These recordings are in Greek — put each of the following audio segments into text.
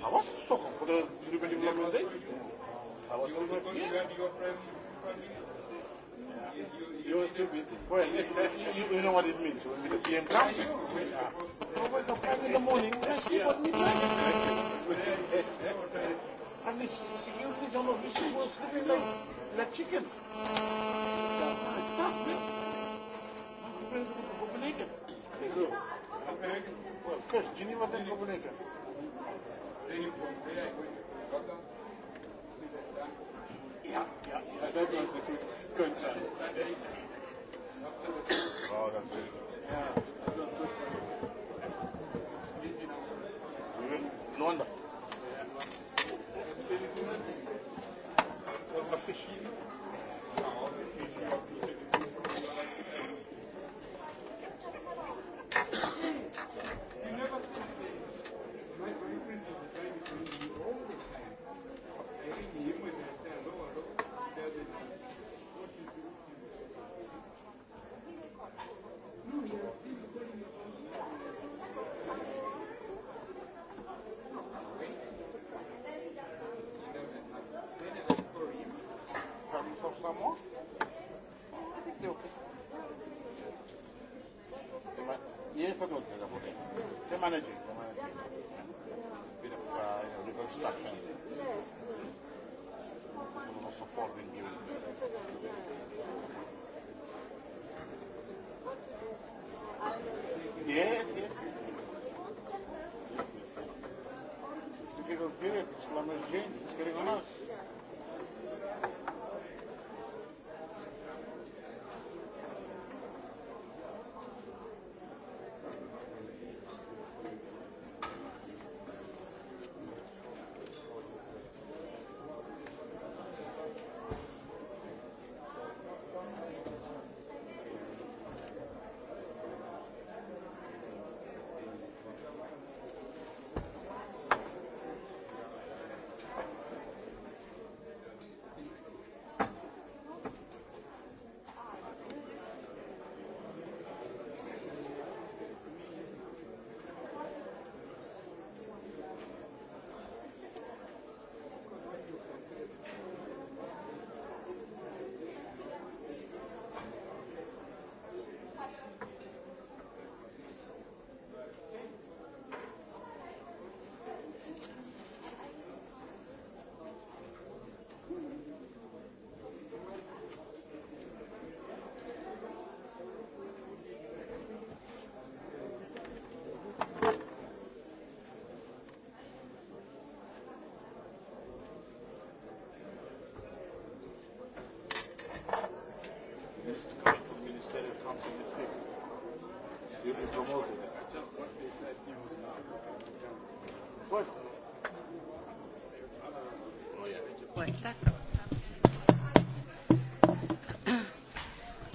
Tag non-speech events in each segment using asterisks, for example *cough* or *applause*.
How was Stockholm for the Day? You were still busy. Well, you, know what it means when the PM comes. I in the morning and the and officials were sleeping like, like chickens. Well, first Geneva, then Copenhagen. Yeah, yeah, That was a good contrast. Oh, that's really good. Yeah,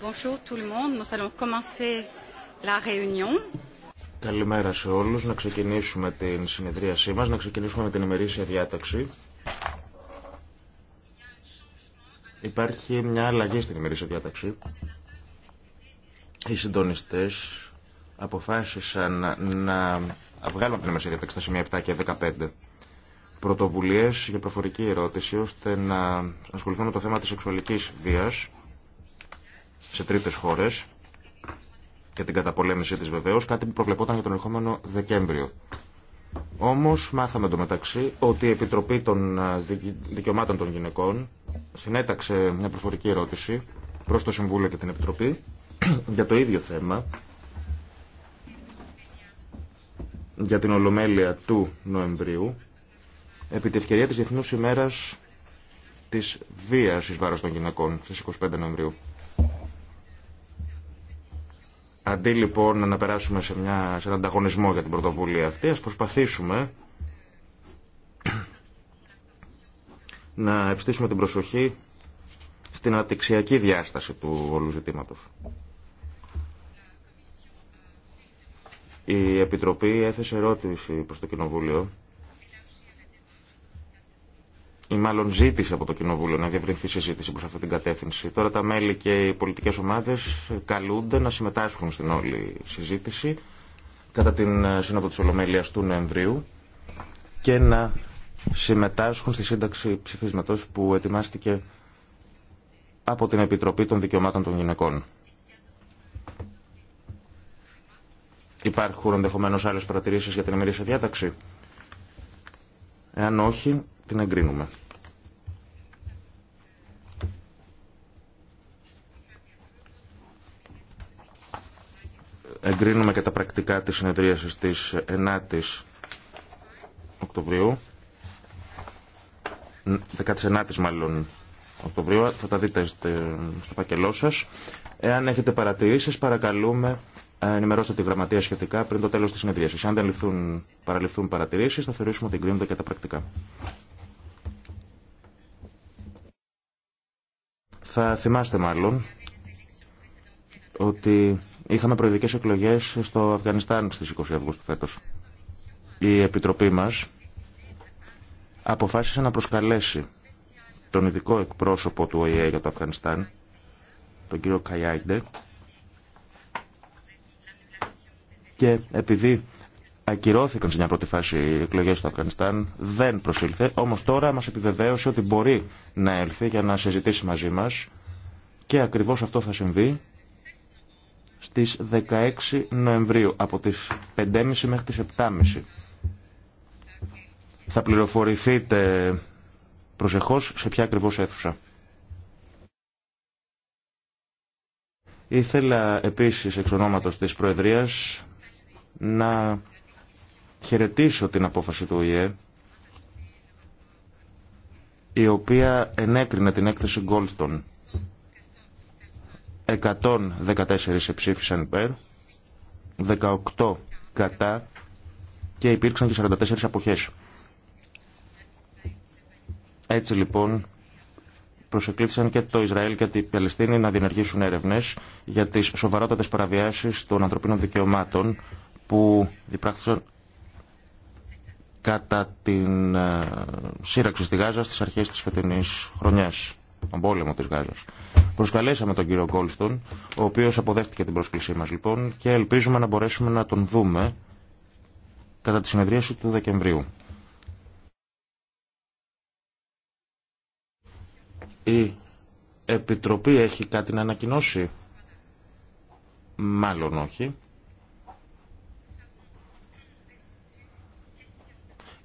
Bonjour tout le monde. Nous allons commencer la réunion. Καλημέρα σε όλους. Να ξεκινήσουμε την συνεδρίασή μας, να ξεκινήσουμε με την ημερήσια διάταξη. Υπάρχει μια αλλαγή στην ημερήσια διάταξη. Οι συντονιστές αποφάσισαν να βγάλουν την εμεσία διατάξη στα σημεία 7 και 15 πρωτοβουλίε για προφορική ερώτηση ώστε να ασχοληθούν με το θέμα τη σεξουαλική βία σε τρίτε χώρε και την καταπολέμησή τη βεβαίω, κάτι που προβλεπόταν για τον ερχόμενο Δεκέμβριο. Όμω, μάθαμε το μεταξύ ότι η Επιτροπή των ε, Δικαιωμάτων των Γυναικών συνέταξε μια προφορική ερώτηση προ το Συμβούλιο και την Επιτροπή *clears throat* για το ίδιο θέμα για την Ολομέλεια του Νοεμβρίου επί τη ευκαιρία της Διεθνούς ημέρας της βίας εις βάρος των γυναικών στις 25 Νοεμβρίου. Αντί λοιπόν να περάσουμε σε, μια, σε έναν ανταγωνισμό για την πρωτοβουλία αυτή, ας προσπαθήσουμε *clears throat* να ευστήσουμε την προσοχή στην αναπτυξιακή διάσταση του όλου ζητήματος. Η Επιτροπή έθεσε ερώτηση προς το Κοινοβούλιο ή μάλλον ζήτησε από το Κοινοβούλιο να διευρυνθεί συζήτηση προς αυτή την κατεύθυνση. Τώρα τα μέλη και οι πολιτικές ομάδες καλούνται να συμμετάσχουν στην όλη συζήτηση κατά την Σύνοδο της Ολομέλειας του Νοεμβρίου και να συμμετάσχουν στη σύνταξη ψηφίσματος που ετοιμάστηκε από την Επιτροπή των Δικαιωμάτων των Γυναικών. Υπάρχουν ενδεχομένω άλλε παρατηρήσει για την ημερήσια διάταξη. Εάν όχι, την εγκρίνουμε. Εγκρίνουμε και τα πρακτικά της συνεδρίασης της 9ης Οκτωβρίου. 19ης μάλλον Οκτωβρίου. Θα τα δείτε στο πακελό σας. Εάν έχετε παρατηρήσεις παρακαλούμε Ενημερώστε τη γραμματεία σχετικά πριν το τέλο τη συνεδρίαση. Αν δεν ληφθούν, παραληφθούν παρατηρήσει, θα θεωρήσουμε ότι εγκρίνονται και τα πρακτικά. Θα θυμάστε μάλλον ότι είχαμε προεδρικές εκλογέ στο Αφγανιστάν στις 20 Αυγούστου φέτο. Η Επιτροπή μας αποφάσισε να προσκαλέσει τον ειδικό εκπρόσωπο του ΟΗΕ για το Αφγανιστάν, τον κύριο Καϊάιντε, και επειδή ακυρώθηκαν σε μια πρώτη φάση οι εκλογές στο Αφγανιστάν, δεν προσήλθε, όμως τώρα μας επιβεβαίωσε ότι μπορεί να έλθει για να συζητήσει μαζί μας και ακριβώς αυτό θα συμβεί στις 16 Νοεμβρίου, από τις 5.30 μέχρι τις 7.30. Θα πληροφορηθείτε προσεχώς σε ποια ακριβώς αίθουσα. Ήθελα επίσης εξ ονόματος της Προεδρίας να χαιρετήσω την απόφαση του ΟΗΕ η οποία ενέκρινε την έκθεση Goldstone. 114 ψήφισαν υπέρ, 18 κατά και υπήρξαν και 44 αποχές. Έτσι λοιπόν προσεκλήθησαν και το Ισραήλ και την Παλαιστίνη να διενεργήσουν έρευνες για τις σοβαρότατες παραβιάσεις των ανθρωπίνων δικαιωμάτων που διπράχθησαν κατά την ε, σύραξη στη Γάζα στις αρχές της φετινής χρονιάς, τον πόλεμο της Γάζας. Προσκαλέσαμε τον κύριο Γκόλστον, ο οποίος αποδέχτηκε την πρόσκλησή μας λοιπόν και ελπίζουμε να μπορέσουμε να τον δούμε κατά τη συνεδρίαση του Δεκεμβρίου. Η Επιτροπή έχει κάτι να ανακοινώσει. Μάλλον όχι.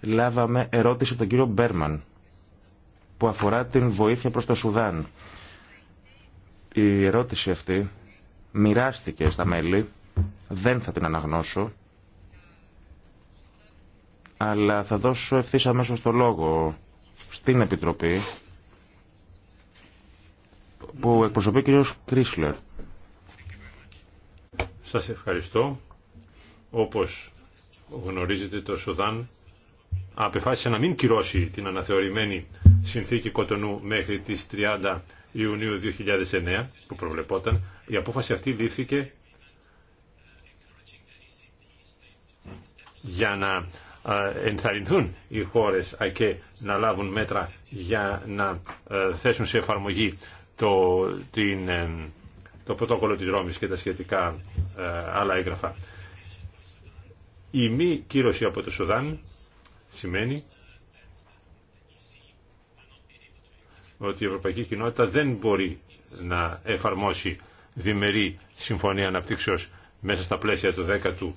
λάβαμε ερώτηση από τον κύριο Μπέρμαν που αφορά την βοήθεια προς το Σουδάν. Η ερώτηση αυτή μοιράστηκε στα μέλη, δεν θα την αναγνώσω, αλλά θα δώσω ευθύς αμέσω το λόγο στην Επιτροπή που εκπροσωπεί ο κύριος Κρίσλερ. Σας ευχαριστώ. Όπως γνωρίζετε το Σουδάν απεφάσισε να μην κυρώσει την αναθεωρημένη συνθήκη Κοτονού μέχρι τις 30 Ιουνίου 2009 που προβλεπόταν. Η απόφαση αυτή λήφθηκε για να ενθαρρυνθούν οι χώρες και να λάβουν μέτρα για να θέσουν σε εφαρμογή το, την, ε, το πρωτόκολλο της Ρώμης και τα σχετικά ε, άλλα έγγραφα. Η μη κύρωση από το Σουδάν Σημαίνει ότι η Ευρωπαϊκή Κοινότητα δεν μπορεί να εφαρμόσει διμερή συμφωνία αναπτύξεως μέσα στα πλαίσια του 10ου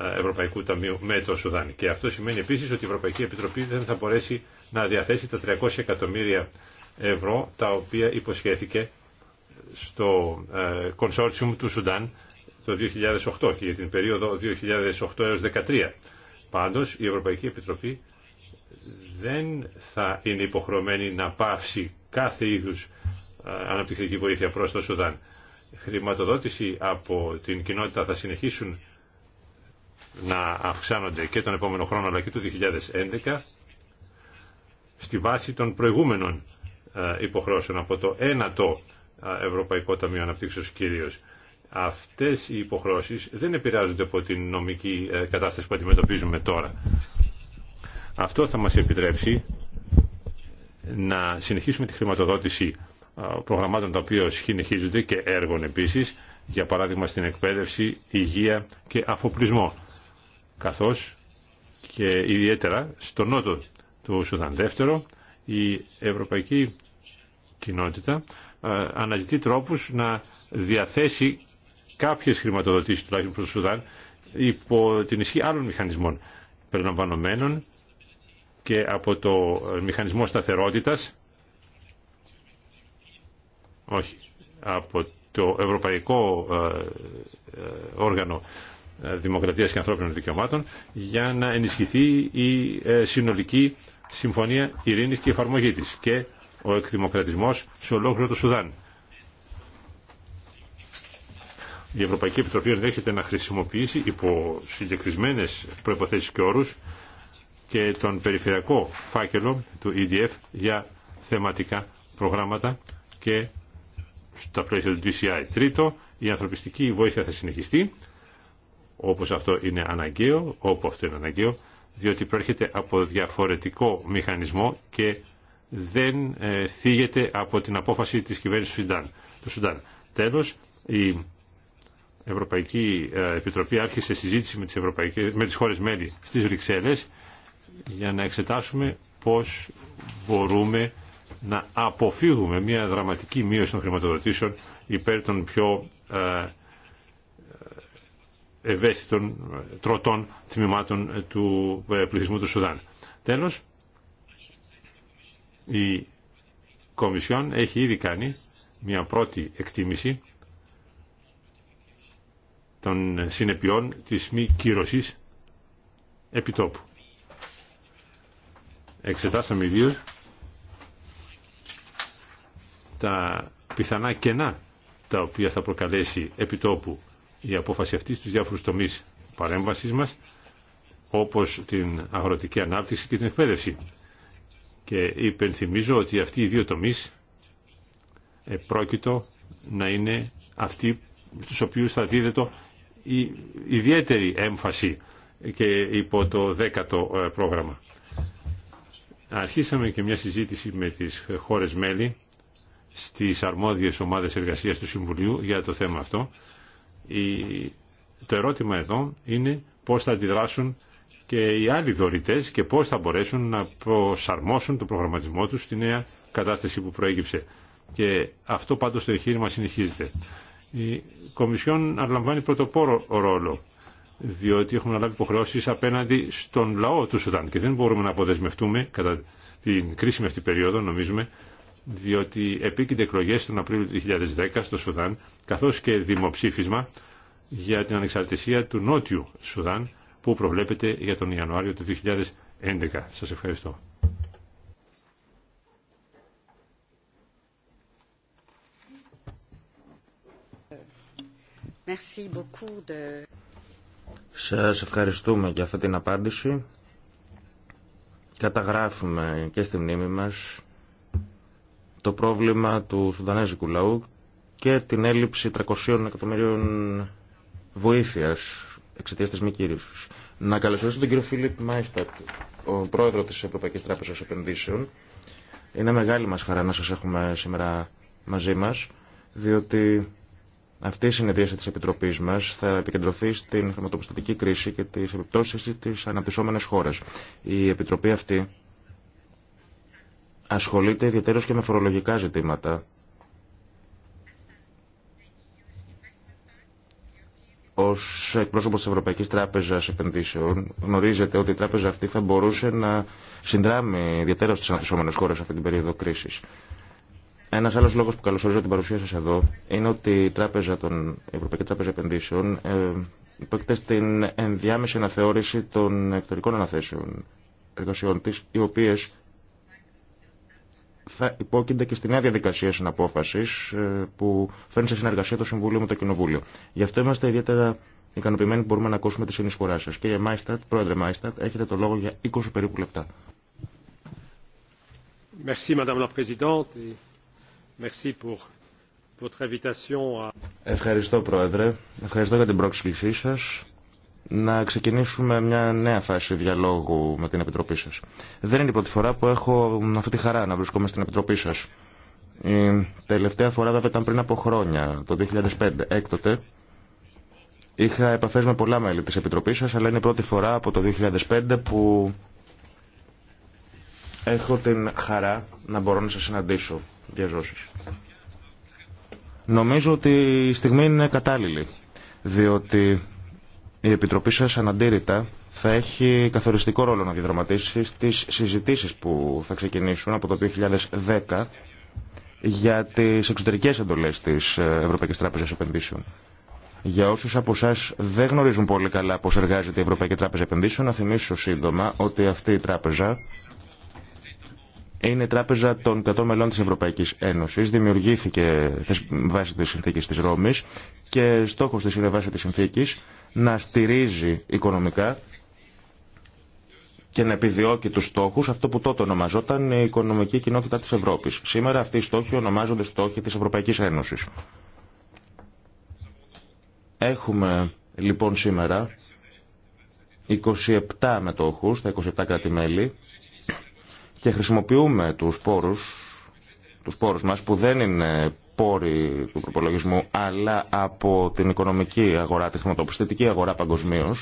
ε, Ευρωπαϊκού Ταμείου με το Σουδάν. Και αυτό σημαίνει επίσης ότι η Ευρωπαϊκή Επιτροπή δεν θα μπορέσει να διαθέσει τα 300 εκατομμύρια ευρώ τα οποία υποσχέθηκε στο κονσόρτσιουμ ε, του Σουδάν το 2008 και για την περίοδο 2008 έως 2013. Πάντως η Ευρωπαϊκή Επιτροπή δεν θα είναι υποχρεωμένη να πάυσει κάθε είδους αναπτυξιακή βοήθεια προς το Σουδάν. Χρηματοδότηση από την κοινότητα θα συνεχίσουν να αυξάνονται και τον επόμενο χρόνο αλλά και το 2011 στη βάση των προηγούμενων υποχρεώσεων από το 9ο Ευρωπαϊκό Ταμείο Αναπτύξεως κυρίως αυτές οι υποχρώσεις δεν επηρεάζονται από την νομική ε, κατάσταση που αντιμετωπίζουμε τώρα. Αυτό θα μας επιτρέψει να συνεχίσουμε τη χρηματοδότηση ε, προγραμμάτων τα οποία συνεχίζονται και έργων επίσης, για παράδειγμα στην εκπαίδευση, υγεία και αφοπλισμό, καθώς και ιδιαίτερα στο νότο του Σουδάν. Δεύτερο, η ευρωπαϊκή κοινότητα ε, αναζητεί τρόπους να διαθέσει Κάποιε χρηματοδοτήσεις τουλάχιστον προς το Σουδάν υπό την ισχύ άλλων μηχανισμών περιλαμβανομένων και από το ε, μηχανισμό σταθερότητας όχι από το Ευρωπαϊκό ε, ε, Όργανο Δημοκρατίας και Ανθρώπινων Δικαιωμάτων για να ενισχυθεί η συνολική Συμφωνία Ειρήνης και εφαρμογή της και ο εκδημοκρατισμός σε ολόκληρο το Σουδάν. η Ευρωπαϊκή Επιτροπή ενδέχεται να χρησιμοποιήσει υπό συγκεκριμένε προποθέσει και όρου και τον περιφερειακό φάκελο του EDF για θεματικά προγράμματα και στα πλαίσια του DCI. Τρίτο, η ανθρωπιστική βοήθεια θα συνεχιστεί όπως αυτό είναι αναγκαίο, όπου αυτό είναι αναγκαίο, διότι προέρχεται από διαφορετικό μηχανισμό και δεν ε, θίγεται από την απόφαση της κυβέρνησης Του Σουντάν. Τέλος, η Ευρωπαϊκή ε, Επιτροπή άρχισε συζήτηση με τις, Ευρωπαϊκές, με τις χώρες μέλη στις Βρυξέλλες για να εξετάσουμε πώς μπορούμε να αποφύγουμε μια δραματική μείωση των χρηματοδοτήσεων υπέρ των πιο ε, ε, ευαίσθητων τροτών τμήματων του πληθυσμού του Σουδάν. Τέλος, η Κομισιόν έχει ήδη κάνει μια πρώτη εκτίμηση των συνεπειών της μη κύρωσης επιτόπου. Εξετάσαμε ιδίω τα πιθανά κενά τα οποία θα προκαλέσει επιτόπου η απόφαση αυτή στους διάφορους τομείς παρέμβασης μας όπως την αγροτική ανάπτυξη και την εκπαίδευση. Και υπενθυμίζω ότι αυτοί οι δύο τομείς πρόκειτο να είναι αυτοί στους οποίους θα δίδεται ιδιαίτερη έμφαση και υπό το δέκατο ε, πρόγραμμα. Αρχίσαμε και μια συζήτηση με τις χώρες μέλη στις αρμόδιες ομάδες εργασίας του Συμβουλίου για το θέμα αυτό. Το ερώτημα εδώ είναι πώς θα αντιδράσουν και οι άλλοι δωρητές και πώς θα μπορέσουν να προσαρμόσουν το προγραμματισμό τους στη νέα κατάσταση που προέκυψε. Και αυτό πάντως το εγχείρημα συνεχίζεται η Κομισιόν αναλαμβάνει πρωτοπόρο ρόλο διότι έχουμε λάβει υποχρεώσει απέναντι στον λαό του Σουδάν και δεν μπορούμε να αποδεσμευτούμε κατά την κρίσιμη αυτή περίοδο, νομίζουμε, διότι επίκυνται εκλογέ τον Απρίλιο του 2010 στο Σουδάν, καθώ και δημοψήφισμα για την ανεξαρτησία του Νότιου Σουδάν που προβλέπεται για τον Ιανουάριο του 2011. Σα ευχαριστώ. Σας ευχαριστούμε για αυτή την απάντηση. Καταγράφουμε και στη μνήμη μας το πρόβλημα του Σουδανέζικου λαού και την έλλειψη 300 εκατομμυρίων βοήθειας εξαιτίας της μη κύρισης. Να καλωσορίσω τον κύριο Φίλιπ Μάιστατ, ο πρόεδρο της Ευρωπαϊκής Τράπεζας Επενδύσεων. Είναι μεγάλη μας χαρά να σας έχουμε σήμερα μαζί μας, διότι αυτή η συνεδρίαση τη Επιτροπής μας θα επικεντρωθεί στην χρηματοπιστωτική κρίση και τις επιπτώσεις της αναπτυσσόμενες χώρες. Η Επιτροπή αυτή ασχολείται ιδιαίτερω και με φορολογικά ζητήματα ω εκπρόσωπο τη Ευρωπαϊκή Τράπεζα Επενδύσεων, γνωρίζετε ότι η τράπεζα αυτή θα μπορούσε να συνδράμει ιδιαίτερα στι αναπτυσσόμενε χώρε αυτή την περίοδο κρίση. Ένα άλλο λόγο που καλωσορίζω την παρουσία σα εδώ είναι ότι η, τράπεζα των, Ευρωπαϊκή Τράπεζα Επενδύσεων ε, υπόκειται στην ενδιάμεση αναθεώρηση των εκτορικών αναθέσεων εργασιών τη, οι οποίε θα υπόκεινται και στη νέα διαδικασία συναπόφαση ε, που φέρνει σε συνεργασία το Συμβούλιο με το Κοινοβούλιο. Γι' αυτό είμαστε ιδιαίτερα ικανοποιημένοι που μπορούμε να ακούσουμε τη συνεισφορά σα. Κύριε Μάιστατ, πρόεδρε Μάιστατ, έχετε το λόγο για 20 περίπου λεπτά. Merci, Madame la Présidente. Ευχαριστώ Πρόεδρε. Ευχαριστώ για την πρόσκλησή σας να ξεκινήσουμε μια νέα φάση διαλόγου με την Επιτροπή σας. Δεν είναι η πρώτη φορά που έχω αυτή τη χαρά να βρισκόμαι στην Επιτροπή σας. Η τελευταία φορά βέβαια ήταν πριν από χρόνια, το 2005. Έκτοτε είχα επαφές με πολλά μέλη της Επιτροπής σας, αλλά είναι η πρώτη φορά από το 2005 που έχω την χαρά να μπορώ να σας συναντήσω διαζώσεις. Νομίζω ότι η στιγμή είναι κατάλληλη, διότι η Επιτροπή σας αναντήρητα θα έχει καθοριστικό ρόλο να διαδραματίσει στις συζητήσεις που θα ξεκινήσουν από το 2010 για τις εξωτερικές εντολές της Ευρωπαϊκής Τράπεζας Επενδύσεων. Για όσους από εσά δεν γνωρίζουν πολύ καλά πώς εργάζεται η Ευρωπαϊκή Τράπεζα Επενδύσεων, να θυμίσω σύντομα ότι αυτή η τράπεζα είναι η Τράπεζα των 100 Μελών της Ευρωπαϊκής Ένωσης. Δημιουργήθηκε βάσει της συνθήκης της Ρώμης και στόχος της είναι βάσει της συνθήκης να στηρίζει οικονομικά και να επιδιώκει τους στόχους, αυτό που τότε ονομαζόταν η οικονομική κοινότητα της Ευρώπης. Σήμερα αυτοί οι στόχοι ονομάζονται στόχοι της Ευρωπαϊκής Ένωσης. Έχουμε λοιπόν σήμερα 27 μετόχους, τα 27 κράτη-μέλη, και χρησιμοποιούμε τους πόρους, τους πόρους μας που δεν είναι πόροι του προπολογισμού αλλά από την οικονομική αγορά, τη χρηματοπιστωτική αγορά παγκοσμίω.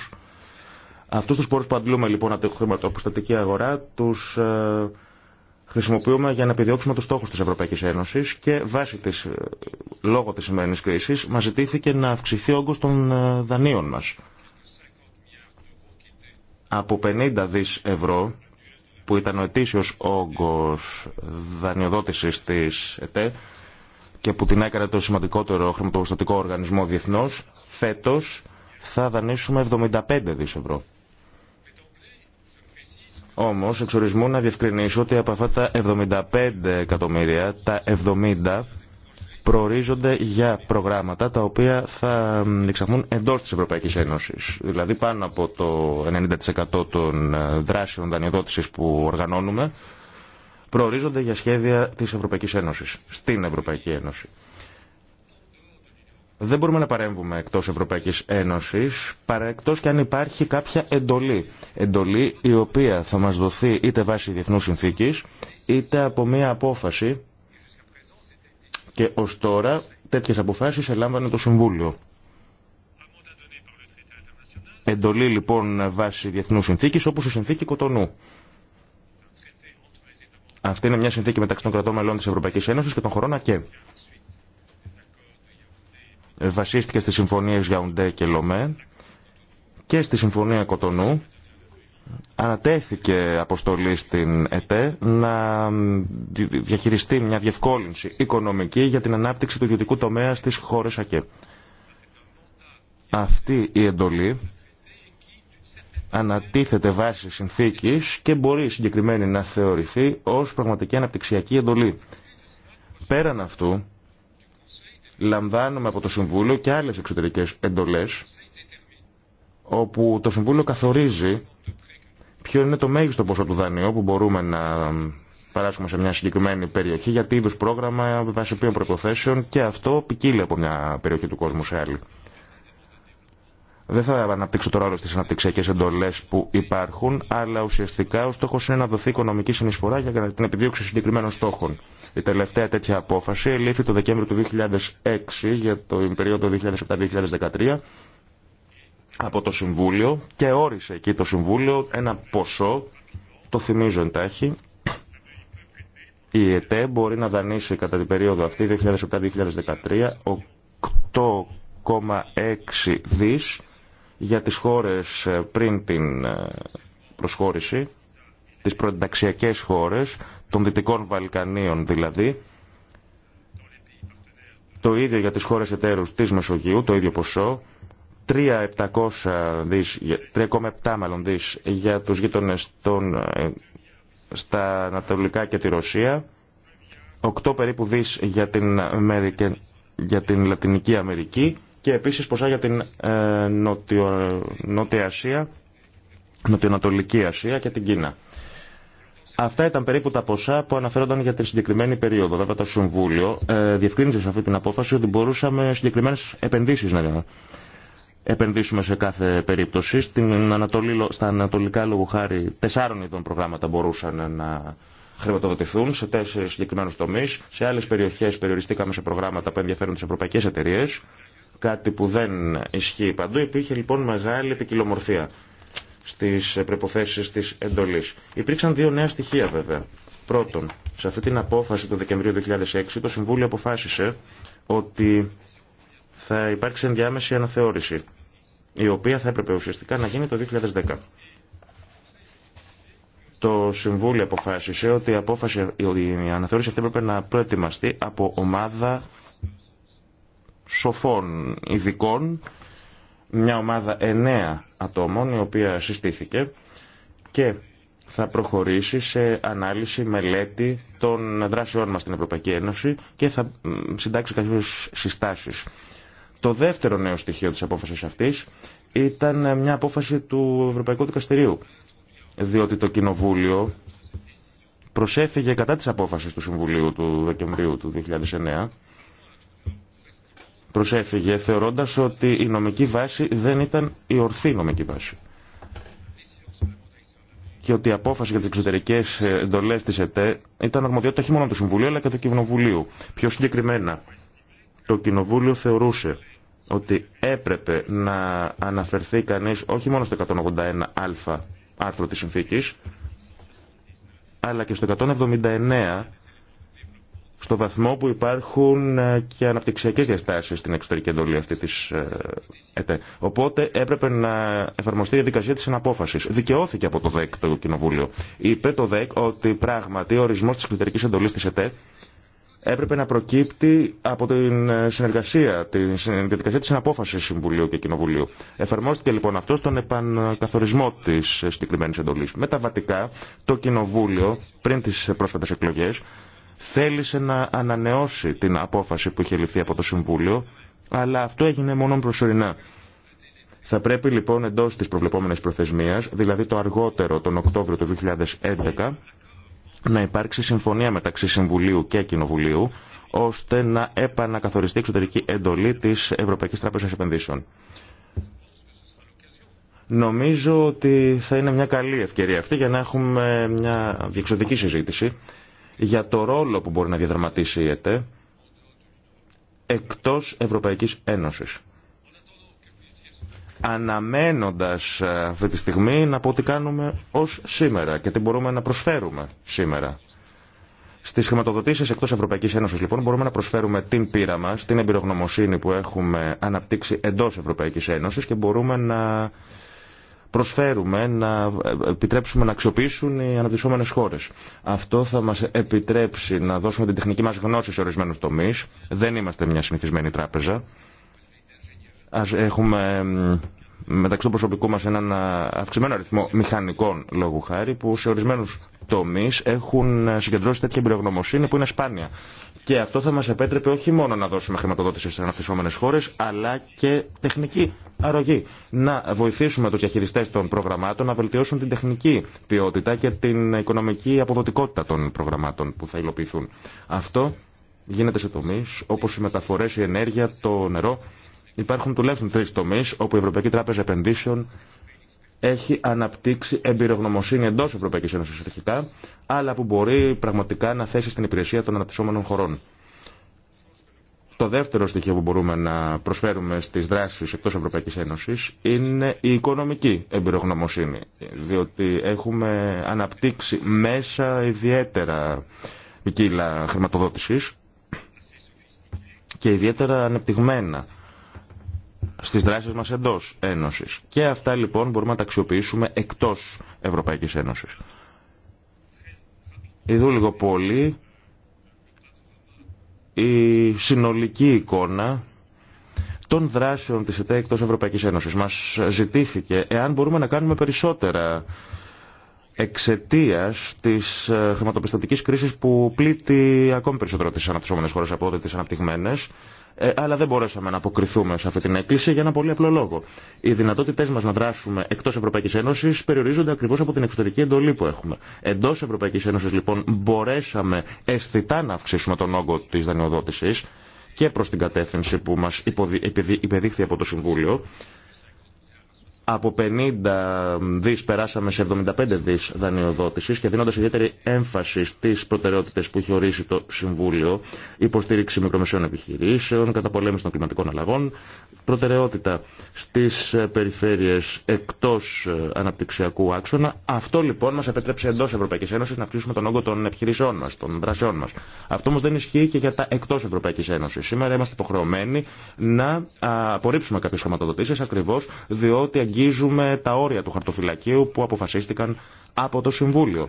Αυτούς τους πόρους που αντλούμε λοιπόν από τη χρηματοπιστωτική αγορά τους ε, χρησιμοποιούμε για να επιδιώξουμε τους στόχους της Ευρωπαϊκής Ένωσης και βάσει της, ε, λόγω της σημερινής κρίσης μας ζητήθηκε να αυξηθεί ο όγκος των ε, δανείων μας. Από 50 δις ευρώ που ήταν ο ετήσιος όγκος δανειοδότησης της ΕΤΕ και που την έκανε το σημαντικότερο χρηματοπιστωτικό οργανισμό διεθνώς, φέτος θα δανείσουμε 75 δις ευρώ. Όμως, εξορισμού να διευκρινίσω ότι από αυτά τα 75 εκατομμύρια, τα 70 προορίζονται για προγράμματα τα οποία θα διεξαχθούν εντός της Ευρωπαϊκής Ένωσης. Δηλαδή πάνω από το 90% των ε, δράσεων δανειοδότησης που οργανώνουμε προορίζονται για σχέδια της Ευρωπαϊκής Ένωσης, στην Ευρωπαϊκή Ένωση. Δεν μπορούμε να παρέμβουμε εκτός Ευρωπαϊκής Ένωσης, παρά εκτός και αν υπάρχει κάποια εντολή. Εντολή η οποία θα μας δοθεί είτε βάσει διεθνούς συνθήκης, είτε από μια απόφαση και ω τώρα τέτοιε αποφάσει ελάμβανε το Συμβούλιο. Εντολή λοιπόν βάσει διεθνού συνθήκη όπω η συνθήκη Κοτονού. Αυτή είναι μια συνθήκη μεταξύ των κρατών μελών τη Ευρωπαϊκή Ένωση και των χωρών ΑΚΕ. Βασίστηκε στι συμφωνίε Γιαουντέ και Λομέ και στη συμφωνία Κοτονού ανατέθηκε αποστολή στην ΕΤΕ να διαχειριστεί μια διευκόλυνση οικονομική για την ανάπτυξη του ιδιωτικού τομέα στις χώρες ΑΚΕ. Αυτή η εντολή ανατίθεται βάσει συνθήκης και μπορεί συγκεκριμένη να θεωρηθεί ως πραγματική αναπτυξιακή εντολή. Πέραν αυτού, λαμβάνουμε από το Συμβούλιο και άλλες εξωτερικές εντολές, όπου το Συμβούλιο καθορίζει ποιο είναι το μέγιστο ποσό του δανείου που μπορούμε να περάσουμε σε μια συγκεκριμένη περιοχή, γιατί τι είδου πρόγραμμα, βάσει ποιων προποθέσεων και αυτό ποικίλει από μια περιοχή του κόσμου σε άλλη. Δεν θα αναπτύξω τώρα όλε τι αναπτυξιακέ εντολέ που υπάρχουν, αλλά ουσιαστικά ο στόχο είναι να δοθεί οικονομική συνεισφορά για την επιδίωξη συγκεκριμένων στόχων. Η τελευταία τέτοια απόφαση ελήφθη το Δεκέμβριο του 2006 για την περίοδο 2007-2013 από το Συμβούλιο και όρισε εκεί το Συμβούλιο ένα ποσό, το θυμίζω εντάχει, η ΕΤΕ μπορεί να δανείσει κατά την περίοδο αυτή 2007-2013 8,6 δις για τις χώρες ε, πριν την ε, προσχώρηση, τις προενταξιακές χώρες, των Δυτικών Βαλκανίων δηλαδή, το ίδιο για τις χώρες εταίρους της Μεσογείου, το ίδιο ποσό, 3,7 δις, 3,7 μάλλον για τους γείτονες των, ε, στα Ανατολικά και τη Ρωσία, 8 περίπου δις για την, Αμερική, για την Λατινική Αμερική και επίσης ποσά για την ε, νοτιο, Νότια Ασία, Νοτιοανατολική Ασία και την Κίνα. Αυτά ήταν περίπου τα ποσά που αναφέρονταν για τη συγκεκριμένη περίοδο. Βέβαια το Συμβούλιο ε, διευκρίνησε σε αυτή την απόφαση ότι μπορούσαμε συγκεκριμένες επενδύσεις να επενδύσουμε σε κάθε περίπτωση. Στην Ανατολή, στα ανατολικά λόγου χάρη τεσσάρων ειδών προγράμματα μπορούσαν να χρηματοδοτηθούν σε τέσσερι συγκεκριμένου τομεί. Σε άλλε περιοχέ περιοριστήκαμε σε προγράμματα που ενδιαφέρουν τι ευρωπαϊκέ εταιρείε. Κάτι που δεν ισχύει παντού. Υπήρχε λοιπόν μεγάλη επικοινομορφία στι προποθέσει τη εντολή. Υπήρξαν δύο νέα στοιχεία βέβαια. Πρώτον, σε αυτή την απόφαση του Δεκεμβρίου 2006 το Συμβούλιο αποφάσισε ότι θα υπάρξει ενδιάμεση αναθεώρηση η οποία θα έπρεπε ουσιαστικά να γίνει το 2010. Το Συμβούλιο αποφάσισε ότι η, απόφαση, η αναθεώρηση αυτή έπρεπε να προετοιμαστεί από ομάδα σοφών ειδικών, μια ομάδα εννέα ατόμων η οποία συστήθηκε και θα προχωρήσει σε ανάλυση, μελέτη των δράσεών μας στην Ευρωπαϊκή Ένωση και θα συντάξει κάποιες συστάσεις το δεύτερο νέο στοιχείο της απόφασης αυτής ήταν μια απόφαση του Ευρωπαϊκού Δικαστηρίου, διότι το Κοινοβούλιο προσέφυγε κατά της απόφασης του Συμβουλίου του Δεκεμβρίου του 2009, προσέφυγε θεωρώντας ότι η νομική βάση δεν ήταν η ορθή νομική βάση και ότι η απόφαση για τι εξωτερικέ εντολέ τη ΕΤΕ ήταν αρμοδιότητα όχι μόνο του Συμβουλίου αλλά και του Κοινοβουλίου. Πιο συγκεκριμένα, το Κοινοβούλιο θεωρούσε ότι έπρεπε να αναφερθεί κανείς όχι μόνο στο 181α άρθρο της συνθήκης, αλλά και στο 179 στο βαθμό που υπάρχουν ε, και αναπτυξιακές διαστάσεις στην εξωτερική εντολή αυτή της ε, ΕΤΕ. Οπότε έπρεπε να εφαρμοστεί η δικασία της αναπόφασης. Δικαιώθηκε από το ΔΕΚ το Κοινοβούλιο. Είπε το ΔΕΚ ότι πράγματι ο ορισμός της εξωτερικής εντολής της ΕΤΕ έπρεπε να προκύπτει από την ε, συνεργασία, την διαδικασία της αναπόφασης Συμβουλίου και Κοινοβουλίου. Εφαρμόστηκε λοιπόν αυτό στον επανακαθορισμό της συγκεκριμένη εντολής. Μεταβατικά, το Κοινοβούλιο, πριν τις πρόσφατες εκλογές, θέλησε να ανανεώσει την απόφαση που είχε ληφθεί από το Συμβούλιο, αλλά αυτό έγινε μόνο προσωρινά. Θα πρέπει λοιπόν εντός της προβλεπόμενης προθεσμίας, δηλαδή το αργότερο τον Οκτώβριο του 2011, να υπάρξει συμφωνία μεταξύ Συμβουλίου και Κοινοβουλίου ώστε να επανακαθοριστεί η εξωτερική εντολή της Ευρωπαϊκής Τράπεζας Επενδύσεων. Νομίζω ότι θα είναι μια καλή ευκαιρία αυτή για να έχουμε μια διεξοδική συζήτηση για το ρόλο που μπορεί να διαδραματίσει η ΕΤΕ εκτός Ευρωπαϊκής Ένωσης αναμένοντας ε, αυτή τη στιγμή να πω τι κάνουμε ως σήμερα και τι μπορούμε να προσφέρουμε σήμερα. Στι χρηματοδοτήσει εκτό Ευρωπαϊκή Ένωση, λοιπόν, μπορούμε να προσφέρουμε την πείρα μα, την εμπειρογνωμοσύνη που έχουμε αναπτύξει εντό Ευρωπαϊκή Ένωση και μπορούμε να προσφέρουμε, να ε, επιτρέψουμε να αξιοποιήσουν οι αναπτυσσόμενες χώρες. Αυτό θα μας επιτρέψει να δώσουμε την τεχνική μας γνώση σε ορισμένους τομείς. Δεν είμαστε μια συνηθισμένη τράπεζα έχουμε μεταξύ του προσωπικού μας έναν αυξημένο αριθμό μηχανικών λόγου χάρη που σε ορισμένους τομείς έχουν ε, συγκεντρώσει τέτοια εμπειρογνωμοσύνη που είναι σπάνια. Και αυτό θα μας επέτρεπε όχι μόνο να δώσουμε χρηματοδότηση στις αναπτυσσόμενες χώρες αλλά και τεχνική αρρωγή. Να βοηθήσουμε τους διαχειριστές των προγραμμάτων να βελτιώσουν την τεχνική ποιότητα και την οικονομική αποδοτικότητα των προγραμμάτων που θα υλοποιηθούν. Αυτό γίνεται σε τομείς όπως οι μεταφορές, η ενέργεια, το νερό Υπάρχουν τουλάχιστον τρει τομεί όπου η Ευρωπαϊκή Τράπεζα Επενδύσεων έχει αναπτύξει εμπειρογνωμοσύνη εντό Ευρωπαϊκή Ένωση αρχικά, αλλά που μπορεί πραγματικά να θέσει στην υπηρεσία των αναπτυσσόμενων χωρών. Το δεύτερο στοιχείο που μπορούμε να προσφέρουμε στι δράσει εκτό Ευρωπαϊκή Ένωση είναι η οικονομική εμπειρογνωμοσύνη. Διότι έχουμε αναπτύξει μέσα ιδιαίτερα ποικίλα χρηματοδότηση και ιδιαίτερα ανεπτυγμένα στις δράσεις μας εντό Ένωση. Και αυτά λοιπόν μπορούμε να τα αξιοποιήσουμε εκτός Ευρωπαϊκής Ένωση. Εδώ λίγο πολύ η συνολική εικόνα των δράσεων της ΕΤΕ εκτός Ευρωπαϊκής Ένωσης. Μας ζητήθηκε εάν μπορούμε να κάνουμε περισσότερα εξαιτία τη ε, χρηματοπιστωτική κρίση που πλήττει ακόμη περισσότερο τις αναπτυσσόμενες χώρε από ό,τι τις αναπτυγμένες ε, αλλά δεν μπορέσαμε να αποκριθούμε σε αυτή την έκκληση για ένα πολύ απλό λόγο. Οι δυνατότητέ μα να δράσουμε εκτό Ευρωπαϊκή Ένωση περιορίζονται ακριβώ από την εξωτερική εντολή που έχουμε. Εντό Ευρωπαϊκή Ένωση, λοιπόν, μπορέσαμε αισθητά να αυξήσουμε τον όγκο τη δανειοδότηση και προ την κατεύθυνση που μα υποδι... από το Συμβούλιο από 50 δις περάσαμε σε 75 δις δανειοδότησης και δίνοντας ιδιαίτερη έμφαση στις προτεραιότητες που έχει ορίσει το Συμβούλιο, υποστήριξη μικρομεσαίων επιχειρήσεων, καταπολέμηση των κλιματικών αλλαγών, προτεραιότητα στις περιφέρειες εκτός ε, αναπτυξιακού άξονα. Αυτό λοιπόν μας επέτρεψε εντός Ευρωπαϊκής Ένωσης να αυξήσουμε τον όγκο των επιχειρήσεών μας, των δρασεών μας. Αυτό όμως δεν ισχύει και για τα εκτός Ευρωπαϊκής Ένωσης. Σήμερα είμαστε υποχρεωμένοι να απορρίψουμε κάποιες χρηματοδοτήσεις ακριβώς διότι προσεγγίζουμε τα όρια του χαρτοφυλακίου που αποφασίστηκαν από το Συμβούλιο.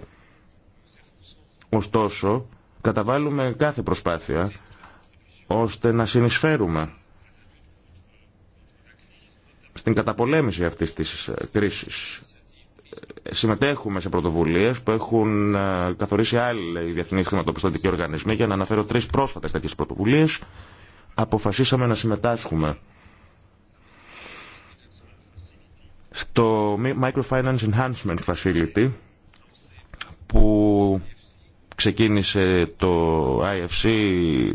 Ωστόσο, καταβάλουμε κάθε προσπάθεια ώστε να συνεισφέρουμε στην καταπολέμηση αυτής της ε, κρίσης. Ε, συμμετέχουμε σε πρωτοβουλίες που έχουν ε, καθορίσει άλλοι διεθνείς χρηματοπιστωτικοί οργανισμοί. Για να αναφέρω τρεις πρόσφατες τέτοιες πρωτοβουλίες, αποφασίσαμε να συμμετάσχουμε στο Microfinance Enhancement Facility που ξεκίνησε το IFC,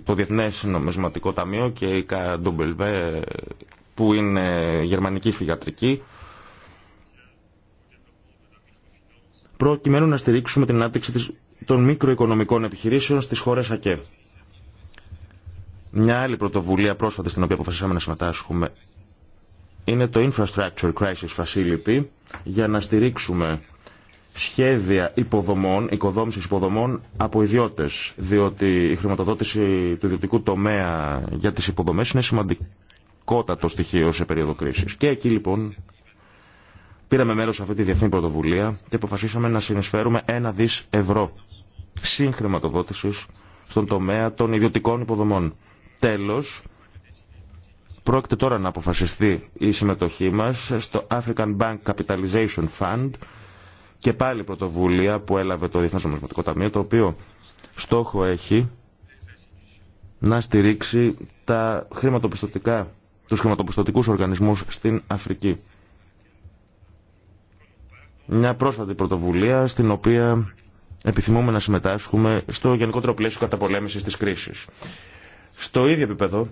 το Διεθνές Νομισματικό Ταμείο και η KW που είναι γερμανική φυγατρική προκειμένου να στηρίξουμε την ανάπτυξη των μικροοικονομικών επιχειρήσεων στις χώρες ΑΚΕ. Μια άλλη πρωτοβουλία πρόσφατη στην οποία αποφασίσαμε να συμμετάσχουμε είναι το Infrastructure Crisis Facility για να στηρίξουμε σχέδια υποδομών, οικοδόμησης υποδομών από ιδιώτες, διότι η χρηματοδότηση του ιδιωτικού τομέα για τις υποδομές είναι σημαντικότατο στοιχείο σε περίοδο κρίσης. Και εκεί λοιπόν πήραμε μέρος σε αυτή τη διεθνή πρωτοβουλία και αποφασίσαμε να συνεισφέρουμε ένα δις ευρώ συγχρηματοδότησης στον τομέα των ιδιωτικών υποδομών. Τέλος, Πρόκειται τώρα να αποφασιστεί η συμμετοχή μας στο African Bank Capitalization Fund και πάλι πρωτοβουλία που έλαβε το Διεθνές Νομισματικό Ταμείο, το οποίο στόχο έχει να στηρίξει τα χρηματοπιστωτικά, τους χρηματοπιστωτικούς οργανισμούς στην Αφρική. Μια πρόσφατη πρωτοβουλία στην οποία επιθυμούμε να συμμετάσχουμε στο γενικότερο πλαίσιο καταπολέμησης της κρίσης. Στο ίδιο επίπεδο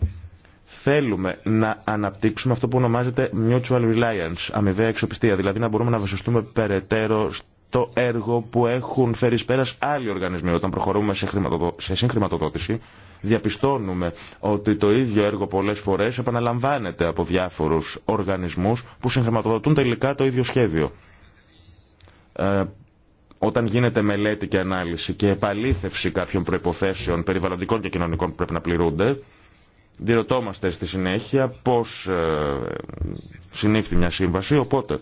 Θέλουμε να αναπτύξουμε αυτό που ονομάζεται mutual reliance, αμοιβαία εξοπιστία, δηλαδή να μπορούμε να βασιστούμε περαιτέρω στο έργο που έχουν φέρει πέρα άλλοι οργανισμοί. Όταν προχωρούμε σε, χρηματοδο... σε συγχρηματοδότηση, διαπιστώνουμε ότι το ίδιο έργο πολλέ φορέ επαναλαμβάνεται από διάφορου οργανισμού που συγχρηματοδοτούν τελικά το ίδιο σχέδιο. Ε, όταν γίνεται μελέτη και ανάλυση και επαλήθευση κάποιων προποθέσεων περιβαλλοντικών και κοινωνικών που πρέπει να πληρούνται, Διερωτόμαστε στη συνέχεια πώς ε, συνήφθη μια σύμβαση, οπότε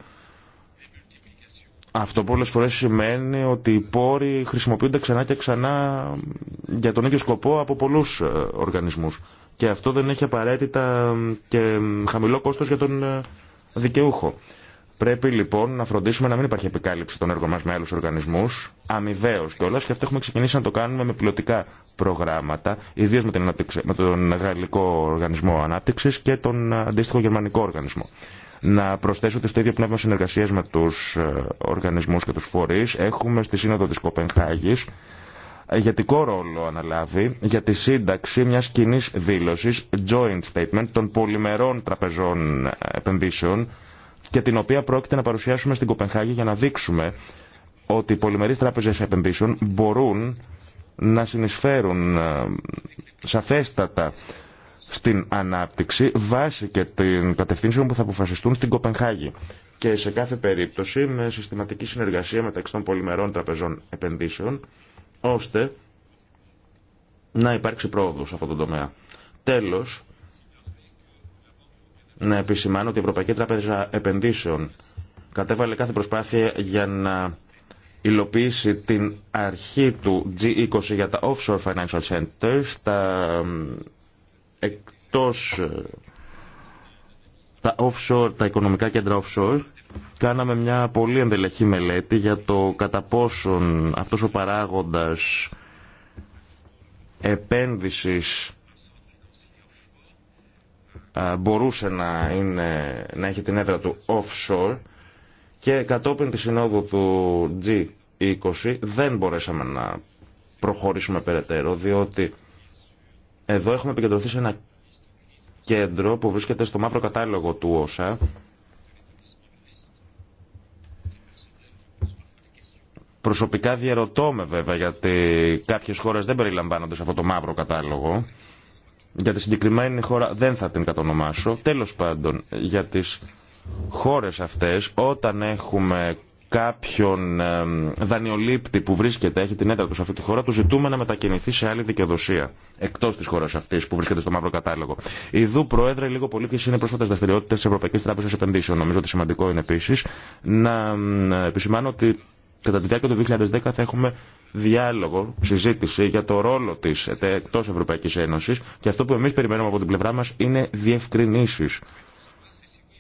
αυτό πολλές φορές σημαίνει ότι οι πόροι χρησιμοποιούνται ξανά και ξανά για τον ίδιο σκοπό από πολλούς ε, οργανισμούς. Και αυτό δεν έχει απαραίτητα ε, και χαμηλό κόστος για τον δικαιούχο. Πρέπει λοιπόν να φροντίσουμε να μην υπάρχει επικάλυψη των έργων μα με άλλου οργανισμού, αμοιβαίω κιόλα, και αυτό έχουμε ξεκινήσει να το κάνουμε με πιλωτικά προγράμματα, ιδίω με, με τον Γαλλικό Οργανισμό Ανάπτυξη και τον αντίστοιχο Γερμανικό Οργανισμό. Να προσθέσω ότι στο ίδιο πνεύμα συνεργασία με του ε, οργανισμού και του φορεί έχουμε στη Σύνοδο τη Κοπενχάγη ηγετικό ρόλο αναλάβει για τη σύνταξη μια κοινή δήλωση, joint statement των πολυμερών τραπεζών ε, επενδύσεων και την οποία πρόκειται να παρουσιάσουμε στην Κοπενχάγη για να δείξουμε ότι οι πολυμερείς τράπεζες επενδύσεων μπορούν να συνεισφέρουν ε, σαφέστατα στην ανάπτυξη βάσει και την κατευθύνσεων που θα αποφασιστούν στην Κοπενχάγη. Και σε κάθε περίπτωση με συστηματική συνεργασία μεταξύ των πολυμερών τραπεζών επενδύσεων ώστε να υπάρξει πρόοδο σε αυτό το τομέα. Τέλος, να επισημάνω ότι η Ευρωπαϊκή Τράπεζα Επενδύσεων κατέβαλε κάθε προσπάθεια για να υλοποιήσει την αρχή του G20 για τα offshore financial centers, τα εκτός τα offshore, τα οικονομικά κέντρα offshore, κάναμε μια πολύ ενδελεχή μελέτη για το κατά πόσον αυτός ο παράγοντας επένδυσης μπορούσε να, είναι, να έχει την έδρα του offshore και κατόπιν τη συνόδου του G20 δεν μπορέσαμε να προχωρήσουμε περαιτέρω διότι εδώ έχουμε επικεντρωθεί σε ένα κέντρο που βρίσκεται στο μαύρο κατάλογο του ΩΣΑ Προσωπικά διαρωτώ με βέβαια γιατί κάποιες χώρες δεν περιλαμβάνονται σε αυτό το μαύρο κατάλογο για τη συγκεκριμένη χώρα δεν θα την κατονομάσω. Τέλος πάντων, για τις χώρες αυτές, όταν έχουμε κάποιον δανειολήπτη που βρίσκεται, έχει την έντρα σε αυτή τη χώρα, του ζητούμε να μετακινηθεί σε άλλη δικαιοδοσία. Εκτό τη χώρα αυτή που βρίσκεται στο μαύρο κατάλογο. Ιδού, Πρόεδρε, λίγο πολύ ποιε είναι πρόσφατε δραστηριότητε τη Ευρωπαϊκή Τράπεζα Επενδύσεων. Νομίζω ότι σημαντικό είναι επίση να επισημάνω ότι Κατά τη διάρκεια του 2010 θα έχουμε διάλογο, συζήτηση για το ρόλο τη εκτό Ευρωπαϊκή Ένωση και αυτό που εμεί περιμένουμε από την πλευρά μα είναι διευκρινήσει.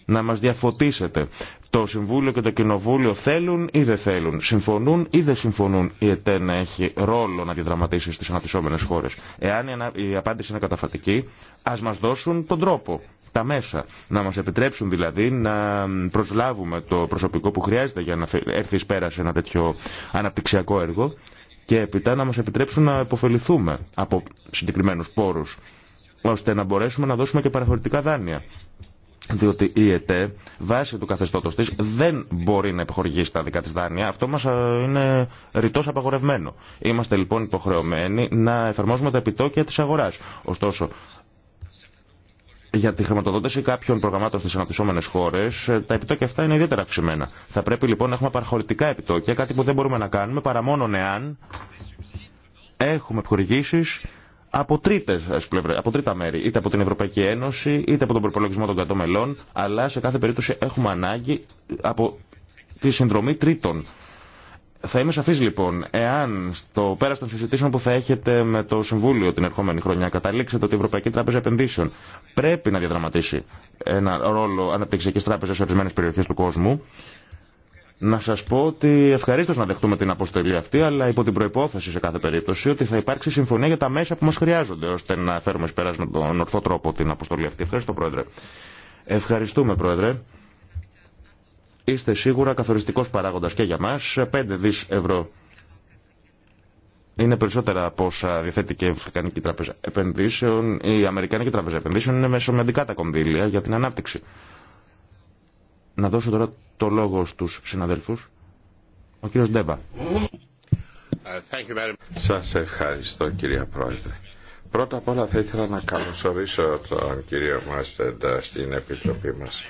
Να μα διαφωτίσετε. Το Συμβούλιο και το Κοινοβούλιο θέλουν ή δεν θέλουν, συμφωνούν ή δεν συμφωνούν η ΕΤΕ να έχει ρόλο να διαδραματίσει στι αναπτυσσόμενε χώρε. Εάν η απάντηση είναι καταφατική, α μα δώσουν τον τρόπο τα μέσα. Να μας επιτρέψουν δηλαδή να προσλάβουμε το προσωπικό που χρειάζεται για να έρθει πέρα σε ένα τέτοιο αναπτυξιακό έργο και έπειτα να μας επιτρέψουν να υποφεληθούμε από συγκεκριμένου πόρους ώστε να μπορέσουμε να δώσουμε και παραχωρητικά δάνεια. Διότι η ΕΤΕ, βάσει του καθεστώτος της, δεν μπορεί να επιχορηγήσει τα δικά της δάνεια. Αυτό μας είναι ρητός απαγορευμένο. Είμαστε λοιπόν υποχρεωμένοι να εφαρμόζουμε τα επιτόκια της αγοράς. Ωστόσο, για τη χρηματοδότηση κάποιων προγραμμάτων στι αναπτυσσόμενε χώρε, ε, τα επιτόκια αυτά είναι ιδιαίτερα αυξημένα. Θα πρέπει λοιπόν να έχουμε παραχωρητικά επιτόκια, κάτι που δεν μπορούμε να κάνουμε παρά μόνον εάν έχουμε χορηγήσει από, από τρίτα μέρη, είτε από την Ευρωπαϊκή Ένωση, είτε από τον προπολογισμό των κατώμελών, αλλά σε κάθε περίπτωση έχουμε ανάγκη από τη συνδρομή τρίτων θα είμαι σαφής λοιπόν, εάν στο πέρας των συζητήσεων που θα έχετε με το Συμβούλιο την ερχόμενη χρονιά καταλήξετε ότι η Ευρωπαϊκή Τράπεζα Επενδύσεων πρέπει να διαδραματίσει ένα ρόλο αναπτυξιακής τράπεζας σε ορισμένες περιοχές του κόσμου, να σα πω ότι ευχαρίστω να δεχτούμε την αποστολή αυτή, αλλά υπό την προπόθεση σε κάθε περίπτωση ότι θα υπάρξει συμφωνία για τα μέσα που μα χρειάζονται, ώστε να φέρουμε πέρα με τον ορθό τρόπο την αποστολή αυτή. Ευχαριστώ, Πρόεδρε. Ευχαριστούμε, Πρόεδρε. Είστε σίγουρα καθοριστικός παράγοντας και για μας. 5 δις ευρώ είναι περισσότερα από όσα διαθέτει και η Αφρικανική Τράπεζα Επενδύσεων. Η Αμερικανική Τράπεζα Επενδύσεων είναι μεσομεντικά τα κονδύλια για την ανάπτυξη. Να δώσω τώρα το λόγο στους συναδέλφους. Ο κύριος Ντέβα. Σας ευχαριστώ κυρία Πρόεδρε. Πρώτα απ' όλα θα ήθελα να καλωσορίσω τον κύριο Μάστεντα στην Επιτροπή μας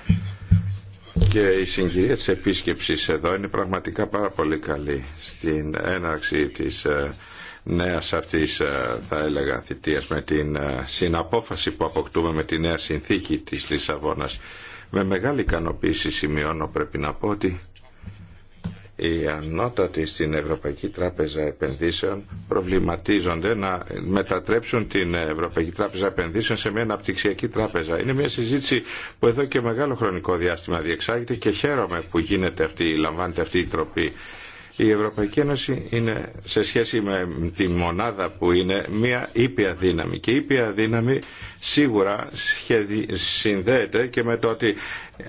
και η συγκυρία της επίσκεψης εδώ είναι πραγματικά πάρα πολύ καλή στην έναρξη της ε, νέας αυτής ε, θα έλεγα θητείας με την ε, συναπόφαση που αποκτούμε με τη νέα συνθήκη της Λισαβόνας. Με μεγάλη ικανοποίηση σημειώνω πρέπει να πω ότι οι ανώτατοι στην Ευρωπαϊκή Τράπεζα Επενδύσεων προβληματίζονται να μετατρέψουν την Ευρωπαϊκή Τράπεζα Επενδύσεων σε μια αναπτυξιακή τράπεζα. Είναι μια συζήτηση που εδώ και μεγάλο χρονικό διάστημα διεξάγεται και χαίρομαι που γίνεται αυτή, λαμβάνεται αυτή η τροπή. Η Ευρωπαϊκή Ένωση είναι σε σχέση με τη μονάδα που είναι μια ήπια δύναμη και η ήπια δύναμη σίγουρα συνδέεται και με το ότι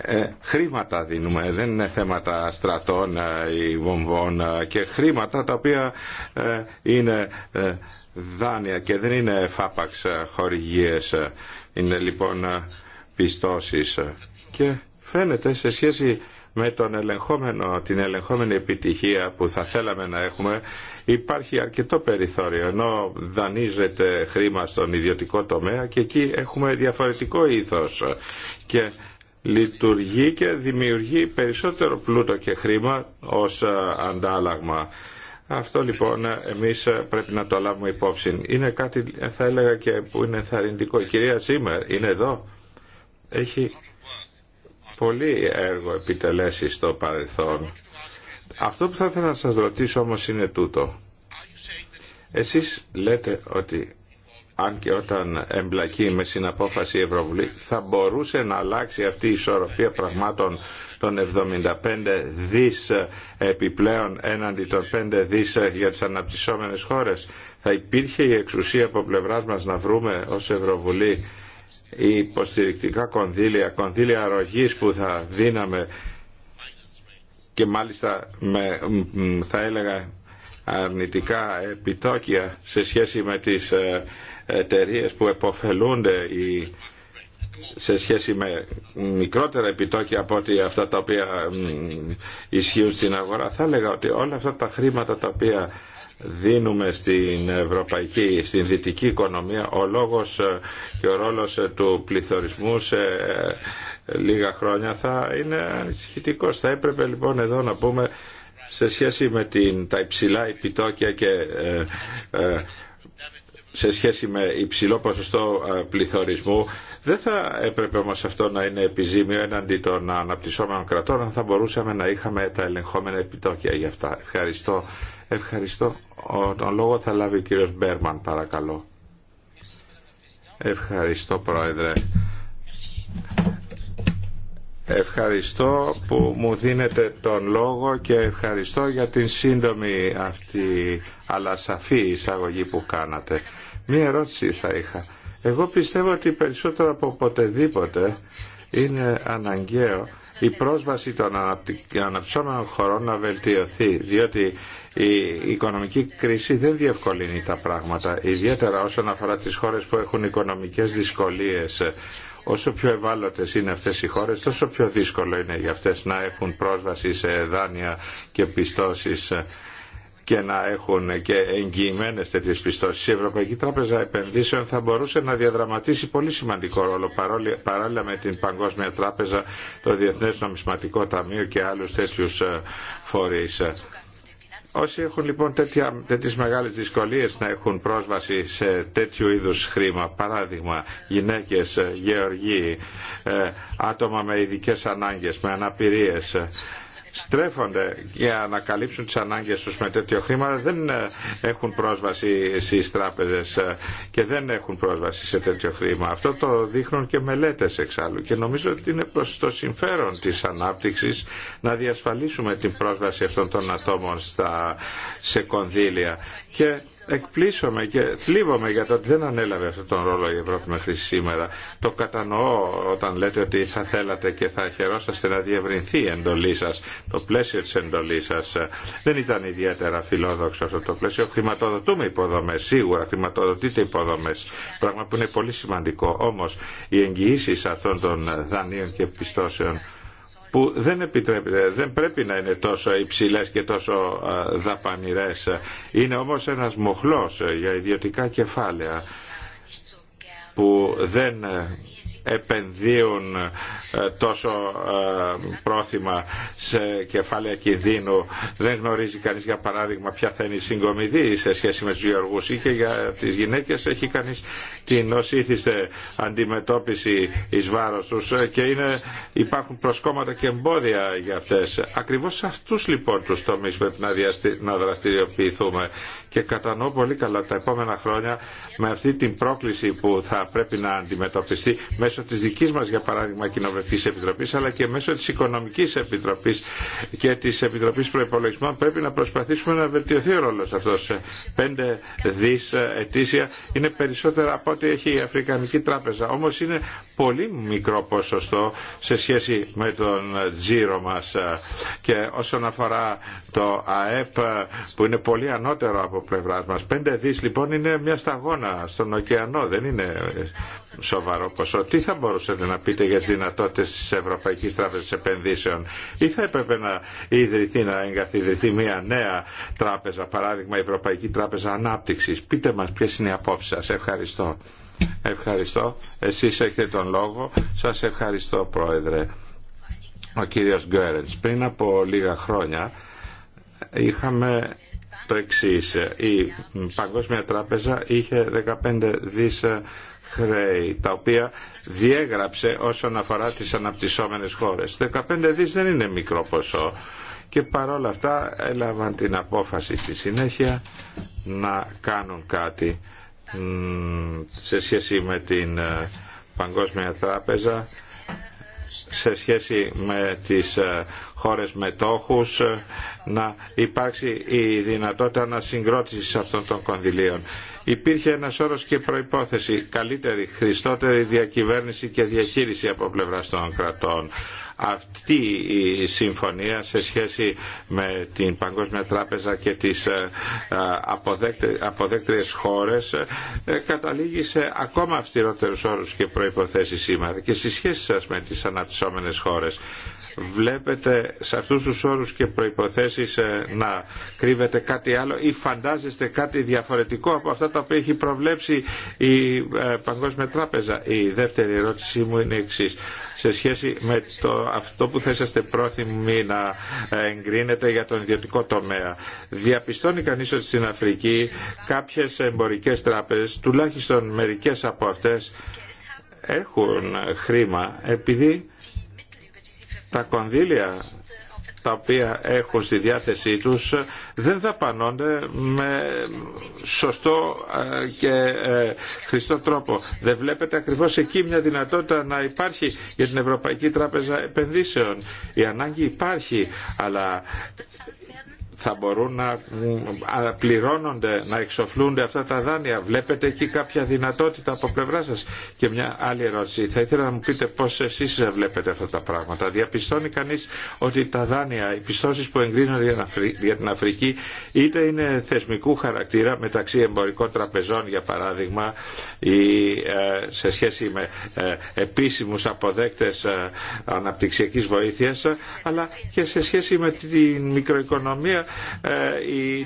ε, χρήματα δίνουμε, δεν είναι θέματα στρατών ε, ή βομβών ε, και χρήματα τα οποία είναι δάνεια και δεν είναι φάπαξ χορηγίες, είναι λοιπόν πιστώσεις και φαίνεται σε σχέση με τον ελεγχόμενο, την ελεγχόμενη επιτυχία που θα θέλαμε να έχουμε υπάρχει αρκετό περιθώριο ενώ δανείζεται χρήμα στον ιδιωτικό τομέα και εκεί έχουμε διαφορετικό ήθος και λειτουργεί και δημιουργεί περισσότερο πλούτο και χρήμα ως ε, αντάλλαγμα. Αυτό λοιπόν εμείς πρέπει να το λάβουμε υπόψη. Είναι κάτι θα έλεγα και που είναι θαρρυντικό. Η κυρία Σίμερ είναι εδώ. Έχει πολύ έργο επιτελέσει στο παρελθόν. Αυτό που θα ήθελα να σας ρωτήσω όμως είναι τούτο. Εσείς λέτε ότι αν και όταν εμπλακεί με συναπόφαση η Ευρωβουλή, θα μπορούσε να αλλάξει αυτή η ισορροπία πραγμάτων των 75 δις επιπλέον έναντι των 5 δις για τις αναπτυσσόμενες χώρες. Θα υπήρχε η εξουσία από πλευράς μας να βρούμε ως Ευρωβουλή οι υποστηρικτικά κονδύλια, κονδύλια αρρωγής που θα δίναμε και μάλιστα με, θα έλεγα αρνητικά επιτόκια σε σχέση με τις ε, εταιρείε που εποφελούνται οι σε σχέση με μικρότερα επιτόκια από ότι αυτά τα οποία ισχύουν στην αγορά θα έλεγα ότι όλα αυτά τα χρήματα τα οποία δίνουμε στην ευρωπαϊκή, στην δυτική οικονομία, ο λόγος ε, και ο ρόλος ε, του πληθωρισμού σε ε, λίγα χρόνια θα είναι ανησυχητικός. Θα έπρεπε λοιπόν εδώ να πούμε σε σχέση με την, τα υψηλά επιτόκια και σε σχέση με υψηλό ποσοστό πληθωρισμού δεν θα έπρεπε όμως αυτό να είναι επιζήμιο έναντι των αναπτυσσόμενων κρατών αν θα μπορούσαμε να είχαμε τα ελεγχόμενα επιτόκια για αυτά. Ευχαριστώ. Ευχαριστώ ο, τον λόγο θα λάβει ο κύριος Μπέρμαν, παρακαλώ. Ευχαριστώ, Πρόεδρε. Ευχαριστώ που μου δίνετε τον λόγο και ευχαριστώ για την σύντομη αυτή αλλά σαφή εισαγωγή που κάνατε. Μία ερώτηση θα είχα. Εγώ πιστεύω ότι περισσότερο από ποτεδήποτε είναι αναγκαίο η πρόσβαση των αναπτυσσόμενων χωρών να βελτιωθεί, διότι η οικονομική κρίση δεν διευκολύνει τα πράγματα, ιδιαίτερα όσον αφορά τις χώρες που έχουν οικονομικές δυσκολίες. Όσο πιο ευάλωτες είναι αυτές οι χώρες, τόσο πιο δύσκολο είναι για αυτές να έχουν πρόσβαση σε δάνεια και πιστώσεις και να έχουν και εγγυημένε τέτοιε πιστώσει. Η Ευρωπαϊκή Τράπεζα Επενδύσεων θα μπορούσε να διαδραματίσει πολύ σημαντικό ρόλο παράλληλα με την Παγκόσμια Τράπεζα, το Διεθνέ Νομισματικό Ταμείο και άλλου τέτοιου ε, φορεί. Όσοι έχουν λοιπόν τέτοια, τέτοιες μεγάλες δυσκολίες να έχουν πρόσβαση σε τέτοιου είδους χρήμα, παράδειγμα γυναίκες, ε, γεωργοί, ε, άτομα με ειδικές ανάγκες, με αναπηρίες, στρέφονται για να καλύψουν τις ανάγκες τους με τέτοιο χρήμα δεν ε, έχουν πρόσβαση στις τράπεζες ε, και δεν έχουν πρόσβαση σε τέτοιο χρήμα. Αυτό το δείχνουν και μελέτες εξάλλου και νομίζω ότι είναι προς το συμφέρον της ανάπτυξης να διασφαλίσουμε την πρόσβαση αυτών των ατόμων στα, σε κονδύλια και εκπλήσωμαι και θλίβομαι για το ότι δεν ανέλαβε αυτόν τον ρόλο η Ευρώπη μέχρι σήμερα. Το κατανοώ όταν λέτε ότι θα θέλατε και θα χαιρόσαστε να διευρυνθεί η εντολή σας το πλαίσιο της εντολής σας δεν ήταν ιδιαίτερα φιλόδοξο αυτό το πλαίσιο. Χρηματοδοτούμε υποδομές, σίγουρα χρηματοδοτείτε υποδομές, πράγμα που είναι πολύ σημαντικό. Όμως οι εγγυήσει αυτών των δανείων και πιστώσεων που δεν επιτρέπεται, δεν πρέπει να είναι τόσο υψηλές και τόσο δαπανηρές. Είναι όμως ένας μοχλός για ιδιωτικά κεφάλαια που δεν επενδύουν ε, τόσο ε, πρόθυμα σε κεφάλαια κινδύνου. Δεν γνωρίζει κανείς για παράδειγμα ποια θα είναι η συγκομιδή σε σχέση με τους γεωργούς ή και για τις γυναίκες έχει κανείς την ως ήθιστε αντιμετώπιση εις βάρος τους ε, και είναι, υπάρχουν προσκόμματα και εμπόδια για αυτές. Ακριβώς σε αυτούς λοιπόν τους τομείς πρέπει να, να δραστηριοποιηθούμε και κατανοώ πολύ καλά τα επόμενα χρόνια με αυτή την πρόκληση που θα πρέπει να αντιμετωπιστεί μέσω της δικής μας για παράδειγμα Κοινοβουλευτικής Επιτροπής αλλά και μέσω της Οικονομικής Επιτροπής και της Επιτροπής Προϋπολογισμών πρέπει να προσπαθήσουμε να βελτιωθεί ο ρόλος αυτός. 5 δις ετήσια είναι περισσότερα από ό,τι έχει η Αφρικανική Τράπεζα. Όμως είναι πολύ μικρό ποσοστό σε σχέση με τον τζίρο μας και όσον αφορά το ΑΕΠ που είναι πολύ ανώτερο από πλευράς μας. 5 δις λοιπόν είναι μια σταγόνα στον ωκεανό, δεν είναι σοβαρό ποσότη. Ή θα μπορούσατε να πείτε για τι δυνατότητε τη Ευρωπαϊκή Τράπεζα επενδύσεων. Ή θα έπρεπε να ήδη να εγκαθιδρυθεί μια νέα τράπεζα, παράδειγμα η Ευρωπαϊκή Τράπεζα Ανάπτυξης. τραπεζα αναπτυξη πειτε μα ποιε είναι οι απόψει σα. Ευχαριστώ. Ευχαριστώ. Εσείς έχετε τον λόγο. Σα ευχαριστώ Πρόεδρε. Ο κύριος Γκέρενς. Πριν από λίγα χρόνια είχαμε το εξής. Η Παγκόσμια Τράπεζα είχε 15 δις χρέη τα οποία διέγραψε όσον αφορά τις αναπτυσσόμενες χώρες. 15 δις δεν είναι μικρό ποσό και παρόλα αυτά έλαβαν την απόφαση στη συνέχεια να κάνουν κάτι σε σχέση με την ε, Παγκόσμια Τράπεζα σε σχέση με τις ε, χώρες μετόχους ε, να υπάρξει η δυνατότητα να συγκρότησης αυτών των κονδυλίων υπήρχε ένα όρος και προϋπόθεση καλύτερη, χρηστότερη διακυβέρνηση και διαχείριση από πλευρά των κρατών. Αυτή η συμφωνία σε σχέση με την Παγκόσμια Τράπεζα και τις ε, αποδέκτριες χώρες ε, καταλήγει σε ακόμα αυστηρότερους όρους και προϋποθέσεις σήμερα και στη σχέση σας με τις αναπτυσσόμενες χώρες. Βλέπετε σε αυτούς τους όρους και προϋποθέσεις ε, να κρύβεται κάτι άλλο ή φαντάζεστε κάτι διαφορετικό από αυτά τα οποία έχει προβλέψει η Παγκόσμια Τράπεζα. Η δεύτερη ερώτησή μου είναι εξή σε σχέση με το, αυτό που θα είσαστε πρόθυμοι να ε, εγκρίνετε για τον ιδιωτικό τομέα. Διαπιστώνει κανείς ότι στην Αφρική κάποιες εμπορικές τράπεζες, τουλάχιστον μερικές από αυτές, έχουν χρήμα επειδή τα κονδύλια τα οποία έχουν στη διάθεσή τους δεν δαπανώνται με σωστό ε, και ε, χρηστό τρόπο. Δεν βλέπετε ακριβώς εκεί μια δυνατότητα να υπάρχει για την Ευρωπαϊκή Τράπεζα Επενδύσεων. Η ανάγκη υπάρχει, αλλά θα μπορούν να πληρώνονται, να εξοφλούνται αυτά τα δάνεια. Βλέπετε εκεί κάποια δυνατότητα από πλευρά σας. Και μια άλλη ερώτηση. Θα ήθελα να μου πείτε πώς εσείς βλέπετε αυτά τα πράγματα. Διαπιστώνει κανείς ότι τα δάνεια, οι πιστώσεις που εγκρίνονται για την Αφρική είτε είναι θεσμικού χαρακτήρα μεταξύ εμπορικών τραπεζών για παράδειγμα ή ε, σε σχέση με ε, επίσημους αποδέκτες ε, αναπτυξιακής βοήθειας αλλά και σε σχέση με την μικροοικονομία ε,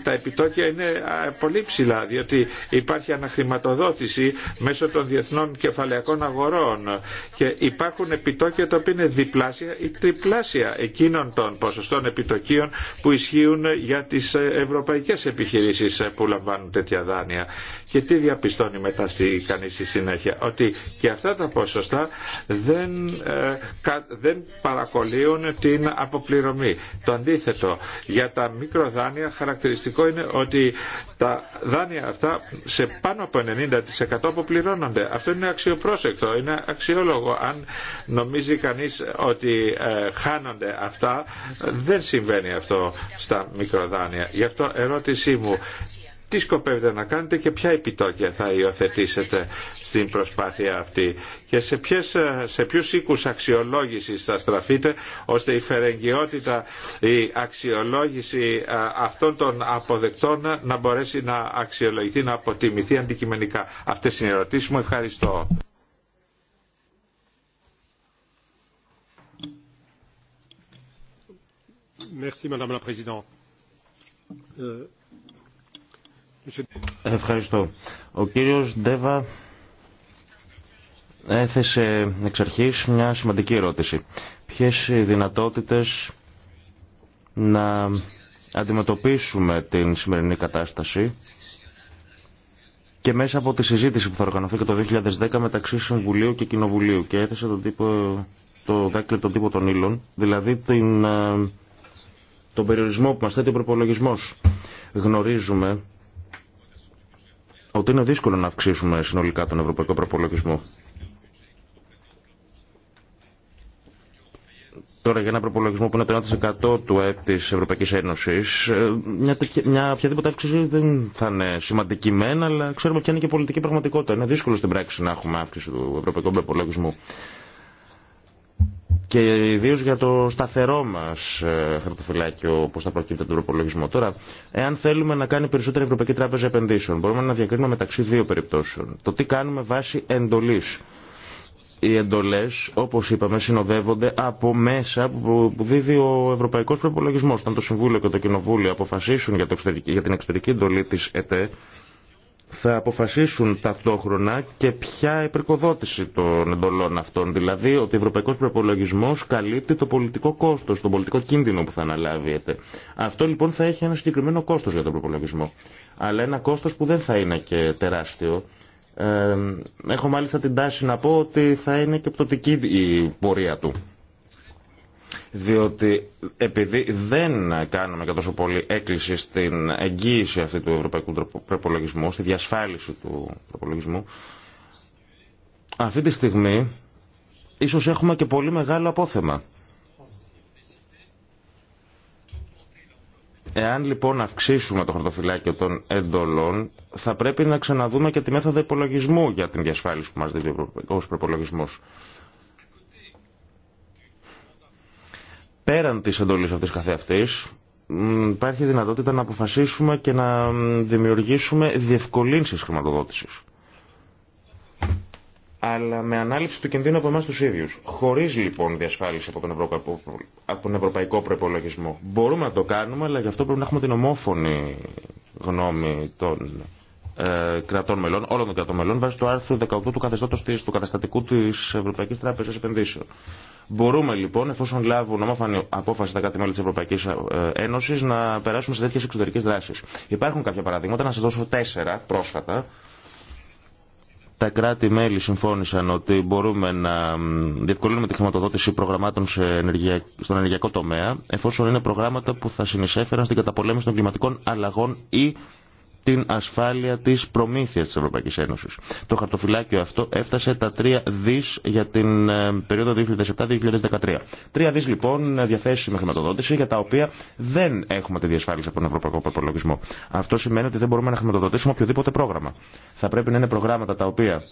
τα επιτόκια είναι πολύ ψηλά διότι υπάρχει αναχρηματοδότηση μέσω των διεθνών κεφαλαιακών αγορών και υπάρχουν επιτόκια τα οποία είναι διπλάσια ή τριπλάσια εκείνων των ποσοστών επιτοκίων που ισχύουν για τις ε, ευρωπαϊκές επιχειρήσεις ε, που λαμβάνουν τέτοια δάνεια. Και τι διαπιστώνει μετά στη, κανείς στη συνέχεια. Ότι και αυτά τα ποσοστά δεν, δεν παρακολύουν την αποπληρωμή. Το αντίθετο, για τα μη μικροδάνεια χαρακτηριστικό είναι ότι τα δάνεια αυτά σε πάνω από 90% αποπληρώνονται. Αυτό είναι αξιοπρόσεκτο, είναι αξιόλογο. Αν νομίζει κανείς ότι ε, χάνονται αυτά, δεν συμβαίνει αυτό στα μικροδάνεια. Γι' αυτό ερώτησή μου, τι σκοπεύετε να κάνετε και ποια επιτόκια θα υιοθετήσετε στην προσπάθεια αυτή και σε, ποιες, σε ποιους οίκους αξιολόγησης θα στραφείτε ώστε η φερεγγιότητα, η αξιολόγηση αυτών των αποδεκτών να μπορέσει να αξιολογηθεί, να αποτιμηθεί αντικειμενικά. Αυτές είναι οι ερωτήσεις μου. Ευχαριστώ. Merci, Madame la euh, Ευχαριστώ. Ο κύριος Ντέβα έθεσε εξ αρχής μια σημαντική ερώτηση. Ποιες οι δυνατότητες να αντιμετωπίσουμε την σημερινή κατάσταση και μέσα από τη συζήτηση που θα οργανωθεί και το 2010 μεταξύ Συμβουλίου και Κοινοβουλίου και έθεσε τον τύπο, το δάκρυο τον τύπο των ύλων, δηλαδή την, ε, τον περιορισμό που μας θέτει ο προπολογισμό. Γνωρίζουμε ότι είναι δύσκολο να αυξήσουμε συνολικά τον ευρωπαϊκό προπολογισμό. Τώρα για ένα προπολογισμό που είναι το 1% του ΕΠ τη Ευρωπαϊκή Ένωση, ε, μια, μια οποιαδήποτε αύξηση δεν θα είναι σημαντική μένα, αλλά ξέρουμε ποια είναι και πολιτική πραγματικότητα. Είναι δύσκολο στην πράξη να έχουμε αύξηση του ευρωπαϊκού προπολογισμού και ιδίω για το σταθερό μα ε, χαρτοφυλάκιο, πώ θα προκύπτει τον προπολογισμό. Τώρα, εάν θέλουμε να κάνει περισσότερη Ευρωπαϊκή Τράπεζα Επενδύσεων, μπορούμε να διακρίνουμε μεταξύ δύο περιπτώσεων. Το τι κάνουμε βάσει εντολή. Οι εντολέ, όπω είπαμε, συνοδεύονται από μέσα που δίδει ο Ευρωπαϊκό Προπολογισμό. Όταν το Συμβούλιο και το Κοινοβούλιο αποφασίσουν για την εξωτερική εντολή τη ΕΤΕ, θα αποφασίσουν ταυτόχρονα και ποια υπερκοδότηση των εντολών αυτών. Δηλαδή ότι ο ευρωπαϊκός προπολογισμός καλύπτει το πολιτικό κόστος, τον πολιτικό κίνδυνο που θα αναλάβετε. Αυτό λοιπόν θα έχει ένα συγκεκριμένο κόστος για τον προπολογισμό. Αλλά ένα κόστος που δεν θα είναι και τεράστιο. Ε, έχω μάλιστα την τάση να πω ότι θα είναι και πτωτική η πορεία του. Διότι επειδή δεν κάνουμε και τόσο πολύ έκκληση στην εγγύηση αυτή του ευρωπαϊκού προπολογισμού, στη διασφάλιση του προπολογισμού, αυτή τη στιγμή ίσως έχουμε και πολύ μεγάλο απόθεμα. Εάν λοιπόν αυξήσουμε το χαρτοφυλάκιο των εντολών, θα πρέπει να ξαναδούμε και τη μέθοδο υπολογισμού για την διασφάλιση που μας δίνει ο προπολογισμό. πέραν της εντολής αυτής καθεαυτής υπάρχει δυνατότητα να αποφασίσουμε και να δημιουργήσουμε διευκολύνσεις χρηματοδότησης. Αλλά με ανάληψη του κινδύνου από εμά του ίδιου. Χωρί λοιπόν διασφάλιση από τον, Ευρωπαϊκό, από τον ευρωπαϊκό προπολογισμό. Μπορούμε να το κάνουμε, αλλά γι' αυτό πρέπει να έχουμε την ομόφωνη γνώμη των ε, κρατών μελών, όλων των κρατών μελών, βάσει του άρθρου 18 του καθεστώτο του καταστατικού τη Ευρωπαϊκή Τράπεζα Επενδύσεων. Μπορούμε λοιπόν, εφόσον λάβουν ομόφανη απόφαση τα κάτι μέλη τη Ευρωπαϊκή ε, Ένωση, να περάσουμε σε τέτοιε εξωτερικέ δράσει. Υπάρχουν κάποια παραδείγματα, να σα δώσω τέσσερα πρόσφατα. Τα κράτη-μέλη συμφώνησαν ότι μπορούμε να διευκολύνουμε τη χρηματοδότηση προγραμμάτων σε στον ενεργειακό τομέα, εφόσον είναι προγράμματα που θα συνεισέφεραν στην καταπολέμηση των κλιματικών αλλαγών ή την ασφάλεια της προμήθειας της Ευρωπαϊκής Ένωσης. Το χαρτοφυλάκιο αυτό έφτασε τα 3 δις για την ε, περίοδο 2007-2013. 3 δις λοιπόν διαθέσιμη χρηματοδότηση για τα οποία δεν έχουμε τη διασφάλιση από τον Ευρωπαϊκό Προπολογισμό. Αυτό σημαίνει ότι δεν μπορούμε να χρηματοδοτήσουμε οποιοδήποτε πρόγραμμα. Θα πρέπει να είναι προγράμματα τα οποία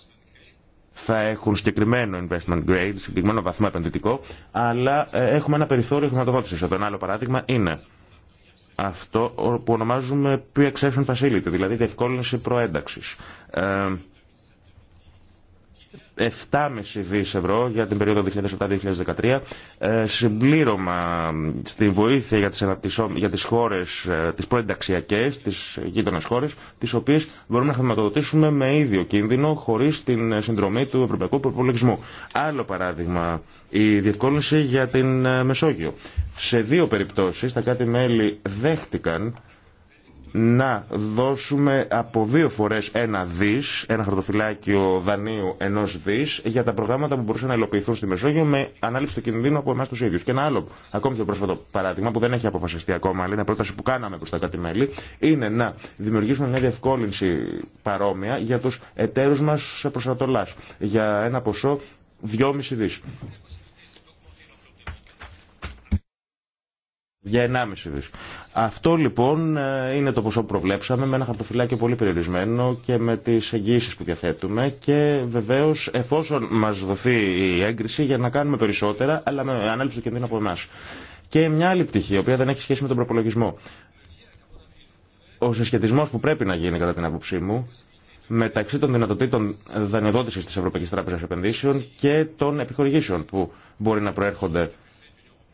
θα έχουν συγκεκριμένο investment grade, συγκεκριμένο βαθμό επενδυτικό, αλλά ε, έχουμε ένα περιθώριο χρηματοδότηση. Εδώ ένα άλλο παράδειγμα είναι αυτό που ονομάζουμε pre-exception facility, δηλαδή διευκόλυνση προένταξης. Ε, 7,5 δις ευρώ για την περίοδο 2007-2013 ε, συμπλήρωμα στη βοήθεια για τις, για τις χώρες, ε, τις προενταξιακές, τις γείτονες χώρες τις οποίες μπορούμε να χρηματοδοτήσουμε με ίδιο κίνδυνο χωρίς την συνδρομή του Ευρωπαϊκού Προπολογισμού. Άλλο παράδειγμα, η διευκόλυνση για την ε, Μεσόγειο. Σε δύο περιπτώσεις τα κάτι μέλη δέχτηκαν να δώσουμε από δύο φορές ένα δις, ένα χαρτοφυλάκιο δανείου ενός δις για τα προγράμματα που μπορούσαν να υλοποιηθούν στη Μεσόγειο με ανάληψη του κινδύνου από εμάς τους ίδιους. Και ένα άλλο, ακόμη πιο πρόσφατο παράδειγμα που δεν έχει αποφασιστεί ακόμα, αλλά είναι πρόταση που κάναμε προς τα κάτι μέλη, είναι να δημιουργήσουμε μια διευκόλυνση παρόμοια για τους εταίρους μας προς για ένα ποσό 2,5 δις. Για 1,5 δις. Αυτό λοιπόν ε, είναι το ποσό που προβλέψαμε με ένα χαρτοφυλάκιο πολύ περιορισμένο και με τις εγγύησεις που διαθέτουμε και βεβαίως εφόσον μας δοθεί η έγκριση για να κάνουμε περισσότερα αλλά με ανάληψη του κινδύνου από εμά. Και μια άλλη πτυχή, η οποία δεν έχει σχέση με τον προπολογισμό. Ο συσχετισμός που πρέπει να γίνει κατά την άποψή μου μεταξύ των δυνατοτήτων δανειοδότησης της Ευρωπαϊκής Τράπεζας Επενδύσεων και των επιχορηγήσεων που μπορεί να προέρχονται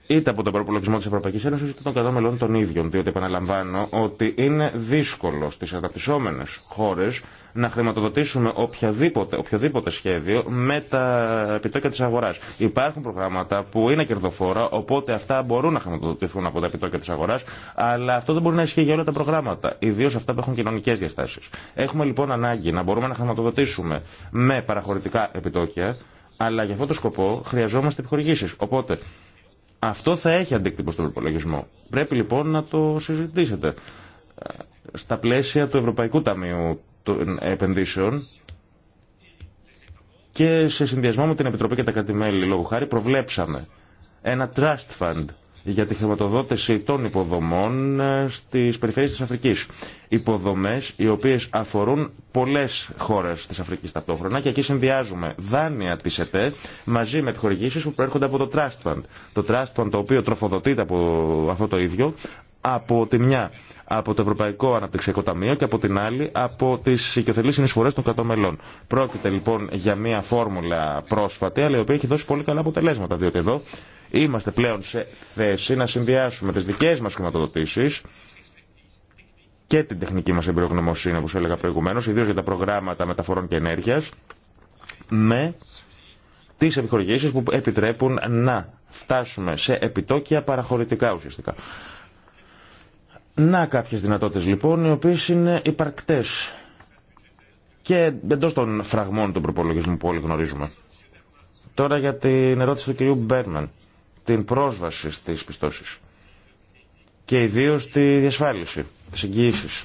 είτε από τον προπολογισμό τη Ευρωπαϊκή Ένωση είτε των κρατών των ίδιων. Διότι επαναλαμβάνω ότι είναι δύσκολο στι αναπτυσσόμενε χώρε να χρηματοδοτήσουμε οποιαδήποτε, οποιοδήποτε σχέδιο με τα επιτόκια τη αγορά. Υπάρχουν προγράμματα που είναι κερδοφόρα, οπότε αυτά μπορούν να χρηματοδοτηθούν από τα επιτόκια τη αγορά, αλλά αυτό δεν μπορεί να ισχύει για όλα τα προγράμματα, ιδίω αυτά που έχουν κοινωνικέ διαστάσει. Έχουμε λοιπόν ανάγκη να μπορούμε να χρηματοδοτήσουμε με παραχωρητικά επιτόκια, αλλά για αυτό το σκοπό χρειαζόμαστε επιχορηγήσει. Οπότε αυτό θα έχει αντίκτυπο στον προπολογισμό. Πρέπει λοιπόν να το συζητήσετε. Στα πλαίσια του Ευρωπαϊκού Ταμείου των Επενδύσεων και σε συνδυασμό με την Επιτροπή και τα κρατη λόγω χάρη, προβλέψαμε ένα trust fund για τη χρηματοδότηση των υποδομών ε, στις περιφέρειες της Αφρικής. Υποδομές οι οποίες αφορούν πολλές χώρες της Αφρικής ταυτόχρονα και εκεί συνδυάζουμε δάνεια της ΕΤΕ μαζί με επιχορηγήσεις που προέρχονται από το Trust Fund. Το Trust Fund το οποίο τροφοδοτείται από αυτό το ίδιο από τη μια από το Ευρωπαϊκό Αναπτυξιακό Ταμείο και από την άλλη από τι οικειοθελεί συνεισφορέ των κρατών μελών. Πρόκειται λοιπόν για μια φόρμουλα πρόσφατη, αλλά η οποία έχει δώσει πολύ καλά αποτελέσματα, διότι εδώ είμαστε πλέον σε θέση να συνδυάσουμε τι δικέ μα χρηματοδοτήσει και την τεχνική μα εμπειρογνωμοσύνη, όπω έλεγα προηγουμένω, ιδίω για τα προγράμματα μεταφορών και ενέργεια, με τι επιχορηγήσει που επιτρέπουν να φτάσουμε σε επιτόκια παραχωρητικά ουσιαστικά. Να κάποιες δυνατότητες λοιπόν οι οποίες είναι υπαρκτές και εντός των φραγμών του προπολογισμού που όλοι γνωρίζουμε. Τώρα για την ερώτηση του κυρίου Μπέρμαν, την πρόσβαση στις πιστώσεις και ιδίως τη διασφάλιση, τις εγγυήσεις.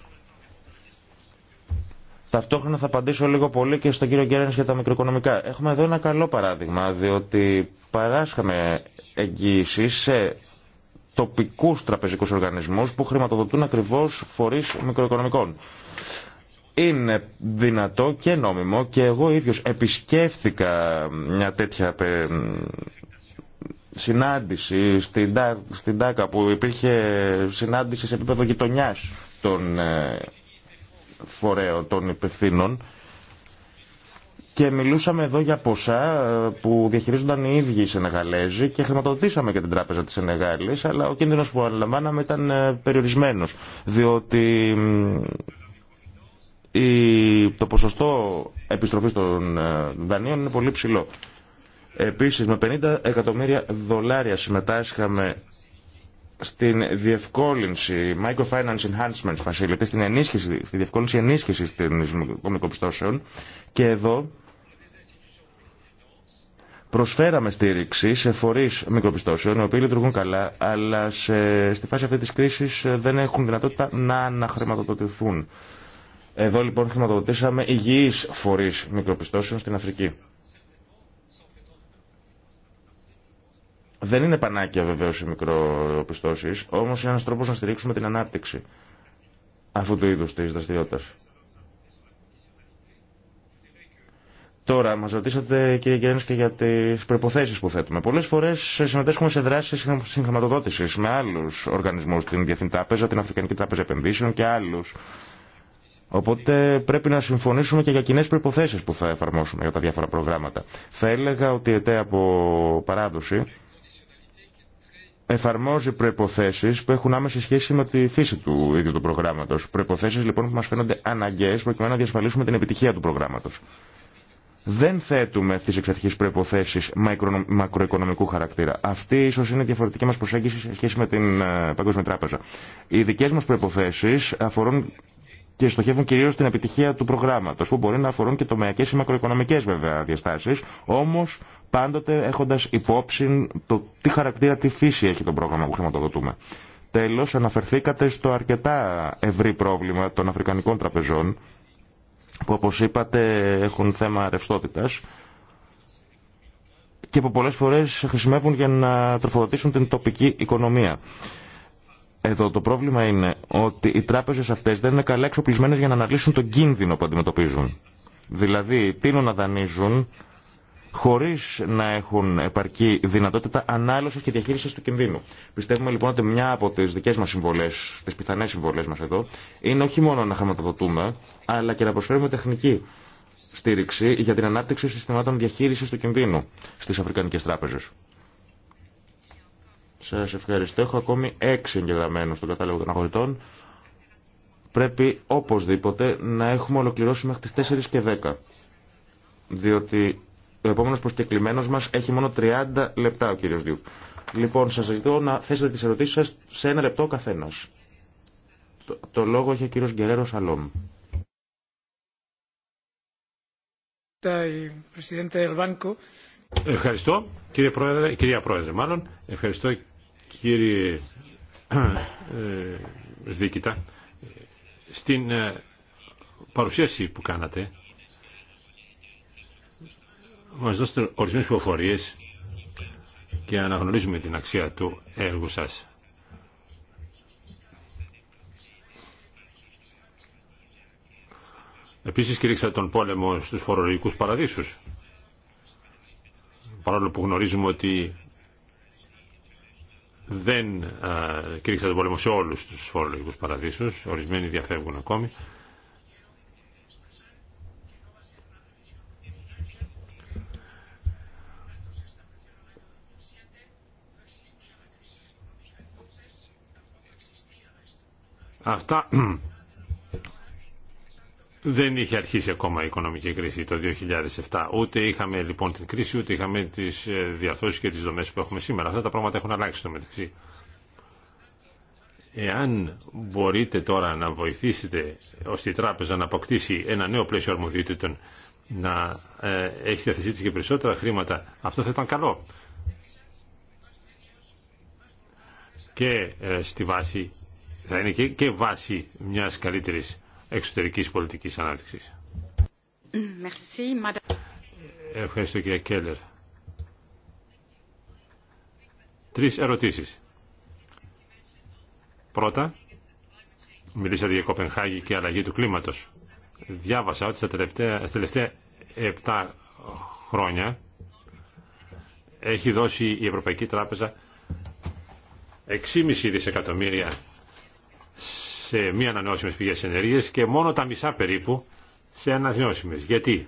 Ταυτόχρονα θα απαντήσω λίγο πολύ και στον κύριο Γκέρνης για τα μικροοικονομικά. Έχουμε εδώ ένα καλό παράδειγμα, διότι παράσχαμε εγγύηση σε τοπικούς τραπεζικούς οργανισμούς που χρηματοδοτούν ακριβώς φορείς μικροοικονομικών. Είναι δυνατό και νόμιμο και εγώ ίδιος επισκέφθηκα μια τέτοια ε, συνάντηση στην, στην ΤΑΚΑ που υπήρχε συνάντηση σε επίπεδο γειτονιάς των ε, φορέων των υπευθύνων και μιλούσαμε εδώ για ποσά ε, που διαχειρίζονταν οι ίδιοι οι Σενεγαλέζοι και χρηματοδοτήσαμε και την Τράπεζα τη Σενεγάλη, αλλά ο κίνδυνο που αναλαμβάναμε ήταν ε, περιορισμένο. Διότι το ποσοστό επιστροφή των ε, δανείων είναι πολύ ψηλό. Επίσης με 50 εκατομμύρια δολάρια συμμετάσχαμε στην διευκόλυνση Microfinance Enhancement Facility, στην ενίσχυση, στη διευκόλυνση ενίσχυσης των οικοπιστώσεων και εδώ Προσφέραμε στήριξη σε φορεί μικροπιστώσεων, οι οποίοι λειτουργούν καλά, αλλά σε, στη φάση αυτή τη κρίση ε, δεν έχουν δυνατότητα να αναχρηματοδοτηθούν. Εδώ λοιπόν χρηματοδοτήσαμε υγιεί φορεί μικροπιστώσεων στην Αφρική. Δεν είναι πανάκια βεβαίω οι μικροπιστώσει, όμω είναι ένα τρόπο να στηρίξουμε την ανάπτυξη αυτού του είδου τη δραστηριότητα. Τώρα, μα ρωτήσατε κύριε Γκέρνη και για τι προποθέσει που θέτουμε. Πολλέ φορέ συμμετέχουμε σε δράσει συγχρηματοδότηση με άλλου οργανισμού, την Διεθνή Τράπεζα, την Αφρικανική Τράπεζα Επενδύσεων και άλλου. Οπότε πρέπει να συμφωνήσουμε και για κοινέ προποθέσει που θα εφαρμόσουμε για τα διάφορα προγράμματα. Θα έλεγα ότι η ΕΤΕ από παράδοση εφαρμόζει προποθέσει που έχουν άμεση σχέση με τη φύση του ίδιου του προγράμματο. Προποθέσει λοιπόν που μα φαίνονται αναγκαίε προκειμένου να διασφαλίσουμε την επιτυχία του προγράμματο δεν θέτουμε τι εξαρχικέ εξαρχή προποθέσει μακροοικονομικού χαρακτήρα. Αυτή ίσω είναι η διαφορετική μα προσέγγιση σε σχέση με την ε, Παγκόσμια Τράπεζα. Οι δικέ μα προποθέσει αφορούν και στοχεύουν κυρίω στην επιτυχία του προγράμματο, που μπορεί να αφορούν και τομεακέ ή μακροοικονομικέ βέβαια διαστάσει, όμω πάντοτε έχοντα υπόψη το τι χαρακτήρα, τι φύση έχει το πρόγραμμα που χρηματοδοτούμε. Τέλο, αναφερθήκατε στο αρκετά ευρύ πρόβλημα των Αφρικανικών τραπεζών, που όπως είπατε έχουν θέμα ρευστότητας και που πολλές φορές χρησιμεύουν για να τροφοδοτήσουν την τοπική οικονομία. Εδώ το πρόβλημα είναι ότι οι τράπεζες αυτές δεν είναι καλά εξοπλισμένες για να αναλύσουν τον κίνδυνο που αντιμετωπίζουν. Δηλαδή, τίνουν να δανείζουν χωρίς να έχουν επαρκή δυνατότητα ανάλωσης και διαχείρισης του κινδύνου. Πιστεύουμε λοιπόν ότι μια από τις δικές μας συμβολές, τις πιθανές συμβολές μας εδώ, είναι όχι μόνο να χρηματοδοτούμε, αλλά και να προσφέρουμε τεχνική στήριξη για την ανάπτυξη συστημάτων διαχείρισης του κινδύνου στις Αφρικανικές τράπεζες. Σας ευχαριστώ. Έχω ακόμη έξι εγγεγραμμένους στον κατάλογο των αγορητών. Πρέπει οπωσδήποτε να έχουμε ολοκληρώσει μέχρι τις 4 και 10. Διότι ο επόμενο προσκεκλημένο μα έχει μόνο 30 λεπτά, ο κύριο Διούφ. Λοιπόν, σα ζητώ να θέσετε τι ερωτήσει σα σε ένα λεπτό ο καθένα. Το, λόγο έχει ο κύριο Γκερέρο Σαλόμ. Ευχαριστώ, κύριε Πρόεδρε, κυρία Πρόεδρε, μάλλον. Ευχαριστώ, κύριε ε, ε, Δίκητα. Στην ε, παρουσίαση που κάνατε, μας δώσετε ορισμένες πληροφορίε και αναγνωρίζουμε την αξία του έργου σας. Επίσης κηρύξατε τον πόλεμο στους φορολογικούς παραδείσους. Παρόλο που γνωρίζουμε ότι δεν κηρύξατε τον πόλεμο σε όλους τους φορολογικούς παραδείσους, ορισμένοι διαφεύγουν ακόμη. Αυτά *clears throat* δεν είχε αρχίσει ακόμα η οικονομική κρίση το 2007. Ούτε είχαμε λοιπόν την κρίση, ούτε είχαμε τις ε, διαθώσεις και τις δομές που έχουμε σήμερα. Αυτά τα πράγματα έχουν αλλάξει στο μεταξύ. Εάν μπορείτε τώρα να βοηθήσετε ώστε η τράπεζα να αποκτήσει ένα νέο πλαίσιο αρμοδιότητων, να ε, έχει στη διαθεσή και περισσότερα χρήματα, αυτό θα ήταν καλό. Και ε, στη βάση θα είναι και, βάση μιας καλύτερης εξωτερικής πολιτικής ανάπτυξης. Ευχαριστώ κύριε Κέλλερ. Τρεις ερωτήσεις. Πρώτα, μιλήσατε για Κοπενχάγη και αλλαγή του κλίματος. Διάβασα ότι στα τελευταία, στα τελευταία 7 χρόνια έχει δώσει η Ευρωπαϊκή Τράπεζα 6,5 δισεκατομμύρια σε μία ανανεώσιμες πηγές ενέργειας και μόνο τα μισά περίπου σε ανανεώσιμες. Γιατί?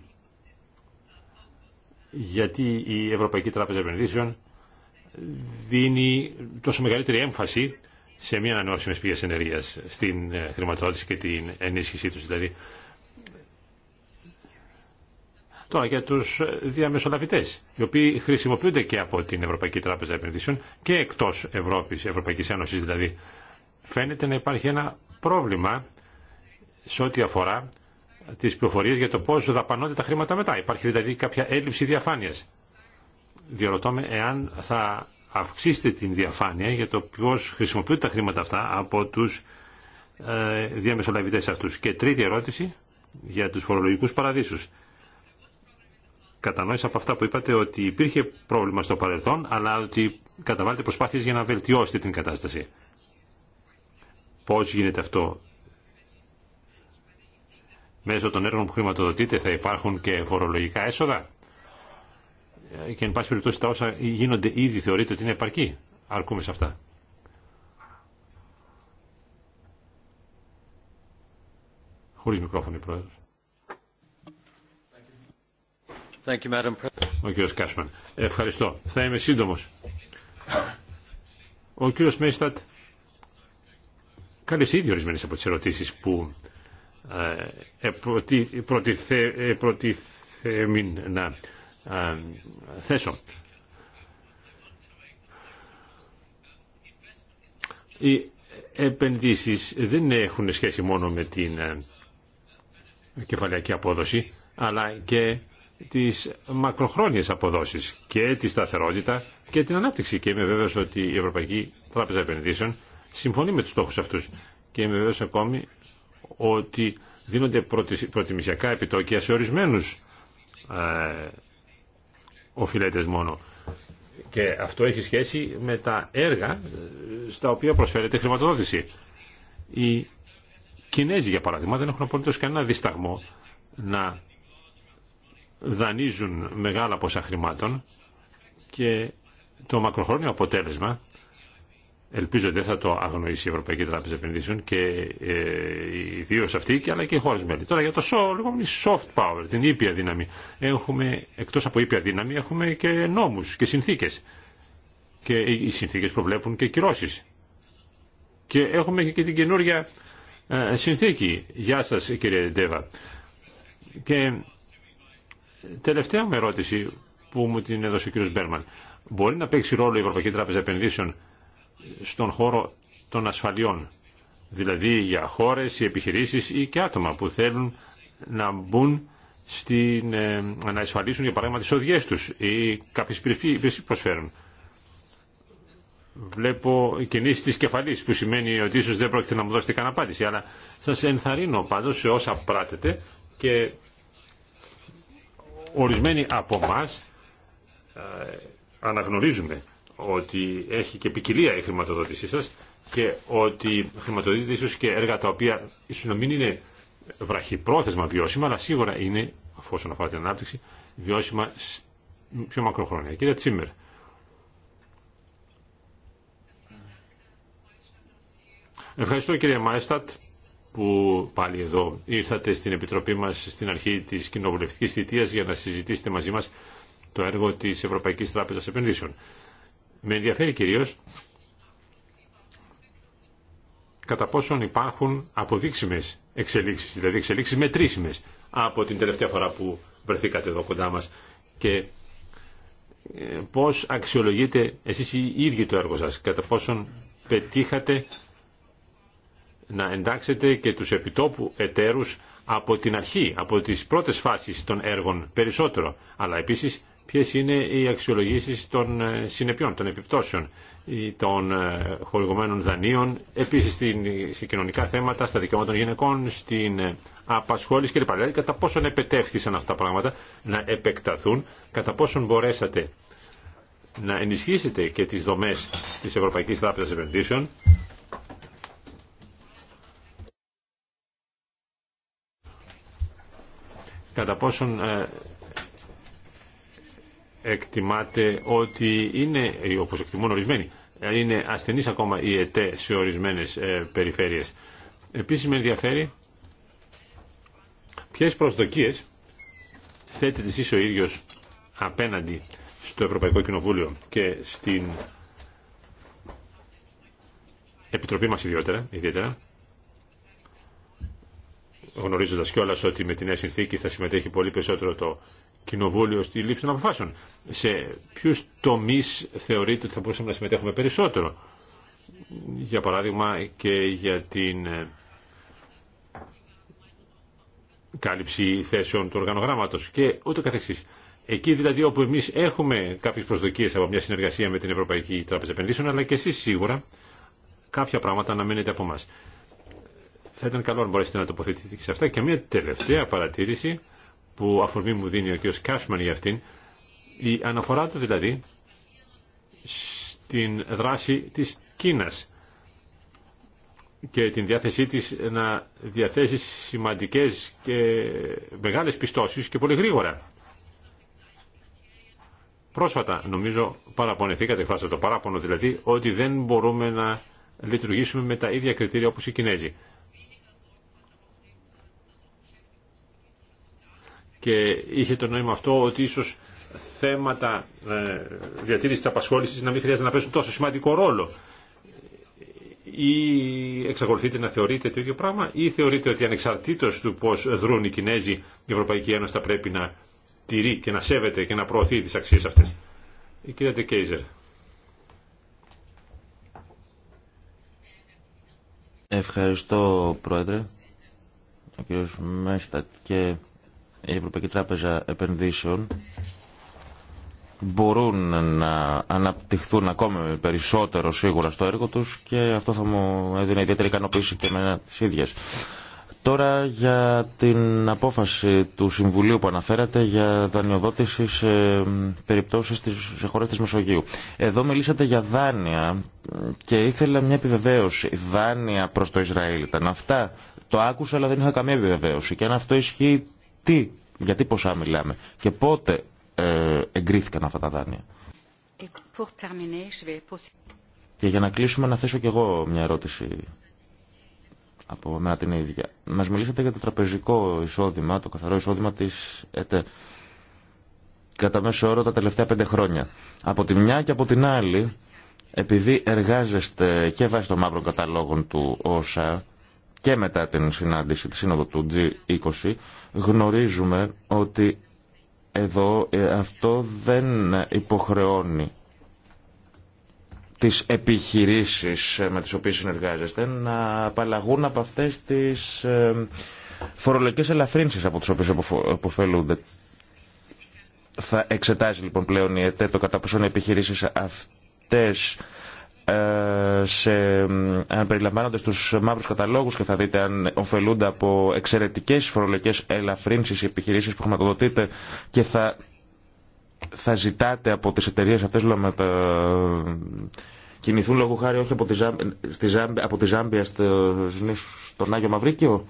Γιατί η Ευρωπαϊκή Τράπεζα Επενδύσεων δίνει τόσο μεγαλύτερη έμφαση σε μία ανανεώσιμες πηγές ενέργειας στην ε, χρηματοδότηση και την ενίσχυσή τους δηλαδή. Τώρα για τους ε, διαμεσολαβητές, οι οποίοι χρησιμοποιούνται και από την Ευρωπαϊκή Τράπεζα Επενδύσεων και εκτός Ευρώπης, Ευρωπαϊκής Ένωσης δηλαδή φαίνεται να υπάρχει ένα πρόβλημα σε ό,τι αφορά τι πληροφορίε για το πώ δαπανώνται τα χρήματα μετά. Υπάρχει δηλαδή κάποια έλλειψη διαφάνεια. Διερωτώ με εάν θα αυξήσετε την διαφάνεια για το πώ χρησιμοποιούνται τα χρήματα αυτά από του ε, διαμεσολαβητές αυτούς. Και τρίτη ερώτηση για του φορολογικού παραδείσους. Κατανόησα από αυτά που είπατε ότι υπήρχε πρόβλημα στο παρελθόν, αλλά ότι καταβάλλετε προσπάθειες για να βελτιώσετε την κατάσταση. Πώς γίνεται αυτό. Μέσω των έργων που χρηματοδοτείτε θα υπάρχουν και φορολογικά έσοδα. Και εν πάση περιπτώσει τα όσα γίνονται ήδη θεωρείτε ότι είναι επαρκή. Αρκούμε σε αυτά. Χωρίς μικρόφωνο Thank you, Madam Ο κύριο Κάσμαν. Ευχαριστώ. Θα είμαι σύντομο. Ο κύριο Μέιστατ Καλύψει ήδη ορισμένε από τι ερωτήσει που ε, ε, ε να ε, θέσω. Οι επενδύσεις δεν έχουν σχέση μόνο με την κεφαλιακή απόδοση, αλλά και τις μακροχρόνιες αποδόσεις και τη σταθερότητα και την ανάπτυξη. Και είμαι βέβαιος ότι η Ευρωπαϊκή Τράπεζα Επενδύσεων συμφωνεί με τους στόχους αυτούς και είμαι βέβαιος ακόμη ότι δίνονται προτιμησιακά επιτόκια σε ορισμένους ε, οφειλέτες μόνο. Και αυτό έχει σχέση με τα έργα ε, στα οποία προσφέρεται χρηματοδότηση. Οι Κινέζοι, για παράδειγμα, δεν έχουν απολύτως κανένα δισταγμό να δανείζουν μεγάλα ποσά χρημάτων και το μακροχρόνιο αποτέλεσμα Ελπίζω ότι δεν θα το αγνοήσει η Ευρωπαϊκή Τράπεζα Επενδύσεων και ε, ιδίω αυτή, και, αλλά και οι χώρε μέλη. Τώρα για το soft power, την ήπια δύναμη. Έχουμε, εκτός από ήπια δύναμη, έχουμε και νόμους και συνθήκες. Και οι συνθήκες προβλέπουν και κυρώσεις. Και έχουμε και την καινούργια ε, συνθήκη. Γεια σας κύριε Ντέβα. Και τελευταία μου ερώτηση που μου την έδωσε ο κύριος Μπέρμαν. Μπορεί να παίξει ρόλο η Ευρωπαϊκή Τράπεζα Επενδύσεων στον χώρο των ασφαλιών, δηλαδή για χώρες ή επιχειρήσεις ή και άτομα που θέλουν να μπουν στην, ε, να ασφαλίσουν για παράδειγμα τις οδιές τους ή κάποιες υπηρεσίες που προσφέρουν. Βλέπω κινήσεις της κεφαλής που σημαίνει ότι ίσως δεν πρόκειται να μου δώσετε κανένα απάντηση αλλά σας ενθαρρύνω πάντως σε όσα πράτετε και ορισμένοι από εμά αναγνωρίζουμε ότι έχει και ποικιλία η χρηματοδότησή σας και ότι χρηματοδοτείται ίσω και έργα τα οποία ίσως να μην είναι βραχυπρόθεσμα βιώσιμα, αλλά σίγουρα είναι, αφού όσον αφορά την ανάπτυξη, βιώσιμα πιο μακροχρόνια. Κύριε Τσίμερ, Ευχαριστώ κύριε Μάιστατ που πάλι εδώ ήρθατε στην Επιτροπή μας στην αρχή της κοινοβουλευτικής θητείας για να συζητήσετε μαζί μας το έργο της Ευρωπαϊκής Τράπεζας Επενδύσεων. Με ενδιαφέρει κυρίως κατά πόσον υπάρχουν αποδείξιμες εξελίξεις, δηλαδή εξελίξεις μετρήσιμες από την τελευταία φορά που βρεθήκατε εδώ κοντά μας και ε, πώς αξιολογείτε εσείς οι ίδιοι το έργο σας, κατά πόσον πετύχατε να εντάξετε και τους επιτόπου εταίρους από την αρχή, από τις πρώτες φάσεις των έργων περισσότερο, αλλά επίσης ποιες είναι οι αξιολογήσεις των ε, συνεπειών, των επιπτώσεων των ε, χορηγωμένων δανείων, επίσης σε κοινωνικά θέματα, στα δικαιώματα των γυναικών, στην ε, απασχόληση κλπ. Δηλαδή κατά πόσον επετεύχθησαν αυτά τα πράγματα να επεκταθούν, κατά πόσον μπορέσατε να ενισχύσετε και τις δομές της Ευρωπαϊκής Τράπεζας Επενδύσεων, κατά πόσον εκτιμάται ότι είναι, όπως εκτιμούν ορισμένοι, ε, είναι ασθενής ακόμα η ΕΤ σε ορισμένες ε, περιφέρειες. Επίσης με ενδιαφέρει ποιες προσδοκίες θέτετε εσείς ο ίδιος απέναντι στο Ευρωπαϊκό Κοινοβούλιο και στην Επιτροπή μας ιδιότερα, ιδιαίτερα, γνωρίζοντας κιόλας ότι με την νέα συνθήκη θα συμμετέχει πολύ περισσότερο το κοινοβούλιο στη λήψη των αποφάσεων. Σε ποιου τομεί θεωρείτε ότι θα μπορούσαμε να συμμετέχουμε περισσότερο. Για παράδειγμα και για την ε, κάλυψη θέσεων του οργανογράμματος και ούτω καθεξής. Εκεί δηλαδή όπου εμείς έχουμε κάποιες προσδοκίες από μια συνεργασία με την Ευρωπαϊκή Τράπεζα Επενδύσεων, αλλά και εσείς σίγουρα κάποια πράγματα μένετε από εμά. Θα ήταν καλό αν μπορέσετε να τοποθετηθείτε και σε αυτά. Και μια τελευταία παρατήρηση που αφορμή μου δίνει ο κ. Κάσμαν για αυτήν, η αναφορά του δηλαδή στην δράση της Κίνας και την διάθεσή της να διαθέσει σημαντικές και μεγάλες πιστώσεις και πολύ γρήγορα. Πρόσφατα νομίζω παραπονεθήκατε, εκφράσατε το παράπονο δηλαδή, ότι δεν μπορούμε να λειτουργήσουμε με τα ίδια κριτήρια όπως οι Κινέζοι. και είχε το νόημα αυτό ότι ίσως θέματα ε, διατήρησης απασχόλησης να μην χρειάζεται να παίζουν τόσο σημαντικό ρόλο. Ή εξακολουθείτε να θεωρείτε το ίδιο πράγμα ή θεωρείτε ότι ανεξαρτήτως του πώς δρούν οι Κινέζοι η Ευρωπαϊκή Ένωση θα πρέπει να τηρεί και να σέβεται και να προωθεί τις αξίες αυτές. Η κυρία Τεκέιζερ. Ευχαριστώ Πρόεδρε, ο κύριος και η Ευρωπαϊκή Τράπεζα Επενδύσεων μπορούν να αναπτυχθούν ακόμη περισσότερο σίγουρα στο έργο τους και αυτό θα μου έδινε ιδιαίτερη ικανοποίηση και εμένα τις ίδιες. Τώρα για την απόφαση του Συμβουλίου που αναφέρατε για δανειοδότηση σε περιπτώσεις της, σε χώρες της Μεσογείου. Εδώ μιλήσατε για δάνεια και ήθελα μια επιβεβαίωση. Δάνεια προς το Ισραήλ ήταν αυτά. Το άκουσα αλλά δεν είχα καμία επιβεβαίωση. Και αν αυτό ισχύει τι, για ποσά μιλάμε και πότε ε, εγκρίθηκαν αυτά τα δάνεια. Και για να κλείσουμε να θέσω κι εγώ μια ερώτηση από μένα την ίδια. Μας μιλήσατε για το τραπεζικό εισόδημα, το καθαρό εισόδημα της ΕΤΕ κατά μέσο όρο τα τελευταία πέντε χρόνια. Από τη μια και από την άλλη, επειδή εργάζεστε και βάσει των μαύρων καταλόγων του ΩΣΑ και μετά την συνάντηση τη Σύνοδο του G20 γνωρίζουμε ότι εδώ ε, αυτό δεν υποχρεώνει τις επιχειρήσεις με τις οποίες συνεργάζεστε να απαλλαγούν από αυτές τις ε, φορολογικές ελαφρύνσεις από τις οποίες αποφελούνται. Θα εξετάζει λοιπόν πλέον η ΕΤΕ το κατά πόσο οι επιχειρήσεις αυτές ε, σε, αν περιλαμβάνονται στους μαύρους καταλόγους και θα δείτε αν ωφελούνται από εξαιρετικές φορολογικές ελαφρύνσεις οι επιχειρήσεις που χρηματοδοτείτε και θα, θα ζητάτε από τις εταιρείε αυτές να τα, κινηθούν λόγω χάρη όχι από τη, Ζάμπια στον Άγιο Μαυρίκιο.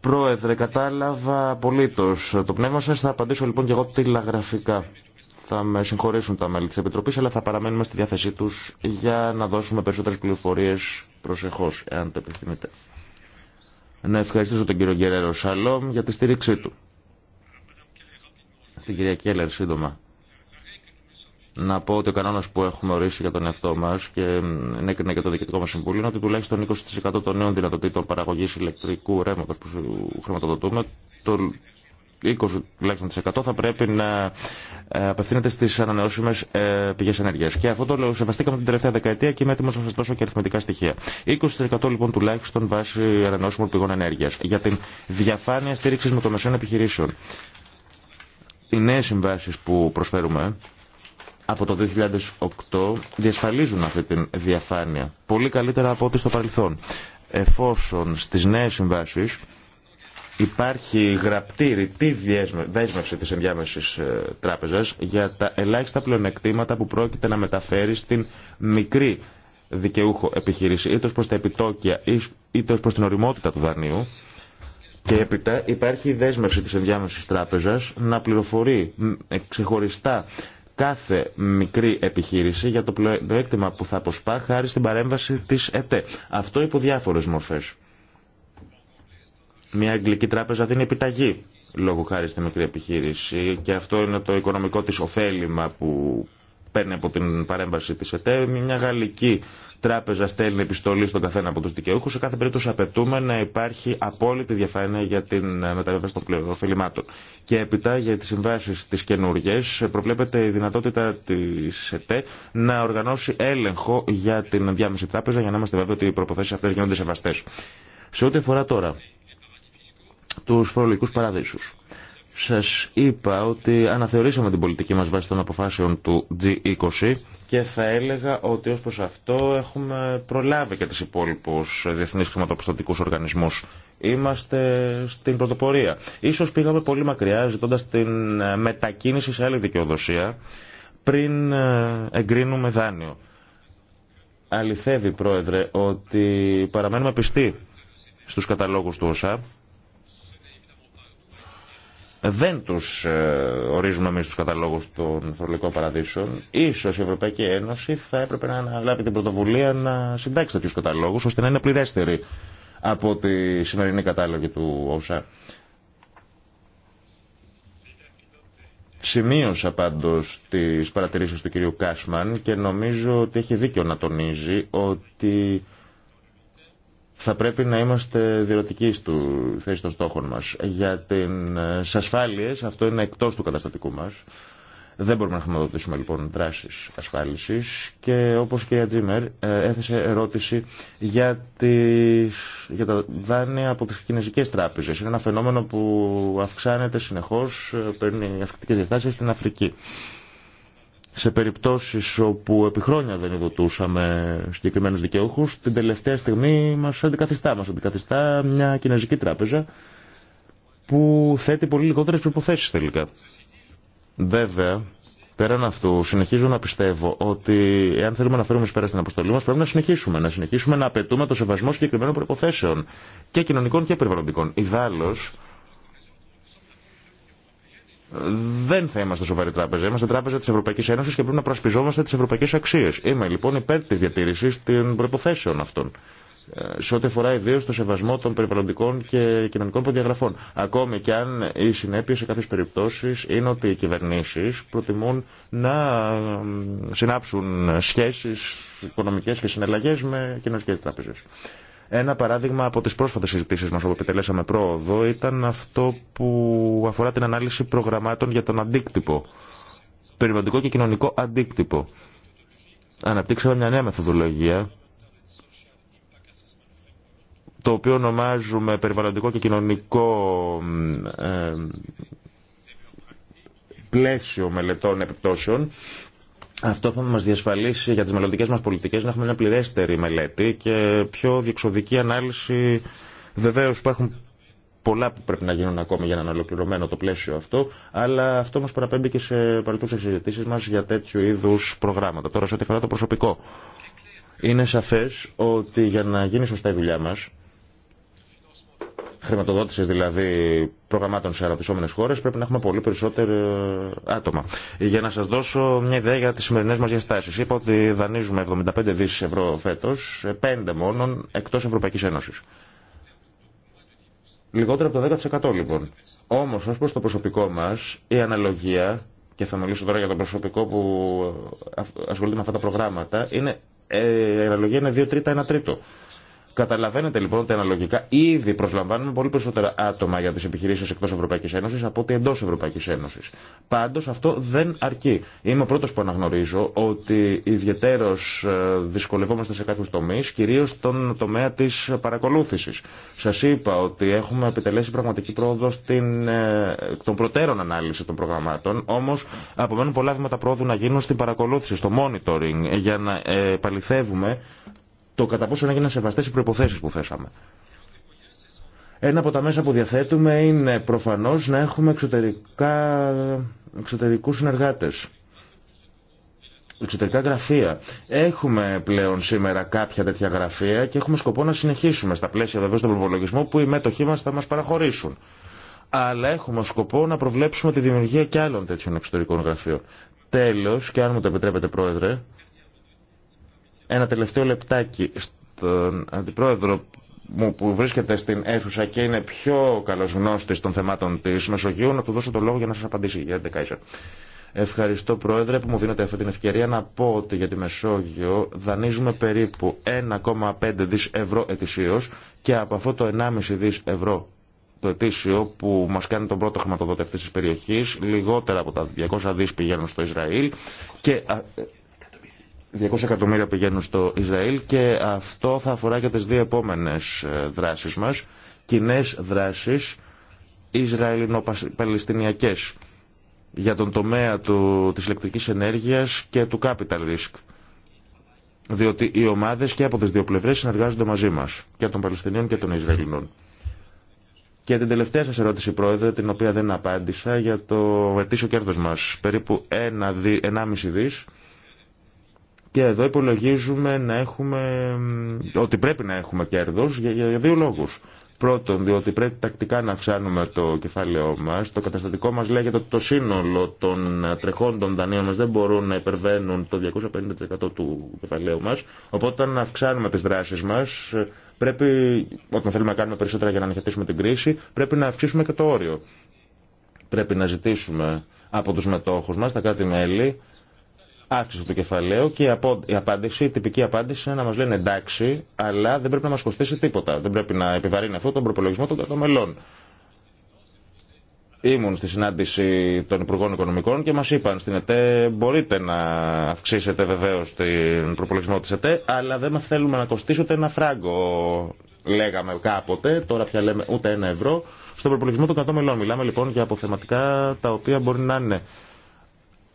Πρόεδρε, κατάλαβα απολύτως το πνεύμα σας. Θα απαντήσω λοιπόν και εγώ τηλεγραφικά θα με συγχωρήσουν τα μέλη της Επιτροπής, αλλά θα παραμένουμε στη διάθεσή τους για να δώσουμε περισσότερες πληροφορίες προσεχώς, εάν το επιθυμείτε. Να ευχαριστήσω τον κύριο Γκερέρο Σαλόμ για τη στήριξή του. Στην κυρία Κέλλερ, σύντομα. Να πω ότι ο κανόνα που έχουμε ορίσει για τον εαυτό μα και ενέκρινε και το Διοικητικό μα Συμβούλιο είναι ότι τουλάχιστον 20% των νέων δυνατοτήτων παραγωγή ηλεκτρικού ρεύματο που χρηματοδοτούμε 20% θα πρέπει να ε, απευθύνεται στι ανανεώσιμε ε, πηγέ ενέργεια. Και αυτό το σεβαστήκαμε την τελευταία δεκαετία και είμαι έτοιμο να σα δώσω και αριθμητικά στοιχεία. 20% λοιπόν τουλάχιστον βάσει ανανεώσιμων πηγών ενέργεια. Για την διαφάνεια στήριξη μεσαίων επιχειρήσεων. Οι νέε συμβάσει που προσφέρουμε από το 2008 διασφαλίζουν αυτή τη διαφάνεια πολύ καλύτερα από ό,τι στο παρελθόν. Εφόσον στι νέε συμβάσει. Υπάρχει γραπτή ρητή δέσμευση της ενδιάμεσης ε, τράπεζας για τα ελάχιστα πλεονεκτήματα που πρόκειται να μεταφέρει στην μικρή δικαιούχο επιχείρηση είτε ως προς τα επιτόκια είτε ως προς την οριμότητα του δανείου και έπειτα υπάρχει η δέσμευση της ενδιάμεσης τράπεζας να πληροφορεί ε, ξεχωριστά κάθε μικρή επιχείρηση για το πλεονέκτημα που θα αποσπά χάρη στην παρέμβαση της ΕΤΕ. Αυτό υπό διάφορες μορφές. Μια αγγλική τράπεζα δίνει επιταγή λόγω χάρη στη μικρή επιχείρηση και αυτό είναι το οικονομικό της ωφέλιμα που παίρνει από την παρέμβαση της ΕΤΕ. Μια γαλλική τράπεζα στέλνει επιστολή στον καθένα από τους δικαιούχους. Σε κάθε περίπτωση απαιτούμε να υπάρχει απόλυτη διαφάνεια για την μεταβίβαση των πληροφορημάτων. Και έπειτα για τις συμβάσεις τις καινούριε προβλέπεται η δυνατότητα της ΕΤΕ να οργανώσει έλεγχο για την διάμεση τράπεζα για να είμαστε βέβαιοι ότι οι προποθέσεις αυτές γίνονται σεβαστές. Σε ό,τι αφορά τώρα τους φορολογικούς παραδείσους. Σας είπα ότι αναθεωρήσαμε την πολιτική μας βάση των αποφάσεων του G20 και θα έλεγα ότι ως προς αυτό έχουμε προλάβει και τις υπόλοιπους διεθνείς χρηματοπιστωτικούς οργανισμούς. Είμαστε στην πρωτοπορία. Ίσως πήγαμε πολύ μακριά ζητώντας την ε, μετακίνηση σε άλλη δικαιοδοσία πριν ε, εγκρίνουμε δάνειο. Αληθεύει, Πρόεδρε, ότι παραμένουμε πιστοί στους καταλόγους του οσα δεν τους ε, ορίζουμε εμείς τους καταλόγους των φορολογικών παραδείσων. Ίσως η Ευρωπαϊκή Ένωση θα έπρεπε να αναλάβει την πρωτοβουλία να συντάξει τέτοιους καταλόγους ώστε να είναι πληρέστεροι από τη σημερινή κατάλογη του ΩΣΑ. Σημείωσα πάντως τις παρατηρήσεις του κυρίου Κάσμαν και νομίζω ότι έχει δίκιο να τονίζει ότι θα πρέπει να είμαστε διερωτικοί στη θέση των στόχων μας. Για τις ε, ασφάλειες, αυτό είναι εκτός του καταστατικού μας. Δεν μπορούμε να χρηματοδοτήσουμε λοιπόν δράσεις ασφάλισης και όπως και η ατζίμερ ε, έθεσε ερώτηση για, τις, τα δάνεια από τις κινέζικες τράπεζες. Είναι ένα φαινόμενο που αυξάνεται συνεχώς, ε, παίρνει αυξητικές διαστάσεις στην Αφρική σε περιπτώσεις όπου επί χρόνια δεν ειδωτούσαμε συγκεκριμένους δικαιούχους, την τελευταία στιγμή μας αντικαθιστά. Μας αντικαθιστά μια κινέζικη τράπεζα που θέτει πολύ λιγότερες προποθέσει τελικά. Βέβαια, πέραν αυτού, συνεχίζω να πιστεύω ότι εάν θέλουμε να φέρουμε πέρα στην αποστολή μας, πρέπει να συνεχίσουμε. Να συνεχίσουμε να απαιτούμε το σεβασμό συγκεκριμένων προποθέσεων και κοινωνικών και περιβαλλοντικών. Ιδάλλως, δεν θα είμαστε σοβαρή τράπεζα. Είμαστε τράπεζα τη Ευρωπαϊκή Ένωση και πρέπει να προσπιζόμαστε τι ευρωπαϊκέ αξίε. Είμαι λοιπόν υπέρ τη διατήρηση των προποθέσεων αυτών. Ε, σε ό,τι αφορά ιδίω το σεβασμό των περιβαλλοντικών και κοινωνικών προδιαγραφών. Ακόμη και αν οι συνέπειε σε κάποιε περιπτώσει είναι ότι οι κυβερνήσει προτιμούν να συνάψουν σχέσει οικονομικέ και συναλλαγέ με κοινωνικέ τράπεζε. Ένα παράδειγμα από τις πρόσφατες συζητήσει μας όπου επιτελέσαμε πρόοδο ήταν αυτό που αφορά την ανάλυση προγραμμάτων για τον αντίκτυπο, περιβαλλοντικό και κοινωνικό αντίκτυπο. Αναπτύξαμε μια νέα μεθοδολογία το οποίο ονομάζουμε περιβαλλοντικό και κοινωνικό ε, πλαίσιο μελετών επιπτώσεων αυτό θα μας διασφαλίσει για τις μελλοντικέ μας πολιτικές να έχουμε μια πληρέστερη μελέτη και πιο διεξοδική ανάλυση. Βεβαίω υπάρχουν πολλά που πρέπει να γίνουν ακόμη για να ολοκληρωμένο το πλαίσιο αυτό, αλλά αυτό μας παραπέμπει και σε παρελθούσες συζητήσει μας για τέτοιου είδους προγράμματα. Τώρα, σε ό,τι αφορά το προσωπικό, είναι σαφέ ότι για να γίνει σωστά η δουλειά μα χρηματοδότηση δηλαδή προγραμμάτων σε αναπτυσσόμενε χώρε, πρέπει να έχουμε πολύ περισσότερο ε, άτομα. Για να σα δώσω μια ιδέα για τι σημερινέ μα διαστάσει. Είπα ότι δανείζουμε 75 δι ευρώ φέτο, 5 ε, μόνον εκτό Ευρωπαϊκή Ένωση. Λιγότερο από το 10% λοιπόν. Όμω, ω προ το προσωπικό μα, η αναλογία, και θα μιλήσω τώρα για το προσωπικό που ε, ασχολείται με αυτά τα προγράμματα, είναι, η αναλογία είναι 2 τρίτα, 1 τρίτο. Καταλαβαίνετε λοιπόν ότι αναλογικά ήδη προσλαμβάνουμε πολύ περισσότερα άτομα για τι επιχειρήσει εκτό Ευρωπαϊκή Ένωση από ότι εντό Ευρωπαϊκή Ένωση. Πάντω αυτό δεν αρκεί. Είμαι ο πρώτο που αναγνωρίζω ότι ιδιαίτερω ε, δυσκολευόμαστε σε κάποιου τομεί, κυρίω στον τομέα τη παρακολούθηση. Σα είπα ότι έχουμε επιτελέσει πραγματική πρόοδο στην, ε, των προτέρων ανάλυση των προγραμμάτων, όμω απομένουν πολλά βήματα πρόοδου να γίνουν στην παρακολούθηση, στο monitoring, για να ε, παληθεύουμε το κατά πόσο έγιναν σεβαστέ οι προποθέσει που θέσαμε. Ένα από τα μέσα που διαθέτουμε είναι προφανώ να έχουμε εξωτερικά, εξωτερικούς συνεργάτες εξωτερικά γραφεία. Έχουμε πλέον σήμερα κάποια τέτοια γραφεία και έχουμε σκοπό να συνεχίσουμε στα πλαίσια βεβαίω των προπολογισμών που οι μέτοχοί μα θα μα παραχωρήσουν. Αλλά έχουμε σκοπό να προβλέψουμε τη δημιουργία και άλλων τέτοιων εξωτερικών γραφείων. Τέλο, και αν μου το επιτρέπετε, Πρόεδρε, ένα τελευταίο λεπτάκι στον αντιπρόεδρο μου που βρίσκεται στην αίθουσα και είναι πιο καλός γνώστης των θεμάτων της Μεσογείου να του δώσω το λόγο για να σας απαντήσει για την Ευχαριστώ Πρόεδρε που μου δίνετε αυτή την ευκαιρία να πω ότι για τη Μεσόγειο δανείζουμε περίπου 1,5 δις ευρώ ετησίως και από αυτό το 1,5 δις ευρώ το ετήσιο που μα κάνει τον πρώτο χρηματοδότη αυτή τη περιοχή. Λιγότερα από τα 200 δι πηγαίνουν στο Ισραήλ και 200 εκατομμύρια πηγαίνουν στο Ισραήλ και αυτό θα αφορά και τις δύο επόμενες ε, δράσεις μας, κοινέ δράσεις Ισραηλινο-Παλαιστινιακές για τον τομέα του, της ηλεκτρικής ενέργειας και του capital risk. Διότι οι ομάδες και από τις δύο πλευρές συνεργάζονται μαζί μας, και των Παλαιστινίων και των Ισραηλινών. Και την τελευταία σας ερώτηση, Πρόεδρε, την οποία δεν απάντησα, για το ετήσιο κέρδος μας, περίπου 1,5 δι, δις, και εδώ υπολογίζουμε να έχουμε, ότι πρέπει να έχουμε κέρδος για, δύο λόγους. Πρώτον, διότι πρέπει τακτικά να αυξάνουμε το κεφάλαιό μα. Το καταστατικό μα λέγεται ότι το σύνολο των τρεχών των δανείων μα δεν μπορούν να υπερβαίνουν το 250% του κεφαλαίου μα. Οπότε, όταν αυξάνουμε τι δράσει μα, πρέπει, όταν θέλουμε να κάνουμε περισσότερα για να ανοιχτήσουμε την κρίση, πρέπει να αυξήσουμε και το όριο. Πρέπει να ζητήσουμε από του μετόχου μα, τα κράτη-μέλη, αύξηση του κεφαλαίου και η απάντηση, η τυπική απάντηση είναι να μα λένε εντάξει, αλλά δεν πρέπει να μα κοστίσει τίποτα. Δεν πρέπει να επιβαρύνει αυτό τον προπολογισμό των κατομελών. Ήμουν στη συνάντηση των Υπουργών Οικονομικών και μα είπαν στην ΕΤΕ μπορείτε να αυξήσετε βεβαίω τον προπολογισμό τη ΕΤΕ, αλλά δεν θέλουμε να κοστίσει ούτε ένα φράγκο. Λέγαμε κάποτε, τώρα πια λέμε ούτε ένα ευρώ. Στον προπολογισμό των 100 μιλάμε λοιπόν για αποθεματικά τα οποία μπορεί να είναι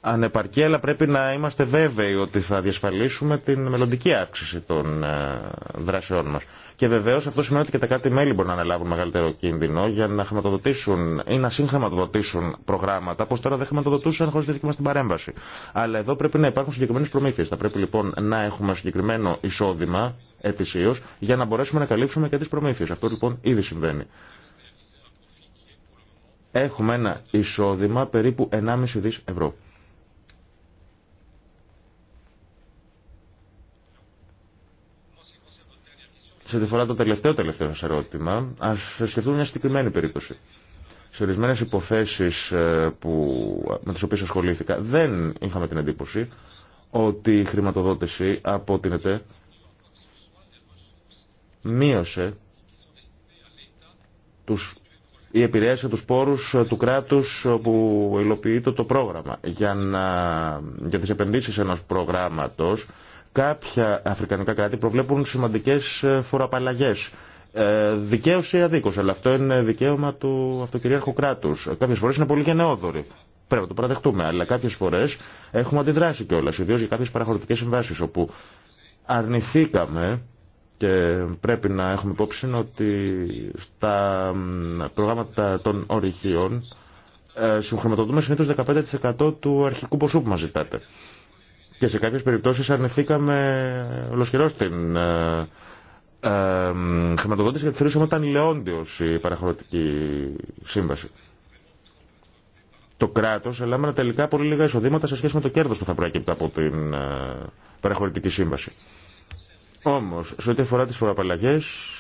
ανεπαρκή, αλλά πρέπει να είμαστε βέβαιοι ότι θα διασφαλίσουμε την μελλοντική αύξηση των ε, δράσεών μα. Και βεβαίω αυτό σημαίνει ότι και τα κράτη-μέλη μπορούν να αναλάβουν μεγαλύτερο κίνδυνο για να χρηματοδοτήσουν ή να συγχρηματοδοτήσουν προγράμματα, όπω τώρα δεν χρηματοδοτούσαν χωρί τη δική μας την παρέμβαση. Αλλά εδώ πρέπει να υπάρχουν συγκεκριμένε προμήθειε. Θα πρέπει λοιπόν να έχουμε συγκεκριμένο εισόδημα ετησίω για να μπορέσουμε να καλύψουμε και τι προμήθειε. Αυτό λοιπόν ήδη συμβαίνει έχουμε ένα εισόδημα περίπου 1,5 δις ευρώ. σε τη φορά το τελευταίο τελευταίο σας ερώτημα, ας σκεφτούμε μια συγκεκριμένη περίπτωση. Σε ορισμένε υποθέσει ε, με τις οποίες ασχολήθηκα δεν είχαμε την εντύπωση ότι η χρηματοδότηση από την ΕΤΕ μείωσε τους ή επηρέασε τους πόρους ε, του κράτους ε, που υλοποιείται το πρόγραμμα. Για, να, για τις επενδύσεις ενός προγράμματος Κάποια αφρικανικά κράτη προβλέπουν σημαντικές ε, φοροαπαλλαγές. Ε, δικαίως ή αδίκως, αλλά αυτό είναι δικαίωμα του αυτοκυριαρχού κράτους. Κάποιες φορές είναι πολύ γενναιόδοροι. Πρέπει να το παραδεχτούμε, αλλά κάποιες φορές έχουμε αντιδράσει κιόλας, ιδίω για κάποιες παραχωρητικές συμβάσεις, όπου αρνηθήκαμε και πρέπει να έχουμε υπόψη ότι στα προγράμματα των ορυχείων ε, συγχρηματοδοτούμε συνήθως 15% του αρχικού ποσού που μας ζητάτε και σε κάποιες περιπτώσεις αρνηθήκαμε ολοσχερώς την ε, ε, χρηματοδότηση γιατί θεωρούσαμε ότι ήταν λεόντιος η παραχωρητική σύμβαση. Το κράτος ελάμβανε τελικά πολύ λίγα εισοδήματα σε σχέση με το κέρδος που θα προέκυπτε από την ε, παραχωρητική σύμβαση. Όμω, σε ό,τι αφορά τι φοροαπαλλαγέ,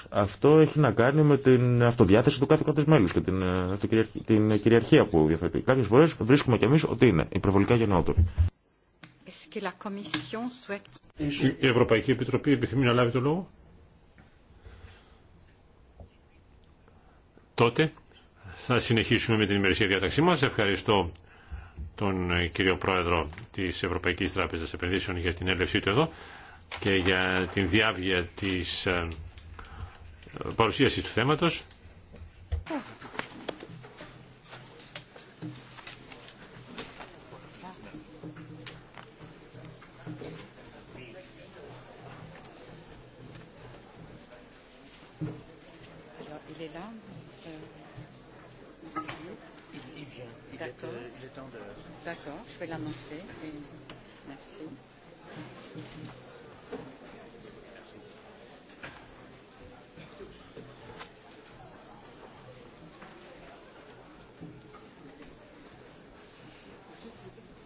αυτό έχει να κάνει με την αυτοδιάθεση του κάθε κράτου μέλου και την, ε, την κυριαρχία που διαθέτει. Κάποιε φορέ βρίσκουμε κι εμεί ότι είναι υπερβολικά γενναιόδοροι. Η Ευρωπαϊκή Επιτροπή επιθυμεί να λάβει το λόγο. Τότε θα συνεχίσουμε με την ημερησία διάταξή μας. Ευχαριστώ τον ε, κύριο Πρόεδρο της Ευρωπαϊκής Τράπεζας Επενδύσεων για την έλευσή του εδώ και για την διάβγεια της ε, παρουσίασης του θέματος. D'accord, je vais l'annoncer. Merci.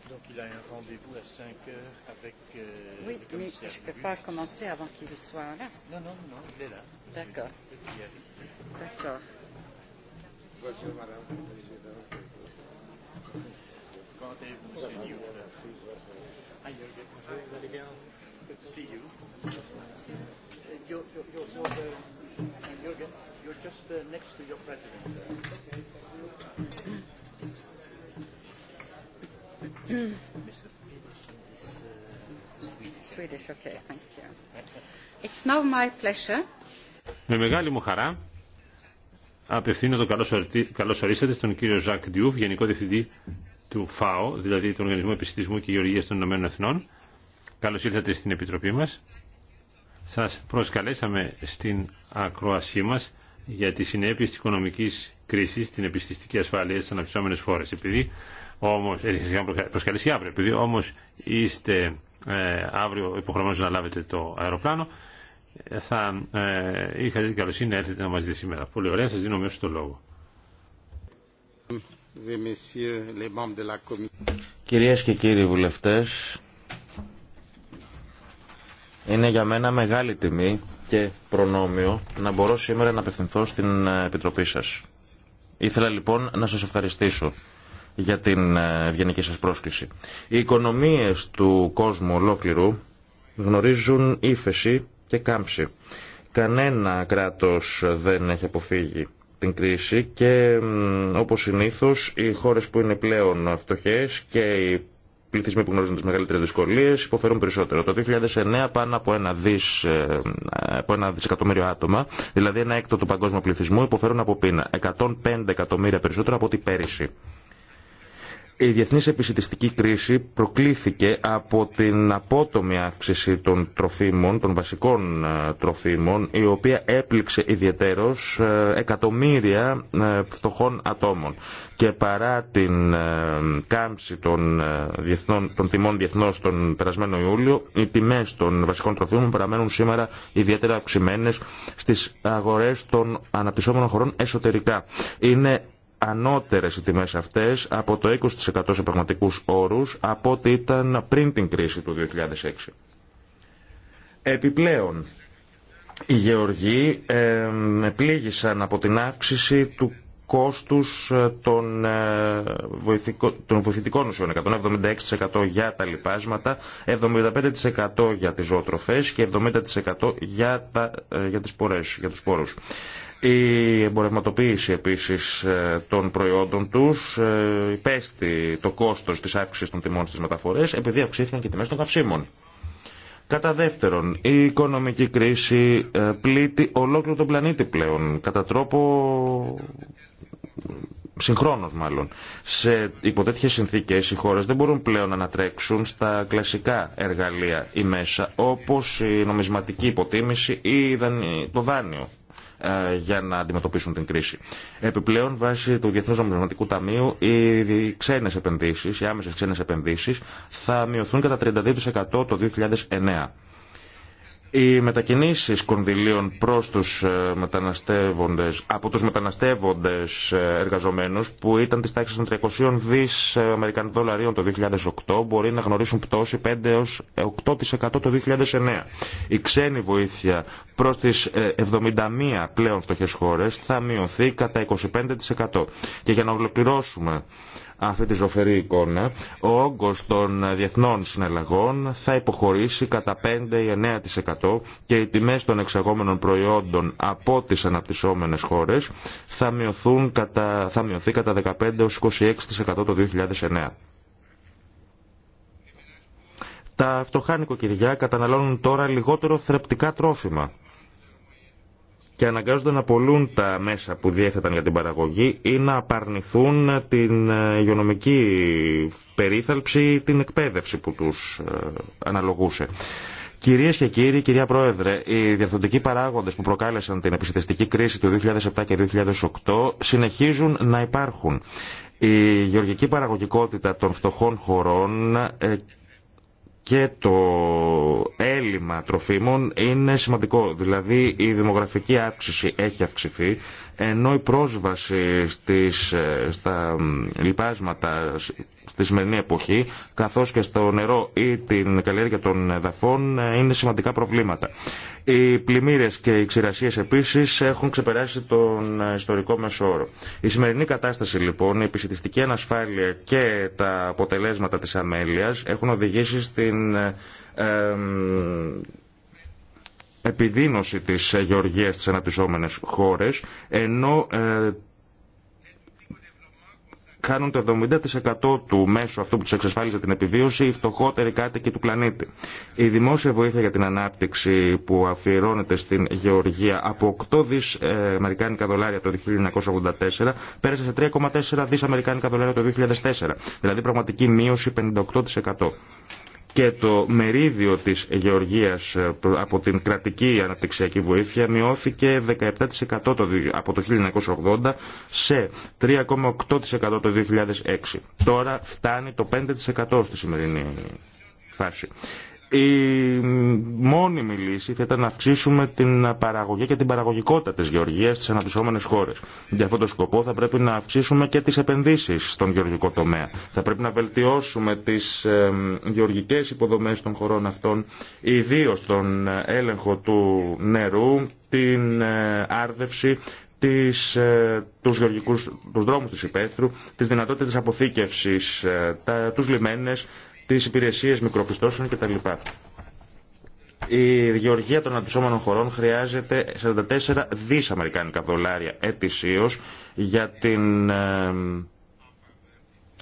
Donc il a un rendez-vous à 5 heures avec Oui, mais je ne peux pas commencer avant qu'il soit là. Non, non, non, il est là. D'accord. D'accord. Bonjour, madame. Comment allez-vous you. Vous allez bien Good to see you. You're, you're, you're, you're just uh, next to your president. Mr. Peterson is uh, Swedish. Swedish, okay, thank you. It's now my pleasure. Με μεγάλη μου χαρά απευθύνω το καλώς ορίσατε στον κύριο Ζακ Ντιούφ, Γενικό Διευθυντή του ΦΑΟ, δηλαδή του Οργανισμού Επιστημισμού και Γεωργίας των Ηνωμένων Εθνών. καλώ ήρθατε στην Επιτροπή μα, σα προσκαλέσαμε στην ακροασή μα για τι συνέπειε τη οικονομική κρίση, στην επιστηστική ασφάλεια στις αναπτυσσόμενε χώρες. Επειδή όμως, ε, προσκαλέσει αύριο, επειδή όμω είστε ε, αύριο υποχρεωμένοι να λάβετε το αεροπλάνο, ε, θα ε, είχατε την καλοσύνη να έρθετε να μας δείτε σήμερα. Πολύ ωραία, σας δίνω μέσω το λόγο. Κυρίες και κύριοι βουλευτές, είναι για μένα μεγάλη τιμή και προνόμιο να μπορώ σήμερα να απευθυνθώ στην ε, Επιτροπή σας. Ήθελα λοιπόν να σας ευχαριστήσω για την ε, ευγενική σας πρόσκληση. Οι οικονομίες του κόσμου ολόκληρου γνωρίζουν ύφεση και κάμψη. Κανένα κράτος δεν έχει αποφύγει κρίση και όπως συνήθως οι χώρες που είναι πλέον φτωχές και οι πληθυσμοί που γνωρίζουν τις μεγαλύτερες δυσκολίες υποφέρουν περισσότερο. Το 2009 πάνω από ένα, δις, ε, ένα δισεκατομμύριο άτομα, δηλαδή ένα έκτο του παγκόσμιου πληθυσμού, υποφέρουν από πείνα. 105 εκατομμύρια περισσότερο από ό,τι πέρυσι. Η διεθνής επισητιστική κρίση προκλήθηκε από την απότομη αύξηση των τροφίμων, των βασικών ε, τροφίμων, η οποία έπληξε ιδιαιτέρως ε, εκατομμύρια ε, φτωχών ατόμων. Και παρά την κάμψη των, διεθνών, των τιμών διεθνώς τον περασμένο Ιούλιο, οι τιμές των βασικών τροφίμων παραμένουν σήμερα ιδιαίτερα αυξημένε στις αγορές των αναπτυσσόμενων χωρών εσωτερικά. Είναι ανώτερες οι τιμές αυτές από το 20% σε πραγματικούς όρους από ό,τι ήταν πριν την κρίση του 2006. Επιπλέον, οι γεωργοί ε, πλήγησαν από την αύξηση του κόστους ε, των, ε, των βοηθητικών ουσιών 176% για τα λιπάσματα 75% για τις ζωοτροφές και 70% για, τα, ε, για τις η εμπορευματοποίηση επίσης ε, των προϊόντων τους ε, υπέστη το κόστος της αύξησης των τιμών στις μεταφορές επειδή αυξήθηκαν και οι τιμές των καυσίμων. Κατά δεύτερον, η οικονομική κρίση ε, πλήττει ολόκληρο τον πλανήτη πλέον κατά τρόπο συγχρόνως μάλλον. Σε τέτοιε συνθήκες οι χώρες δεν μπορούν πλέον να ανατρέξουν στα κλασικά εργαλεία ή μέσα όπως η νομισματική υποτίμηση ή το δάνειο ε, για να αντιμετωπίσουν την κρίση. Επιπλέον, βάσει του Διεθνούς Νομισματικού Ταμείου, οι ξένες επενδύσεις οι άμεσες ξένε επενδύσεις θα μειωθούν κατά 32% το 2009. Οι μετακινήσεις κονδυλίων προς τους ε, μεταναστεύοντες, από τους μεταναστεύοντες ε, εργαζομένους που ήταν της τάξης των 300 δις ε, Αμερικανών δολαρίων το 2008 μπορεί να γνωρίσουν πτώση 5 8% το 2009. Η ξένη βοήθεια προς τις 71 πλέον φτωχές χώρες θα μειωθεί κατά 25%. Και για να ολοκληρώσουμε αυτή τη ζωφερή εικόνα, ο όγκος των διεθνών συναλλαγών θα υποχωρήσει κατά 5 9% και οι τιμές των εξαγόμενων προϊόντων από τις αναπτυσσόμενες χώρες θα, μειωθούν κατά, θα μειωθεί κατά 15 26% το 2009. Τα φτωχά νοικοκυριά καταναλώνουν τώρα λιγότερο θρεπτικά τρόφιμα και αναγκάζονται να πολλούν τα μέσα που διέθεταν για την παραγωγή ή να απαρνηθούν την ε, υγειονομική περίθαλψη, την εκπαίδευση που τους ε, αναλογούσε. Κυρίε και κύριοι, κυρία Πρόεδρε, οι διευθυντικοί παράγοντε που προκάλεσαν την επιστημιστική κρίση του 2007 και 2008 συνεχίζουν να υπάρχουν. Η γεωργική παραγωγικότητα των φτωχών χωρών ε, και το έλλειμμα τροφίμων είναι σημαντικό. Δηλαδή η δημογραφική αύξηση έχει αυξηθεί, ενώ η πρόσβαση στις, ε, στα λοιπάσματα στη σημερινή εποχή, καθώ και στο νερό ή την καλλιέργεια των εδαφών ε, είναι σημαντικά προβλήματα. Οι πλημμύρε και οι ξηρασίε επίση έχουν ξεπεράσει τον ιστορικό όρο. Η σημερινή κατάσταση λοιπόν, η επισητιστική ανασφάλεια και τα αποτελέσματα τη αμέλεια έχουν οδηγήσει στην ε, επιδείνωση της γεωργίας στις αναπτυσσόμενες χώρες, ενώ ε, Χάνουν το 70% του μέσου αυτού που του εξασφάλιζε την επιβίωση οι φτωχότεροι κάτοικοι του πλανήτη. Η δημόσια βοήθεια για την ανάπτυξη που αφιερώνεται στην Γεωργία από 8 δι ε, Αμερικάνικα δολάρια το 1984 πέρασε σε 3,4 δι Αμερικάνικα δολάρια το 2004. Δηλαδή πραγματική μείωση 58% και το μερίδιο της γεωργίας ε, από την κρατική αναπτυξιακή βοήθεια μειώθηκε 17% από το 1980 σε 3,8% το 2006. Τώρα φτάνει το 5% στη σημερινή φάση. Η μόνιμη λύση θα ήταν να αυξήσουμε την παραγωγή και την παραγωγικότητα της γεωργίας στις αναπτυσσόμενες χώρες. Για αυτόν τον σκοπό θα πρέπει να αυξήσουμε και τις επενδύσεις στον γεωργικό τομέα. Θα πρέπει να βελτιώσουμε τις γεωργικές υποδομές των χωρών αυτών, ιδίω τον έλεγχο του νερού, την ε, άρδευση, τις, ε, τους, γεωργικούς, τους δρόμους της υπαίθρου, τις δυνατότητες αποθήκευσης, ε, τους λιμένες, τι υπηρεσίε μικροπιστώσεων κτλ. Η γεωργία των αντισώμενων χωρών χρειάζεται 44 δις αμερικάνικα δολάρια ετησίως για την, ε,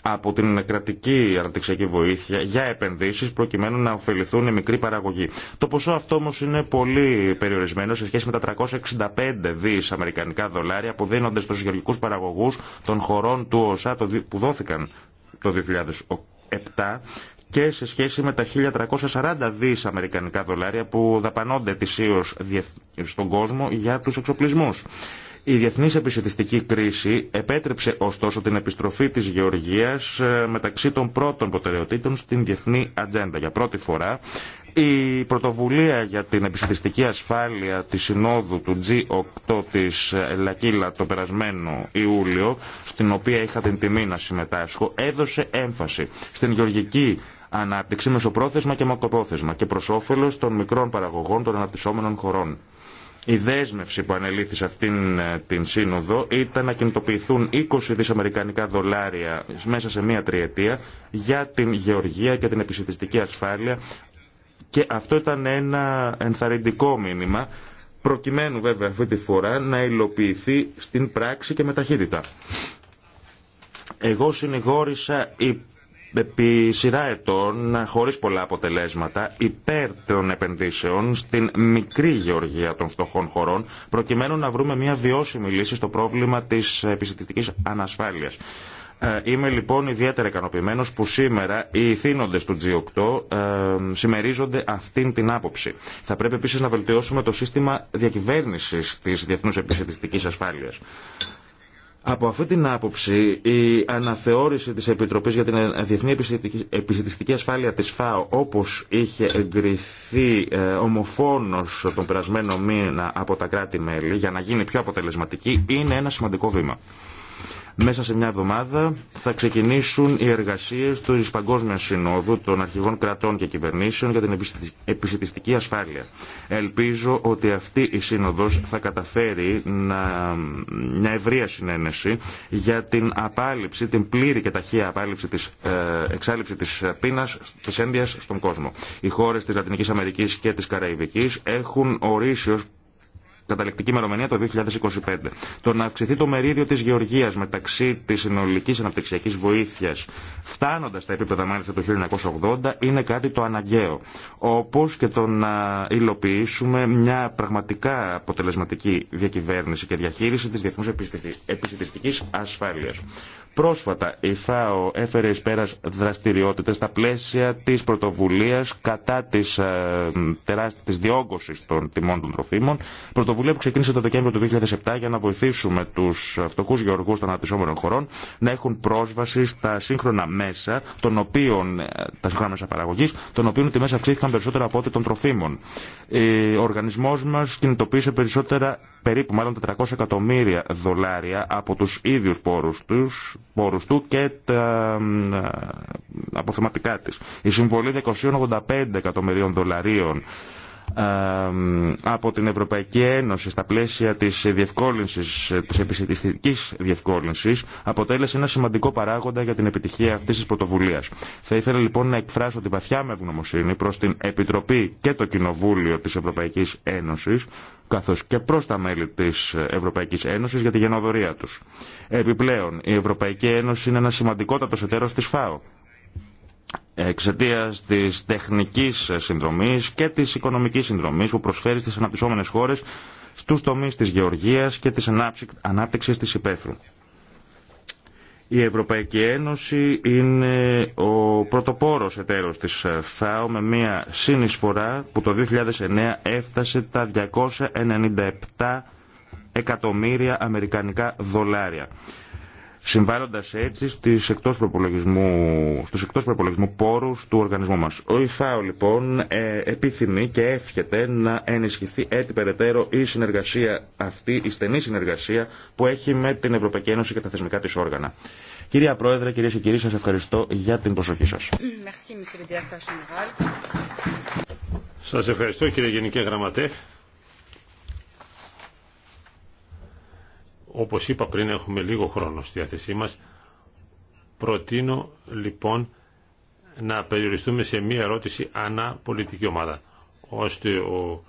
από την κρατική αναπτυξιακή βοήθεια για επενδύσεις προκειμένου να ωφεληθούν οι μικροί παραγωγοί. Το ποσό αυτό όμως είναι πολύ περιορισμένο σε σχέση με τα 365 δις αμερικανικά δολάρια που δίνονται στους γεωργικούς παραγωγούς των χωρών του ΟΣΑ που δόθηκαν το 2008 και σε σχέση με τα 1.340 δις αμερικανικά δολάρια που δαπανώνται ετησίως στον κόσμο για τους εξοπλισμούς. Η διεθνής επισητιστική κρίση επέτρεψε ωστόσο την επιστροφή της γεωργίας ε, μεταξύ των πρώτων προτεραιοτήτων στην διεθνή ατζέντα. Για πρώτη φορά η πρωτοβουλία για την επισκεπτική ασφάλεια της συνόδου του G8 της ε, Λακίλα το περασμένο Ιούλιο, στην οποία είχα την τιμή να συμμετάσχω, έδωσε έμφαση στην γεωργική ανάπτυξη μεσοπρόθεσμα και μακροπρόθεσμα και προ όφελο των μικρών παραγωγών των αναπτυσσόμενων χωρών. Η δέσμευση που ανελήθη σε αυτήν ε, την σύνοδο ήταν να κινητοποιηθούν 20 δισαμερικανικά δολάρια μέσα σε μία τριετία για την γεωργία και την επισητιστική ασφάλεια και αυτό ήταν ένα ενθαρρυντικό μήνυμα προκειμένου βέβαια αυτή τη φορά να υλοποιηθεί στην πράξη και με ταχύτητα. Εγώ συνηγόρησα επί σειρά ετών, χωρίς πολλά αποτελέσματα, υπέρ των επενδύσεων στην μικρή γεωργία των φτωχών χωρών, προκειμένου να βρούμε μια βιώσιμη λύση στο πρόβλημα της επιστητικής ανασφάλειας. Ε, είμαι λοιπόν ιδιαίτερα ικανοποιημένος που σήμερα οι θύνοντες του G8 ε, συμμερίζονται αυτήν την άποψη. Θα πρέπει επίσης να βελτιώσουμε το σύστημα διακυβέρνησης της διεθνούς επιστημιστικής ασφάλειας. Από αυτή την άποψη, η αναθεώρηση της Επιτροπής για την Διεθνή Επισητιστική Ασφάλεια της ΦΑΟ, όπως είχε εγκριθεί ε, ομοφόνος τον περασμένο μήνα από τα κράτη-μέλη, για να γίνει πιο αποτελεσματική, είναι ένα σημαντικό βήμα. Μέσα σε μια εβδομάδα θα ξεκινήσουν οι εργασίε του Παγκόσμια Συνόδου των Αρχηγών Κρατών και Κυβερνήσεων για την επισητιστική ασφάλεια. Ελπίζω ότι αυτή η Σύνοδο θα καταφέρει να... μια ευρεία συνένεση για την απάλληψη, την πλήρη και ταχεία απάλληψη τη ε, εξάλληψη τη πείνα τη στον κόσμο. Οι χώρε τη Λατινική Αμερική και τη Καραϊβική έχουν ορίσει καταληκτική ημερομηνία το 2025. Το να αυξηθεί το μερίδιο τη γεωργία μεταξύ τη συνολική αναπτυξιακή βοήθεια, φτάνοντα στα επίπεδα μάλιστα το 1980, είναι κάτι το αναγκαίο. Όπω και το να υλοποιήσουμε μια πραγματικά αποτελεσματική διακυβέρνηση και διαχείριση τη διεθνού επιστημιστική ασφάλεια. Πρόσφατα, η ΘΑΟ έφερε ει πέρα δραστηριότητε στα πλαίσια τη πρωτοβουλία κατά τη ε, διόγκωση των τιμών των τροφίμων, πρωτοβουλία που ξεκίνησε το Δεκέμβριο του 2007 για να βοηθήσουμε του φτωχού γεωργού των αναπτυσσόμενων χωρών να έχουν πρόσβαση στα σύγχρονα μέσα, των οποίων, ε, τα σύγχρονα μέσα παραγωγή, των οποίων τιμέ αυξήθηκαν περισσότερο από ό,τι των τροφίμων. Ε, ο οργανισμό μα κινητοποίησε περισσότερα, περίπου μάλλον 400 εκατομμύρια δολάρια από του ίδιου πόρου του και τα ε, αποθεματικά τη. Η συμβολή 285 εκατομμυρίων δολαρίων ε, από την Ευρωπαϊκή Ένωση στα πλαίσια της διευκόλυνσης, της επιστημιστικής διευκόλυνσης αποτέλεσε ένα σημαντικό παράγοντα για την επιτυχία αυτής της πρωτοβουλίας. Θα ήθελα λοιπόν να εκφράσω την βαθιά με ευγνωμοσύνη προς την Επιτροπή και το Κοινοβούλιο της Ευρωπαϊκής Ένωσης καθώς και προς τα μέλη της Ευρωπαϊκής Ένωσης για τη γενοδορία τους. Επιπλέον, η Ευρωπαϊκή Ένωση είναι ένα σημαντικότατος εταίρος της ΦΑΟ εξαιτία τη τεχνική συνδρομή και τη οικονομική συνδρομή που προσφέρει στι αναπτυσσόμενε χώρε στου τομεί τη γεωργία και τη ανάπτυξη τη υπαίθρου. Η Ευρωπαϊκή Ένωση είναι ο πρωτοπόρος εταίρος της ΦΑΟ με μια συνεισφορά που το 2009 έφτασε τα 297 εκατομμύρια αμερικανικά δολάρια συμβάλλοντας έτσι στου εκτός στους εκτός προπολογισμού πόρους του οργανισμού μας. Ο ΙΦΑΟ λοιπόν ε, επιθυμεί και εύχεται να ενισχυθεί έτσι περαιτέρω η συνεργασία αυτή, η στενή συνεργασία που έχει με την Ευρωπαϊκή Ένωση και τα θεσμικά της όργανα. Κυρία Πρόεδρε, κυρίε και κύριοι, σα ευχαριστώ για την προσοχή σα. Σα ευχαριστώ κύριε Γενική Γραμματέ. Όπως είπα πριν έχουμε λίγο χρόνο στη διάθεσή μας. Προτείνω λοιπόν να περιοριστούμε σε μία ερώτηση ανά πολιτική ομάδα, ώστε ο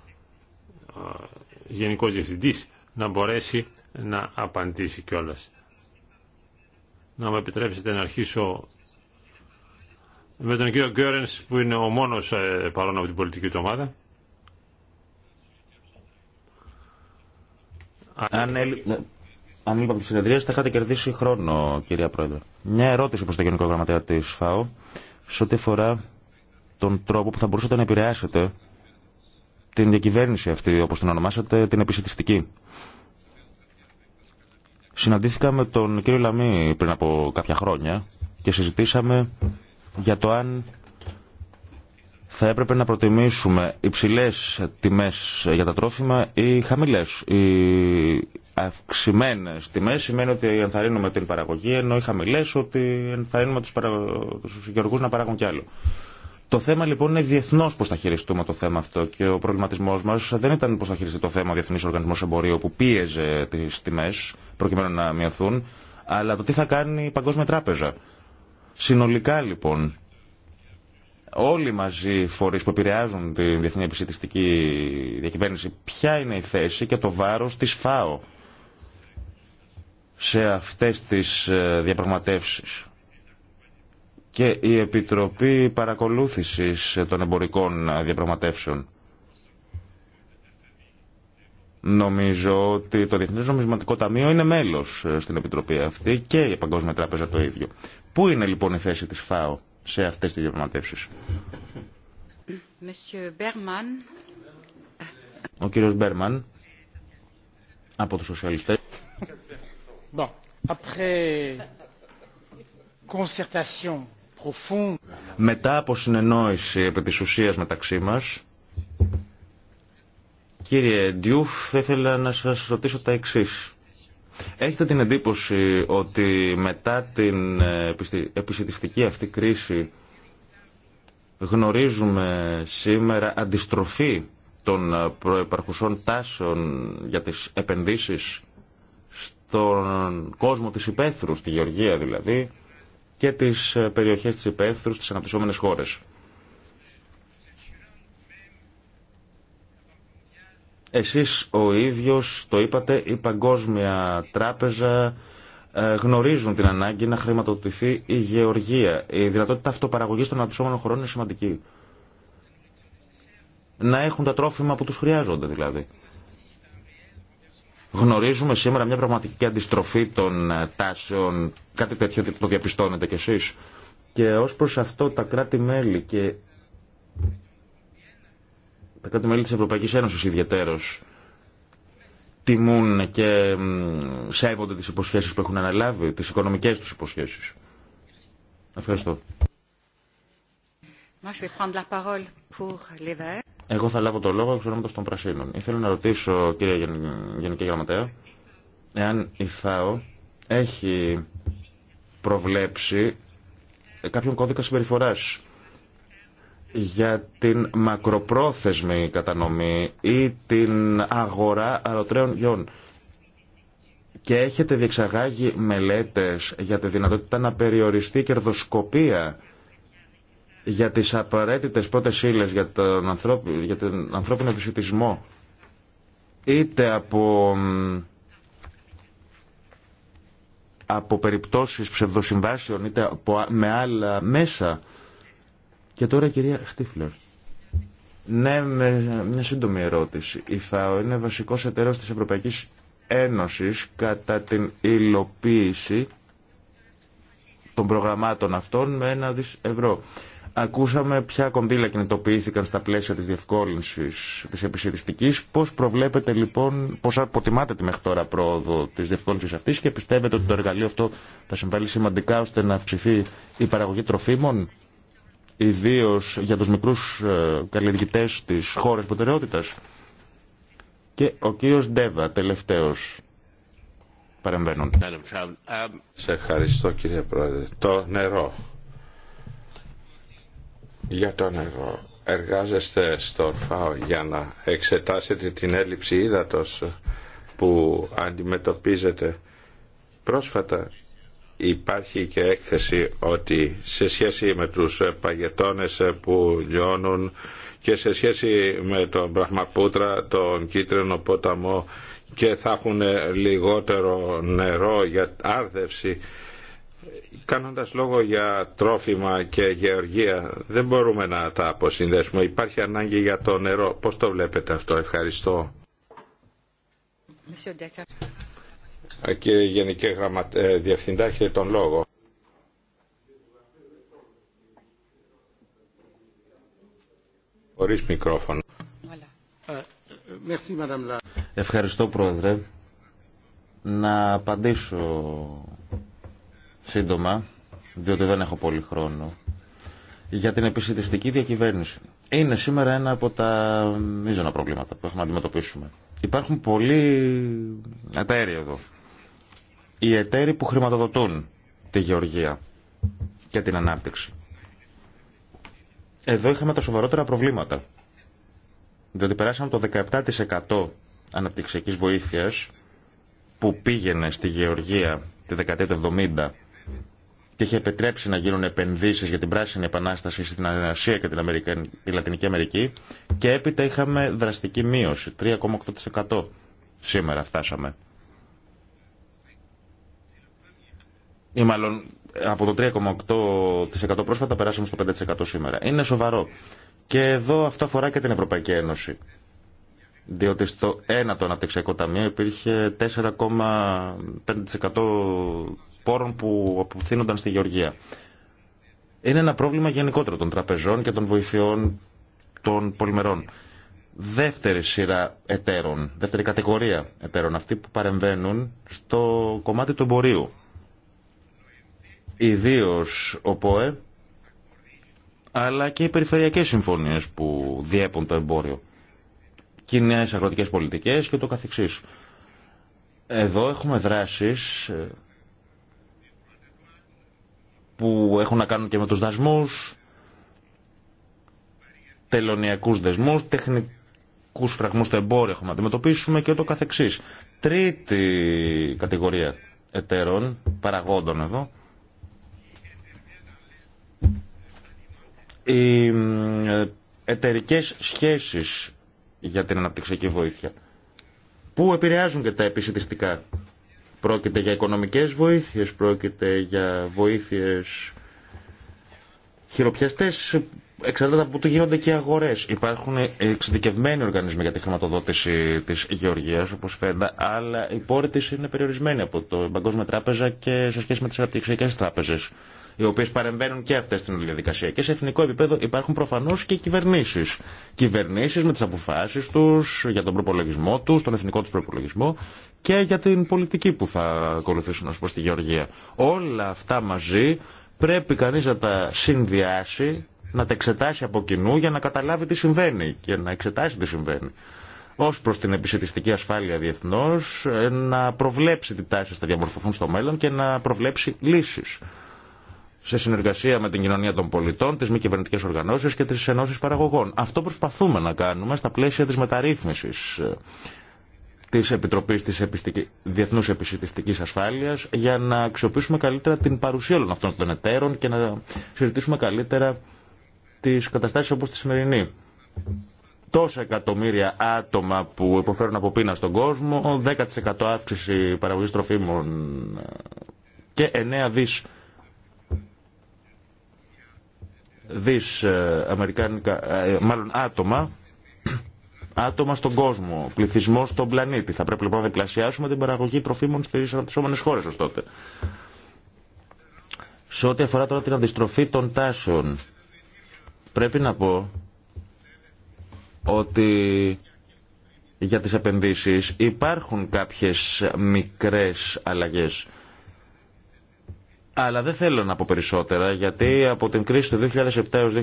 Γενικός Διευθυντής να μπορέσει να απαντήσει κιόλας. Να μου επιτρέψετε να αρχίσω με τον κύριο Γκέρενς που είναι ο μόνος ε, παρόν από την πολιτική του ομάδα αν από τη συνεδρίε, θα είχατε κερδίσει χρόνο, κυρία Πρόεδρε. Μια ερώτηση προ τον Γενικό Γραμματέα τη ΦΑΟ σε ό,τι αφορά τον τρόπο που θα μπορούσατε να επηρεάσετε την διακυβέρνηση αυτή, όπω την ονομάσατε, την επισητιστική. Συναντήθηκα με τον κύριο Λαμή πριν από κάποια χρόνια και συζητήσαμε για το αν θα έπρεπε να προτιμήσουμε υψηλές τιμές για τα τρόφιμα ή χαμηλές. Η αυξημένε τιμέ σημαίνει ότι ενθαρρύνουμε την παραγωγή, ενώ οι χαμηλέ ότι ενθαρρύνουμε του παρα... τους να παράγουν κι άλλο. Το θέμα λοιπόν είναι διεθνώ πώ θα χειριστούμε το θέμα αυτό και ο προβληματισμό μα δεν ήταν πώ θα χειριστεί το θέμα ο Διεθνή Οργανισμό Εμπορίου που πίεζε τι τιμέ προκειμένου να μειωθούν, αλλά το τι θα κάνει η Παγκόσμια Τράπεζα. Συνολικά λοιπόν, όλοι μαζί οι φορεί που επηρεάζουν τη διεθνή επιστημιστική διακυβέρνηση, ποια είναι η θέση και το βάρο τη ΦΑΟ σε αυτές τις ε, διαπραγματεύσεις και η Επιτροπή Παρακολούθησης των Εμπορικών Διαπραγματεύσεων. Νομίζω ότι το Διεθνές Νομισματικό Ταμείο είναι μέλος ε, στην Επιτροπή αυτή και η Παγκόσμια Τράπεζα το ίδιο. Πού είναι λοιπόν η θέση της ΦΑΟ σε αυτές τις διαπραγματεύσεις. Ο κύριος Μπέρμαν από τους σοσιαλιστές après concertation Μετά από συνεννόηση επί της ουσίας μεταξύ μας, κύριε Ντιούφ, θα ήθελα να σας ρωτήσω τα εξής. Έχετε την εντύπωση ότι μετά την ε, επισητιστική αυτή κρίση γνωρίζουμε σήμερα αντιστροφή των ε, προεπαρχουσών τάσεων για τις επενδύσεις τον κόσμο της υπαίθρου, τη Γεωργία δηλαδή, και τις ε, περιοχές της υπαίθρου στις αναπτυσσόμενες χώρες. Εσείς ο ίδιος το είπατε, η Παγκόσμια Τράπεζα ε, γνωρίζουν την ανάγκη να χρηματοδοτηθεί η γεωργία. Η δυνατότητα αυτοπαραγωγής των αναπτυσσόμενων χωρών είναι σημαντική. Να έχουν τα τρόφιμα που τους χρειάζονται δηλαδή. Γνωρίζουμε σήμερα μια πραγματική αντιστροφή των ε, τάσεων, κάτι τέτοιο το διαπιστώνετε κι εσείς. Και ως προς αυτό τα κράτη-μέλη και τα κράτη-μέλη της Ευρωπαϊκής Ένωσης ιδιαίτερως τιμούν και σέβονται τις υποσχέσεις που έχουν αναλάβει, τις οικονομικές τους υποσχέσεις. Ευχαριστώ. Εγώ θα λάβω το λόγο εξ ονόματο των Πρασίνων. Ήθελα να ρωτήσω, κύριε Γενική Γραμματέα, εάν η ΦΑΟ έχει προβλέψει κάποιον κώδικα συμπεριφορά για την μακροπρόθεσμη κατανομή ή την αγορά αρωτρέων γιών. Και έχετε διεξαγάγει μελέτες για τη δυνατότητα να περιοριστεί η κερδοσκοπία για τις απαραίτητες πρώτες ύλες για τον, ανθρώπι, για τον ανθρώπινο επισητισμό είτε από, από περιπτώσεις ψευδοσυμβάσεων είτε από, με άλλα μέσα και τώρα κυρία Στίφλερ ναι, με μια σύντομη ερώτηση. Η ΦΑΟ είναι βασικός εταίρος της Ευρωπαϊκής Ένωσης κατά την υλοποίηση των προγραμμάτων αυτών με ένα δις ευρώ. Ακούσαμε ποια κονδύλα κινητοποιήθηκαν στα πλαίσια της διευκόλυνσης της επισητιστικής. Πώς προβλέπετε λοιπόν, πώς αποτιμάτε τη μέχρι τώρα πρόοδο της διευκόλυνσης αυτής και πιστεύετε ότι το εργαλείο αυτό θα συμβάλλει σημαντικά ώστε να αυξηθεί η παραγωγή τροφίμων, ιδίω για τους μικρούς ε, καλλιεργητές της χώρας προτεραιότητας. Και ο κύριος Ντέβα, τελευταίος παρεμβαίνουν. Σε ευχαριστώ κύριε Πρόεδρε. Το νερό για τον εγώ. Εργάζεστε στο ΦΑΟ για να εξετάσετε την έλλειψη ύδατος που αντιμετωπίζετε. Πρόσφατα υπάρχει και έκθεση ότι σε σχέση με τους παγετώνες που λιώνουν και σε σχέση με τον πραγμαπούτρα, τον Κίτρινο Ποταμό και θα έχουν λιγότερο νερό για άρδευση Κάνοντας λόγο για τρόφιμα και γεωργία, δεν μπορούμε να τα αποσυνδέσουμε. Υπάρχει ανάγκη για το νερό. Πώς το βλέπετε αυτό. Ευχαριστώ. Κύριε Γενική Γραμμα... Ε, Διευθυντά, τον λόγο. Χωρίς μικρόφωνο. Ευχαριστώ, Πρόεδρε. Να απαντήσω σύντομα, διότι δεν έχω πολύ χρόνο, για την επιστημιστική διακυβέρνηση. Είναι σήμερα ένα από τα μείζωνα προβλήματα που έχουμε να αντιμετωπίσουμε. Υπάρχουν πολλοί εταίροι εδώ. Οι εταίροι που χρηματοδοτούν τη γεωργία και την ανάπτυξη. Εδώ είχαμε τα σοβαρότερα προβλήματα. Διότι περάσαμε το 17% αναπτυξιακής βοήθειας που πήγαινε στη γεωργία τη δεκαετία του και είχε επιτρέψει να γίνουν επενδύσεις για την πράσινη επανάσταση στην Ανασία και την, Αμερική, τη Λατινική Αμερική και έπειτα είχαμε δραστική μείωση, 3,8% σήμερα φτάσαμε. Ή μάλλον από το 3,8% πρόσφατα περάσαμε στο 5% σήμερα. Είναι σοβαρό. Και εδώ αυτό αφορά και την Ευρωπαϊκή Ένωση. Διότι στο 1 το αναπτυξιακό ταμείο υπήρχε 4,5% πόρων που απευθύνονταν στη Γεωργία. Είναι ένα πρόβλημα γενικότερο των τραπεζών και των βοηθειών των πολυμερών. Δεύτερη σειρά εταίρων, δεύτερη κατηγορία εταίρων, αυτοί που παρεμβαίνουν στο κομμάτι του εμπορίου. Ιδίω ο ΠΟΕ, αλλά και οι περιφερειακές συμφωνίε που διέπουν το εμπόριο. Κοινέ αγροτικές πολιτικέ και το καθεξή. Εδώ έχουμε δράσεις ε, που έχουν να κάνουν και με τους δασμούς, τελωνιακούς δεσμούς, τεχνικούς φραγμούς στο εμπόριο έχουμε να αντιμετωπίσουμε και ούτω καθεξής. Τρίτη κατηγορία εταίρων, παραγόντων εδώ, οι ε, εταιρικές σχέσεις για την αναπτυξιακή βοήθεια που επηρεάζουν και τα επισητιστικά Πρόκειται για οικονομικές βοήθειες, πρόκειται για βοήθειες χειροπιαστές, εξαρτάται από το γίνονται και οι αγορές. Υπάρχουν εξειδικευμένοι οργανισμοί για τη χρηματοδότηση της γεωργίας, όπως φαίνεται, αλλά η πόρη της είναι περιορισμένη από το παγκόσμιο Τράπεζα και σε σχέση με τις αναπτυξιακές τράπεζες οι οποίε παρεμβαίνουν και αυτέ στην όλη διαδικασία. Και σε εθνικό επίπεδο υπάρχουν προφανώ και κυβερνήσει. Κυβερνήσει με τι αποφάσει του για τον προπολογισμό του, τον εθνικό του προπολογισμό και για την πολιτική που θα ακολουθήσουν, α πούμε, στη Γεωργία. Όλα αυτά μαζί πρέπει κανεί να τα συνδυάσει, να τα εξετάσει από κοινού για να καταλάβει τι συμβαίνει και να εξετάσει τι συμβαίνει ω προ την επισητιστική ασφάλεια διεθνώ, ε, να προβλέψει τι τάσει θα διαμορφωθούν στο μέλλον και να προβλέψει λύσει σε συνεργασία με την κοινωνία των πολιτών, τι μη κυβερνητικέ οργανώσει και τι ενώσει παραγωγών. Αυτό προσπαθούμε να κάνουμε στα πλαίσια τη μεταρρύθμιση ε, τη Επιτροπή τη Διεθνού Επιστημιστική Ασφάλεια για να αξιοποιήσουμε καλύτερα την παρουσία όλων αυτών των εταίρων και να συζητήσουμε καλύτερα τι καταστάσει όπω τη σημερινή. Τόσα εκατομμύρια άτομα που υποφέρουν από πείνα στον κόσμο, 10% αύξηση παραγωγή τροφίμων ε, και 9 δις δις ε, αμερικάνικα, ε, μάλλον άτομα, άτομα στον κόσμο, πληθυσμό στον πλανήτη. Θα πρέπει λοιπόν να διπλασιάσουμε την παραγωγή τροφίμων στι αναπτυσσόμενε χώρε ω τότε. Σε ό,τι αφορά τώρα την αντιστροφή των τάσεων, πρέπει να πω ότι για τις επενδύσεις υπάρχουν κάποιες μικρές αλλαγές. Αλλά δεν θέλω να πω περισσότερα, γιατί από την κρίση του 2007 έως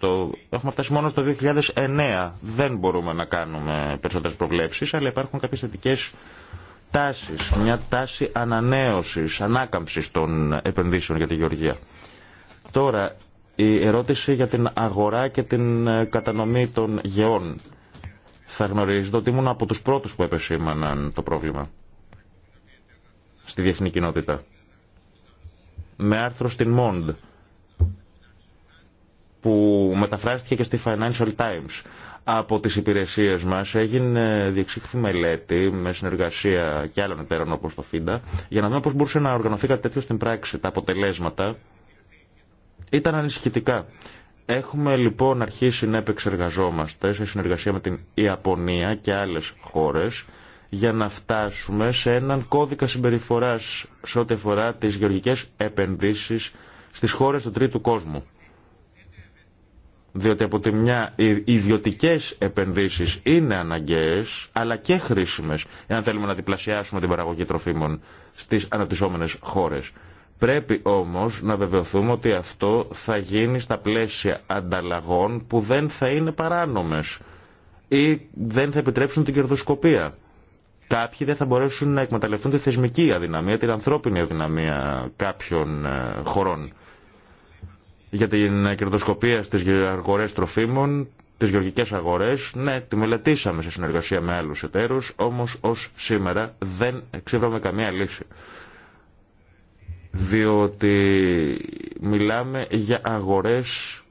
2008 έχουμε φτάσει μόνο στο 2009. Δεν μπορούμε να κάνουμε περισσότερες προβλέψεις, αλλά υπάρχουν κάποιες θετικέ τάσεις. Μια τάση ανανέωσης, ανάκαμψης των επενδύσεων για τη Γεωργία. Τώρα, η ερώτηση για την αγορά και την ε, κατανομή των γεών. Θα γνωρίζετε ότι ήμουν από τους πρώτους που επεσήμαναν το πρόβλημα στη διεθνή κοινότητα με άρθρο στην Μόντ, που μεταφράστηκε και στη Financial Times. Από τις υπηρεσίες μας έγινε διεξήχθη μελέτη με συνεργασία και άλλων εταίρων όπως το ΦΙΝΤΑ για να δούμε πώς μπορούσε να οργανωθεί κάτι τέτοιο στην πράξη. Τα αποτελέσματα ήταν ανησυχητικά. Έχουμε λοιπόν αρχίσει να επεξεργαζόμαστε σε συνεργασία με την Ιαπωνία και άλλες χώρες για να φτάσουμε σε έναν κώδικα συμπεριφοράς σε ό,τι αφορά τις γεωργικές επενδύσεις στις χώρες του τρίτου κόσμου. Διότι από τη μια οι ιδιωτικές επενδύσεις είναι αναγκαίες αλλά και χρήσιμες εάν θέλουμε να διπλασιάσουμε την παραγωγή τροφίμων στις αναπτυσσόμενες χώρες. Πρέπει όμως να βεβαιωθούμε ότι αυτό θα γίνει στα πλαίσια ανταλλαγών που δεν θα είναι παράνομες ή δεν θα επιτρέψουν την κερδοσκοπία. Κάποιοι δεν θα μπορέσουν να εκμεταλλευτούν τη θεσμική αδυναμία, την ανθρώπινη αδυναμία κάποιων ε, χωρών. Για την κερδοσκοπία στις αγορές τροφίμων, τις γεωργικές αγορές, ναι, τη μελετήσαμε σε συνεργασία με άλλους εταίρους, όμως ως σήμερα δεν εξήβραμε καμία λύση διότι μιλάμε για αγορές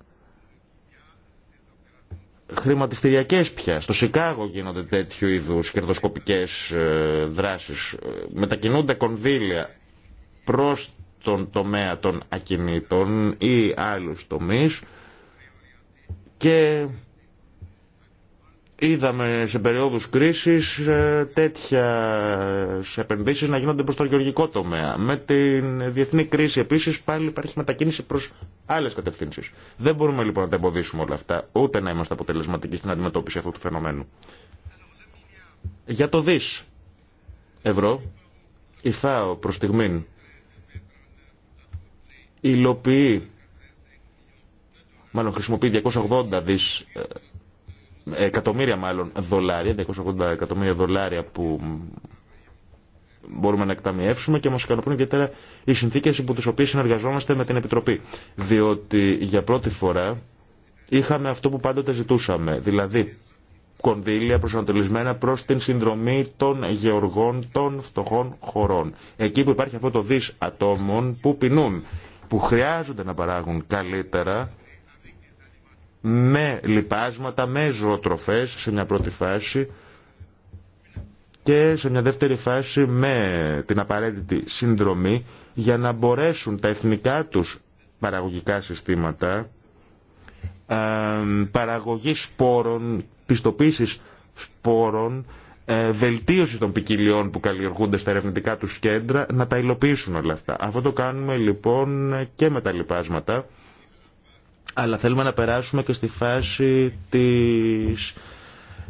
χρηματιστηριακές πια. Στο Σικάγο γίνονται τέτοιου είδους κερδοσκοπικές ε, δράσεις. Ε, μετακινούνται κονδύλια προς τον τομέα των ακινήτων ή άλλους τομείς και Είδαμε σε περίοδους κρίσης ε, τέτοια επενδύσεις να γίνονται προς το γεωργικό τομέα. Με την διεθνή κρίση επίσης πάλι υπάρχει μετακίνηση προς άλλες κατευθύνσεις. Δεν μπορούμε λοιπόν να τα εμποδίσουμε όλα αυτά, ούτε να είμαστε αποτελεσματικοί στην αντιμετώπιση αυτού του φαινομένου. Για το δις ευρώ, η ΦΑΟ προς στιγμήν υλοποιεί, μάλλον χρησιμοποιεί 280 δις ε, εκατομμύρια μάλλον δολάρια, 280 εκατομμύρια δολάρια που μπορούμε να εκταμιεύσουμε και μας ικανοποιούν ιδιαίτερα οι συνθήκες υπό τις οποίες συνεργαζόμαστε με την Επιτροπή. Διότι για πρώτη φορά είχαμε αυτό που πάντοτε ζητούσαμε, δηλαδή κονδύλια προσανατολισμένα προς την συνδρομή των γεωργών των φτωχών χωρών. Εκεί που υπάρχει αυτό το δις ατόμων που πεινούν, που χρειάζονται να παράγουν καλύτερα με λιπάσματα, με ζωοτροφές σε μια πρώτη φάση και σε μια δεύτερη φάση με την απαραίτητη συνδρομή για να μπορέσουν τα εθνικά τους παραγωγικά συστήματα παραγωγή σπόρων, πιστοποίηση σπόρων, ε, βελτίωση των ποικιλιών που καλλιεργούνται στα ερευνητικά τους κέντρα, να τα υλοποιήσουν όλα αυτά. Αυτό το κάνουμε λοιπόν και με τα λοιπάσματα αλλά θέλουμε να περάσουμε και στη φάση της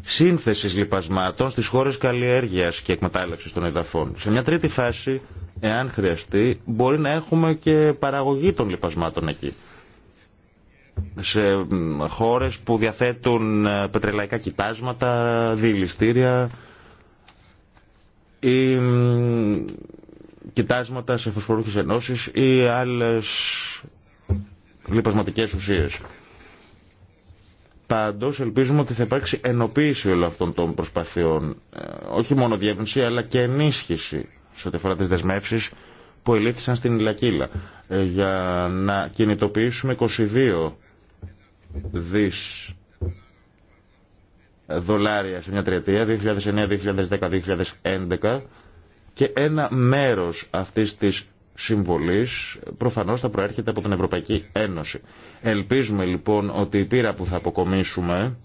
σύνθεσης λιπασμάτων στις χώρες καλλιέργειας και εκμετάλλευσης των εδαφών. Σε μια τρίτη φάση, εάν χρειαστεί, μπορεί να έχουμε και παραγωγή των λιπασμάτων εκεί. Σε χώρες που διαθέτουν ε, πετρελαϊκά κοιτάσματα, διηληστήρια ή κοιτάσματα σε φωσφορούχες ενώσεις ή άλλες λοιπασματικέ ουσίε. Πάντω, ελπίζουμε ότι θα υπάρξει ενοποίηση όλων αυτών των προσπαθειών. Ε, όχι μόνο διεύρυνση, αλλά και ενίσχυση σε ό,τι αφορά τι δεσμεύσει που ελήφθησαν στην Ιλακύλα. Ε, για να κινητοποιήσουμε 22 δι δολάρια σε μια τριετία, 2009, 2010, 2011 και ένα μέρος αυτής της συμβολής προφανώς θα προέρχεται από την Ευρωπαϊκή Ένωση. Ελπίζουμε λοιπόν ότι η πείρα που θα αποκομίσουμε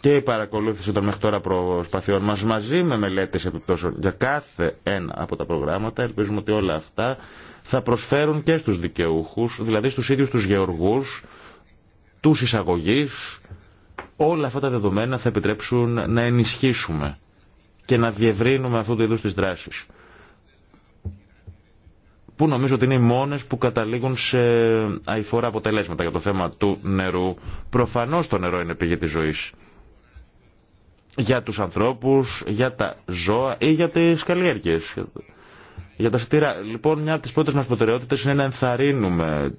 και η παρακολούθηση των μέχρι τώρα προσπαθειών μας μαζί με μελέτες επιπτώσεων για κάθε ένα από τα προγράμματα ελπίζουμε ότι όλα αυτά θα προσφέρουν και στους δικαιούχους, δηλαδή στους ίδιους τους γεωργούς, τους εισαγωγείς, όλα αυτά τα δεδομένα θα επιτρέψουν να ενισχύσουμε και να διευρύνουμε αυτού του είδους τις δράσει που νομίζω ότι είναι οι μόνες που καταλήγουν σε αηφορά αποτελέσματα για το θέμα του νερού. Προφανώς το νερό είναι πηγή τη ζωής. Για τους ανθρώπους, για τα ζώα ή για τι καλλιέργειε. Για τα στήρα. Λοιπόν, μια από τι πρώτε μας προτεραιότητε είναι να ενθαρρύνουμε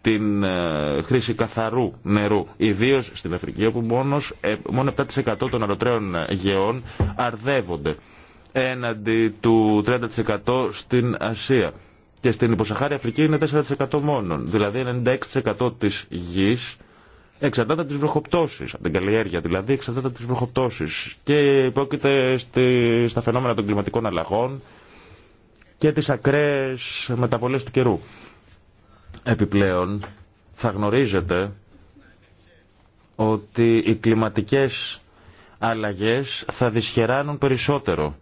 την ε, χρήση καθαρού νερού, Ιδίω στην Αφρική, όπου μόνος, ε, μόνο 7% των αρωτρέων γεών αρδεύονται έναντι του 30% στην Ασία. Και στην υποσαχάρη Αφρική είναι 4% μόνον. Δηλαδή 96% της γης εξαρτάται από τι βροχοπτώσει, από την καλλιέργεια δηλαδή, εξαρτάται από τι βροχοπτώσει. Και υπόκειται στη, στα φαινόμενα των κλιματικών αλλαγών και τις ακραίες μεταβολές του καιρού. Επιπλέον, θα γνωρίζετε ότι οι κλιματικές αλλαγές θα δυσχεράνουν περισσότερο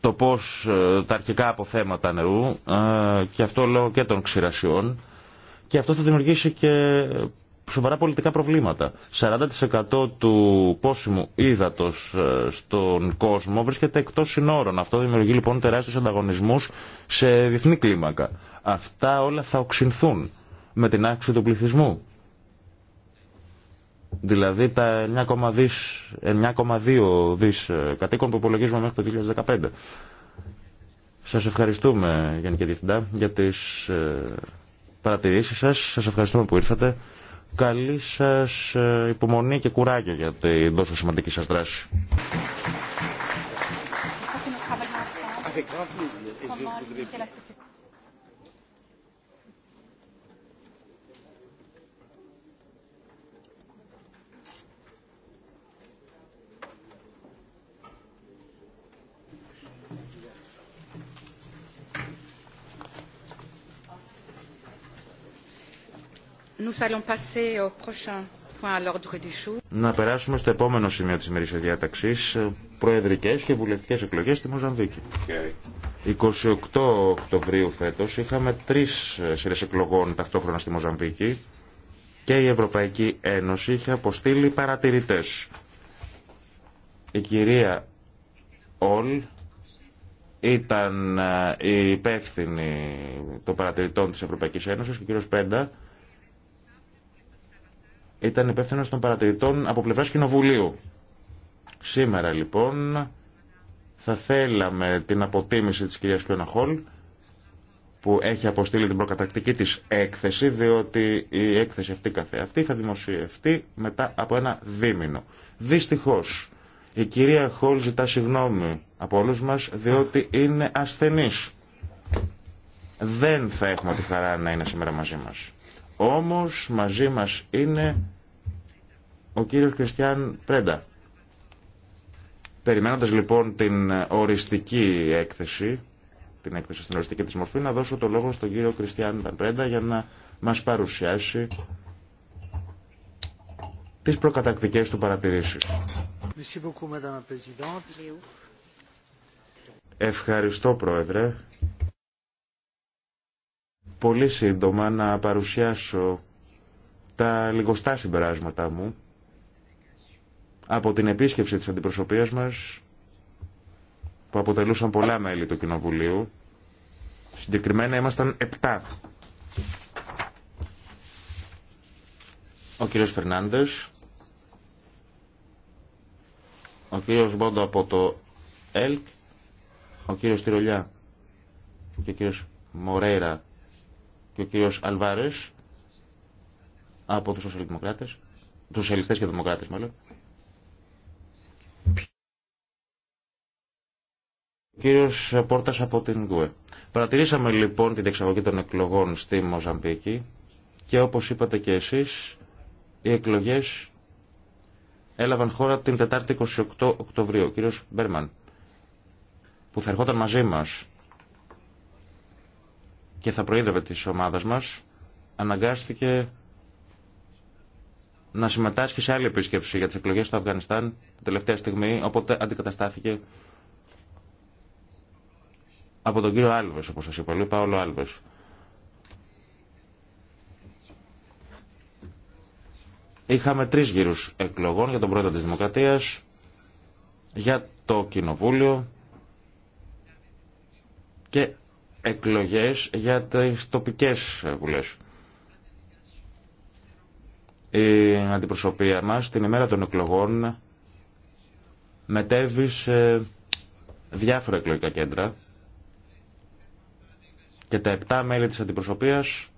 το πώς ε, τα αρχικά αποθέματα νερού ε, και αυτό λέω και των ξηρασιών και αυτό θα δημιουργήσει και σοβαρά πολιτικά προβλήματα. 40% του πόσιμου ύδατος ε, στον κόσμο βρίσκεται εκτός συνόρων. Αυτό δημιουργεί λοιπόν τεράστιους ανταγωνισμούς σε διεθνή κλίμακα. Αυτά όλα θα οξυνθούν με την αύξηση του πληθυσμού δηλαδή τα 9,2 δις ε, κατοίκων που υπολογίζουμε μέχρι το 2015. Σας ευχαριστούμε, Γενική Διευθυντά, για τις ε, παρατηρήσεις σας. Σας ευχαριστούμε που ήρθατε. Καλή σας ε, υπομονή και κουράγιο για την τόσο σημαντική σας δράση. Να περάσουμε στο επόμενο σημείο της ημερήσιας διάταξης, προεδρικές και βουλευτικές εκλογές στη Μοζαμβίκη. Okay. 28 Οκτωβρίου φέτος είχαμε τρεις ε, σειρές εκλογών ταυτόχρονα στη Μοζαμβίκη και η Ευρωπαϊκή Ένωση είχε αποστείλει παρατηρητές. Η κυρία Όλ ήταν ε, η υπεύθυνη των παρατηρητών της Ευρωπαϊκής Ένωσης και ο κύριος Πέντα ήταν υπεύθυνο των παρατηρητών από πλευρά Κοινοβουλίου. Σήμερα λοιπόν θα θέλαμε την αποτίμηση της κυρίας Φιώνα Χολ που έχει αποστείλει την προκατακτική της έκθεση διότι η έκθεση αυτή καθεαυτή θα δημοσιευτεί μετά από ένα δίμηνο. Δυστυχώς η κυρία Χολ ζητά συγγνώμη από όλους μας διότι είναι ασθενής. Δεν θα έχουμε τη χαρά να είναι σήμερα μαζί μας. Όμως μαζί μας είναι ο κύριος Κριστιαν Πρέντα. Περιμένοντας λοιπόν την οριστική έκθεση, την έκθεση στην οριστική της μορφή, να δώσω το λόγο στον κύριο Κριστιαν Πρέντα για να μας παρουσιάσει τις προκατακτικές του παρατηρήσεις. Ευχαριστώ Πρόεδρε πολύ σύντομα να παρουσιάσω τα λιγοστά συμπεράσματα μου από την επίσκεψη της αντιπροσωπείας μας που αποτελούσαν πολλά μέλη του Κοινοβουλίου. Συγκεκριμένα ήμασταν επτά. Ο κύριος Φερνάντες, ο κύριος Μπόντο από το ΕΛΚ, ο κύριος Τυρολιά και ο κύριος Μορέιρα και ο κύριος Αλβάρες από τους σοσιαλδημοκράτες, τους σοσιαλιστές και δημοκράτες μάλλον. Ο κύριος Πόρτας από την ΚΟΕ. Παρατηρήσαμε λοιπόν την διεξαγωγή των εκλογών στη Μοζαμπίκη και όπως είπατε και εσείς, οι εκλογές έλαβαν χώρα την Τετάρτη 28 Οκτωβρίου. Ο κύριος Μπέρμαν, που θα ερχόταν μαζί μας και θα προείδρευε της ομάδας μας, αναγκάστηκε να συμμετάσχει σε άλλη επίσκεψη για τις εκλογές στο Αφγανιστάν τελευταία στιγμή, οπότε αντικαταστάθηκε από τον κύριο Άλβες, όπως σας είπα, λέει Παόλο Άλβες. Είχαμε τρεις γύρους εκλογών για τον πρόεδρο της Δημοκρατίας, για το Κοινοβούλιο και εκλογές για τις τοπικές βουλές. Η αντιπροσωπεία μας την ημέρα των εκλογών μετέβη σε διάφορα εκλογικά κέντρα και τα επτά μέλη της αντιπροσωπείας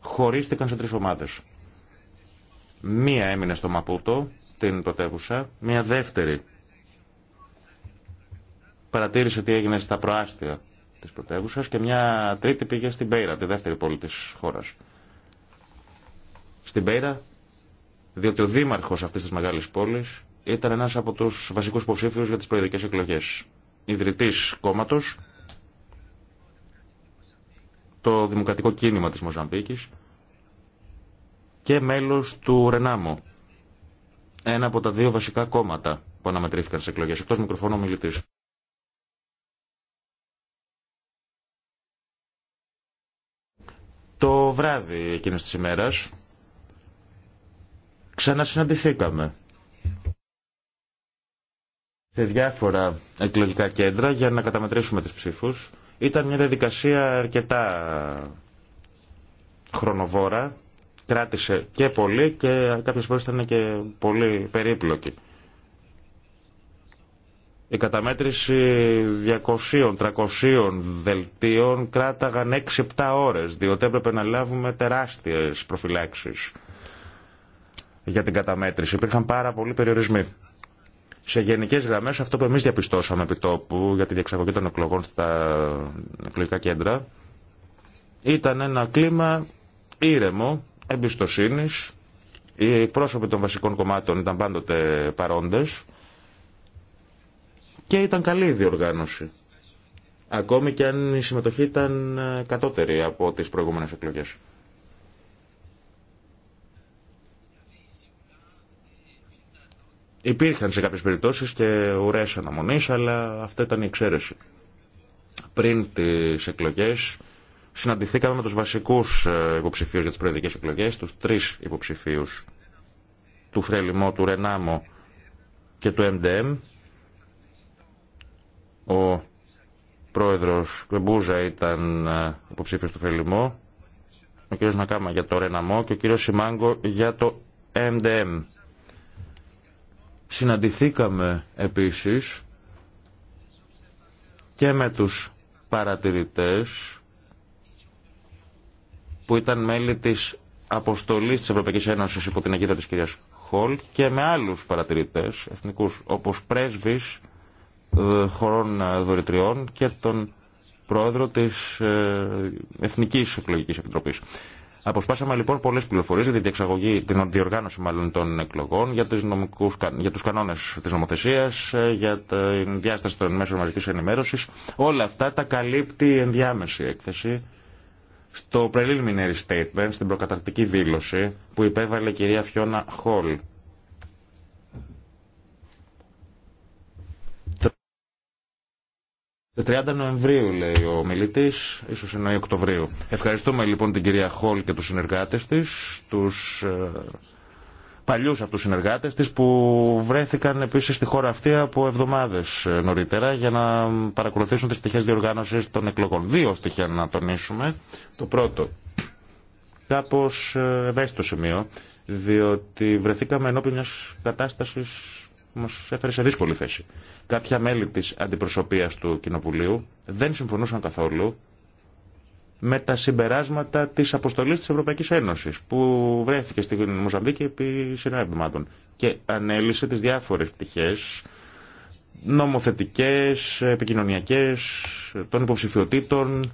χωρίστηκαν σε τρεις ομάδες. Μία έμεινε στο Μαπούτο, την πρωτεύουσα, μία δεύτερη παρατήρησε τι έγινε στα προάστια της πρωτεύουσα και μια τρίτη πήγε στην Πέιρα, τη δεύτερη πόλη της χώρας. Στην Πέιρα, διότι ο δήμαρχος αυτής της μεγάλης πόλης ήταν ένας από τους βασικούς υποψήφιους για τις προεδρικές εκλογές. Ιδρυτής κόμματος, το Δημοκρατικό Κίνημα της Μοζαμπίκης και μέλος του Ρενάμου. ένα από τα δύο βασικά κόμματα που αναμετρήθηκαν στις εκλογές. Εκτός μικροφώνου ο το βράδυ εκείνης της ημέρας ξανασυναντηθήκαμε σε διάφορα εκλογικά κέντρα για να καταμετρήσουμε τις ψήφους. Ήταν μια διαδικασία αρκετά χρονοβόρα, κράτησε και πολύ και κάποιες φορές ήταν και πολύ περίπλοκη. Η καταμέτρηση 200-300 δελτίων κράταγαν 6-7 ώρες, διότι έπρεπε να λάβουμε τεράστιες προφυλάξεις για την καταμέτρηση. Υπήρχαν πάρα πολλοί περιορισμοί. Σε γενικέ γραμμέ, αυτό που εμεί διαπιστώσαμε επί τόπου για τη διεξαγωγή των εκλογών στα εκλογικά κέντρα ήταν ένα κλίμα ήρεμο, εμπιστοσύνη. Οι πρόσωποι των βασικών κομμάτων ήταν πάντοτε παρόντε. Και ήταν καλή η διοργάνωση. Ακόμη και αν η συμμετοχή ήταν ε, κατώτερη από τις προηγούμενες εκλογές. Υπήρχαν σε κάποιες περιπτώσεις και ωραίες αναμονής, αλλά αυτή ήταν η εξαίρεση. Πριν τις εκλογές συναντηθήκαμε με τους βασικούς ε, υποψηφίους για τις προεδρικές εκλογές, τους τρεις υποψηφίους του Φρέλιμο, του Ρενάμο και του MDM ο πρόεδρος Κουεμπούζα ήταν ε, υποψήφιος του Φελιμό, ο κύριος Νακάμα για το Ρεναμό και ο κύριος Σιμάγκο για το MDM. Συναντηθήκαμε επίσης και με τους παρατηρητές που ήταν μέλη της αποστολής της Ευρωπαϊκής Ένωσης υπό την αγίδα της κυρίας Χολ και με άλλους παρατηρητές εθνικούς όπως πρέσβης ε, χωρών ε, δωρητριών και τον πρόεδρο της ε, Εθνικής Εκλογικής Επιτροπής. Αποσπάσαμε λοιπόν πολλέ πληροφορίε για την διεξαγωγή, την διοργάνωση μάλλον των εκλογών, για, τις νομικούς, για του κανόνε τη νομοθεσία, για την διάσταση των μέσων μαζική ενημέρωση. Όλα αυτά τα καλύπτει η ενδιάμεση έκθεση στο preliminary statement, στην προκαταρκτική δήλωση που υπέβαλε η κυρία Φιώνα Χολ Στις 30 Νοεμβρίου λέει ο μιλητή, ίσως εννοεί Οκτωβρίου. Ευχαριστούμε λοιπόν την κυρία Χολ και τους συνεργάτες της, τους ε, παλιούς αυτούς συνεργάτε τη, που βρέθηκαν επίσης στη χώρα αυτή από εβδομάδες ε, νωρίτερα για να παρακολουθήσουν τις τεχνικές διοργάνωσης των εκλογών. Δύο στοιχεία να τονίσουμε. Το πρώτο, κάπω ε, ευαίσθητο σημείο, διότι βρεθήκαμε ενώπιν μια κατάσταση μα έφερε σε δύσκολη θέση. Κάποια μέλη τη αντιπροσωπεία του Κοινοβουλίου δεν συμφωνούσαν καθόλου με τα συμπεράσματα τη αποστολή τη Ευρωπαϊκή Ένωση που βρέθηκε στη Μοζαμβίκη επί σειρά εβδομάδων και ανέλησε τι διάφορε πτυχέ νομοθετικέ, επικοινωνιακέ των υποψηφιωτήτων,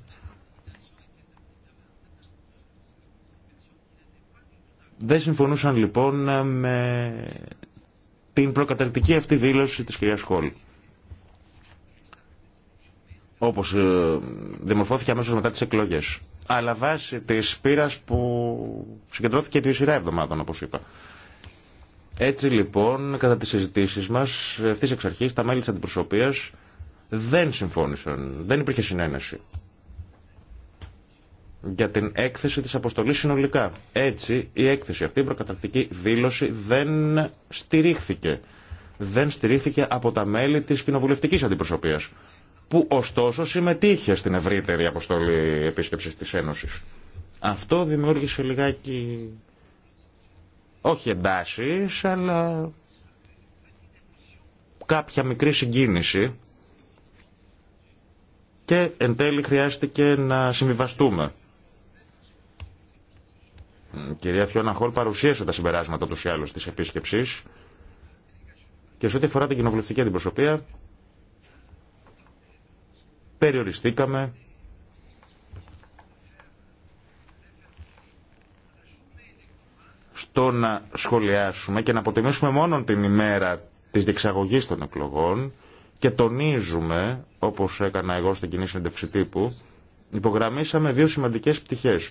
Δεν συμφωνούσαν λοιπόν με την προκαταρκτική αυτή δήλωση της κυρίας Χόλ. Όπως ε, δημορφώθηκε αμέσως μετά τις εκλογές. Αλλά βάσει της πείρας που συγκεντρώθηκε επί σειρά εβδομάδων, όπως είπα. Έτσι λοιπόν, κατά τις συζητήσεις μας, ευθύς εξ αρχής, τα μέλη της αντιπροσωπείας δεν συμφώνησαν, δεν υπήρχε συνένεση για την έκθεση της αποστολής συνολικά. Έτσι, η έκθεση αυτή, η προκαταρκτική δήλωση δεν στηρίχθηκε. Δεν στηρίχθηκε από τα μέλη της κοινοβουλευτικής αντιπροσωπείας, που ωστόσο συμμετείχε στην ευρύτερη αποστολή επίσκεψης της Ένωσης. Αυτό δημιούργησε λιγάκι, όχι εντάσεις, αλλά κάποια μικρή συγκίνηση και εν τέλει χρειάστηκε να συμβιβαστούμε η κυρία Φιώνα Χολ παρουσίασε τα συμπεράσματα του ή άλλω τη επίσκεψη και σε ό,τι αφορά την κοινοβουλευτική αντιπροσωπεία περιοριστήκαμε στο να σχολιάσουμε και να αποτιμήσουμε μόνο την ημέρα της διεξαγωγής των εκλογών και τονίζουμε, όπως έκανα εγώ στην κοινή συνέντευξη τύπου, υπογραμμίσαμε δύο σημαντικές πτυχές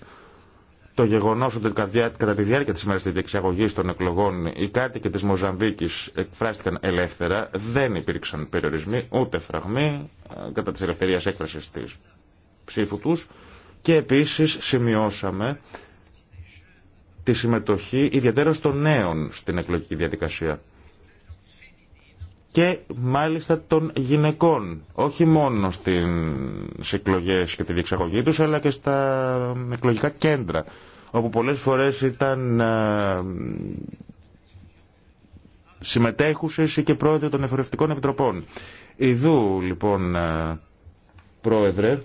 το γεγονό ότι κατά τη διάρκεια τη ημέρα τη διεξαγωγή των εκλογών οι κάτοικοι τη Μοζαμβίκη εκφράστηκαν ελεύθερα, δεν υπήρξαν περιορισμοί ούτε φραγμοί ε, κατά τη ελευθερία έκφραση τη ψήφου του. Και επίση σημειώσαμε τη συμμετοχή ιδιαίτερα των νέων στην εκλογική διαδικασία και μάλιστα των γυναικών, όχι μόνο στι εκλογέ και τη διεξαγωγή τους, αλλά και στα εκλογικά κέντρα, όπου πολλές φορές ήταν ε, συμμετέχουσες και πρόεδροι των εφορευτικών επιτροπών. Ιδού, λοιπόν, ε, πρόεδρε,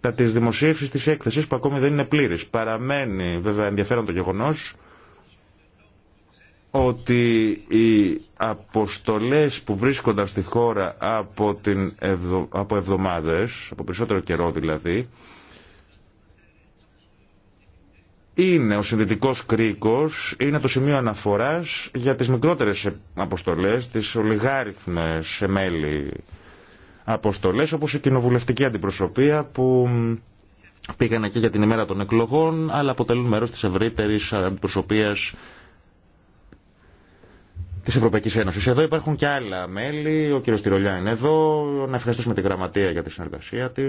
τα της δημοσίευσης της έκθεσης που ακόμη δεν είναι πλήρης. Παραμένει, βέβαια, ενδιαφέρον το γεγονός ότι οι αποστολές που βρίσκονταν στη χώρα από, την από εβδομάδες, από περισσότερο καιρό δηλαδή, είναι ο συνδετικός κρίκος, είναι το σημείο αναφοράς για τις μικρότερες αποστολές, τις ολιγάριθμες μέλη αποστολές, όπως η κοινοβουλευτική αντιπροσωπεία που πήγαν εκεί για την ημέρα των εκλογών, αλλά αποτελούν μέρος της ευρύτερης αντιπροσωπείας τη Ευρωπαϊκή Ένωση. Εδώ υπάρχουν και άλλα μέλη. Ο κύριο Τυρολιά είναι εδώ. Να ευχαριστήσουμε τη Γραμματεία για τη συνεργασία τη.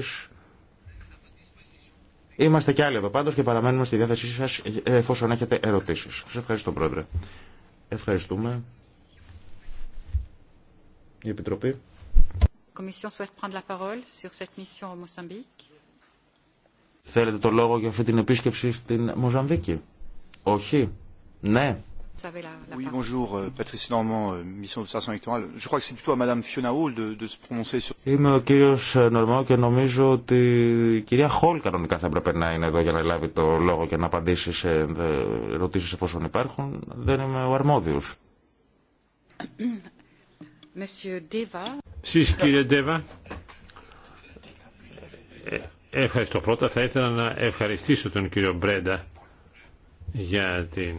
Είμαστε και άλλοι εδώ πάντω και παραμένουμε στη διάθεσή σα εφόσον έχετε ερωτήσει. Σα ευχαριστώ, Πρόεδρε. Ευχαριστούμε. Η Επιτροπή. Θέλετε το λόγο για αυτή την επίσκεψη στην Μοζαμβίκη. Όχι. Ναι. Είμαι ο κύριο Νορμό ε, και νομίζω ότι η κυρία Χολ κανονικά θα έπρεπε να είναι εδώ για να λάβει το λόγο και να απαντήσει σε ε, ερωτήσει εφόσον υπάρχουν. Δεν είμαι ο αρμόδιο. *coughs* κύριε Ντέβα, ε, ευχαριστώ πρώτα. Θα ήθελα να ευχαριστήσω τον κύριο Μπρέντα για την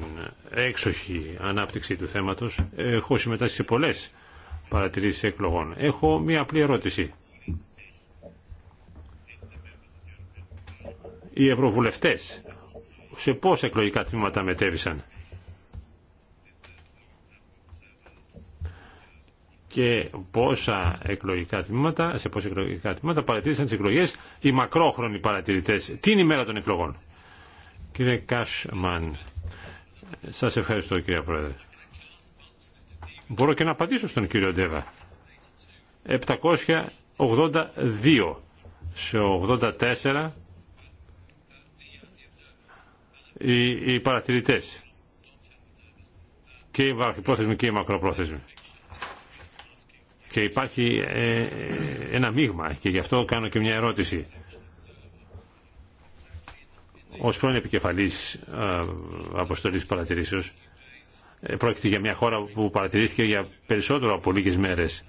έξοχη ανάπτυξη του θέματος. Έχω συμμετάσχει σε πολλές παρατηρήσεις εκλογών. Έχω μία απλή ερώτηση. Οι ευρωβουλευτές σε πόσα εκλογικά τμήματα μετέβησαν. και πόσα εκλογικά τμήματα, σε πόσα εκλογικά τμήματα παρατήρησαν τις εκλογές οι μακρόχρονοι παρατηρητές την ημέρα των εκλογών. Κύριε Κάσμαν, σας ευχαριστώ κύριε Πρόεδρε. Μπορώ και να απαντήσω στον κύριο Ντέβα. 782 σε 84 οι, οι παρατηρητές και οι βαρχιπρόθεσμοι και οι μακροπρόθεσμοι. Και υπάρχει ε, ε, ένα μείγμα και γι' αυτό κάνω και μια ερώτηση ως πρώην επικεφαλής ε, αποστολής παρατηρήσεως ε, πρόκειται για μια χώρα που παρατηρήθηκε για περισσότερο από λίγες μέρες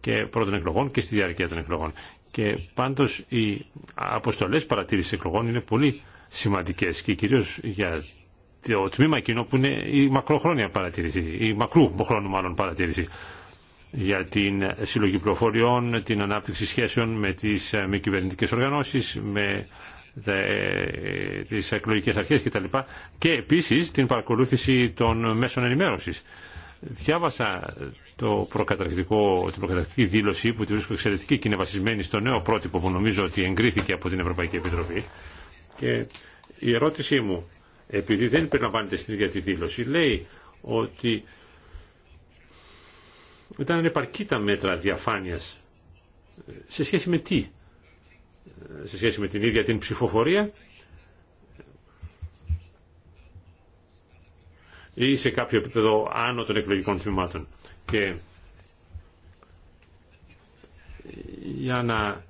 και πρώτων εκλογών και στη διάρκεια των εκλογών. Και πάντως οι αποστολές παρατήρησης εκλογών είναι πολύ σημαντικές και κυρίως για το τμήμα εκείνο που είναι η μακροχρόνια παρατήρηση, η μακρού χρόνου μάλλον παρατήρηση για την συλλογή πληροφοριών, την ανάπτυξη σχέσεων με τις ε, μη κυβερνητικές οργανώσεις, με τις εκλογικές αρχές κτλ. Και επίσης την παρακολούθηση των μέσων ενημέρωσης. Διάβασα το προκαταρκτικό, την προκαταρκτική δήλωση που τη βρίσκω εξαιρετική και είναι βασισμένη στο νέο πρότυπο που νομίζω ότι εγκρίθηκε από την Ευρωπαϊκή Επιτροπή. Και η ερώτησή μου, επειδή δεν περιλαμβάνεται στην ίδια τη δήλωση, λέει ότι ήταν επαρκή τα μέτρα διαφάνειας σε σχέση με τι σε σχέση με την ίδια την ψηφοφορία ή σε κάποιο επίπεδο άνω των εκλογικών τμήματων. Και για να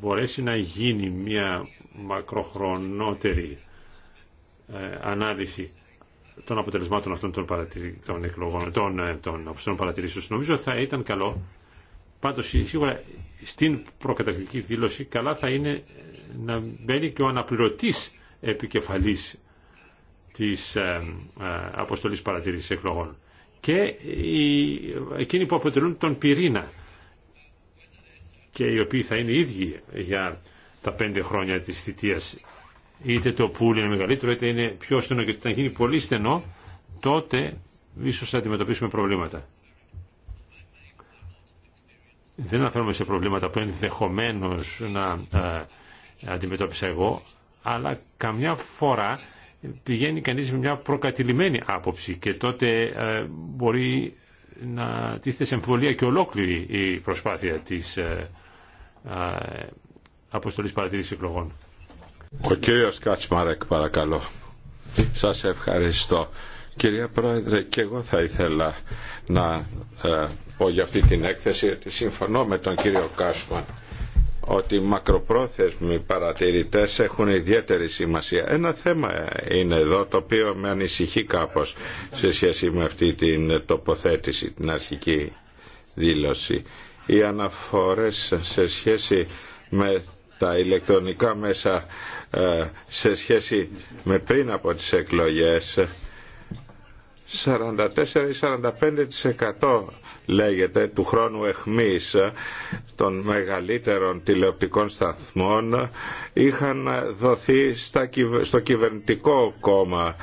μπορέσει να γίνει μια μακροχρονότερη ε, ανάλυση των αποτελεσμάτων αυτών των, παρατηρη... εκλογών, των, ε, των παρατηρήσεων, νομίζω θα ήταν καλό Πάντως σίγουρα στην προκατακτική δήλωση καλά θα είναι να μπαίνει και ο αναπληρωτής επικεφαλής της ε, ε, αποστολής παρατήρησης εκλογών και οι, εκείνοι που αποτελούν τον πυρήνα και οι οποίοι θα είναι ίδιοι για τα πέντε χρόνια της θητείας είτε το πουλ είναι μεγαλύτερο είτε είναι πιο στενό και όταν γίνει πολύ στενό τότε ίσως θα αντιμετωπίσουμε προβλήματα. Δεν αναφέρομαι σε προβλήματα που ενδεχομένω να ε, αντιμετώπισα εγώ, αλλά καμιά φορά πηγαίνει κανείς με μια προκατηλημένη άποψη και τότε ε, μπορεί να τίθεται σε εμφιβολία και ολόκληρη η προσπάθεια της ε, αποστολής παρατήρησης εκλογών. Ο κύριος Κάτσμαρεκ παρακαλώ. Σας ευχαριστώ. Κυρία Πρόεδρε, και εγώ θα ήθελα να ε, πω για αυτή την έκθεση ότι συμφωνώ με τον κύριο Κάσμαν ότι οι μακροπρόθεσμοι παρατηρητές έχουν ιδιαίτερη σημασία. Ένα θέμα είναι εδώ το οποίο με ανησυχεί κάπως σε σχέση με αυτή την τοποθέτηση, την αρχική δήλωση. Οι αναφορές σε σχέση με τα ηλεκτρονικά μέσα ε, σε σχέση με πριν από τις εκλογές 44 45% λέγεται του χρόνου εχμής των μεγαλύτερων τηλεοπτικών σταθμών είχαν δοθεί στο κυβερνητικό κόμμα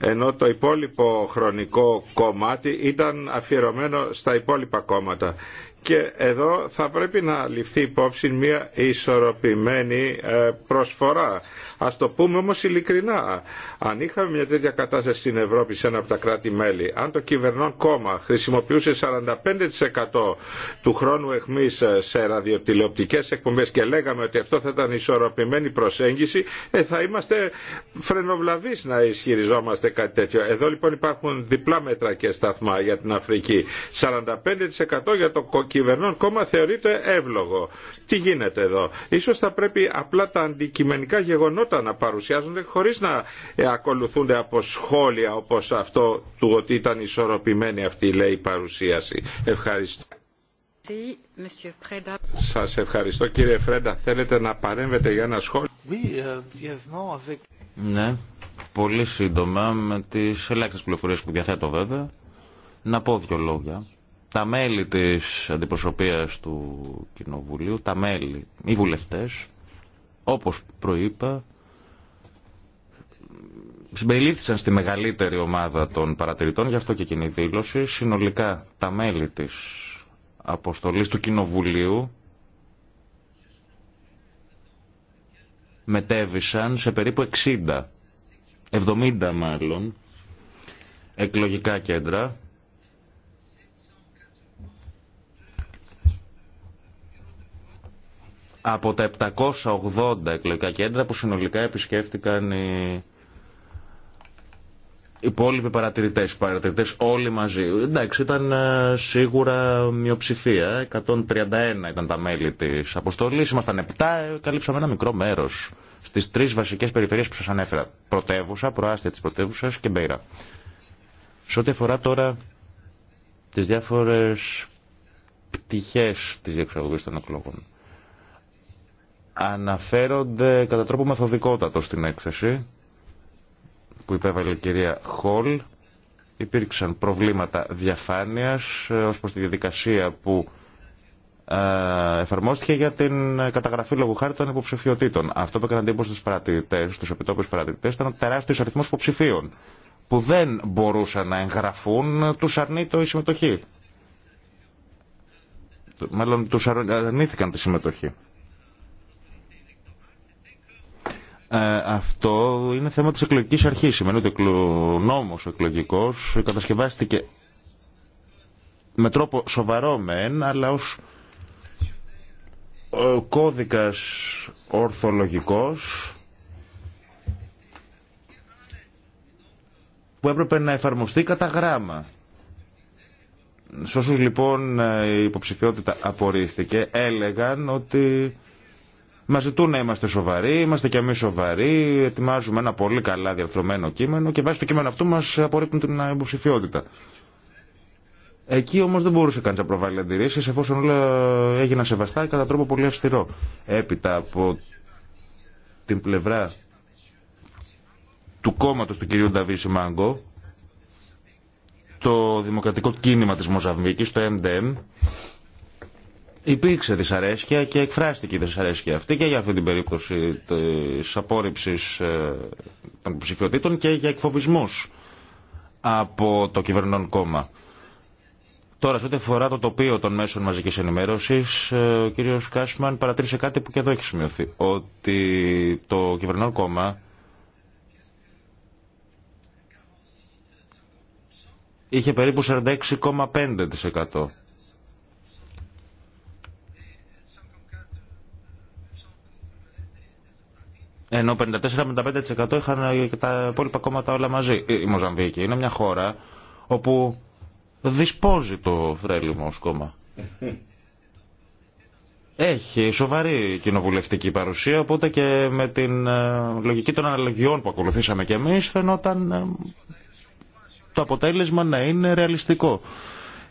ενώ το υπόλοιπο χρονικό κομμάτι ήταν αφιερωμένο στα υπόλοιπα κόμματα και εδώ θα πρέπει να ληφθεί υπόψη μια ισορροπημένη ε, προσφορά. Ας το πούμε όμως ειλικρινά. Αν είχαμε μια τέτοια κατάσταση στην Ευρώπη σε ένα από τα κράτη-μέλη, αν το κυβερνόν κόμμα χρησιμοποιούσε 45% του χρόνου εχμής ε, σε ραδιοτηλεοπτικές εκπομπές και λέγαμε ότι αυτό θα ήταν ισορροπημένη προσέγγιση, ε, θα είμαστε φρενοβλαβείς να ισχυριζόμαστε κάτι τέτοιο. Εδώ λοιπόν υπάρχουν διπλά μέτρα και σταθμά για την Αφρική. 45% για το κυβερνών κόμμα θεωρείται εύλογο. Τι γίνεται εδώ. Ίσως θα πρέπει απλά τα αντικειμενικά γεγονότα να παρουσιάζονται χωρίς να ε, ακολουθούνται από σχόλια όπως αυτό του ότι ήταν ισορροπημένη αυτή λέει η παρουσίαση. Ευχαριστώ. Σας ευχαριστώ κύριε Φρέντα. Θέλετε να παρέμβετε για ένα σχόλιο. Euh, ναι, πολύ σύντομα με τις ελάχιστες πληροφορίες που διαθέτω βέβαια να πω δύο λόγια τα μέλη της αντιπροσωπείας του Κοινοβουλίου, τα μέλη, οι βουλευτές, όπως προείπα, συμπεριλήφθησαν στη μεγαλύτερη ομάδα των παρατηρητών, γι' αυτό και η δήλωση. Συνολικά τα μέλη της αποστολής του Κοινοβουλίου μετέβησαν σε περίπου 60, 70 μάλλον, εκλογικά κέντρα, από τα 780 εκλογικά κέντρα που συνολικά επισκέφτηκαν οι υπόλοιποι παρατηρητές, παρατηρητές όλοι μαζί. Εντάξει, ήταν ε, σίγουρα μειοψηφία, 131 ήταν τα μέλη της αποστολής, ήμασταν 7, ε, καλύψαμε ένα μικρό μέρος στις τρεις βασικές περιφερειές που σας ανέφερα. Πρωτεύουσα, προάστια της πρωτεύουσας και Μπέιρα. Σε ό,τι αφορά τώρα τις διάφορες πτυχές της διεξαγωγής των εκλογών αναφέρονται κατά τρόπο μεθοδικότατο στην έκθεση που υπέβαλε η κυρία Χολ. Υπήρξαν προβλήματα διαφάνειας ε, ως προς τη διαδικασία που ε, εφαρμόστηκε για την ε, καταγραφή λόγου χάρη των υποψηφιωτήτων. Αυτό που έκανε εντύπωση στους παρατηρητές, στους επιτόπιους παρατηρητές, ήταν τεράστιος αριθμός υποψηφίων που δεν μπορούσαν να εγγραφούν, τους αρνήτο η συμμετοχή. Μάλλον τους αρνήθηκαν τη συμμετοχή. Ε, αυτό είναι θέμα της εκλογικής αρχής. Σημαίνει ότι ο νόμος ο εκλογικός κατασκευάστηκε με τρόπο σοβαρό μεν, αλλά ως ε, κώδικας ορθολογικός που έπρεπε να εφαρμοστεί κατά γράμμα. Σε λοιπόν ε, η υποψηφιότητα απορρίφθηκε έλεγαν ότι Μα ζητούν να είμαστε σοβαροί, είμαστε κι εμεί σοβαροί, ετοιμάζουμε ένα πολύ καλά διαρθρωμένο κείμενο και βάσει το κείμενο αυτού μα απορρίπτουν την υποψηφιότητα. Εκεί όμω δεν μπορούσε κανεί να προβάλλει αντιρρήσει εφόσον όλα έγιναν σεβαστά κατά τρόπο πολύ αυστηρό. Έπειτα από την πλευρά του κόμματο του κυρίου Νταβίση Μάγκο, το δημοκρατικό κίνημα τη Μοζαμβίκη, το MDM, υπήρξε δυσαρέσκεια και εκφράστηκε η δυσαρέσκεια αυτή και για αυτή την περίπτωση της απόρριψης ε, των ψηφιοτήτων και για εκφοβισμούς από το κυβερνών κόμμα. Τώρα, σε ό,τι αφορά το τοπίο των μέσων μαζικής ενημέρωσης, ε, ο κύριος Κάσμαν παρατήρησε κάτι που και εδώ έχει σημειωθεί, ότι το κυβερνών κόμμα είχε περίπου 46,5% Ενώ 54-55% είχαν τα υπόλοιπα κόμματα όλα μαζί. Η Μοζαμβίκη είναι μια χώρα όπου δυσπόζει το φρέλιμο ως κόμμα. Έχει σοβαρή κοινοβουλευτική παρουσία, οπότε και με την ε, λογική των αναλογιών που ακολουθήσαμε και εμείς φαινόταν ε, το αποτέλεσμα να είναι ρεαλιστικό.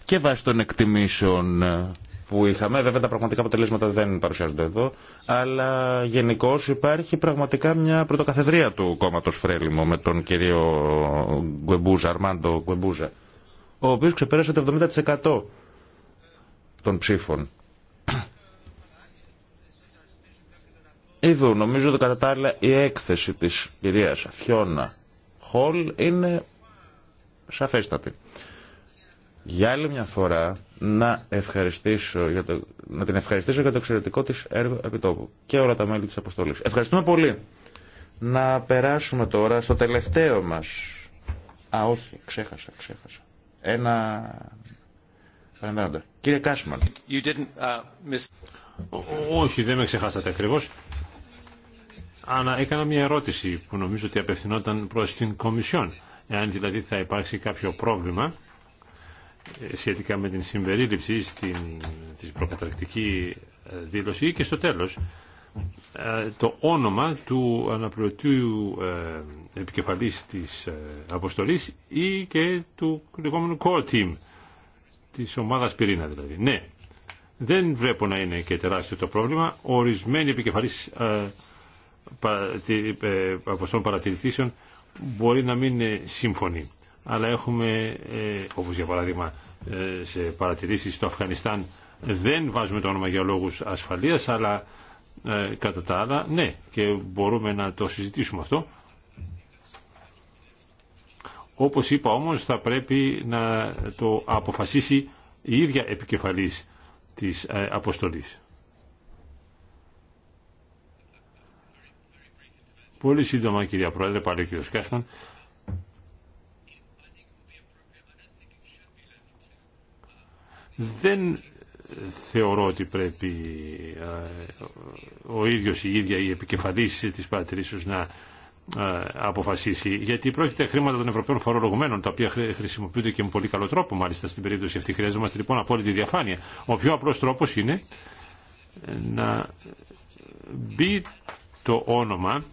Και βάσει των εκτιμήσεων ε, που είχαμε. Βέβαια τα πραγματικά αποτελέσματα δεν παρουσιάζονται εδώ, αλλά γενικώ υπάρχει πραγματικά μια πρωτοκαθεδρία του κόμματο Φρέλιμο με τον κύριο Γκουεμπούζα, Αρμάντο Γκουεμπούζα, ο οποίο ξεπέρασε το 70% των ψήφων. Είδου, νομίζω ότι κατά τα άλλα η έκθεση της κυρίας Φιώνα Χολ είναι σαφέστατη. Για άλλη μια φορά να, ευχαριστήσω για το, να την ευχαριστήσω για το εξαιρετικό της έργο επιτόπου και όλα τα μέλη της αποστολής. Ευχαριστούμε πολύ. Να περάσουμε τώρα στο τελευταίο μας. Α, όχι, ξέχασα, ξέχασα. Ένα... Κύριε Κάσμαν. Uh, miss... όχι, δεν με ξεχάσατε ακριβώς. Ανα έκανα μια ερώτηση που νομίζω ότι απευθυνόταν προς την Κομισιόν. Εάν δηλαδή θα υπάρξει κάποιο πρόβλημα σχετικά με την συμπερίληψη στην της προκαταρκτική ε, δήλωση και στο τέλος ε, το όνομα του αναπληρωτήου ε, επικεφαλής της αποστολής ή και του λεγόμενου core team της ομάδας πυρήνα δηλαδή. Ναι, δεν βλέπω να είναι και τεράστιο το πρόβλημα. Ορισμένοι επικεφαλής αποστολών παρατηρητήσεων μπορεί να μην είναι σύμφωνοι αλλά έχουμε, ε, όπως για παράδειγμα ε, σε παρατηρήσεις στο Αφγανιστάν, δεν βάζουμε το όνομα για λόγους ασφαλείας, αλλά ε, κατά τα άλλα, ναι, και μπορούμε να το συζητήσουμε αυτό. Όπως είπα όμως, θα πρέπει να το αποφασίσει η ίδια επικεφαλής της αποστολής. Πολύ σύντομα κυρία Πρόεδρε, πάλι ο Δεν θεωρώ ότι πρέπει ε, ο ίδιος η ίδια η επικεφαλής της παρατηρήσεως να ε, αποφασίσει, γιατί πρόκειται χρήματα των Ευρωπαίων φορολογουμένων, τα οποία χρησιμοποιούνται και με πολύ καλό τρόπο, μάλιστα στην περίπτωση αυτή. Χρειαζόμαστε λοιπόν απόλυτη διαφάνεια. Ο πιο απλός τρόπος είναι να μπει το όνομα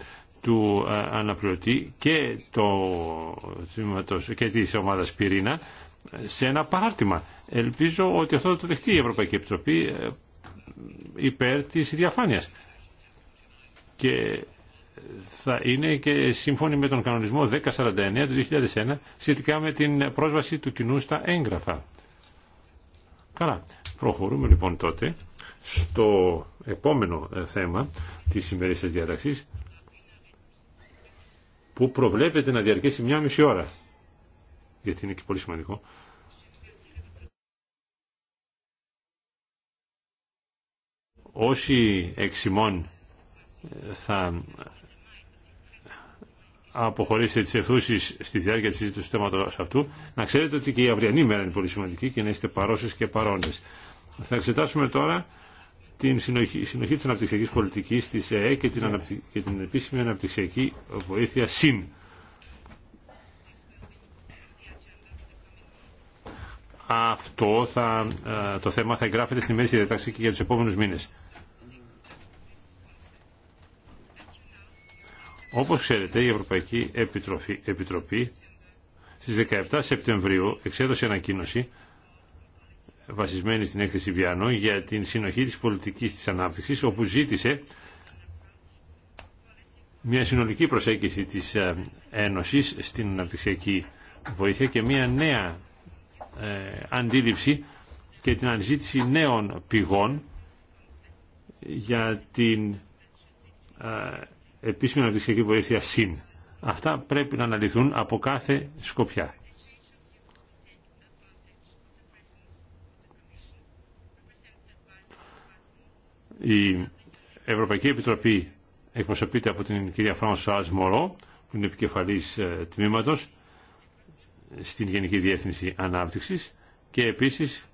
του ε, αναπληρωτή και, το, και της ομάδας πυρήνα σε ένα παράρτημα. Ελπίζω ότι αυτό θα το δεχτεί η Ευρωπαϊκή Επιτροπή ε, υπέρ της διαφάνειας. Και θα είναι και σύμφωνη με τον κανονισμό 1049 του 2001 σχετικά με την πρόσβαση του κοινού στα έγγραφα. Καλά. Προχωρούμε λοιπόν τότε στο επόμενο ε, θέμα της σημερινής διάταξης που προβλέπεται να διαρκέσει μια μισή ώρα γιατί είναι και πολύ σημαντικό. Όσοι ημών ε, θα αποχωρήσετε τις ευθούσεις στη διάρκεια της συζήτησης του θέματος αυτού, να ξέρετε ότι και η αυριανή μέρα είναι πολύ σημαντική και να είστε παρόσες και παρόντες. Θα εξετάσουμε τώρα την συνοχή, συνοχή της αναπτυξιακής πολιτικής της ΕΕ και την, αναπτυ... και την επίσημη αναπτυξιακή βοήθεια ΣΥΝ. αυτό θα, ε, το θέμα θα εγγράφεται στη μέση διατάξη και για τους επόμενους μήνες. Όπως ξέρετε, η Ευρωπαϊκή Επιτροφή, Επιτροπή στις 17 Σεπτεμβρίου εξέδωσε ανακοίνωση βασισμένη στην έκθεση Βιάνο για την συνοχή της πολιτικής της ανάπτυξης όπου ζήτησε μια συνολική προσέγγιση της ε, Ένωσης στην αναπτυξιακή βοήθεια και μια νέα ε, αντίληψη και την αναζήτηση νέων πηγών για την ε, επίσημη αναπτυξιακή βοήθεια ΣΥΝ. Αυτά πρέπει να αναλυθούν από κάθε σκοπιά. Η Ευρωπαϊκή Επιτροπή εκπροσωπείται από την κυρία Φράνσουα Μωρό, που είναι επικεφαλής ε, τμήματος στην Γενική Διεύθυνση Ανάπτυξης και επίσης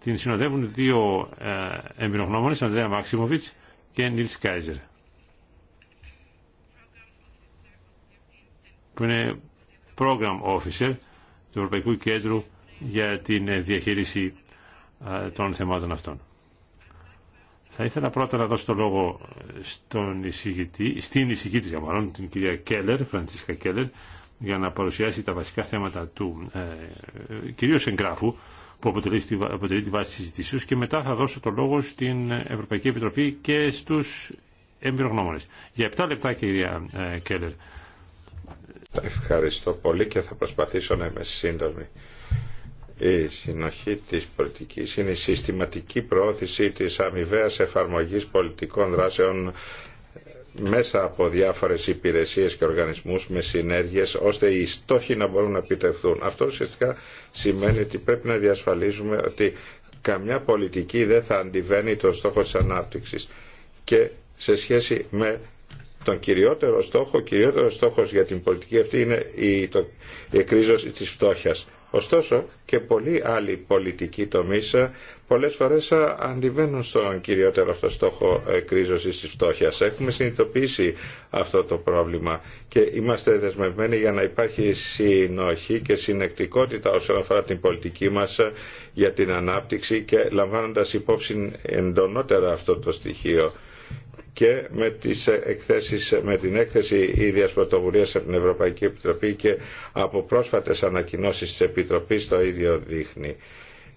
την συνοδεύουν δύο ε, εμπειρογνώμονες, Ανδρέα Μαξιμοβιτς και Νίλς Κάιζερ. που είναι Program Officer του Ευρωπαϊκού Κέντρου για την ε, διαχείριση ε, των θεμάτων αυτών. Θα ήθελα πρώτα να δώσω το λόγο στον εισηγητή, στην εισηγήτρια μάλλον, την κυρία Κέλλερ, Φραντσίσκα Κέλλερ, για να παρουσιάσει τα βασικά θέματα του ε, κυρίως εγγράφου που αποτελεί, τη βάση της συζητήσεως και μετά θα δώσω το λόγο στην Ευρωπαϊκή Επιτροπή και στους εμπειρογνώμονες. Για 7 λεπτά κυρία ε, Κέλλερ. Ευχαριστώ πολύ και θα προσπαθήσω να είμαι σύντομη. Η συνοχή της πολιτικής είναι η συστηματική προώθηση της αμοιβαία εφαρμογής πολιτικών δράσεων μέσα από διάφορες υπηρεσίες και οργανισμούς με συνέργειες ώστε οι στόχοι να μπορούν να επιτευχθούν. Αυτό ουσιαστικά σημαίνει ότι πρέπει να διασφαλίζουμε ότι καμιά πολιτική δεν θα αντιβαίνει τον στόχο της ανάπτυξης και σε σχέση με τον κυριότερο στόχο, ο κυριότερος στόχος για την πολιτική αυτή είναι η, η εκρίζωση της φτώχειας. Ωστόσο και πολλοί άλλοι πολιτικοί τομείς πολλές φορές αντιβαίνουν στον κυριότερο αυτό στόχο ε, κρίζωσης της φτώχειας. Έχουμε συνειδητοποιήσει αυτό το πρόβλημα και είμαστε δεσμευμένοι για να υπάρχει συνοχή και συνεκτικότητα όσον αφορά την πολιτική μας ε, για την ανάπτυξη και λαμβάνοντας υπόψη εντονότερα αυτό το στοιχείο και με, τις ε, εκθέσεις, με την έκθεση ίδιας πρωτοβουλία από την Ευρωπαϊκή Επιτροπή και από πρόσφατες ανακοινώσεις της Επιτροπής το ίδιο δείχνει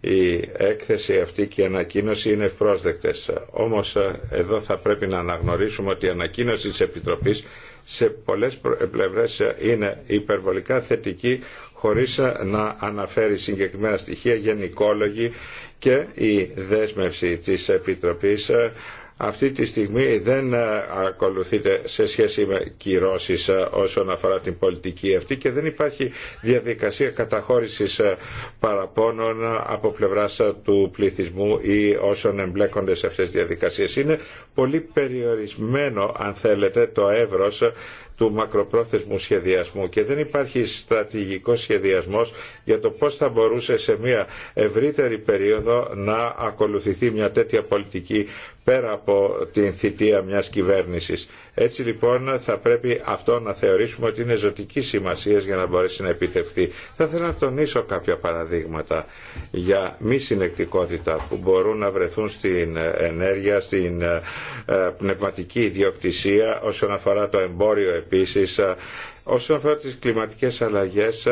η έκθεση αυτή και η ανακοίνωση είναι ευπρόσδεκτες. Όμως ε, εδώ θα πρέπει να αναγνωρίσουμε ότι η ανακοίνωση της Επιτροπής σε πολλές πλευρές ε, είναι υπερβολικά θετική χωρίς ε, να αναφέρει συγκεκριμένα στοιχεία γενικόλογη και η δέσμευση της Επιτροπής αυτή τη στιγμή δεν ε, ακολουθείτε σε σχέση με κυρώσεις ε, όσον αφορά την πολιτική αυτή και δεν υπάρχει διαδικασία καταχώρησης ε, παραπώνων από πλευράς του πληθυσμού ή όσων εμπλέκονται σε αυτές τις διαδικασίες. Είναι πολύ περιορισμένο αν θέλετε το εύρος του μακροπρόθεσμου σχεδιασμού και δεν υπάρχει στρατηγικός σχεδιασμός για το πώς θα μπορούσε σε μια ευρύτερη περίοδο να ακολουθηθεί μια τέτοια πολιτική πέρα από την θητεία μιας κυβέρνησης. Έτσι λοιπόν θα πρέπει αυτό να θεωρήσουμε ότι είναι ζωτική σημασία για να μπορέσει να επιτευχθεί. Θα ήθελα να τονίσω κάποια παραδείγματα για μη συνεκτικότητα που μπορούν να βρεθούν στην ενέργεια, στην ε, ε, πνευματική ιδιοκτησία, όσον αφορά το εμπόριο επίσης, ε, όσον αφορά τις κλιματικές αλλαγές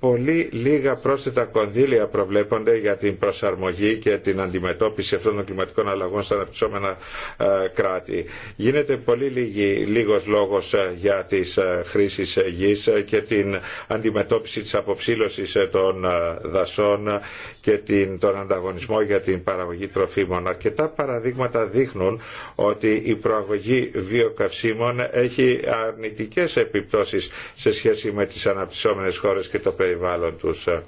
πολύ λίγα πρόσθετα κονδύλια προβλέπονται για την προσαρμογή και την αντιμετώπιση αυτών των κλιματικών αλλαγών στα αναπτυσσόμενα ε, κράτη. Γίνεται πολύ λίγη, λίγος λόγος ε, για τις ε, χρήσεις γης και την αντιμετώπιση της αποψήλωσης των δασών και τον ανταγωνισμό για την παραγωγή τροφίμων. Αρκετά παραδείγματα δείχνουν ότι η προαγωγή βιοκαυσίμων έχει αρνητικές επιπτώσεις σε σχέση με τις αναπτυσσόμενες χώρες και το περιβάλλον περιβάλλον ε,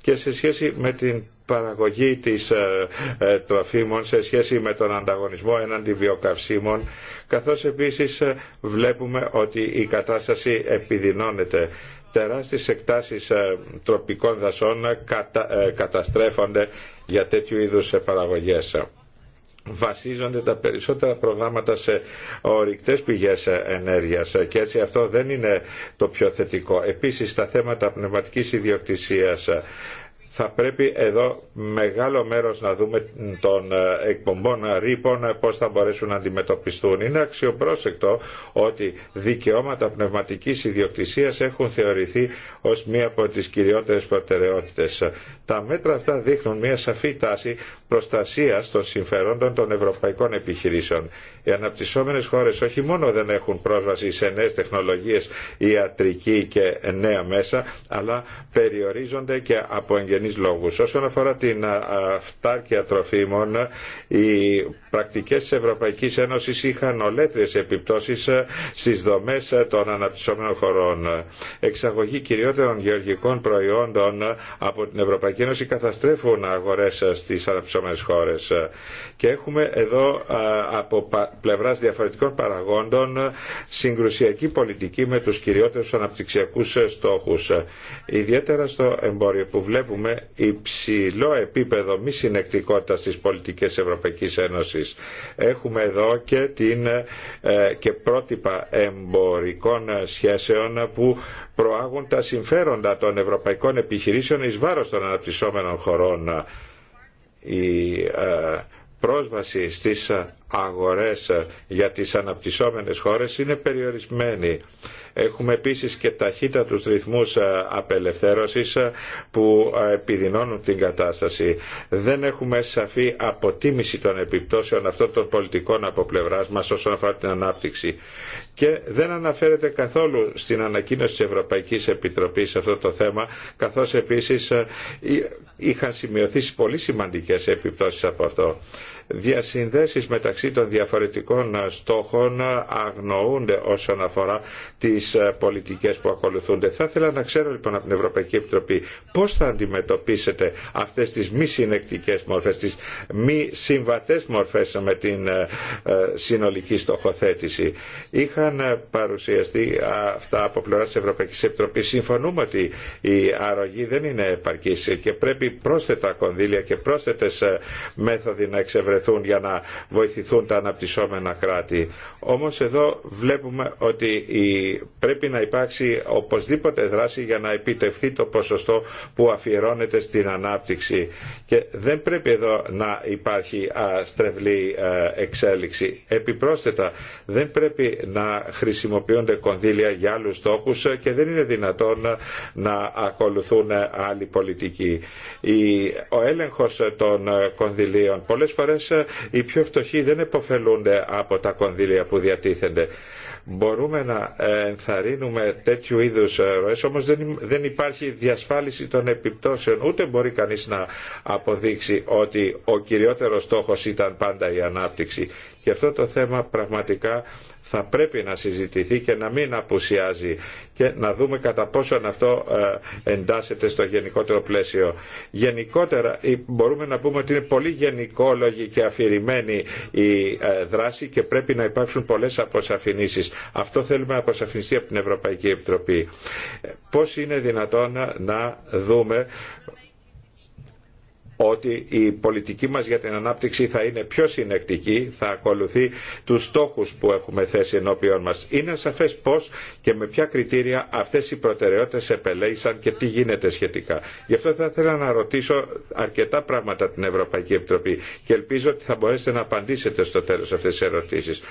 Και σε σχέση με την παραγωγή της ε, ε, τροφίμων σε σχέση με τον ανταγωνισμό έναντι βιοκαυσίμων, καθώς επίσης βλέπουμε ότι η κατάσταση επιδεινώνεται. Τεράστιες εκτάσεις τροπικών δασών καταστρέφονται για τέτοιου είδους παραγωγές βασίζονται τα περισσότερα προγράμματα σε ορυκτές πηγές ενέργειας και έτσι αυτό δεν είναι το πιο θετικό. Επίσης τα θέματα πνευματικής ιδιοκτησίας θα πρέπει εδώ μεγάλο μέρος να δούμε των εκπομπών ρήπων πώς θα μπορέσουν να αντιμετωπιστούν. Είναι αξιοπρόσεκτο ότι δικαιώματα πνευματικής ιδιοκτησίας έχουν θεωρηθεί ως μία από τις κυριότερες προτεραιότητες. Τα μέτρα αυτά δείχνουν μία σαφή τάση των συμφερόντων των ευρωπαϊκών επιχειρήσεων. Οι αναπτυσσόμενες χώρε όχι μόνο δεν έχουν πρόσβαση σε νέες τεχνολογίες ιατρική και νέα μέσα, αλλά περιορίζονται και από εγγενείς λόγου. Όσον αφορά την αυτάρκεια τροφίμων, η πρακτικές της Ευρωπαϊκής Ένωσης είχαν ολέτριες επιπτώσεις ε, στις δομές ε, των αναπτυσσόμενων χωρών. Εξαγωγή κυριότερων γεωργικών προϊόντων ε, από την Ευρωπαϊκή Ένωση καταστρέφουν αγορές στις αναπτυσσόμενες χώρες. Και έχουμε εδώ από πλευράς διαφορετικών παραγόντων συγκρουσιακή πολιτική με τους κυριότερους αναπτυξιακούς στόχους. Ιδιαίτερα στο εμπόριο που βλέπουμε υψηλό επίπεδο μη συνεκτικότητας στις πολιτικές Ευρωπαϊκής Ένωσης Έχουμε εδώ και, την, ε, και πρότυπα εμπορικών σχέσεων που προάγουν τα συμφέροντα των ευρωπαϊκών επιχειρήσεων εις βάρος των αναπτυσσόμενων χωρών. Ε, πρόσβαση στις ε, αγορές ε, για τις αναπτυσσόμενες χώρες είναι περιορισμένη. Έχουμε επίσης και ταχύτητα τους ρυθμούς ε, απελευθέρωσης που επιδεινώνουν την κατάσταση. Δεν έχουμε σαφή αποτίμηση των επιπτώσεων αυτών των πολιτικών από πλευρά μας όσον αφορά την ανάπτυξη. Και δεν αναφέρεται καθόλου στην ανακοίνωση της Ευρωπαϊκής Επιτροπής σε αυτό το θέμα, καθώς επίσης είχαν σημειωθεί πολύ σημαντικές επιπτώσεις από αυτό διασυνδέσεις μεταξύ των διαφορετικών στόχων αγνοούνται όσον αφορά τις πολιτικές που ακολουθούνται. Θα ήθελα να ξέρω λοιπόν από την Ευρωπαϊκή Επιτροπή πώς θα αντιμετωπίσετε αυτές τις μη συνεκτικές μορφές, τις μη συμβατές μορφές με την ε, ε, συνολική στοχοθέτηση. Είχαν παρουσιαστεί αυτά από πλευρά της Ευρωπαϊκής Επιτροπής. Συμφωνούμε ότι η αρρωγή δεν είναι επαρκής και πρέπει πρόσθετα κονδύλια και πρόσθετες ε, μέθοδοι να εξευρεθούν βρεθούν για να βοηθηθούν τα αναπτυσσόμενα κράτη. Όμως εδώ βλέπουμε ότι πρέπει να υπάρξει οπωσδήποτε δράση για να επιτευχθεί το ποσοστό που αφιερώνεται στην ανάπτυξη και δεν πρέπει εδώ να υπάρχει στρεβλή εξέλιξη. Επιπρόσθετα δεν πρέπει να χρησιμοποιούνται κονδύλια για άλλους στόχους και δεν είναι δυνατόν να ακολουθούν άλλοι πολιτικοί. Ο έλεγχος των κονδυλίων πολλές φορές ε, οι πιο φτωχοί δεν επωφελούνται από τα κονδύλια που διατίθενται. Μπορούμε να ε, ενθαρρύνουμε τέτοιου είδους ε, ροές, όμως δεν υπάρχει διασφάλιση των επιπτώσεων. Ούτε μπορεί κανείς να αποδείξει ότι ο κυριότερος στόχος ήταν πάντα η ανάπτυξη. Και αυτό το θέμα πραγματικά θα πρέπει να συζητηθεί και να μην απουσιάζει και να δούμε κατά πόσον αυτό ε, εντάσσεται στο γενικότερο πλαίσιο. Γενικότερα μπορούμε να πούμε ότι είναι πολύ γενικόλογη και αφηρημένη η ε, δράση και πρέπει να υπάρξουν πολλές αποσαφηνήσεις. Αυτό θέλουμε να αποσαφηνιστεί από την Ευρωπαϊκή Επιτροπή. Ε, πώς είναι δυνατόν να δούμε ότι η πολιτική μας για την ανάπτυξη θα είναι πιο συνεκτική, θα ακολουθεί τους στόχους που έχουμε θέσει ενώπιον μας. Είναι σαφές πώς και με ποια κριτήρια αυτές οι προτεραιότητες επελέγησαν και τι γίνεται σχετικά. Γι' αυτό θα ήθελα να ρωτήσω αρκετά πράγματα την Ευρωπαϊκή Επιτροπή και ελπίζω ότι θα μπορέσετε να απαντήσετε στο τέλος αυτές τις ερωτήσεις.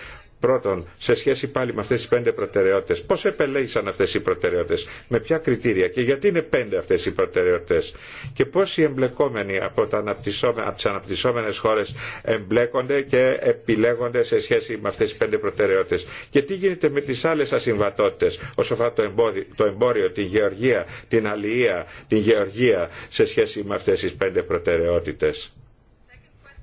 Πρώτον, σε σχέση πάλι με αυτές τις πέντε προτεραιότητες, πώς επελέγησαν αυτές οι προτεραιότητες, με ποια κριτήρια και γιατί είναι πέντε αυτές οι προτεραιότητες και πώς οι εμπλεκόμενοι από, τα από τις αναπτυσσόμενες χώρες εμπλέκονται και επιλέγονται σε σχέση με αυτές τις πέντε προτεραιότητες και τι γίνεται με τις άλλες ασυμβατότητες όσο αφορά το, εμπόριο, την γεωργία, την αλληλεία, την γεωργία σε σχέση με αυτές τις πέντε προτεραιότητες.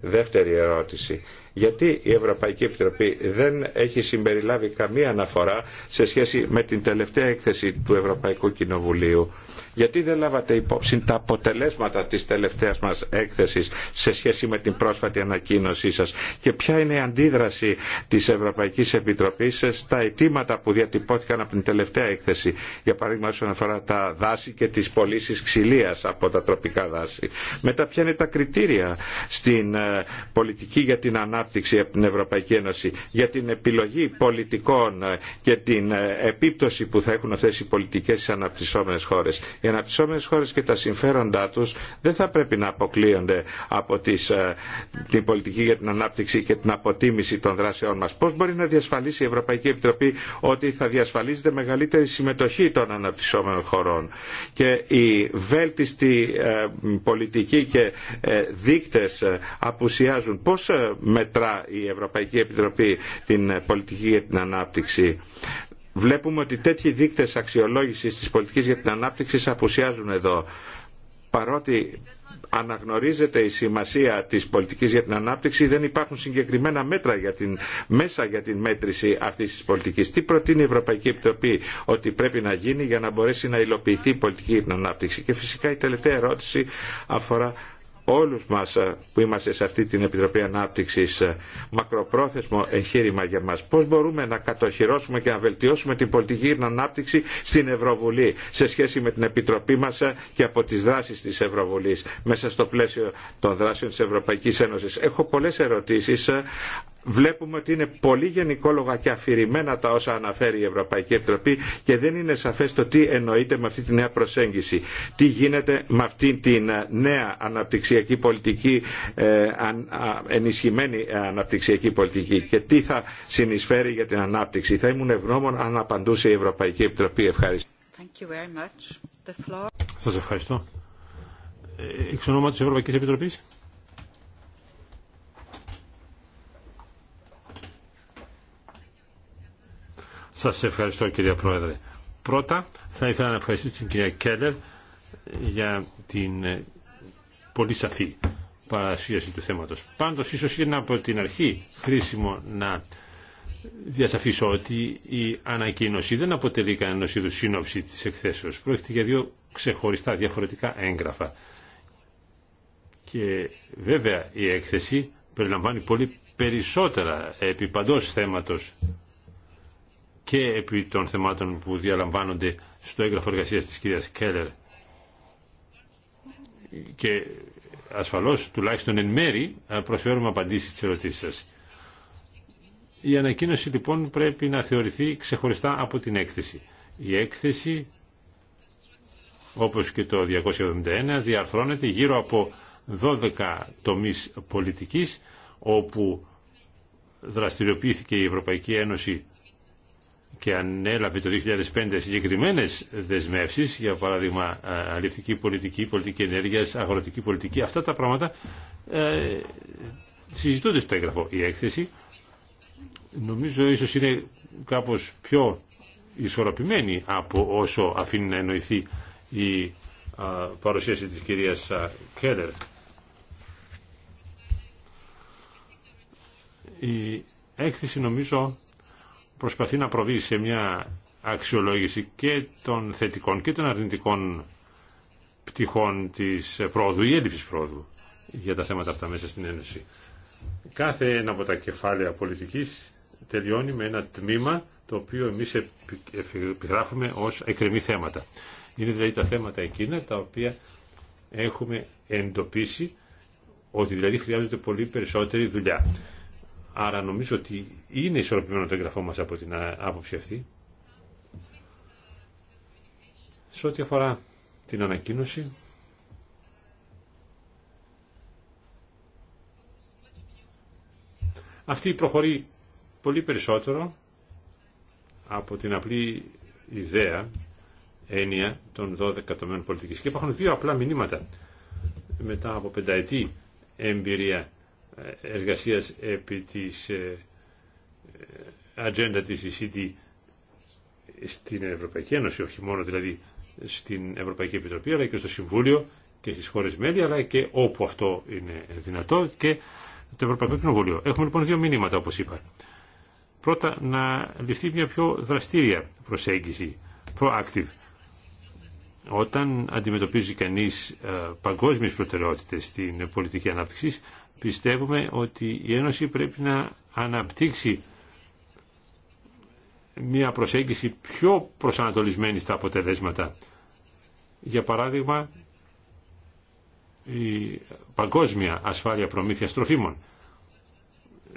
Δεύτερη ερώτηση γιατί η Ευρωπαϊκή Επιτροπή δεν έχει συμπεριλάβει καμία αναφορά σε σχέση με την τελευταία έκθεση του Ευρωπαϊκού Κοινοβουλίου. Γιατί δεν λάβατε υπόψη τα αποτελέσματα της τελευταίας μας έκθεσης σε σχέση με την πρόσφατη ανακοίνωσή σας και ποια είναι η αντίδραση της Ευρωπαϊκής Επιτροπής στα αιτήματα που διατυπώθηκαν από την τελευταία έκθεση. Για παράδειγμα όσον αφορά τα δάση και τις πωλήσει ξυλίας από τα τροπικά δάση. Μετά ποια είναι τα κριτήρια στην ε, πολιτική για την ανάπτυξη ανάπτυξη από την Ευρωπαϊκή Ένωση, για την επιλογή πολιτικών ε, και την ε, επίπτωση που θα έχουν αυτές οι πολιτικές στις αναπτυσσόμενες χώρες. Οι αναπτυσσόμενες χώρες και τα συμφέροντά τους δεν θα πρέπει να αποκλείονται από τις, ε, την πολιτική για την ανάπτυξη και την αποτίμηση των δράσεών μας. Πώς μπορεί να διασφαλίσει η Ευρωπαϊκή Επιτροπή ότι θα διασφαλίζεται μεγαλύτερη συμμετοχή των αναπτυσσόμενων χωρών και η βέλτιστη πολιτική και δείκτες απουσιάζουν. Πώς με μετρά η Ευρωπαϊκή Επιτροπή την πολιτική για την ανάπτυξη. Βλέπουμε ότι τέτοιοι δείκτες αξιολόγησης της πολιτικής για την ανάπτυξη απουσιάζουν εδώ. Παρότι αναγνωρίζεται η σημασία της πολιτικής για την ανάπτυξη δεν υπάρχουν συγκεκριμένα μέτρα για την, μέσα για την μέτρηση αυτής της πολιτικής. Τι προτείνει η Ευρωπαϊκή Επιτροπή ότι πρέπει να γίνει για να μπορέσει να υλοποιηθεί η πολιτική για την ανάπτυξη. Και φυσικά η τελευταία ερώτηση αφορά όλους μας ε, που είμαστε σε αυτή την Επιτροπή Ανάπτυξης ε, μακροπρόθεσμο εγχείρημα για μας. Πώς μπορούμε να κατοχυρώσουμε και να βελτιώσουμε την πολιτική ανάπτυξη στην Ευρωβουλή σε σχέση με την Επιτροπή μας ε, και από τις δράσεις της Ευρωβουλής μέσα στο πλαίσιο των δράσεων της Ευρωπαϊκής Ένωσης. Έχω πολλές ερωτήσεις βλέπουμε ότι είναι πολύ γενικόλογα και αφηρημένα τα όσα αναφέρει η Ευρωπαϊκή Επιτροπή και δεν είναι σαφές το τι εννοείται με αυτή τη νέα προσέγγιση. Τι γίνεται με αυτή τη ε, νέα αναπτυξιακή πολιτική, ε, ενισχυμένη ε, αναπτυξιακή πολιτική και τι θα συνεισφέρει για την ανάπτυξη. Θα ήμουν ευγνώμων αν απαντούσε η Ευρωπαϊκή Επιτροπή. Ευχαριστώ. Thank Σας ευχαριστώ. Εξ ονόμα της Ευρωπαϊκής Επιτροπής. Σας ευχαριστώ κυρία Πρόεδρε. Πρώτα θα ήθελα να ευχαριστήσω την κυρία Κέλλερ για την ε, πολύ σαφή παρασίαση του θέματος. Πάντως ίσως είναι από την αρχή χρήσιμο να διασαφίσω ότι η ανακοίνωση δεν αποτελεί κανένα είδου σύνοψη της εκθέσεως. Πρόκειται για δύο ξεχωριστά διαφορετικά έγγραφα. Και βέβαια η έκθεση περιλαμβάνει πολύ περισσότερα επί παντός θέματος και επί των θεμάτων που διαλαμβάνονται στο έγγραφο εργασίας της κυρίας Κέλλερ και ασφαλώς τουλάχιστον εν μέρη προσφέρουμε απαντήσεις στις ερωτήσεις σας. Η ανακοίνωση λοιπόν πρέπει να θεωρηθεί ξεχωριστά από την έκθεση. Η έκθεση όπως και το 271 διαρθρώνεται γύρω από 12 τομείς πολιτικής όπου δραστηριοποιήθηκε η Ευρωπαϊκή Ένωση και ανέλαβε το 2005 συγκεκριμένες δεσμεύσεις, για παράδειγμα αληθική πολιτική, πολιτική ενέργειας, αγροτική πολιτική, αυτά τα πράγματα ε, συζητούνται στο έγγραφο. Η έκθεση νομίζω ίσω είναι κάπως πιο ισορροπημένη από όσο αφήνει να εννοηθεί η παρουσίαση της κυρίας Κέλλερ. Η έκθεση νομίζω προσπαθεί να προβεί σε μια αξιολόγηση και των θετικών και των αρνητικών πτυχών της πρόοδου ή έλλειψης πρόοδου για τα θέματα αυτά μέσα στην Ένωση. Κάθε ένα από τα κεφάλαια πολιτικής τελειώνει με ένα τμήμα το οποίο εμείς επιγράφουμε ως εκκρεμή θέματα. Είναι δηλαδή τα θέματα εκείνα τα οποία έχουμε εντοπίσει ότι δηλαδή χρειάζονται πολύ περισσότερη δουλειά. Άρα νομίζω ότι είναι ισορροπημένο το εγγραφό μας από την άποψη αυτή. Σε ό,τι αφορά την ανακοίνωση, αυτή προχωρεί πολύ περισσότερο από την απλή ιδέα, έννοια των 12 τομέων πολιτικής. Και υπάρχουν δύο απλά μηνύματα μετά από πενταετή εμπειρία εργασίας επί της ε, ε, ατζέντα της ECD στην Ευρωπαϊκή Ένωση, όχι μόνο δηλαδή στην Ευρωπαϊκή Επιτροπή, αλλά και στο Συμβούλιο και στις χώρες μέλη, αλλά και όπου αυτό είναι δυνατό και το Ευρωπαϊκό Κοινοβούλιο. Έχουμε λοιπόν δύο μηνύματα, όπως είπα. Πρώτα, να ληφθεί μια πιο δραστήρια προσέγγιση, proactive. Όταν αντιμετωπίζει κανείς ε, παγκόσμιες προτεραιότητες στην πολιτική ανάπτυξη, πιστεύουμε ότι η Ένωση πρέπει να αναπτύξει μια προσέγγιση πιο προσανατολισμένη στα αποτελέσματα. Για παράδειγμα, η παγκόσμια ασφάλεια προμήθειας τροφίμων.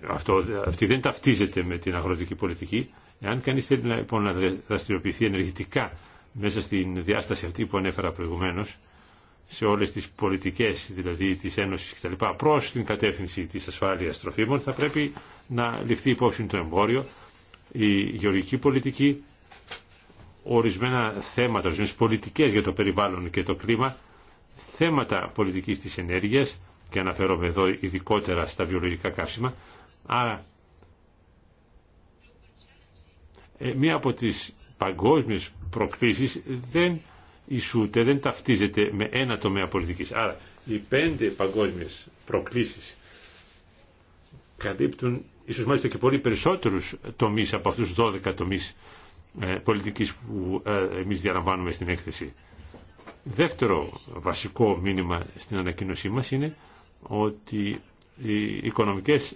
Αυτό, αυτή δεν ταυτίζεται με την αγροτική πολιτική. Εάν κανείς θέλει λοιπόν, να δραστηριοποιηθεί ενεργητικά μέσα στην διάσταση αυτή που ανέφερα προηγουμένως, σε όλες τις πολιτικές, δηλαδή της Ένωσης κτλ. προς την κατεύθυνση της ασφάλειας τροφίμων θα πρέπει να ληφθεί υπόψη το εμπόριο, η γεωργική πολιτική, ορισμένα θέματα, ορισμένε πολιτικές για το περιβάλλον και το κλίμα, θέματα πολιτικής της ενέργειας και αναφέρομαι εδώ ειδικότερα στα βιολογικά καύσιμα. Άρα, ε, μία από τις παγκόσμιες προκλήσεις δεν ισούτε δεν ταυτίζεται με ένα τομέα πολιτικής. Άρα οι πέντε παγκόσμιες προκλήσεις καλύπτουν ίσως μάλιστα και πολύ περισσότερους τομείς από αυτούς 12 τομείς ε, πολιτικής που ε, εμείς διαλαμβάνουμε στην έκθεση. Δεύτερο βασικό μήνυμα στην ανακοίνωσή μας είναι ότι οι οικονομικές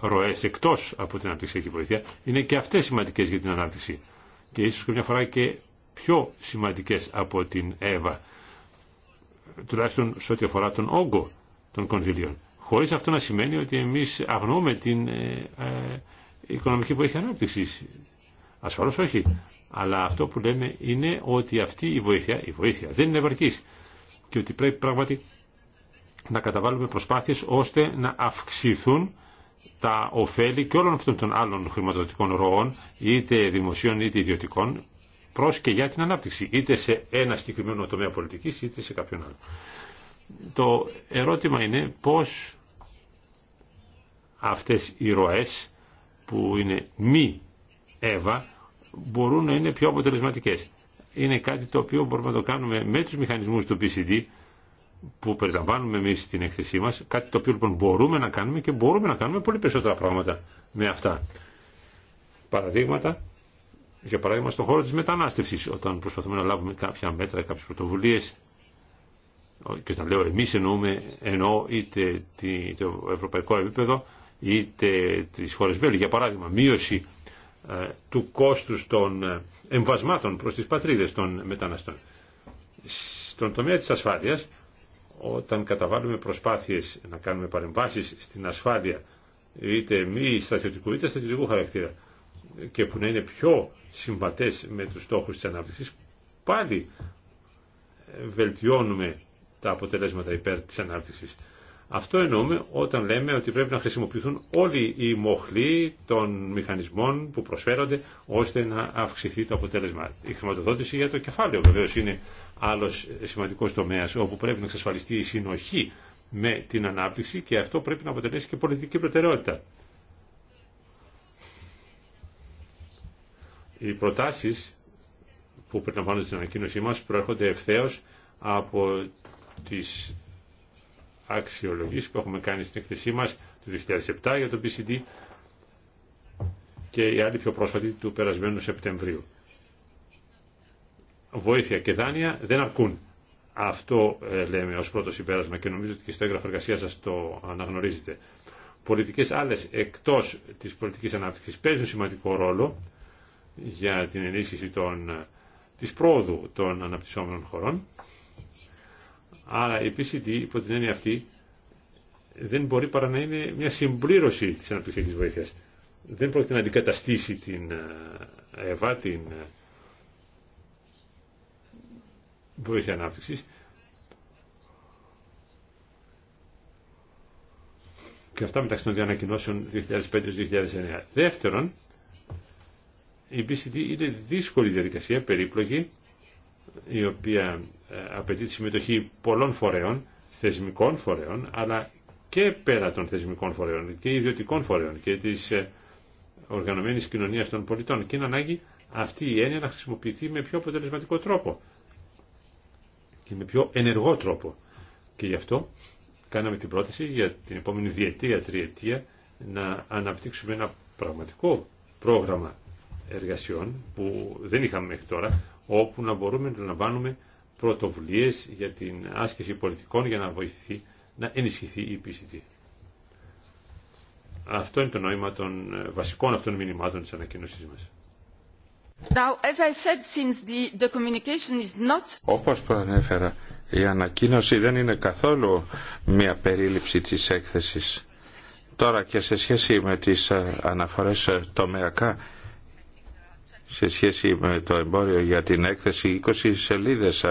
ροές εκτός από την αναπτυξιακή βοήθεια είναι και αυτές σημαντικές για την ανάπτυξη και ίσως και μια φορά και πιο σημαντικές από την ΕΒΑ, τουλάχιστον σε ό,τι αφορά τον όγκο των κονδυλίων. Χωρίς αυτό να σημαίνει ότι εμείς αγνοούμε την ε, ε, οικονομική βοήθεια ανάπτυξης. Ασφαλώς όχι. Αλλά αυτό που λέμε είναι ότι αυτή η βοήθεια, η βοήθεια δεν είναι ευαρκής και ότι πρέπει πράγματι να καταβάλουμε προσπάθειες ώστε να αυξηθούν τα ωφέλη και όλων αυτών των άλλων χρηματοδοτικών ροών, είτε δημοσίων είτε ιδιωτικών, προς και για την ανάπτυξη, είτε σε ένα συγκεκριμένο τομέα πολιτικής, είτε σε κάποιον άλλο. Το ερώτημα είναι πώς αυτές οι ροές που είναι μη ΕΒΑ μπορούν να είναι πιο αποτελεσματικές. Είναι κάτι το οποίο μπορούμε να το κάνουμε με τους μηχανισμούς του PCD που περιλαμβάνουμε εμείς στην έκθεσή μας, κάτι το οποίο λοιπόν μπορούμε να κάνουμε και μπορούμε να κάνουμε πολύ περισσότερα πράγματα με αυτά. Παραδείγματα για παράδειγμα στον χώρο της μετανάστευσης όταν προσπαθούμε να λάβουμε κάποια μέτρα, κάποιες πρωτοβουλίες και όταν λέω εμείς εννοούμε εννοώ είτε το ευρωπαϊκό επίπεδο είτε τις χώρες μέλη για παράδειγμα μείωση ε, του κόστου των ε, εμβασμάτων προς τις πατρίδες των μεταναστών. Στον τομέα της ασφάλειας όταν καταβάλουμε προσπάθειες να κάνουμε παρεμβάσεις στην ασφάλεια είτε μη στρατιωτικού είτε στρατιωτικού χαρακτήρα και που να είναι πιο συμβατές με τους στόχους της ανάπτυξης, πάλι βελτιώνουμε τα αποτελέσματα υπέρ της ανάπτυξης. Αυτό εννοούμε όταν λέμε ότι πρέπει να χρησιμοποιηθούν όλοι οι μοχλοί των μηχανισμών που προσφέρονται ώστε να αυξηθεί το αποτέλεσμα. Η χρηματοδότηση για το κεφάλαιο βεβαίω είναι άλλο σημαντικό τομέα όπου πρέπει να εξασφαλιστεί η συνοχή με την ανάπτυξη και αυτό πρέπει να αποτελέσει και πολιτική προτεραιότητα. Οι προτάσεις που περιλαμβάνονται στην ανακοίνωσή μας προέρχονται ευθέως από τις αξιολογήσει που έχουμε κάνει στην εκθεσή μας το 2007 για το PCD και η άλλη πιο πρόσφατη του περασμένου Σεπτεμβρίου. Βοήθεια και δάνεια δεν αρκούν. Αυτό ε, λέμε ως πρώτο συμπέρασμα και νομίζω ότι και στο έγγραφο εργασία σας το αναγνωρίζετε. Πολιτικές άλλες εκτός της πολιτικής ανάπτυξης παίζουν σημαντικό ρόλο για την ενίσχυση των, της πρόοδου των αναπτυσσόμενων χωρών. Αλλά η PCD υπό την έννοια αυτή δεν μπορεί παρά να είναι μια συμπλήρωση της αναπτυξιακής βοήθειας. Δεν πρόκειται να αντικαταστήσει την ε, ΕΒΑ, την ε, βοήθεια ανάπτυξης. Και αυτά μεταξύ των δύο ανακοινώσεων 2005-2009. Δεύτερον, η BCD είναι δύσκολη διαδικασία, περίπλοκη, η οποία ε, απαιτεί τη συμμετοχή πολλών φορέων, θεσμικών φορέων, αλλά και πέρα των θεσμικών φορέων και ιδιωτικών φορέων και της ε, οργανωμένης κοινωνίας των πολιτών. Και είναι ανάγκη αυτή η έννοια να χρησιμοποιηθεί με πιο αποτελεσματικό τρόπο και με πιο ενεργό τρόπο. Και γι' αυτό κάναμε την πρόταση για την επόμενη διετία, τριετία να αναπτύξουμε ένα πραγματικό πρόγραμμα εργασιών που δεν είχαμε μέχρι τώρα, όπου να μπορούμε να λαμβάνουμε πρωτοβουλίες για την άσκηση πολιτικών για να βοηθηθεί να ενισχυθεί η PCT. Αυτό είναι το νόημα των ε, βασικών αυτών μηνυμάτων της ανακοίνωσής μας. Now, Όπως προανέφερα, η ανακοίνωση δεν είναι καθόλου μια περίληψη της έκθεσης. Τώρα και σε σχέση με τις ε, αναφορές ε, τομεακά, σε σχέση με το εμπόριο για την έκθεση 20 σελίδες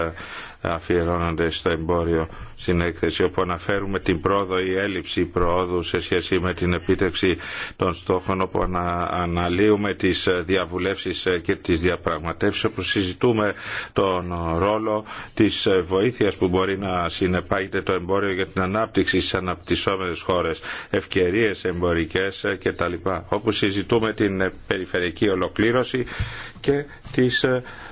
αφιερώνονται στο εμπόριο στην έκθεση όπου αναφέρουμε την πρόοδο ή έλλειψη προόδου σε σχέση με την επίτευξη των στόχων όπου αναλύουμε τις διαβουλεύσεις και τις διαπραγματεύσεις όπου συζητούμε τον ρόλο της βοήθειας που μπορεί να συνεπάγεται το εμπόριο για την ανάπτυξη στις αναπτυσσόμενες χώρες ευκαιρίες εμπορικές κτλ. όπου συζητούμε την περιφερειακή ολοκλήρωση και τις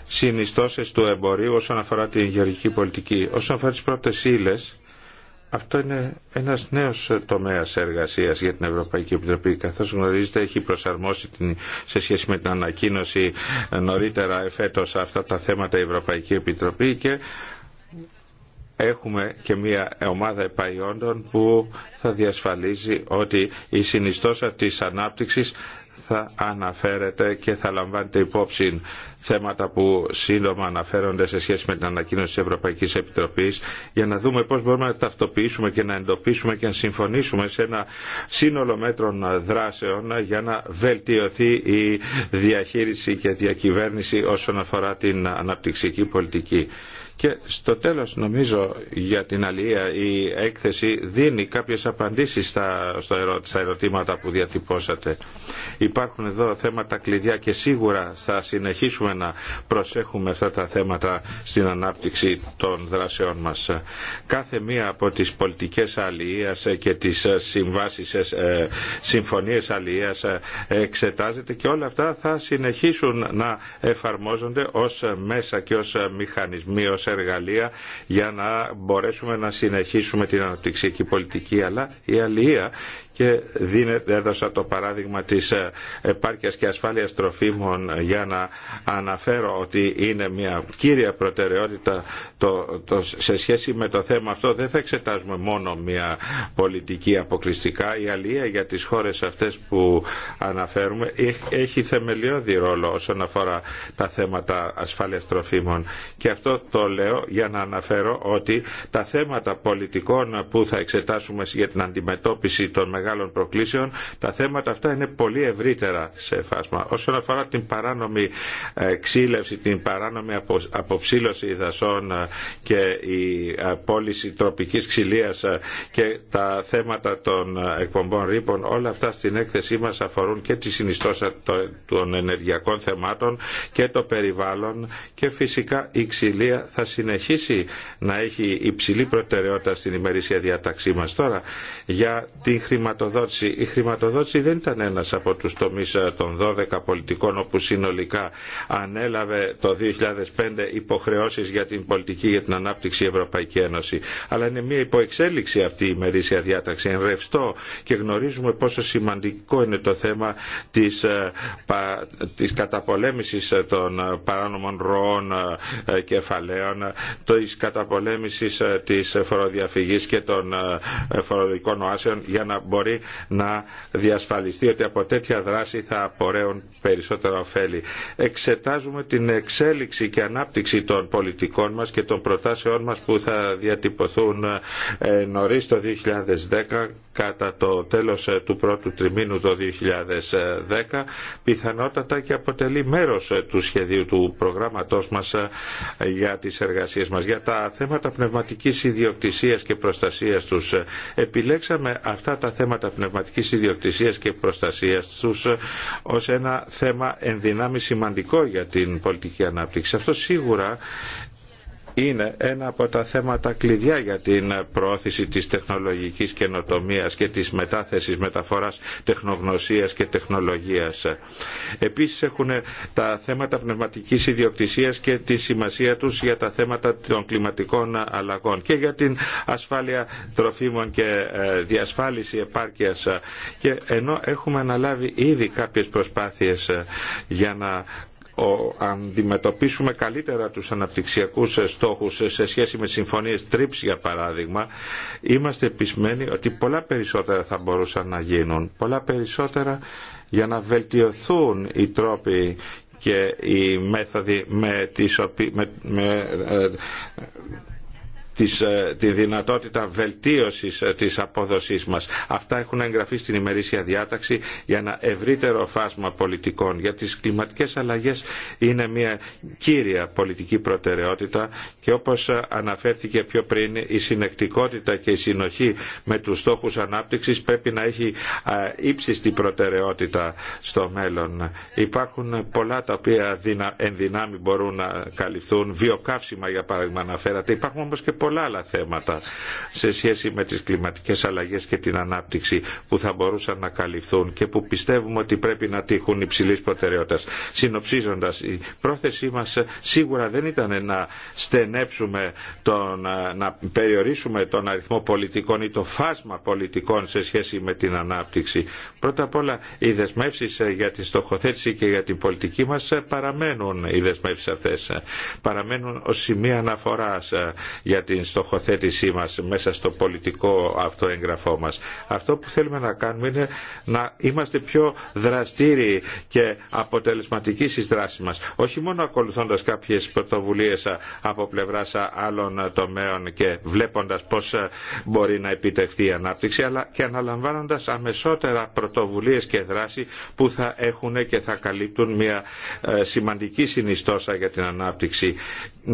συνιστώσει του εμπορίου όσον αφορά την γεωργική πολιτική. Όσον αφορά τι πρώτε ύλε, αυτό είναι ένας νέος τομέας εργασίας για την Ευρωπαϊκή Επιτροπή. Καθώς γνωρίζετε έχει προσαρμόσει την, σε σχέση με την ανακοίνωση νωρίτερα εφέτος αυτά τα θέματα η Ευρωπαϊκή Επιτροπή και έχουμε και μια ομάδα επαϊόντων που θα διασφαλίζει ότι η συνιστόσα της ανάπτυξης θα αναφέρεται και θα λαμβάνετε υπόψη θέματα που σύντομα αναφέρονται σε σχέση με την ανακοίνωση της Ευρωπαϊκής Επιτροπής για να δούμε πώς μπορούμε να ταυτοποιήσουμε και να εντοπίσουμε και να συμφωνήσουμε σε ένα σύνολο μέτρων δράσεων για να βελτιωθεί η διαχείριση και διακυβέρνηση όσον αφορά την αναπτυξική πολιτική. Και στο τέλος νομίζω για την αλληλεία η έκθεση δίνει κάποιες απαντήσεις στα, στα ερωτήματα που διατυπώσατε. Υπάρχουν εδώ θέματα κλειδιά και σίγουρα θα συνεχίσουμε να προσέχουμε αυτά τα θέματα στην ανάπτυξη των δράσεών μας. Κάθε μία από τις πολιτικές αλληλείας και τις συμβάσεις, ε, συμφωνίες αλληλείας ε, εξετάζεται και όλα αυτά θα συνεχίσουν να εφαρμόζονται ως μέσα και ως μηχανισμοί, εργαλεία για να μπορέσουμε να συνεχίσουμε την αναπτυξιακή πολιτική αλλά η αλληλεία και έδωσα το παράδειγμα της ε, επάρκειας και ασφάλειας τροφίμων για να αναφέρω ότι είναι μια κύρια προτεραιότητα το, σε σχέση με το θέμα αυτό δεν θα εξετάζουμε μόνο μια πολιτική αποκλειστικά η αλληλεία για τις χώρες αυτές που αναφέρουμε έχει θεμελιώδη ρόλο όσον αφορά τα θέματα ασφάλειας τροφίμων και αυτό το λέω για να αναφέρω ότι τα θέματα πολιτικών που θα εξετάσουμε για την αντιμετώπιση των μεγάλων προκλήσεων, τα θέματα αυτά είναι πολύ ευρύτερα σε φάσμα. Όσον αφορά την παράνομη ε, ξύλευση, την παράνομη αποψήλωση δασών ε, και η ε, πώληση τροπικής ξυλίας και τα θέματα των εκπομπών ρήπων, όλα αυτά στην έκθεσή μας αφορούν και τη συνιστόσα των ενεργειακών θεμάτων και το περιβάλλον και φυσικά η ξυλία θα συνεχίσει να έχει υψηλή προτεραιότητα στην ημερήσια διαταξή μας. Τώρα, για την χρηματοδότηση χρηματοδότηση. Η χρηματοδότηση δεν ήταν ένας από τους τομείς ε, των 12 πολιτικών όπου συνολικά ανέλαβε το 2005 υποχρεώσεις για την πολιτική για την ανάπτυξη η Ευρωπαϊκή Ένωση. Αλλά είναι μια υποεξέλιξη αυτή η μερίσια διάταξη, ενρευστό και γνωρίζουμε πόσο σημαντικό είναι το θέμα της, ε, της καταπολέμησης ε, των παράνομων ροών κεφαλαίων, της καταπολέμησης της φοροδιαφυγής και των φορολογικών οάσεων για να μπορεί να διασφαλιστεί ότι από τέτοια δράση θα απορρέουν περισσότερα ωφέλη. Εξετάζουμε την εξέλιξη και ανάπτυξη των πολιτικών μας και των προτάσεών μας που θα διατυπωθούν ε, νωρίς το 2010 κατά το τέλος ε, του πρώτου τριμήνου το 2010 πιθανότατα και αποτελεί μέρος ε, του σχεδίου του προγράμματός μας ε, για τις εργασίες μας. Για τα θέματα πνευματικής ιδιοκτησίας και προστασίας τους επιλέξαμε αυτά τα θέματα πνευματικής ιδιοκτησίας και προστασίας τους ως ένα θέμα ενδυνάμει σημαντικό για την πολιτική ανάπτυξη. Αυτό σίγουρα είναι ένα από τα θέματα κλειδιά για την προώθηση της τεχνολογικής καινοτομίας και της μετάθεσης μεταφοράς τεχνογνωσίας και τεχνολογίας. Επίσης έχουν τα θέματα πνευματικής ιδιοκτησίας και τη σημασία τους για τα θέματα των κλιματικών αλλαγών και για την ασφάλεια τροφίμων και ε, διασφάλιση επάρκειας. Και ενώ έχουμε αναλάβει ήδη κάποιες προσπάθειες ε, για να αντιμετωπίσουμε καλύτερα τους αναπτυξιακούς στόχους σε σχέση με συμφωνίες TRIPS για παράδειγμα, είμαστε πισμένοι ότι πολλά περισσότερα θα μπορούσαν να γίνουν, πολλά περισσότερα για να βελτιωθούν οι τρόποι και οι μέθοδοι με, τις με, ε, της, ε, τη δυνατότητα βελτίωσης ε, της απόδοσής μας. Αυτά έχουν εγγραφεί στην ημερήσια διάταξη για ένα ευρύτερο φάσμα πολιτικών. Για τις κλιματικές αλλαγές είναι μια κύρια πολιτική προτεραιότητα και όπως ε, αναφέρθηκε πιο πριν η συνεκτικότητα και η συνοχή με τους στόχους ανάπτυξης πρέπει να έχει ύψιστη προτεραιότητα στο μέλλον. Υπάρχουν πολλά τα οποία εν δυνάμει μπορούν να καλυφθούν, βιοκαύσιμα για παράδειγμα αναφέρατε πολλά άλλα θέματα σε σχέση με τις κλιματικές αλλαγές και την ανάπτυξη που θα μπορούσαν να καλυφθούν και που πιστεύουμε ότι πρέπει να τύχουν υψηλή προτεραιότητα. Συνοψίζοντας, η πρόθεσή μας σίγουρα δεν ήταν να στενέψουμε, τον, να περιορίσουμε τον αριθμό πολιτικών ή το φάσμα πολιτικών σε σχέση με την ανάπτυξη. Πρώτα απ' όλα οι δεσμεύσει για τη στοχοθέτηση και για την πολιτική μα παραμένουν οι δεσμεύσει αυτέ. Παραμένουν σημεία αναφορά την στοχοθέτησή μας μέσα στο πολιτικό αυτό έγγραφό μας. Αυτό που θέλουμε να κάνουμε είναι να είμαστε πιο δραστήριοι και αποτελεσματικοί στις δράσεις μας. Όχι μόνο ακολουθώντας κάποιες πρωτοβουλίες από πλευράς άλλων τομέων και βλέποντας πώς μπορεί να επιτευχθεί η ανάπτυξη, αλλά και αναλαμβάνοντας αμεσότερα πρωτοβουλίες και δράση που θα έχουν και θα καλύπτουν μια ε, σημαντική συνιστόσα για την ανάπτυξη.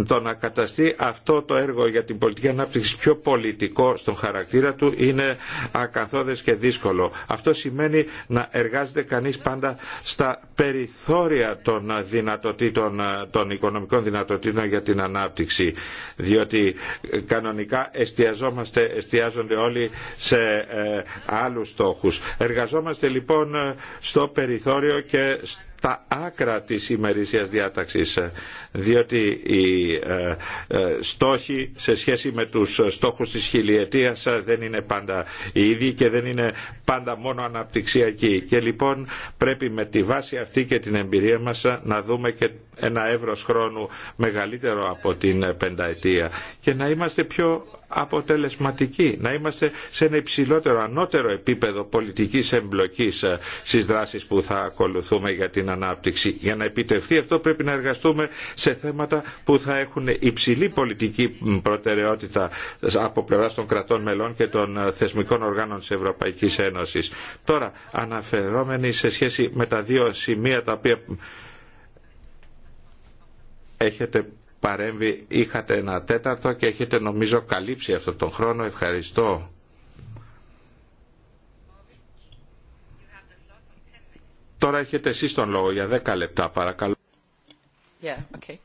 Το να καταστεί αυτό το έργο για την πολιτική ανάπτυξη πιο πολιτικό στον χαρακτήρα του είναι ακαθόδες και δύσκολο. Αυτό σημαίνει να εργάζεται κανείς πάντα στα περιθώρια των δυνατοτήτων, των οικονομικών δυνατοτήτων για την ανάπτυξη. Διότι ε, κανονικά εστιαζόμαστε, εστιάζονται όλοι σε ε, άλλους στόχους. Εργαζόμαστε λοιπόν ε, στο περιθώριο και τα άκρα της ημερησίας διάταξης ε, διότι οι ε, ε, στόχοι σε σχέση με τους στόχους της χιλιετίας δεν είναι πάντα οι ίδιοι και δεν είναι πάντα μόνο αναπτυξιακοί και λοιπόν πρέπει με τη βάση αυτή και την εμπειρία μας να δούμε και ένα εύρος χρόνου μεγαλύτερο από την πενταετία και να είμαστε πιο αποτελεσματικοί, να είμαστε σε ένα υψηλότερο, ανώτερο επίπεδο πολιτικής εμπλοκής ε, στις δράσεις που θα ακολουθούμε για την ανάπτυξη. Για να επιτευχθεί αυτό πρέπει να εργαστούμε σε θέματα που θα έχουν υψηλή πολιτική προτεραιότητα από πλευρά των κρατών μελών και των ε, θεσμικών οργάνων της Ευρωπαϊκής Ένωσης. Τώρα, αναφερόμενοι σε σχέση με τα δύο σημεία τα οποία έχετε παρέμβει, είχατε ένα τέταρτο και έχετε νομίζω καλύψει αυτόν τον χρόνο. Ευχαριστώ. Τώρα έχετε εσείς τον λόγο για 10 λεπτά παρακαλώ. Yeah, okay.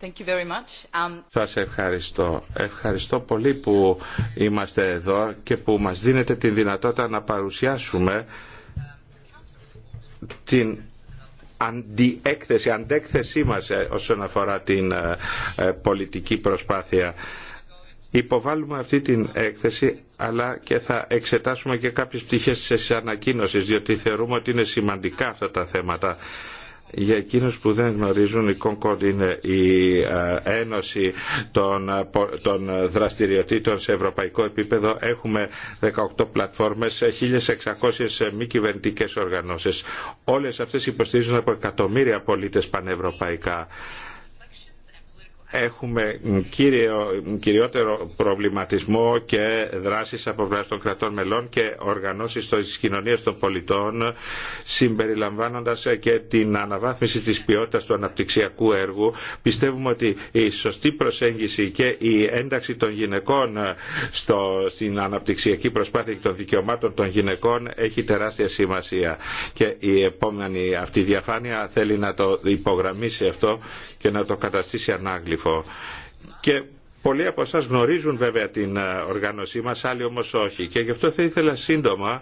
Thank you very much. Um, Σας ευχαριστώ. Ευχαριστώ πολύ που είμαστε εδώ και που μας δίνετε την δυνατότητα να παρουσιάσουμε την αντιέκθεση, αντέκθεσή μας ε, όσον αφορά την ε, ε, πολιτική προσπάθεια. Υποβάλλουμε αυτή την έκθεση αλλά και θα εξετάσουμε και κάποιες πτυχές της ανακοίνωσης διότι θεωρούμε ότι είναι σημαντικά αυτά τα θέματα για εκείνους που δεν γνωρίζουν, η Concord είναι η ε, ένωση ε, των δραστηριοτήτων σε ευρωπαϊκό επίπεδο. Έχουμε 18 πλατφόρμες, 1.600 ε, μη κυβερνητικέ οργανώσεις. Όλες αυτές υποστηρίζουν από εκατομμύρια πολίτες πανευρωπαϊκά έχουμε κύριο, κυριότερο προβληματισμό και δράσεις από πλευρά των κρατών μελών και οργανώσεις της κοινωνίας των πολιτών συμπεριλαμβάνοντας και την αναβάθμιση της ποιότητας του αναπτυξιακού έργου. Πιστεύουμε ότι η σωστή προσέγγιση και η ένταξη των γυναικών στο, στην αναπτυξιακή προσπάθεια και των δικαιωμάτων των γυναικών έχει τεράστια σημασία. Και η επόμενη αυτή διαφάνεια θέλει να το υπογραμμίσει αυτό και να το καταστήσει ανάγκη. Και Πολλοί από εσά γνωρίζουν βέβαια την ε, οργάνωσή μας, άλλοι όμως όχι. Και γι' αυτό θα ήθελα σύντομα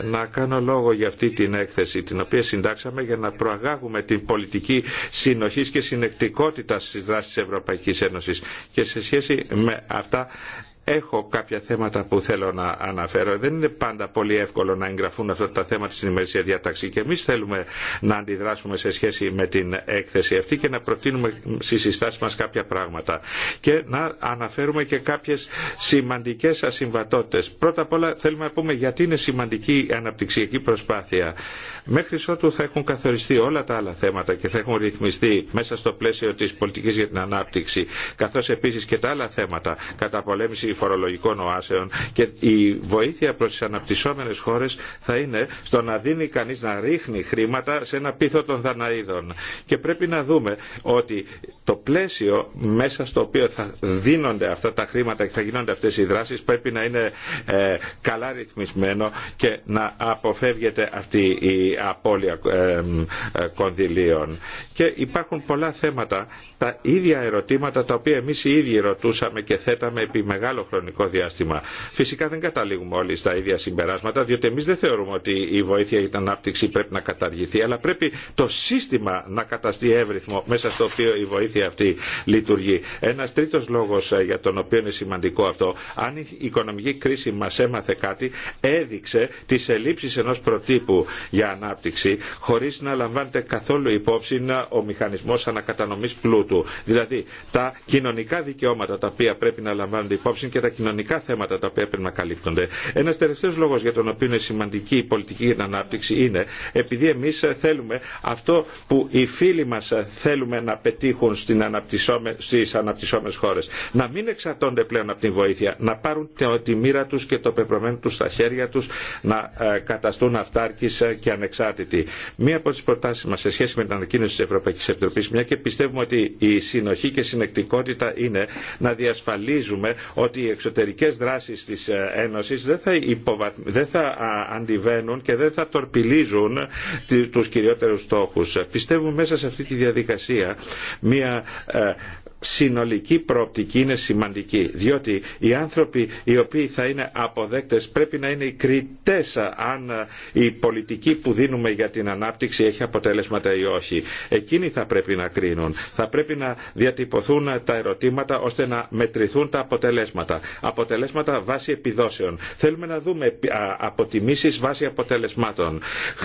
να κάνω λόγο για αυτή την έκθεση την οποία συντάξαμε για να προαγάγουμε την πολιτική συνοχής και συνεκτικότητα στις δράσεις της Ευρωπαϊκής Ένωσης και σε σχέση με αυτά έχω κάποια θέματα που θέλω να αναφέρω. Δεν είναι πάντα πολύ εύκολο να εγγραφούν αυτά τα θέματα στην ημερησία διάταξη και εμεί θέλουμε να αντιδράσουμε σε σχέση με την έκθεση αυτή και να προτείνουμε στι συστάσει μα κάποια πράγματα. Και να αναφέρουμε και κάποιε σημαντικέ ασυμβατότητε. Πρώτα απ' όλα θέλουμε να πούμε γιατί είναι σημαντική η αναπτυξιακή προσπάθεια. Μέχρι ότου θα έχουν καθοριστεί όλα τα άλλα θέματα και θα έχουν ρυθμιστεί μέσα στο πλαίσιο τη πολιτική για την ανάπτυξη, καθώ επίση και τα άλλα θέματα, κατά πολέμηση φορολογικών οάσεων και η βοήθεια προ τι αναπτυσσόμενε χώρε θα είναι στο να δίνει κανεί να ρίχνει χρήματα σε ένα πίθο των Δαναίδων. Και πρέπει να δούμε ότι το πλαίσιο μέσα στο οποίο θα δίνονται αυτά τα χρήματα και θα γίνονται αυτέ οι δράσει πρέπει να είναι ε, καλά ρυθμισμένο και να αποφεύγεται αυτή η ε, ε, κονδυλίων. Και υπάρχουν πολλά θέματα, τα ίδια ερωτήματα τα οποία εμείς οι ίδιοι ρωτούσαμε και θέταμε επί μεγάλο χρονικό διάστημα. Φυσικά δεν καταλήγουμε όλοι στα ίδια συμπεράσματα, διότι εμείς δεν θεωρούμε ότι η βοήθεια για την ανάπτυξη πρέπει να καταργηθεί, αλλά πρέπει το σύστημα να καταστεί εύρυθμο μέσα στο οποίο η βοήθεια αυτή λειτουργεί. Ένας τρίτος λόγος ε, για τον οποίο είναι σημαντικό αυτό, αν η οικονομική κρίση μας έμαθε κάτι, έδειξε τις ελλείψεις ενός προτύπου για ανάπτυξη χωρίς να λαμβάνεται καθόλου υπόψη ε, ο μηχανισμός ανακατανομής πλούτου. Δηλαδή τα κοινωνικά δικαιώματα τα οποία πρέπει να λαμβάνονται υπόψη και τα κοινωνικά θέματα τα οποία πρέπει να καλύπτονται. Ένας τελευταίο λόγος για τον οποίο είναι σημαντική η πολιτική για την ανάπτυξη είναι επειδή εμεί ε, θέλουμε αυτό που οι φίλοι μα ε, θέλουμε να πετύχουν στι αναπτυσσόμενε χώρε, Να μην εξαρτώνται πλέον από την βοήθεια, να πάρουν τη μοίρα του και το πεπρωμένο του στα χέρια του να καταστούν αυτάρκη και ανεξάρτητα. Μία από τι προτάσει μα σε σχέση με την ανακοίνωση τη Ευρωπαϊκή Επιτροπή, μια και πιστεύουμε ότι η συνοχή και συνεκτικότητα είναι να διασφαλίζουμε ότι οι εξωτερικέ δράσει τη ε, Ένωση δεν, δεν θα αντιβαίνουν και δεν θα τορπιλίζουν του κυριότερου στόχου. Πιστεύουμε μέσα σε αυτή τη διαδικασία μια ε, συνολική προοπτική είναι σημαντική διότι οι άνθρωποι οι οποίοι θα είναι αποδέκτες πρέπει να είναι οι κριτές αν η πολιτική που δίνουμε για την ανάπτυξη έχει αποτέλεσματα ή όχι. Εκείνοι θα πρέπει να κρίνουν. Θα πρέπει να διατυπωθούν τα ερωτήματα ώστε να μετρηθούν τα αποτελέσματα. Αποτελέσματα βάσει επιδόσεων. Θέλουμε να δούμε αποτιμήσεις βάσει αποτελεσμάτων.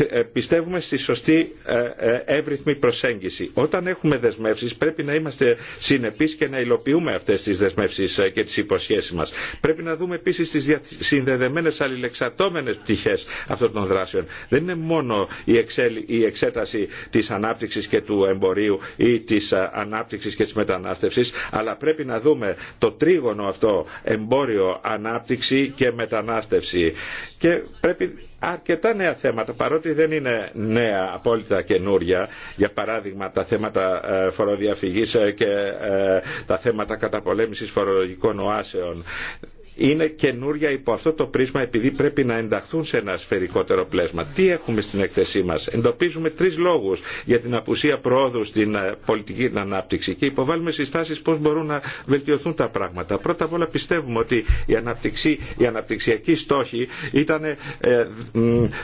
Ε, πιστεύουμε στη σωστή ε, ε, εύρυθμη προσέγγιση. Όταν έχουμε δεσμεύσεις πρέπει να είμαστε συνεπείς συνεπεί και να υλοποιούμε αυτέ τι δεσμεύσει ε, και τι υποσχέσει μα. Πρέπει να δούμε επίση τι συνδεδεμένε αλληλεξαρτώμενε πτυχέ αυτών των δράσεων. Δεν είναι μόνο η, η εξέταση τη ανάπτυξη και του εμπορίου ή τη ε, ανάπτυξη και τη μετανάστευση, αλλά πρέπει να δούμε το τρίγωνο αυτό εμπόριο, ανάπτυξη και μετανάστευση. Και πρέπει αρκετά νέα θέματα, παρότι δεν είναι νέα, απόλυτα καινούρια. Για παράδειγμα, τα θέματα ε, φοροδιαφυγής ε, και ε, τα θέματα καταπολέμησης φορολογικών οάσεων είναι καινούρια υπό αυτό το πρίσμα επειδή πρέπει να ενταχθούν σε ένα σφαιρικότερο πλέσμα. Τι έχουμε στην εκθεσή μας. Εντοπίζουμε τρεις λόγους για την απουσία προόδου στην ε, πολιτική ανάπτυξη και υποβάλλουμε συστάσεις πώς μπορούν να βελτιωθούν τα πράγματα. Πρώτα απ' όλα πιστεύουμε ότι η, αναπτυξή, η αναπτυξιακή στόχη ήταν ε, ε,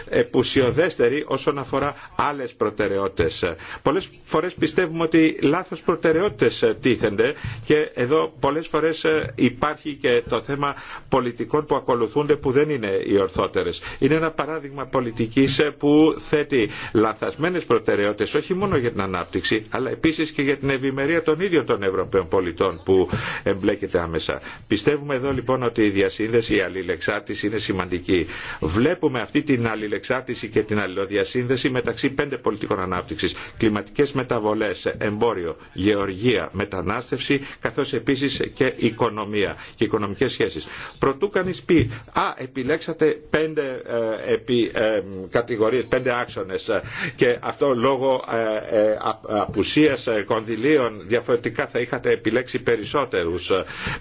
επουσιοδέστερη όσον αφορά άλλες προτεραιότητες. Πολλές φορές πιστεύουμε ότι λάθος προτεραιότητες ε, τίθενται και εδώ πολλές φορές ε, υπάρχει και το θέμα πολιτικών που ακολουθούνται που δεν είναι οι ορθότερες. Είναι ένα παράδειγμα πολιτικής ε, που θέτει λανθασμένες προτεραιότητες όχι μόνο για την ανάπτυξη αλλά επίσης και για την ευημερία των ίδιων των Ευρωπαίων πολιτών που εμπλέκεται άμεσα. Πιστεύουμε εδώ λοιπόν ότι η διασύνδεση, η αλληλεξάρτηση είναι σημαντική. Βλέπουμε αυτή την αλληλεξάρτηση και την αλληλοδιασύνδεση μεταξύ πέντε πολιτικών ανάπτυξης. κλιματικέ μεταβολέ, εμπόριο, γεωργία, μετανάστευση καθώ επίση και οικονομία και οικονομικές σχέσεις. Προτού κανείς πει, α, επιλέξατε πέντε ε, ε κατηγορίες, πέντε άξονες ε, και αυτό λόγω ε, ε απουσίας κονδυλίων διαφορετικά θα είχατε επιλέξει περισσότερους.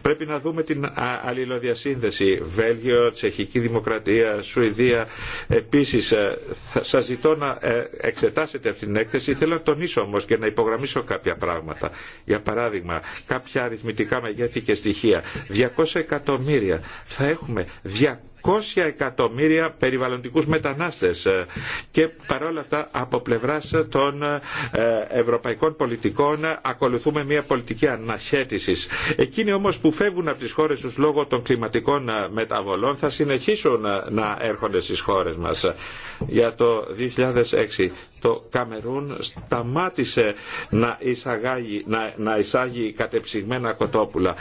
Πρέπει να δούμε την αλληλοδιασύνδεση. Βέλγιο, Τσεχική Δημοκρατία, Σουηδία. Επίσης, σας ζητώ να εξετάσετε αυτή την έκθεση. Θέλω να τονίσω όμως και να υπογραμμίσω κάποια πράγματα. Για παράδειγμα, κάποια αριθμητικά μεγέθη και στοιχεία. 200 εκατομμύρια εκατομμύρια. Θα έχουμε εκατομμύρια περιβαλλοντικούς μετανάστες ε, και παρόλα αυτά από πλευράς των ε, ευρωπαϊκών πολιτικών ακολουθούμε μια πολιτική αναχέτησης. Εκείνοι όμως που φεύγουν από τις χώρες τους λόγω των κλιματικών ε, μεταβολών θα συνεχίσουν να έρχονται στις χώρες μας. Για το 2006 το Καμερούν σταμάτησε να εισάγει, να, να εισάγει κατεψυγμένα κοτόπουλα.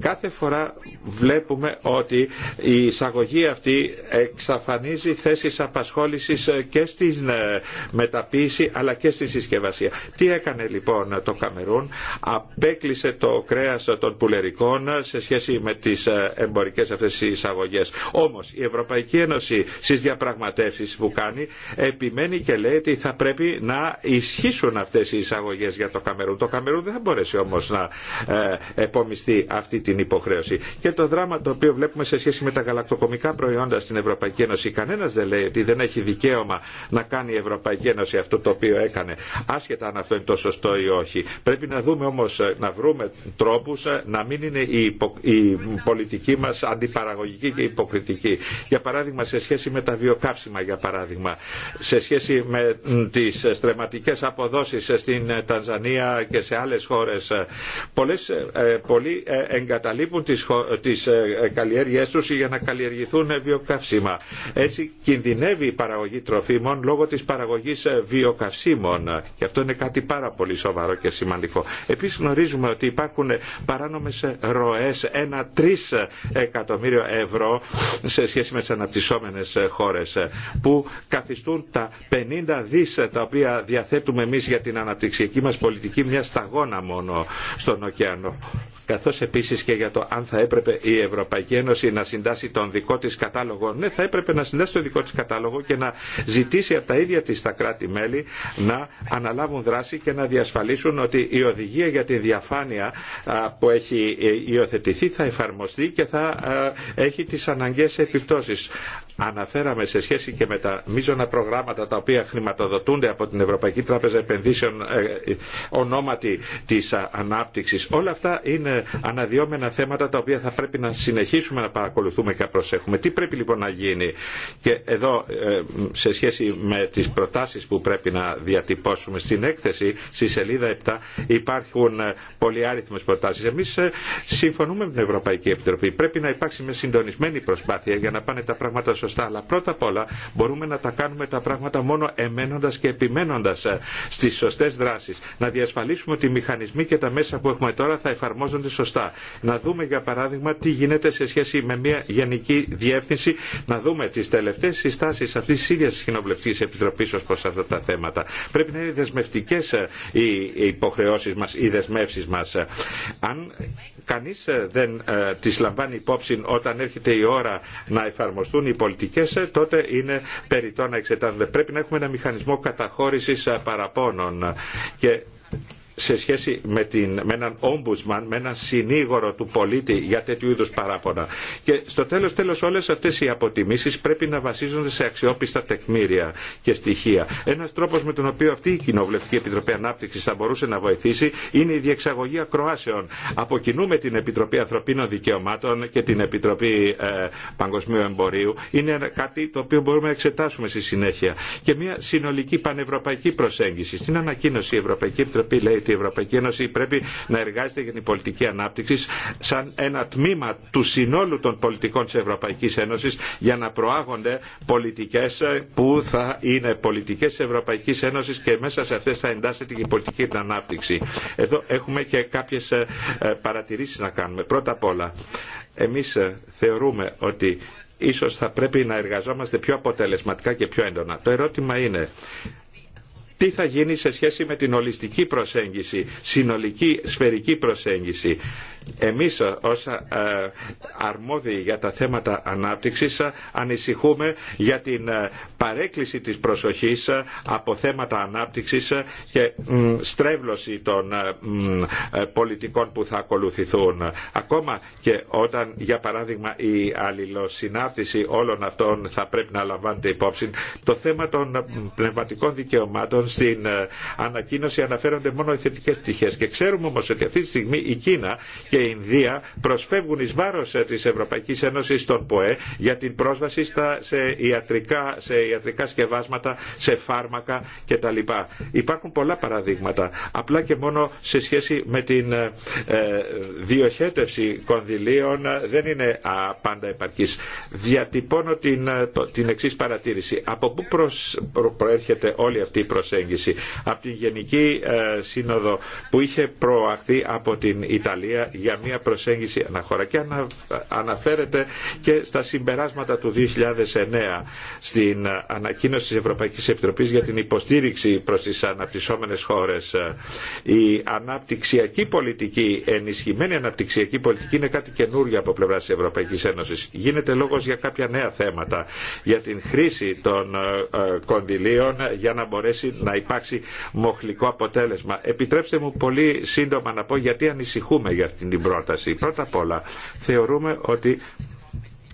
κάθε φορά βλέπουμε ότι η εισαγωγή παραγωγή αυτή εξαφανίζει θέσεις απασχόλησης ε, και στην ε, μεταποίηση αλλά και στη συσκευασία. Τι έκανε λοιπόν το Καμερούν, απέκλεισε το κρέας των πουλερικών ε, σε σχέση με τις εμπορικές αυτές εισαγωγές. Όμως η Ευρωπαϊκή Ένωση στις διαπραγματεύσεις που κάνει επιμένει και λέει ότι θα πρέπει να ισχύσουν αυτές οι εισαγωγές για το Καμερούν. Το Καμερούν δεν θα μπορέσει όμως να επομιστεί αυτή την υποχρέωση. Και το δράμα το οποίο βλέπουμε σε σχέση με τα γαλακτοκομικά ατομικά προϊόντα στην Ευρωπαϊκή Ένωση. Κανένα δεν λέει ότι δεν έχει δικαίωμα να κάνει η Ευρωπαϊκή Ένωση αυτό το οποίο έκανε, άσχετα αν αυτό είναι το σωστό ή όχι. Πρέπει να δούμε όμω, ε, να βρούμε τρόπου ε, να μην είναι η, υπο... η πολιτική μα αντιπαραγωγική και υποκριτική. Για παράδειγμα, σε σχέση με τα βιοκαύσιμα, για παράδειγμα, σε σχέση με τι στρεματικέ αποδόσει ε, στην Τανζανία και σε άλλε χώρε, πολλοί εγκαταλείπουν τι καλλιέργειέ του για να καλλιεργήσουν καλλιεργηθούν βιοκαύσιμα. Έτσι κινδυνεύει η παραγωγή τροφίμων λόγω της παραγωγής βιοκαυσίμων και αυτό είναι κάτι πάρα πολύ σοβαρό και σημαντικό. Επίσης γνωρίζουμε ότι υπάρχουν παράνομες ροές 1-3 εκατομμύριο ευρώ σε σχέση με τις αναπτυσσόμενες χώρες που καθιστούν τα 50 δις τα οποία διαθέτουμε εμείς για την αναπτυξιακή μας πολιτική μια σταγόνα μόνο στον ωκεανό καθώς επίσης και για το αν θα έπρεπε η Ευρωπαϊκή Ένωση να συντάσει τον δικό της κατάλογο. Ναι, θα έπρεπε να συντάσει τον δικό της κατάλογο και να ζητήσει από τα ίδια της τα κράτη-μέλη να αναλάβουν δράση και να διασφαλίσουν ότι η οδηγία για τη διαφάνεια που έχει ε, υιοθετηθεί θα εφαρμοστεί και θα έχει τις αναγκαίες επιπτώσεις. Αναφέραμε σε σχέση και με τα μείζωνα προγράμματα τα οποία χρηματοδοτούνται από την Ευρωπαϊκή Τράπεζα Επενδύσεων ε, ε, ονόματι της ανάπτυξης. Όλα αυτά είναι είναι αναδυόμενα θέματα τα οποία θα πρέπει να συνεχίσουμε να παρακολουθούμε και να προσέχουμε. Τι πρέπει λοιπόν να γίνει και εδώ ε, σε σχέση με τις προτάσεις που πρέπει να διατυπώσουμε στην έκθεση στη σελίδα 7 υπάρχουν ε, πολυάριθμες προτάσεις. Εμείς ε, συμφωνούμε με την Ευρωπαϊκή Επιτροπή. Πρέπει να υπάρξει μια συντονισμένη προσπάθεια για να πάνε τα πράγματα σωστά. Αλλά πρώτα απ' όλα μπορούμε να τα κάνουμε τα πράγματα μόνο εμένοντας και επιμένοντας στις σωστές δράσεις. Να διασφαλίσουμε ότι οι μηχανισμοί και τα μέσα που έχουμε τώρα θα εφαρμόζονται σωστά. Να δούμε για παράδειγμα τι γίνεται σε σχέση με μια γενική διεύθυνση, να δούμε τι τελευταίε συστάσει αυτή τη ίδια Κοινοβουλευτική Επιτροπή ω προ αυτά τα θέματα. Πρέπει να είναι δεσμευτικέ ε, οι υποχρεώσει μα, οι δεσμεύσει μα. Αν κανεί ε, δεν ε, τι λαμβάνει υπόψη όταν έρχεται η ώρα να εφαρμοστούν οι πολιτικέ, τότε είναι περιττό να εξετάζονται. Πρέπει να έχουμε ένα μηχανισμό καταχώρηση παραπώνων. Και σε σχέση με, την, με έναν ombudsman, με έναν συνήγορο του πολίτη για τέτοιου είδους παράπονα. Και στο τέλος τέλος όλες αυτές οι αποτιμήσεις πρέπει να βασίζονται σε αξιόπιστα τεκμήρια και στοιχεία. Ένας τρόπος με τον οποίο αυτή η Κοινοβουλευτική Επιτροπή Ανάπτυξης θα μπορούσε να βοηθήσει είναι η διεξαγωγή ακροάσεων. Από με την Επιτροπή Ανθρωπίνων Δικαιωμάτων και την Επιτροπή ε, Παγκοσμίου Εμπορίου είναι κάτι το οποίο μπορούμε να εξετάσουμε στη συνέχεια. Και μια συνολική πανευρωπαϊκή προσέγγιση. Στην ανακοίνωση η Ευρωπαϊκή Επιτροπή λέει ότι η Ευρωπαϊκή Ένωση πρέπει να εργάζεται για την πολιτική ανάπτυξη σαν ένα τμήμα του συνόλου των πολιτικών της Ευρωπαϊκής Ένωσης για να προάγονται πολιτικές που θα είναι πολιτικές της Ευρωπαϊκής Ένωσης και μέσα σε αυτές θα εντάσσεται και η πολιτική την ανάπτυξη. Εδώ έχουμε και κάποιες ε, ε, παρατηρήσεις να κάνουμε. Πρώτα απ' όλα, εμείς ε, θεωρούμε ότι ίσως θα πρέπει να εργαζόμαστε πιο αποτελεσματικά και πιο έντονα. Το ερώτημα είναι τι θα γίνει σε σχέση με την ολιστική προσέγγιση, συνολική σφαιρική προσέγγιση. Εμείς ως ε, αρμόδιοι για τα θέματα ανάπτυξης ε, ανησυχούμε για την ε, παρέκκληση της προσοχής από θέματα ανάπτυξης και στρέβλωση των πολιτικών που θα ακολουθηθούν. Ακόμα και όταν για παράδειγμα η αλληλοσυνάρτηση όλων αυτών θα πρέπει να λαμβάνεται υπόψη το θέμα των πνευματικών δικαιωμάτων στην ανακοίνωση αναφέρονται μόνο οι θετικές πτυχές και ξέρουμε όμως ότι αυτή τη στιγμή η Κίνα και η Ινδία προσφεύγουν εις βάρος ε, της Ευρωπαϊκής Ένωσης στον ΠΟΕ για την πρόσβαση σε, ιατρικά, σε ιατρικά σκευάσματα, σε φάρμακα κτλ. Υπάρχουν πολλά παραδείγματα. Απλά και μόνο σε σχέση με την ε, ε, διοχέτευση κονδυλίων δεν είναι α, πάντα επαρκής. Διατυπώνω την, την εξής προέρχεται όλη αυτή η προσέγγιση. Από την Γενική ε, Σύνοδο που προερχεται ολη προαχθεί από την γενικη συνοδο που ειχε προαχθει απο την ιταλια για μια προσέγγιση αναχώρα. Και αναφέρεται και στα συμπεράσματα του 2009 στην ανακοίνωση της Ευρωπαϊκής Επιτροπής για την υποστήριξη προς τις αναπτυσσόμενες χώρες. Η αναπτυξιακή πολιτική, ενισχυμένη αναπτυξιακή πολιτική είναι κάτι καινούργιο από πλευρά της Ευρωπαϊκής Ένωσης. Γίνεται λόγος για κάποια νέα θέματα, για την χρήση των ε, κονδυλίων για να μπορέσει να υπάρξει μοχλικό αποτέλεσμα. Επιτρέψτε μου πολύ σύντομα να πω γιατί ανησυχούμε για αυτήν την πρόταση. Πρώτα απ' όλα θεωρούμε ότι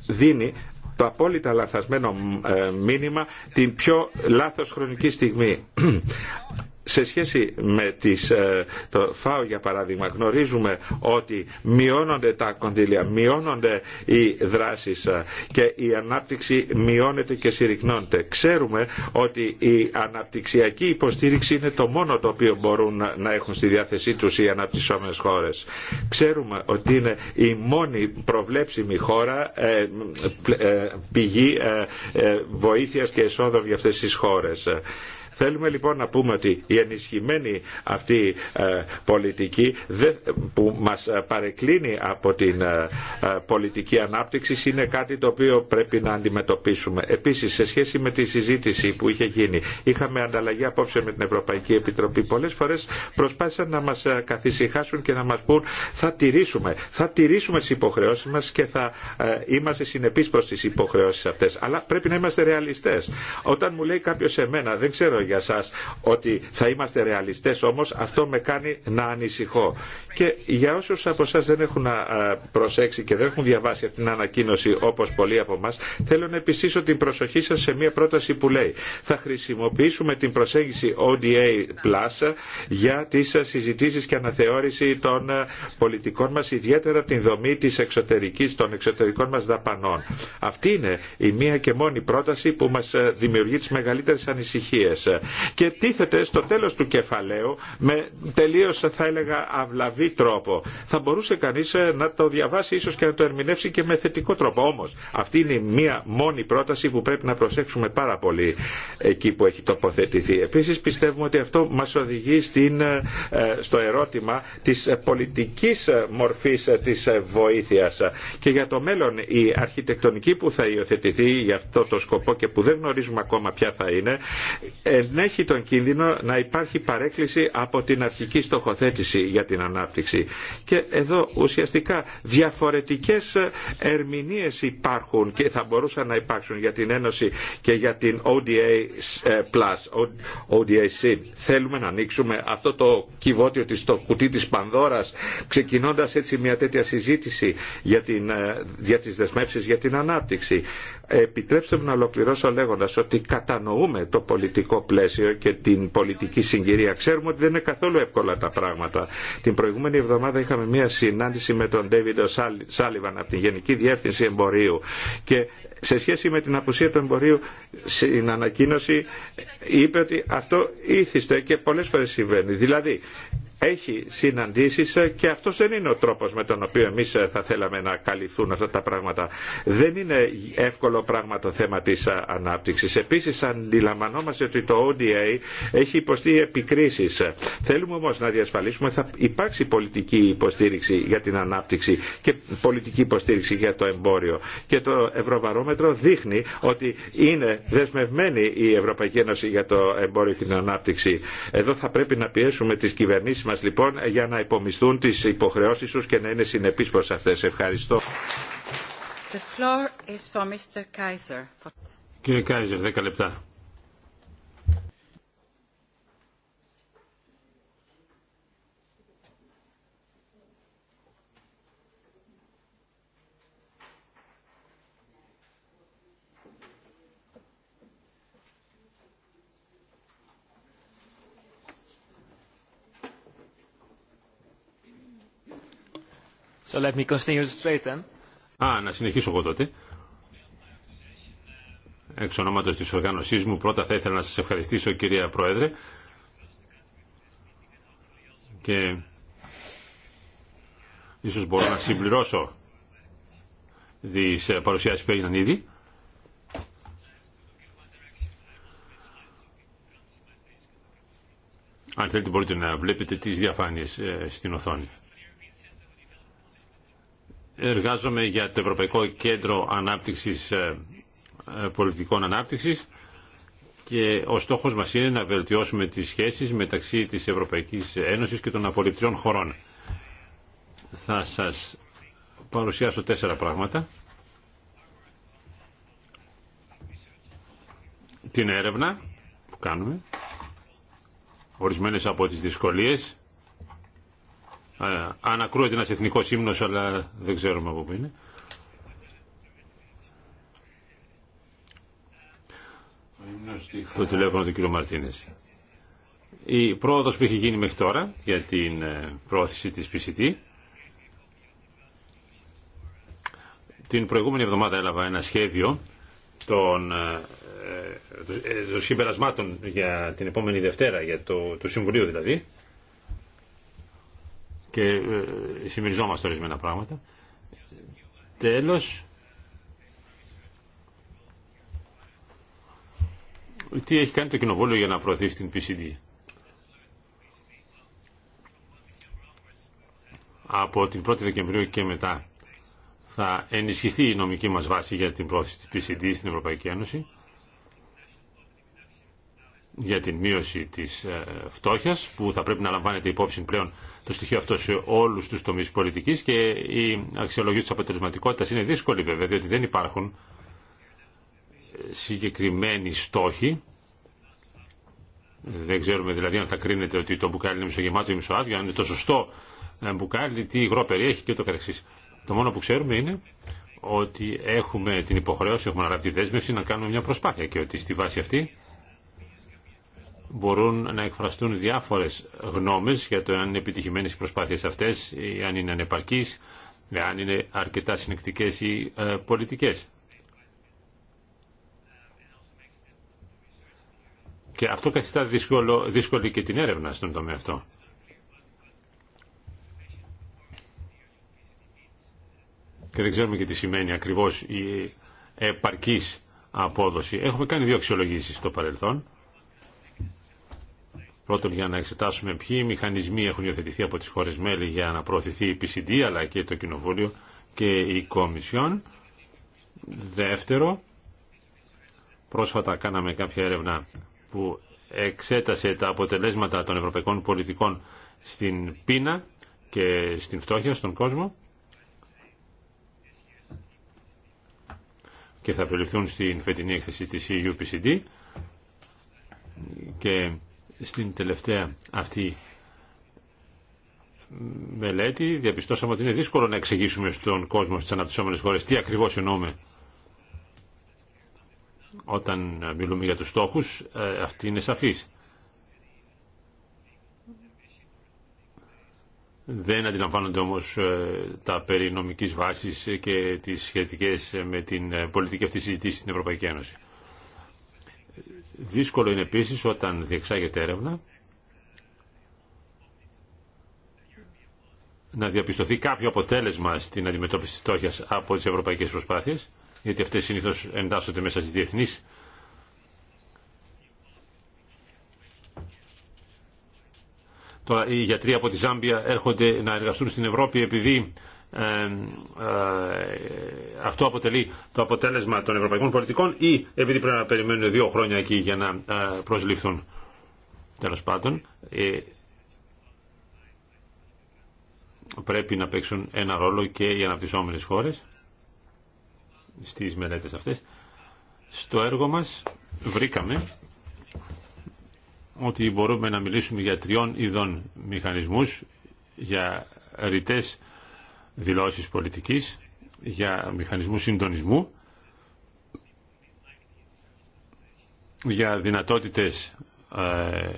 δίνει το απόλυτα λαθασμένο ε, μήνυμα την πιο λάθος χρονική στιγμή σε σχέση με τις, ε, το ΦΑΟ για παράδειγμα γνωρίζουμε ότι μειώνονται τα κονδύλια, μειώνονται οι δράσεις ε, και η ανάπτυξη μειώνεται και συρρυκνώνεται. Ξέρουμε ότι η αναπτυξιακή υποστήριξη είναι το μόνο το οποίο μπορούν να έχουν στη διάθεσή τους οι αναπτυσσόμενες χώρες. Ξέρουμε ότι είναι η μόνη προβλέψιμη χώρα ε, πηγή βοήθειας και εσόδων για αυτές τις χώρες. Θέλουμε λοιπόν να πούμε ότι η ενισχυμένη αυτή ε, πολιτική που μας ε, παρεκκλίνει από την ε, πολιτική ανάπτυξη είναι κάτι το οποίο πρέπει να αντιμετωπίσουμε. Επίσης σε σχέση με τη συζήτηση που είχε γίνει είχαμε ανταλλαγή απόψε με την Ευρωπαϊκή Επιτροπή. Πολλές φορές προσπάθησαν να μας καθησυχάσουν και να μας πούν θα τηρήσουμε, θα τηρήσουμε τις υποχρεώσεις μας και θα είμαστε συνεπείς προς τις υποχρεώσεις αυτές. Αλλά πρέπει να είμαστε ρεαλιστές. Όταν μου λέει κάποιος εμένα δεν ξέρω για σας ότι θα είμαστε ρεαλιστές όμως αυτό με κάνει να ανησυχώ. Και για όσου από εσά δεν έχουν προσέξει και δεν έχουν διαβάσει αυτή την ανακοίνωση όπως πολλοί από εμά, θέλω να επιστήσω την προσοχή σας σε μια πρόταση που λέει θα χρησιμοποιήσουμε την προσέγγιση ODA Plus για τις συζητήσεις και αναθεώρηση των πολιτικών μας, ιδιαίτερα την δομή της εξωτερικής, των εξωτερικών μας δαπανών. Αυτή είναι η μία και μόνη πρόταση που μας δημιουργεί τις μεγαλύτερες ανησυχίες και τίθεται στο τέλος του κεφαλαίου με τελείως θα έλεγα αυλαβή τρόπο. Θα μπορούσε κανείς ε, να το διαβάσει ίσως και να το ερμηνεύσει και με θετικό τρόπο. Όμως αυτή είναι μία μόνη πρόταση που πρέπει να προσέξουμε πάρα πολύ εκεί που έχει τοποθετηθεί. Επίσης πιστεύουμε ότι αυτό μας οδηγεί στην, ε, ε, στο ερώτημα της πολιτικής μορφής της βοήθειας και για το μέλλον η αρχιτεκτονική που θα υιοθετηθεί για αυτό το σκοπό και που δεν γνωρίζουμε ακόμα ποια θα είναι ενέχει τον κίνδυνο να υπάρχει παρέκκληση από την αρχική στοχοθέτηση για την ανάπτυξη. Και εδώ ουσιαστικά διαφορετικές ερμηνείες υπάρχουν και θα μπορούσαν να υπάρξουν για την Ένωση και για την ODA+. Plus, ODA Θέλουμε να ανοίξουμε αυτό το κυβότιο της, το κουτί της Πανδώρας, ξεκινώντας έτσι μια τέτοια συζήτηση για, την, ε, για τις δεσμεύσεις για την ανάπτυξη. Επιτρέψτε μου να ολοκληρώσω λέγοντας ότι κατανοούμε το πολιτικό πλαίσιο και την πολιτική συγκυρία. Ξέρουμε ότι δεν είναι καθόλου εύκολα τα πράγματα. Την προηγούμενη εβδομάδα είχαμε μια συνάντηση με τον Ντέβιντο Σάλιβαν από την Γενική Διεύθυνση Εμπορίου και σε σχέση με την απουσία του εμπορίου στην ανακοίνωση είπε ότι αυτό ήθιστε και πολλές φορές συμβαίνει. Δηλαδή έχει συναντήσει και αυτό δεν είναι ο τρόπο με τον οποίο εμεί θα θέλαμε να καλυφθούν αυτά τα πράγματα. Δεν είναι εύκολο πράγμα το θέμα τη ανάπτυξη. Επίση, αντιλαμβανόμαστε ότι το ODA έχει υποστεί επικρίσεις. Θέλουμε όμω να διασφαλίσουμε θα υπάρξει πολιτική υποστήριξη για την ανάπτυξη και πολιτική υποστήριξη για το εμπόριο. Και το Ευρωβαρόμετρο δείχνει ότι είναι δεσμευμένη η Ευρωπαϊκή Ένωση για το εμπόριο και την ανάπτυξη. Εδώ θα πρέπει να πιέσουμε τι κυβερνήσει μας λοιπόν για να υπομισθούν τις υποχρεώσεις τους και να είναι συνεπεί προς αυτές. Ευχαριστώ. The floor is for Mr. Kaiser. Κύριε Κάιζερ, 10 λεπτά. Α, να συνεχίσω εγώ τότε. Εξ ονόματος της οργάνωσής μου, πρώτα θα ήθελα να σας ευχαριστήσω κυρία Πρόεδρε και ίσως μπορώ να συμπληρώσω τις παρουσιάσεις που έγιναν ήδη. Αν θέλετε μπορείτε να βλέπετε τις διαφάνειες ε, στην οθόνη εργάζομαι για το Ευρωπαϊκό Κέντρο Ανάπτυξης, ε, ε, Πολιτικών Ανάπτυξης και ο στόχος μας είναι να βελτιώσουμε τις σχέσεις μεταξύ της Ευρωπαϊκής Ένωσης και των απολυπτριών χωρών. Θα σας παρουσιάσω τέσσερα πράγματα. Την έρευνα που κάνουμε, ορισμένες από τις δυσκολίες ανακρούεται ένας εθνικός ύμνος αλλά δεν ξέρουμε από πού είναι. Το τηλέφωνο του κ. Μαρτίνες. Η πρόοδος που έχει γίνει μέχρι τώρα για την ε, πρόθεση της PCT την προηγούμενη εβδομάδα έλαβα ένα σχέδιο των, ε, ε, των συμπερασμάτων για την επόμενη Δευτέρα, για το, το Συμβουλίο δηλαδή, και ε, συμμεριζόμαστε ορισμένα πράγματα. Τέλος, τι έχει κάνει το κοινοβούλιο για να προωθήσει την PCD. Από την 1η Δεκεμβρίου και μετά θα ενισχυθεί η νομική μας βάση για την πρόθεση της PCD στην Ευρωπαϊκή Ένωση για την μείωση της ε, φτώχειας που θα πρέπει να λαμβάνεται υπόψη πλέον το στοιχείο αυτό σε όλους τους τομείς πολιτικής και η αξιολογή της αποτελεσματικότητας είναι δύσκολη βέβαια διότι δεν υπάρχουν ε, συγκεκριμένοι στόχοι δεν ξέρουμε δηλαδή αν θα κρίνεται ότι το μπουκάλι είναι μισογεμάτο ή μισοάδιο αν είναι το σωστό ε, μπουκάλι τι υγρό περιέχει και το καθεξής το μόνο που ξέρουμε είναι ότι έχουμε την υποχρέωση, έχουμε αναλάβει τη δέσμευση να κάνουμε μια προσπάθεια και ότι στη βάση αυτή μπορούν να εκφραστούν διάφορες γνώμες για το αν είναι επιτυχημένες οι προσπάθειες αυτές, ή αν είναι ανεπαρκείς, αν είναι αρκετά συνεκτικές ή ε, πολιτικές. Και αυτό καθιστά δύσκολο, δύσκολη και την έρευνα στον τομέα αυτό. Και δεν ξέρουμε και τι σημαίνει ακριβώς η επαρκής απόδοση. Έχουμε κάνει δύο αξιολογήσεις στο παρελθόν. Πρώτον για να εξετάσουμε ποιοι μηχανισμοί έχουν υιοθετηθεί από τις χώρες μέλη για να προωθηθεί η PCD αλλά και το Κοινοβούλιο και η Κομισιόν. Δεύτερο, πρόσφατα κάναμε κάποια έρευνα που εξέτασε τα αποτελέσματα των ευρωπαϊκών πολιτικών στην πείνα και στην φτώχεια στον κόσμο και θα περιληφθούν στην φετινή έκθεση της EUPCD και στην τελευταία αυτή μελέτη διαπιστώσαμε ότι είναι δύσκολο να εξηγήσουμε στον κόσμο στις αναπτυσσόμενες χώρες τι ακριβώς εννοούμε όταν μιλούμε για τους στόχους ε, αυτή είναι σαφής δεν αντιλαμβάνονται όμως ε, τα περί νομικής βάσης και τις σχετικές ε, με την πολιτική αυτή συζήτηση στην Ευρωπαϊκή Ένωση Δύσκολο είναι επίσης όταν διεξάγεται έρευνα να διαπιστωθεί κάποιο αποτέλεσμα στην αντιμετώπιση της φτώχειας από τις ευρωπαϊκές προσπάθειες, γιατί αυτές συνήθως εντάσσονται μέσα στις διεθνείς Τώρα, οι γιατροί από τη Ζάμπια έρχονται να εργαστούν στην Ευρώπη επειδή ε, αυτό αποτελεί το αποτέλεσμα των ευρωπαϊκών πολιτικών ή επειδή πρέπει να περιμένουν δύο χρόνια εκεί για να ε, προσληφθούν. Τέλος πάντων, ε, πρέπει να παίξουν ένα ρόλο και οι αναπτυσσόμενες χώρες στις μελέτες αυτές. Στο έργο μας βρήκαμε ότι μπορούμε να μιλήσουμε για τριών ειδών μηχανισμούς, για ρητές δηλώσεις πολιτικής για μηχανισμού συντονισμού για δυνατότητες ε,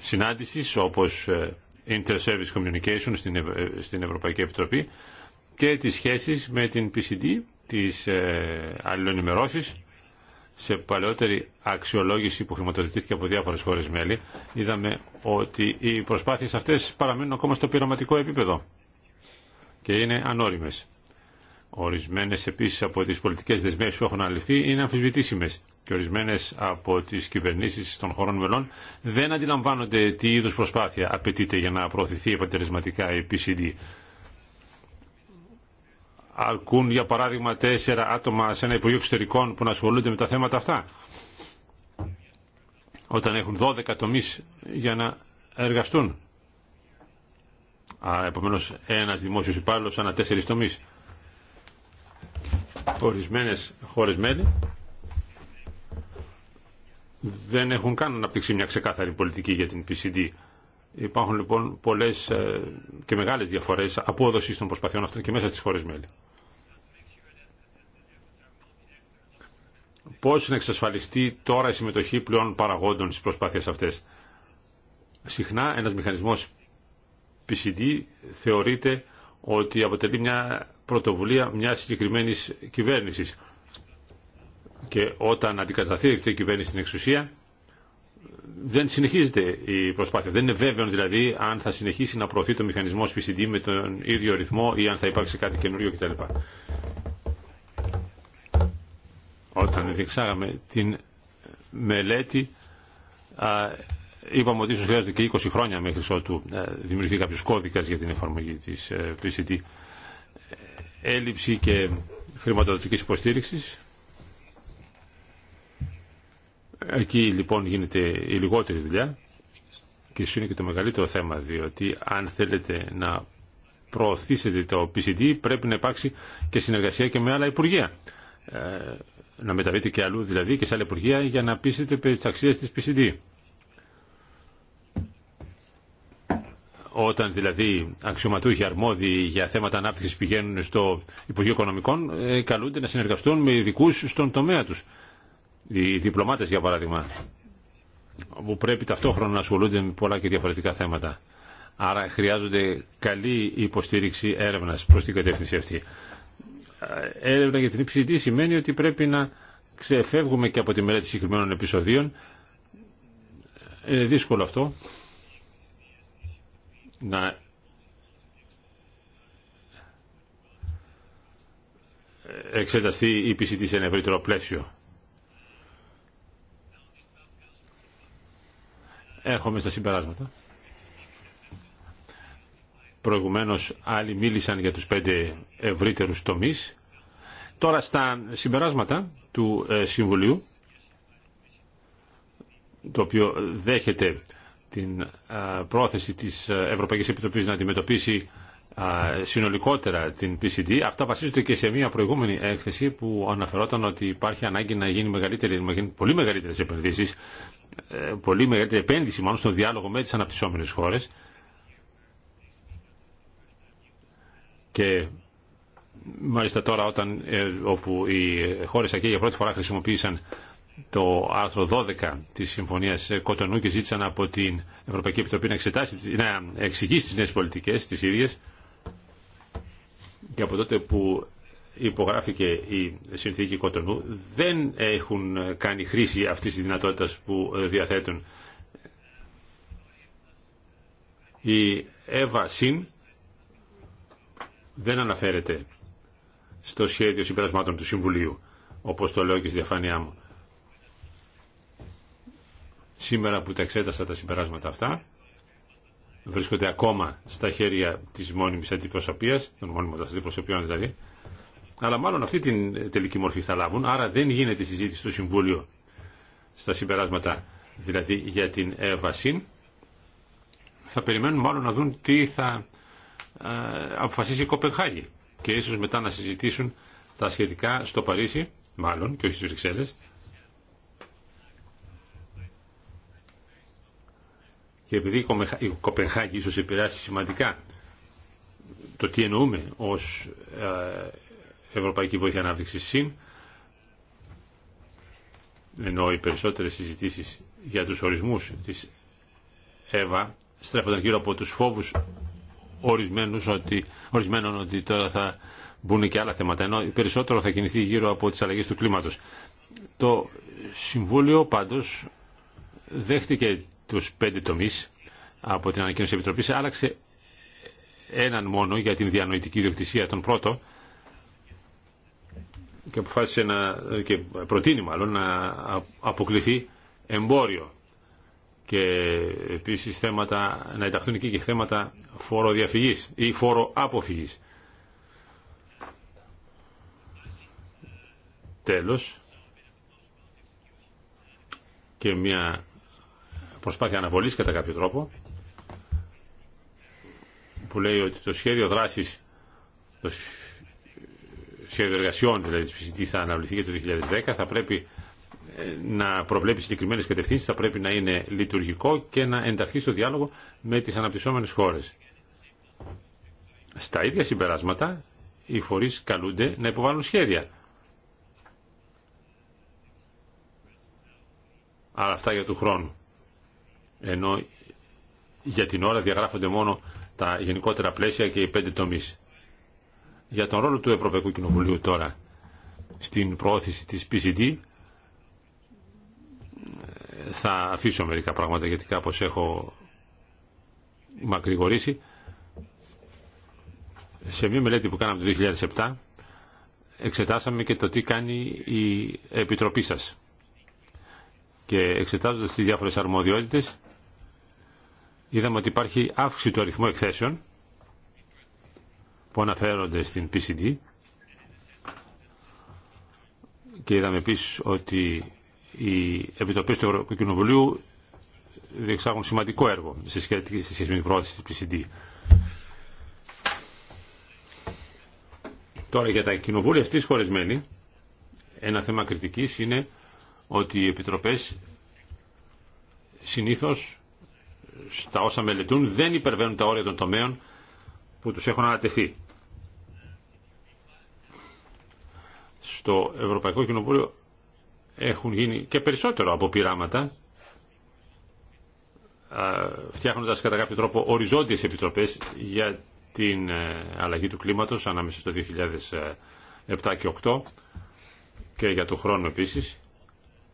συνάντησης όπως ε, Inter-Service Communication ε, στην Ευρωπαϊκή Επιτροπή και τις σχέσεις με την PCD, τις αλληλονημερώσεις σε παλαιότερη αξιολόγηση που χρηματοδοτήθηκε από διάφορε χώρε μέλη, είδαμε ότι οι προσπάθειες αυτές παραμένουν ακόμα στο πειραματικό επίπεδο και είναι ανώριμες. Ορισμένες επίσης από τις πολιτικές δεσμεύσεις που έχουν αληφθεί είναι αμφισβητήσιμες και ορισμένες από τις κυβερνήσεις των χωρών μελών δεν αντιλαμβάνονται τι είδους προσπάθεια απαιτείται για να προωθηθεί επατεραισματικά η PCD. Αρκούν για παράδειγμα τέσσερα άτομα σε ένα Υπουργείο Εξωτερικών που να ασχολούνται με τα θέματα αυτά όταν έχουν 12 τομείς για να εργαστούν. Επομένω, ένα δημόσιο υπάλληλο ανά τέσσερι τομεί. Ορισμένε χώρε μέλη δεν έχουν καν αναπτύξει μια ξεκάθαρη πολιτική για την PCD. Υπάρχουν λοιπόν πολλέ ε, και μεγάλε διαφορέ απόδοση των προσπαθειών αυτών και μέσα στι χώρε μέλη. Πώ να εξασφαλιστεί τώρα η συμμετοχή πλέον παραγόντων στι προσπάθειε αυτέ. Συχνά ένα μηχανισμό PCD θεωρείται ότι αποτελεί μια πρωτοβουλία μια συγκεκριμένη κυβέρνηση. Και όταν αντικατασταθεί αυτή η κυβέρνηση στην εξουσία, δεν συνεχίζεται η προσπάθεια. Δεν είναι βέβαιο δηλαδή αν θα συνεχίσει να προωθεί το μηχανισμό PCD με τον ίδιο ρυθμό ή αν θα υπάρξει κάτι καινούριο κτλ. Όταν διεξάγαμε την μελέτη, Είπαμε ότι ίσως χρειάζονται και 20 χρόνια μέχρι ότου ε, δημιουργηθεί κάποιος κώδικας για την εφαρμογή της PCT. Ε, e ε, έλλειψη και χρηματοδοτική υποστήριξης. Εκεί λοιπόν γίνεται η λιγότερη δουλειά και ίσως είναι και το μεγαλύτερο θέμα διότι αν θέλετε να προωθήσετε το PCD πρέπει να υπάρξει και συνεργασία και με άλλα υπουργεία. να μεταβείτε και αλλού δηλαδή και σε άλλα υπουργεία για να πείσετε περί της αξίας της PCD. όταν δηλαδή αξιωματούχοι αρμόδιοι για θέματα ανάπτυξη πηγαίνουν στο Υπουργείο Οικονομικών, ε, καλούνται να συνεργαστούν με ειδικού στον τομέα του. Οι διπλωμάτε, για παράδειγμα, που πρέπει ταυτόχρονα να ασχολούνται με πολλά και διαφορετικά θέματα. Άρα χρειάζονται καλή υποστήριξη έρευνα προ την κατεύθυνση αυτή. Έρευνα για την υψηλή σημαίνει ότι πρέπει να ξεφεύγουμε και από τη μελέτη συγκεκριμένων επεισοδίων. Είναι δύσκολο αυτό να εξεταστεί η της σε ένα ευρύτερο πλαίσιο. Έρχομαι στα συμπεράσματα. Προηγουμένως άλλοι μίλησαν για τους πέντε ευρύτερους τομείς. Τώρα στα συμπεράσματα του ε, Συμβουλίου, το οποίο δέχεται την πρόθεση της Ευρωπαϊκής Επιτροπής να αντιμετωπίσει συνολικότερα την PCD. Αυτά βασίζονται και σε μια προηγούμενη έκθεση που αναφερόταν ότι υπάρχει ανάγκη να γίνει μεγαλύτερη, να πολύ μεγαλύτερε επενδύσει, ε, πολύ μεγαλύτερη επένδυση μάλλον στον διάλογο με τι αναπτυσσόμενε χώρε. Και μάλιστα τώρα όταν, ε, όπου οι χώρες εκεί για πρώτη φορά χρησιμοποίησαν το άρθρο 12 της Συμφωνίας Κοτονού και ζήτησαν από την Ευρωπαϊκή Επιτροπή να, εξετάσει, να εξηγήσει τις νέες πολιτικές τις ίδιες και από τότε που υπογράφηκε η συνθήκη Κοτονού δεν έχουν κάνει χρήση αυτής της δυνατότητας που διαθέτουν η Εύα δεν αναφέρεται στο σχέδιο συμπερασμάτων του Συμβουλίου όπως το λέω και στη διαφάνειά μου σήμερα που τα εξέτασα τα συμπεράσματα αυτά βρίσκονται ακόμα στα χέρια της μόνιμης αντιπροσωπείας, των μόνιμων αντιπροσωπιών δηλαδή, αλλά μάλλον αυτή την τελική μορφή θα λάβουν, άρα δεν γίνεται συζήτηση στο Συμβούλιο στα συμπεράσματα δηλαδή για την ΕΒΑΣΥΝ. Θα περιμένουν μάλλον να δουν τι θα ε, αποφασίσει η Κοπενχάγη και ίσως μετά να συζητήσουν τα σχετικά στο Παρίσι, μάλλον και όχι στις Βρυξέλλες, Και επειδή η Κοπενχάγη ίσως επηρεάσει σημαντικά το τι εννοούμε ως ε, Ευρωπαϊκή Βοήθεια Ανάπτυξη ΣΥΝ, ενώ οι περισσότερες συζητήσεις για τους ορισμούς της ΕΒΑ στρέφονταν γύρω από τους φόβους ορισμένους ότι, ορισμένων ότι τώρα θα μπουν και άλλα θέματα, ενώ περισσότερο θα κινηθεί γύρω από τις αλλαγές του κλίματος. Το Συμβούλιο πάντως δέχτηκε τους πέντε τομείς από την ανακοίνωση Επιτροπής άλλαξε έναν μόνο για την διανοητική ιδιοκτησία τον πρώτο και, αποφάσισε να, και προτείνει μάλλον να αποκληθεί εμπόριο και επίσης θέματα, να ενταχθούν εκεί και θέματα φοροδιαφυγής ή φοροαποφυγής. Τέλος, και μια προσπάθεια αναβολής κατά κάποιο τρόπο που λέει ότι το σχέδιο δράσης το σχέδιο εργασιών δηλαδή της PCT θα αναβληθεί για το 2010 θα πρέπει ε, να προβλέπει συγκεκριμένες κατευθύνσεις θα πρέπει να είναι λειτουργικό και να ενταχθεί στο διάλογο με τις αναπτυσσόμενες χώρες. Στα ίδια συμπεράσματα οι φορείς καλούνται να υποβάλουν σχέδια. Αλλά αυτά για του χρόνου ενώ για την ώρα διαγράφονται μόνο τα γενικότερα πλαίσια και οι πέντε τομείς. Για τον ρόλο του Ευρωπαϊκού Κοινοβουλίου τώρα στην προώθηση της PCD θα αφήσω μερικά πράγματα γιατί κάπως έχω μακρηγορήσει. Σε μια μελέτη που κάναμε το 2007 εξετάσαμε και το τι κάνει η Επιτροπή σας και εξετάζοντας τις διάφορες αρμοδιότητες είδαμε ότι υπάρχει αύξηση του αριθμού εκθέσεων που αναφέρονται στην PCD και είδαμε επίσης ότι οι επιτροπές του Ευρωκοινοβουλίου διεξάγουν σημαντικό έργο σε σχέση με την πρόθεση της PCD. Τώρα για τα κοινοβούλια αυτής χωρισμένη ένα θέμα κριτικής είναι ότι οι επιτροπές συνήθως στα όσα μελετούν δεν υπερβαίνουν τα όρια των τομέων που τους έχουν ανατεθεί. Στο Ευρωπαϊκό Κοινοβούλιο έχουν γίνει και περισσότερο από πειράματα φτιάχνοντας κατά κάποιο τρόπο οριζόντιες επιτροπές για την ε, αλλαγή του κλίματος ανάμεσα στο 2007 και 2008 και για το χρόνο επίσης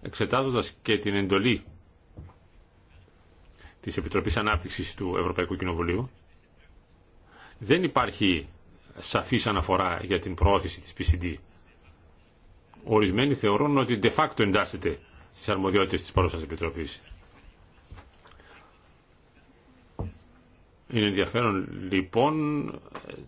εξετάζοντας και την εντολή της Επιτροπής Ανάπτυξης του Ευρωπαϊκού Κοινοβουλίου δεν υπάρχει σαφής αναφορά για την προώθηση της PCD. Ορισμένοι θεωρούν ότι de facto εντάσσεται στις αρμοδιότητες της παρούσας Επιτροπής. Είναι ενδιαφέρον λοιπόν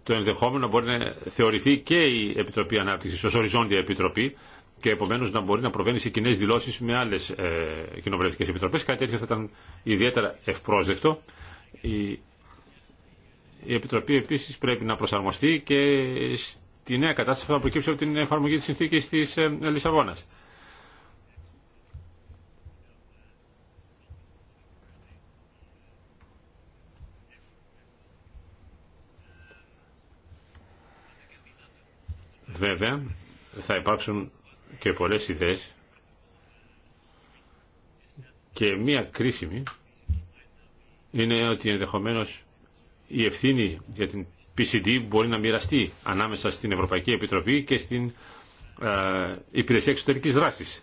το ενδεχόμενο μπορεί να θεωρηθεί και η Επιτροπή Ανάπτυξης ως οριζόντια επιτροπή και επομένω να μπορεί να προβαίνει σε κοινέ δηλώσει με άλλε ε, κοινοβουλευτικέ επιτροπέ. Κάτι τέτοιο θα ήταν ιδιαίτερα ευπρόσδεκτο. Η, η Επιτροπή επίση πρέπει να προσαρμοστεί και στη νέα κατάσταση που θα προκύψει από την εφαρμογή τη συνθήκη τη ε, Λισαβόνα. Βέβαια, θα υπάρξουν και πολλές ιδέες και μία κρίσιμη είναι ότι ενδεχομένως η ευθύνη για την PCD μπορεί να μοιραστεί ανάμεσα στην Ευρωπαϊκή Επιτροπή και στην ε, Υπηρεσία Εξωτερικής Δράσης.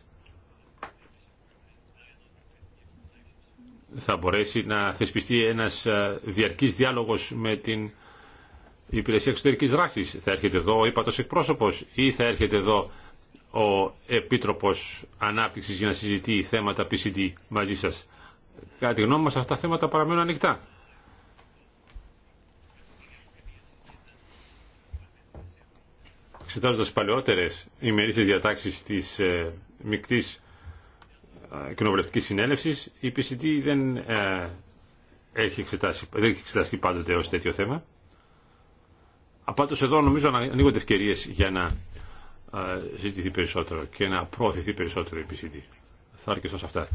Θα μπορέσει να θεσπιστεί ένας ε, διαρκής διάλογος με την Υπηρεσία Εξωτερικής Δράσης. Θα έρχεται εδώ ο ύπατος εκπρόσωπος ή θα έρχεται εδώ ο Επίτροπος Ανάπτυξης για να συζητεί θέματα PCD μαζί σας. Κατά τη γνώμη μας αυτά τα θέματα παραμένουν ανοιχτά. Εξετάζοντας παλαιότερες ημερήσεις διατάξεις της ε, μικτής ε, κοινοβουλευτικής συνέλευσης, η PCD δεν, ε, έχει, εξετάσει, δεν έχει εξεταστεί πάντοτε ως τέτοιο θέμα. Απάντως εδώ νομίζω να ανοίγονται ευκαιρίες για να ζητηθεί περισσότερο και να προωθηθεί περισσότερο η PCD. Θα αρκεστώ σε αυτά.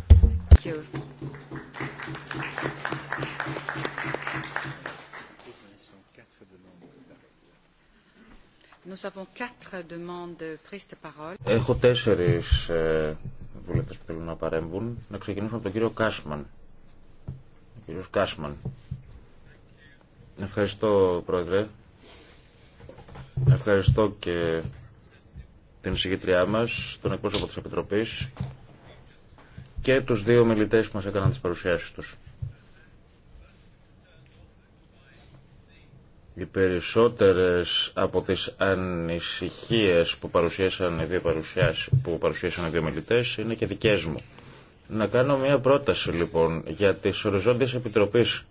Έχω τέσσερις ε, βουλευτές που θέλουν να παρέμβουν. Να ξεκινήσουμε από τον κύριο Κάσμαν. Ο κύριος Κάσμαν. Ευχαριστώ, Πρόεδρε. Ευχαριστώ και την συγκεκριά μας, τον εκπρόσωπο της Επιτροπής και τους δύο μιλητές που μας έκαναν τις παρουσιάσεις τους. Οι περισσότερες από τις ανησυχίες που παρουσίασαν οι δύο, που παρουσίασαν οι δύο μιλητές είναι και δικές μου. Να κάνω μια πρόταση λοιπόν για τις οριζόντιες επιτροπές,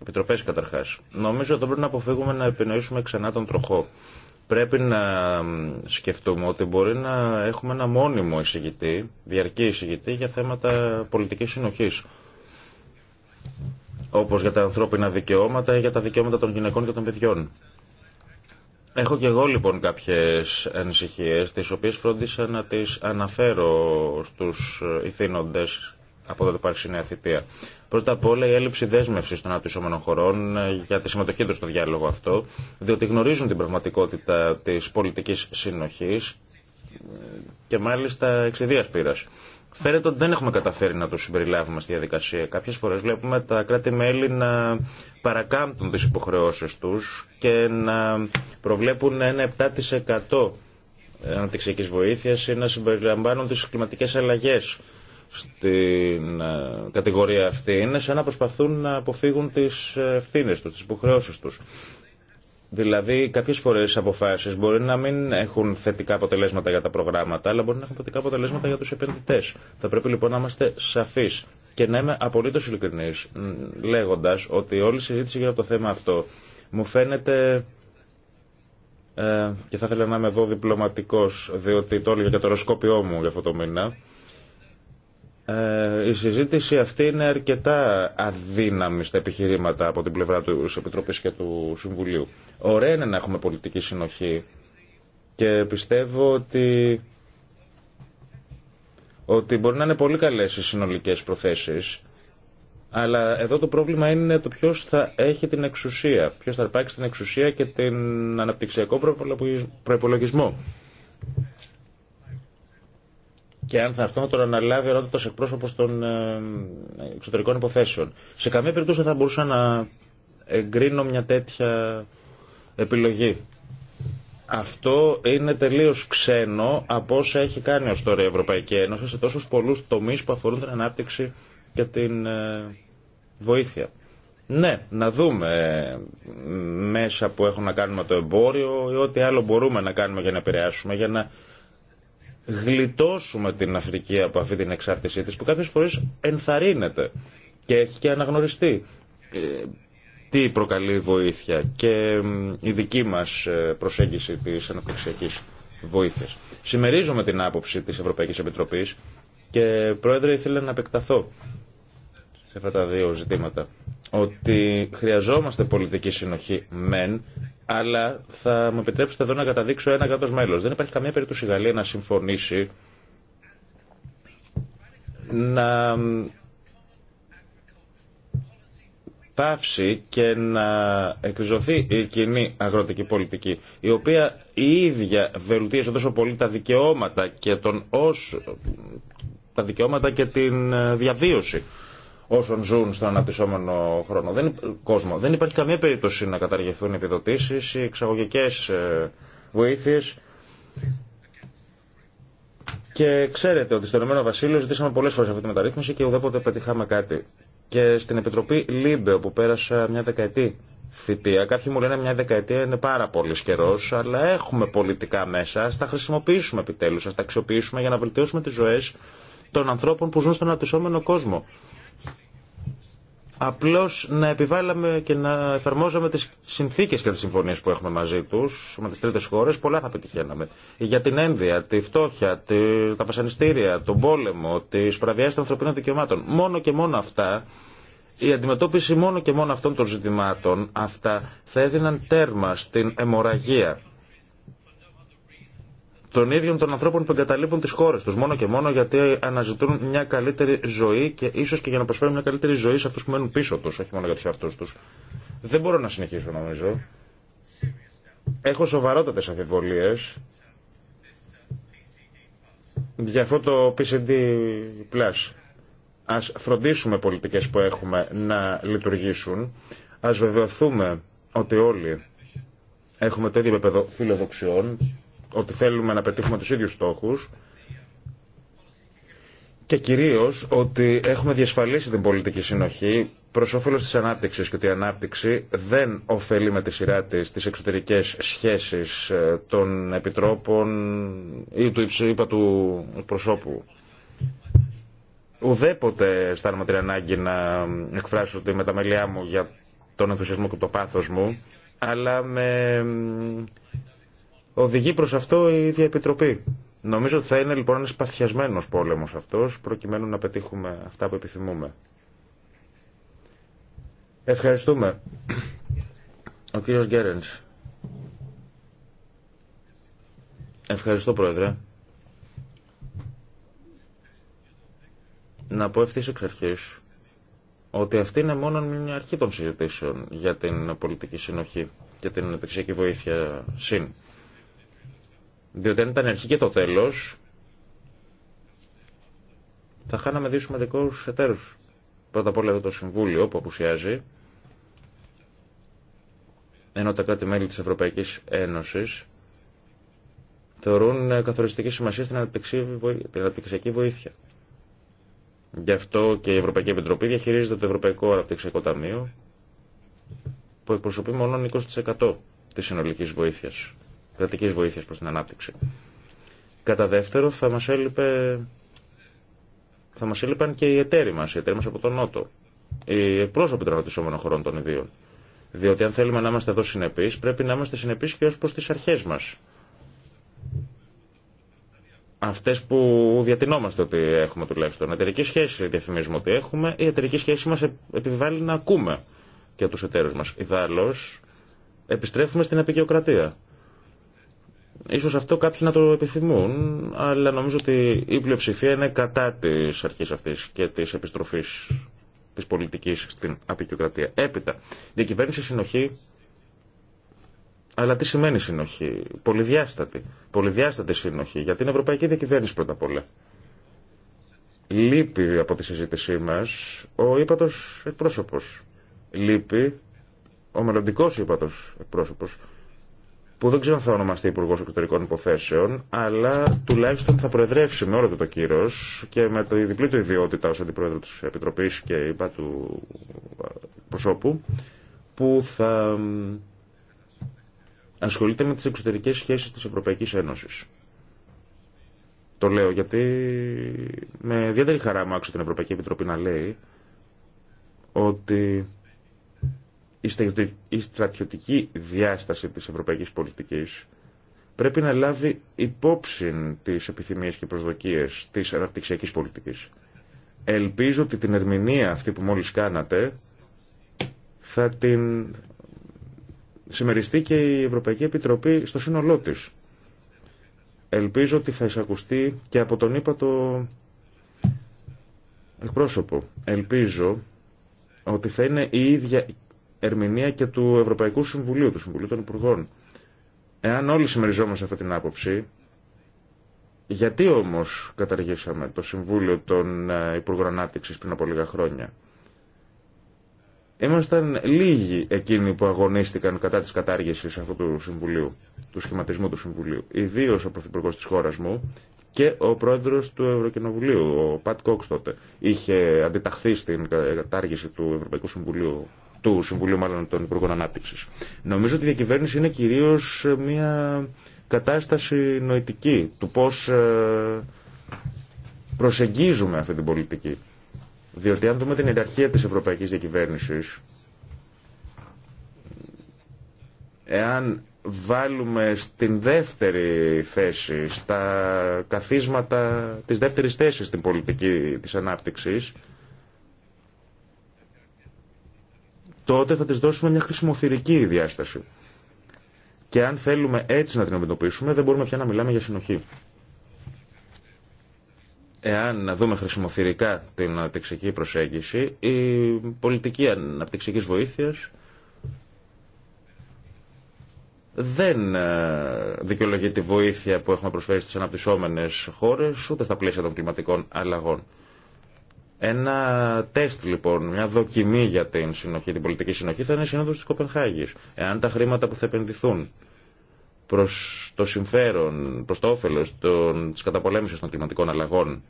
επιτροπές καταρχάς. Νομίζω ότι πρέπει να αποφύγουμε να επινοήσουμε ξανά τον τροχό. Πρέπει να σκεφτούμε ότι μπορεί να έχουμε ένα μόνιμο εισηγητή, διαρκή εισηγητή για θέματα πολιτικής συνοχής. Όπως για τα ανθρώπινα δικαιώματα ή για τα δικαιώματα των γυναικών και των παιδιών. Έχω και εγώ λοιπόν κάποιες ανησυχίες, τις οποίες φρόντισα να τις αναφέρω στους ηθήνοντες από τότε υπάρξει νέα θητεία. Πρώτα απ' όλα η έλλειψη δέσμευση των αναπτυσσόμενων χωρών ε, για τη συμμετοχή του στο διάλογο αυτό, διότι γνωρίζουν την πραγματικότητα τη πολιτική συνοχή ε, και μάλιστα εξαιδία πείρα. Φαίνεται ότι δεν έχουμε καταφέρει να το συμπεριλάβουμε στη διαδικασία. Κάποιε φορέ βλέπουμε τα κράτη-μέλη να παρακάμπτουν τι υποχρεώσει του και να προβλέπουν ένα 7% αναπτυξιακή βοήθεια ή να συμπεριλαμβάνουν τι κλιματικέ αλλαγέ στην ε, κατηγορία αυτή είναι σαν να προσπαθούν να αποφύγουν τις ευθύνε τους, τις υποχρεώσει τους. Δηλαδή, κάποιες φορές οι αποφάσει μπορεί να μην έχουν θετικά αποτελέσματα για τα προγράμματα, αλλά μπορεί να έχουν θετικά αποτελέσματα για τους επενδυτέ. Θα πρέπει λοιπόν να είμαστε σαφείς και να είμαι απολύτως ειλικρινής λέγοντας ότι όλη η συζήτηση γύρω από το θέμα αυτό μου φαίνεται. Ε, και θα ήθελα να είμαι εδώ διπλωματικό, διότι το έλεγα για το οροσκόπιό μου για αυτό το μήνα. Ε, η συζήτηση αυτή είναι αρκετά αδύναμη στα επιχειρήματα από την πλευρά του Επιτροπή και του Συμβουλίου. Ωραία είναι να έχουμε πολιτική συνοχή και πιστεύω ότι, ότι μπορεί να είναι πολύ καλές οι συνολικές προθέσεις αλλά εδώ το πρόβλημα είναι το ποιο θα έχει την εξουσία, ποιο θα αρπάξει την εξουσία και την αναπτυξιακό προπολογισμό και αν θα αυτό να τον αναλάβει ο το εκπρόσωπο των ε, εξωτερικών υποθέσεων. Σε καμία περίπτωση θα μπορούσα να εγκρίνω μια τέτοια επιλογή. Αυτό είναι τελείω ξένο από όσα έχει κάνει ω τώρα η Ευρωπαϊκή Ένωση σε τόσου πολλού τομεί που αφορούν την ανάπτυξη και την ε, βοήθεια. Ναι, να δούμε ε, μέσα που έχουν να κάνουμε το εμπόριο ή ό,τι άλλο μπορούμε να κάνουμε για να επηρεάσουμε, για να γλιτώσουμε την Αφρική από αυτή την εξάρτησή της που κάποιες φορές ενθαρρύνεται και έχει και αναγνωριστεί ε, τι προκαλεί βοήθεια και η δική μας ε, προσέγγιση της αναπτυξιακής βοήθειας. Συμμερίζομαι την άποψη της Ευρωπαϊκής Επιτροπής και Πρόεδρε ήθελα να επεκταθώ σε αυτά τα δύο ζητήματα ότι χρειαζόμαστε πολιτική συνοχή μεν αλλά θα μου επιτρέψετε εδώ να καταδείξω ένα κράτο μέλο. Δεν υπάρχει καμία περίπτωση η Γαλλία να συμφωνήσει να πάυσει και να εκριζωθεί η κοινή αγροτική πολιτική, η οποία η ίδια βελτίωσε τόσο πολύ τα δικαιώματα και τον ως, τα δικαιώματα και την ε, διαβίωση όσων ζουν στον αναπτυσσόμενο χρόνο. Δεν, κόσμο. Δεν υπάρχει καμία περίπτωση να καταργηθούν οι επιδοτήσεις, οι εξαγωγικές ε, βοήθειε. Και ξέρετε ότι στον Ηνωμένο Βασίλειο ζητήσαμε πολλέ φορέ αυτή τη μεταρρύθμιση και ουδέποτε πετυχάμε κάτι. Και στην Επιτροπή ΛΥΜΠΕ, όπου πέρασα μια δεκαετή θητεία, κάποιοι μου λένε μια δεκαετία είναι πάρα πολύ καιρό, αλλά έχουμε πολιτικά μέσα, α τα χρησιμοποιήσουμε επιτέλου, α τα αξιοποιήσουμε για να βελτιώσουμε τι ζωέ των ανθρώπων που ζουν στον αναπτυσσόμενο κόσμο απλώς να επιβάλαμε και να εφαρμόζαμε τις συνθήκες και τις συμφωνίε που έχουμε μαζί τους, με τι τρίτε χώρε πολλά θα πετυχαίναμε. Για την ένδυα, τη φτώχεια, τα βασανιστήρια, τον πόλεμο, τις παραβιάσει των ανθρωπίνων δικαιωμάτων. Μόνο και μόνο αυτά, η αντιμετώπιση μόνο και μόνο αυτών των ζητημάτων, αυτά θα έδιναν τέρμα στην αιμορραγία των ίδιων των ανθρώπων που εγκαταλείπουν τι χώρε του. Μόνο και μόνο γιατί αναζητούν μια καλύτερη ζωή και ίσω και για να προσφέρουν μια καλύτερη ζωή σε αυτού που μένουν πίσω του, όχι μόνο για του εαυτού του. Δεν μπορώ να συνεχίσω νομίζω. Έχω σοβαρότατε αμφιβολίε για αυτό το PCD Plus. Ας φροντίσουμε πολιτικέ που έχουμε να λειτουργήσουν. Α βεβαιωθούμε ότι όλοι έχουμε το ίδιο επίπεδο φιλοδοξιών ότι θέλουμε να πετύχουμε τους ίδιους στόχους και κυρίως ότι έχουμε διασφαλίσει την πολιτική συνοχή προς όφελος της ανάπτυξης και ότι η ανάπτυξη δεν ωφελεί με τη σειρά της τις εξωτερικές σχέσεις ε, των επιτρόπων ή του υψηλήπα του προσώπου. Ουδέποτε αισθάνομαι την ανάγκη να εκφράσω τη μεταμελιά μου για τον ενθουσιασμό και το πάθος μου, αλλά με οδηγεί προς αυτό η ίδια Επιτροπή. Νομίζω ότι θα είναι λοιπόν ένας παθιασμένος πόλεμος αυτός, προκειμένου να πετύχουμε αυτά που επιθυμούμε. Ευχαριστούμε. Ο κύριος Γκέρενς. Ευχαριστώ Πρόεδρε. Να πω ευθύς εξ αρχής ότι αυτή είναι μόνο μια αρχή των συζητήσεων για την πολιτική συνοχή και την επεξιακή βοήθεια συν. Διότι αν ήταν αρχή και το τέλος, θα χάναμε δύο σημαντικού εταίρους. Πρώτα απ' όλα εδώ το Συμβούλιο που απουσιάζει, ενώ τα κράτη-μέλη της Ευρωπαϊκής Ένωσης θεωρούν ε, καθοριστική σημασία στην αναπτυξιακή βοήθεια. Γι' αυτό και η Ευρωπαϊκή Επιτροπή διαχειρίζεται το Ευρωπαϊκό Αναπτυξιακό Ταμείο που εκπροσωπεί μόνο 20% της συνολικής βοήθειας κρατική βοήθεια προ την ανάπτυξη. Κατά δεύτερο, θα μα έλειπε... θα έλειπαν και οι εταίροι μα, οι εταίροι μα από τον Νότο, οι εκπρόσωποι των αναπτυσσόμενων χωρών των ιδίων. Διότι αν θέλουμε να είμαστε εδώ συνεπεί πρέπει να είμαστε συνεπείς και ω προς τις αρχές μας. Αυτέ που διατηνόμαστε ότι έχουμε τουλάχιστον. Εταιρική σχέση διαφημίζουμε ότι έχουμε, η εταιρική σχέση μα επιβάλλει να ακούμε και του εταίρου μα. Ιδάλω, επιστρέφουμε στην επικαιοκρατία. Ίσως αυτό κάποιοι να το επιθυμούν, αλλά νομίζω ότι η πλειοψηφία είναι κατά της αρχής αυτής και της επιστροφής της πολιτικής στην απεικιοκρατία. Έπειτα, διακυβέρνηση συνοχή, αλλά τι σημαίνει συνοχή, πολυδιάστατη, πολυδιάστατη συνοχή, για την ευρωπαϊκή διακυβέρνηση πρώτα απ' όλα. Λείπει από τη συζήτησή μας ο ύπατος εκπρόσωπος. Λείπει ο μελλοντικό ύπατος εκπρόσωπος που δεν ξέρω αν θα ονομαστεί Υπουργό Εξωτερικών Υποθέσεων, αλλά τουλάχιστον θα προεδρεύσει με όλο του το κύρο και με τη διπλή του ιδιότητα ω αντιπρόεδρο τη Επιτροπή και είπα του ε, προσώπου, που θα ασχολείται με τι εξωτερικέ σχέσει τη Ευρωπαϊκή Ένωση. Το λέω γιατί με ιδιαίτερη χαρά μου άκουσα την Ευρωπαϊκή Επιτροπή να λέει ότι η στρατιωτική διάσταση της ευρωπαϊκής πολιτικής πρέπει να λάβει υπόψη τις επιθυμίες και προσδοκίες της αναπτυξιακής πολιτικής. Ελπίζω ότι την ερμηνεία αυτή που μόλις κάνατε θα την συμμεριστεί και η Ευρωπαϊκή Επιτροπή στο σύνολό της. Ελπίζω ότι θα εισακουστεί και από τον ήπατο εκπρόσωπο. Ελπίζω ότι θα είναι η ίδια ερμηνεία και του Ευρωπαϊκού Συμβουλίου, του Συμβουλίου των Υπουργών. Εάν όλοι συμμεριζόμαστε αυτή την άποψη, γιατί όμω καταργήσαμε το Συμβούλιο των ε, Υπουργών Ανάπτυξη πριν από λίγα χρόνια. Ήμασταν λίγοι εκείνοι που αγωνίστηκαν κατά τη κατάργηση αυτού του Συμβουλίου, του σχηματισμού του Συμβουλίου. ιδίω ο Πρωθυπουργό τη χώρα μου και ο πρόεδρο του Ευρωκοινοβουλίου, ο Πατ Κόξ τότε, είχε αντιταχθεί στην κατάργηση του Ευρωπαϊκού Συμβουλίου του Συμβουλίου μάλλον των Υπουργών Ανάπτυξης. Νομίζω ότι η διακυβέρνηση είναι κυρίως ε, μια κατάσταση νοητική του πώς ε, προσεγγίζουμε αυτή την πολιτική. Διότι αν δούμε την ιεραρχία της Ευρωπαϊκής Διακυβέρνησης, εάν βάλουμε στην δεύτερη θέση, στα καθίσματα της δεύτερης θέσης στην πολιτική της ανάπτυξης, τότε θα τις δώσουμε μια χρησιμοθυρική διάσταση. Και αν θέλουμε έτσι να την αντιμετωπίσουμε, δεν μπορούμε πια να μιλάμε για συνοχή. Εάν να δούμε χρησιμοθυρικά την αναπτυξική προσέγγιση, η πολιτική αναπτύξική βοήθειας δεν ε, δικαιολογεί τη βοήθεια που έχουμε προσφέρει στις αναπτυσσόμενες χώρες, ούτε στα πλαίσια των κλιματικών αλλαγών. Ένα τεστ λοιπόν, μια δοκιμή για την, συνοχή, την πολιτική συνοχή θα είναι η Σύνοδος της Κοπενχάγης. Εάν τα χρήματα που θα επενδυθούν προς το συμφέρον, προς το όφελος των, της καταπολέμησης των κλιματικών αλλαγών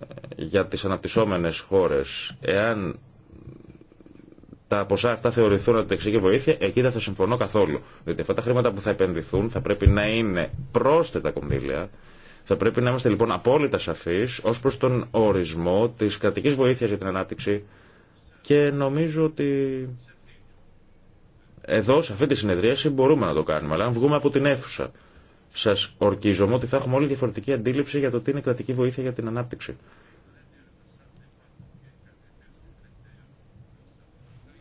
ε, για τις αναπτυσσόμενες χώρες, εάν τα ποσά αυτά θεωρηθούν ότι εξηγεί βοήθεια, εκεί δεν θα συμφωνώ καθόλου. Διότι αυτά τα χρήματα που θα επενδυθούν θα πρέπει να είναι πρόσθετα κονδύλια, θα πρέπει να είμαστε λοιπόν απόλυτα σαφεί ω προ τον ορισμό τη κρατική βοήθεια για την ανάπτυξη και νομίζω ότι εδώ σε αυτή τη συνεδρίαση μπορούμε να το κάνουμε, αλλά αν βγούμε από την αίθουσα σα ορκίζομαι ότι θα έχουμε όλη διαφορετική αντίληψη για το τι είναι κρατική βοήθεια για την ανάπτυξη.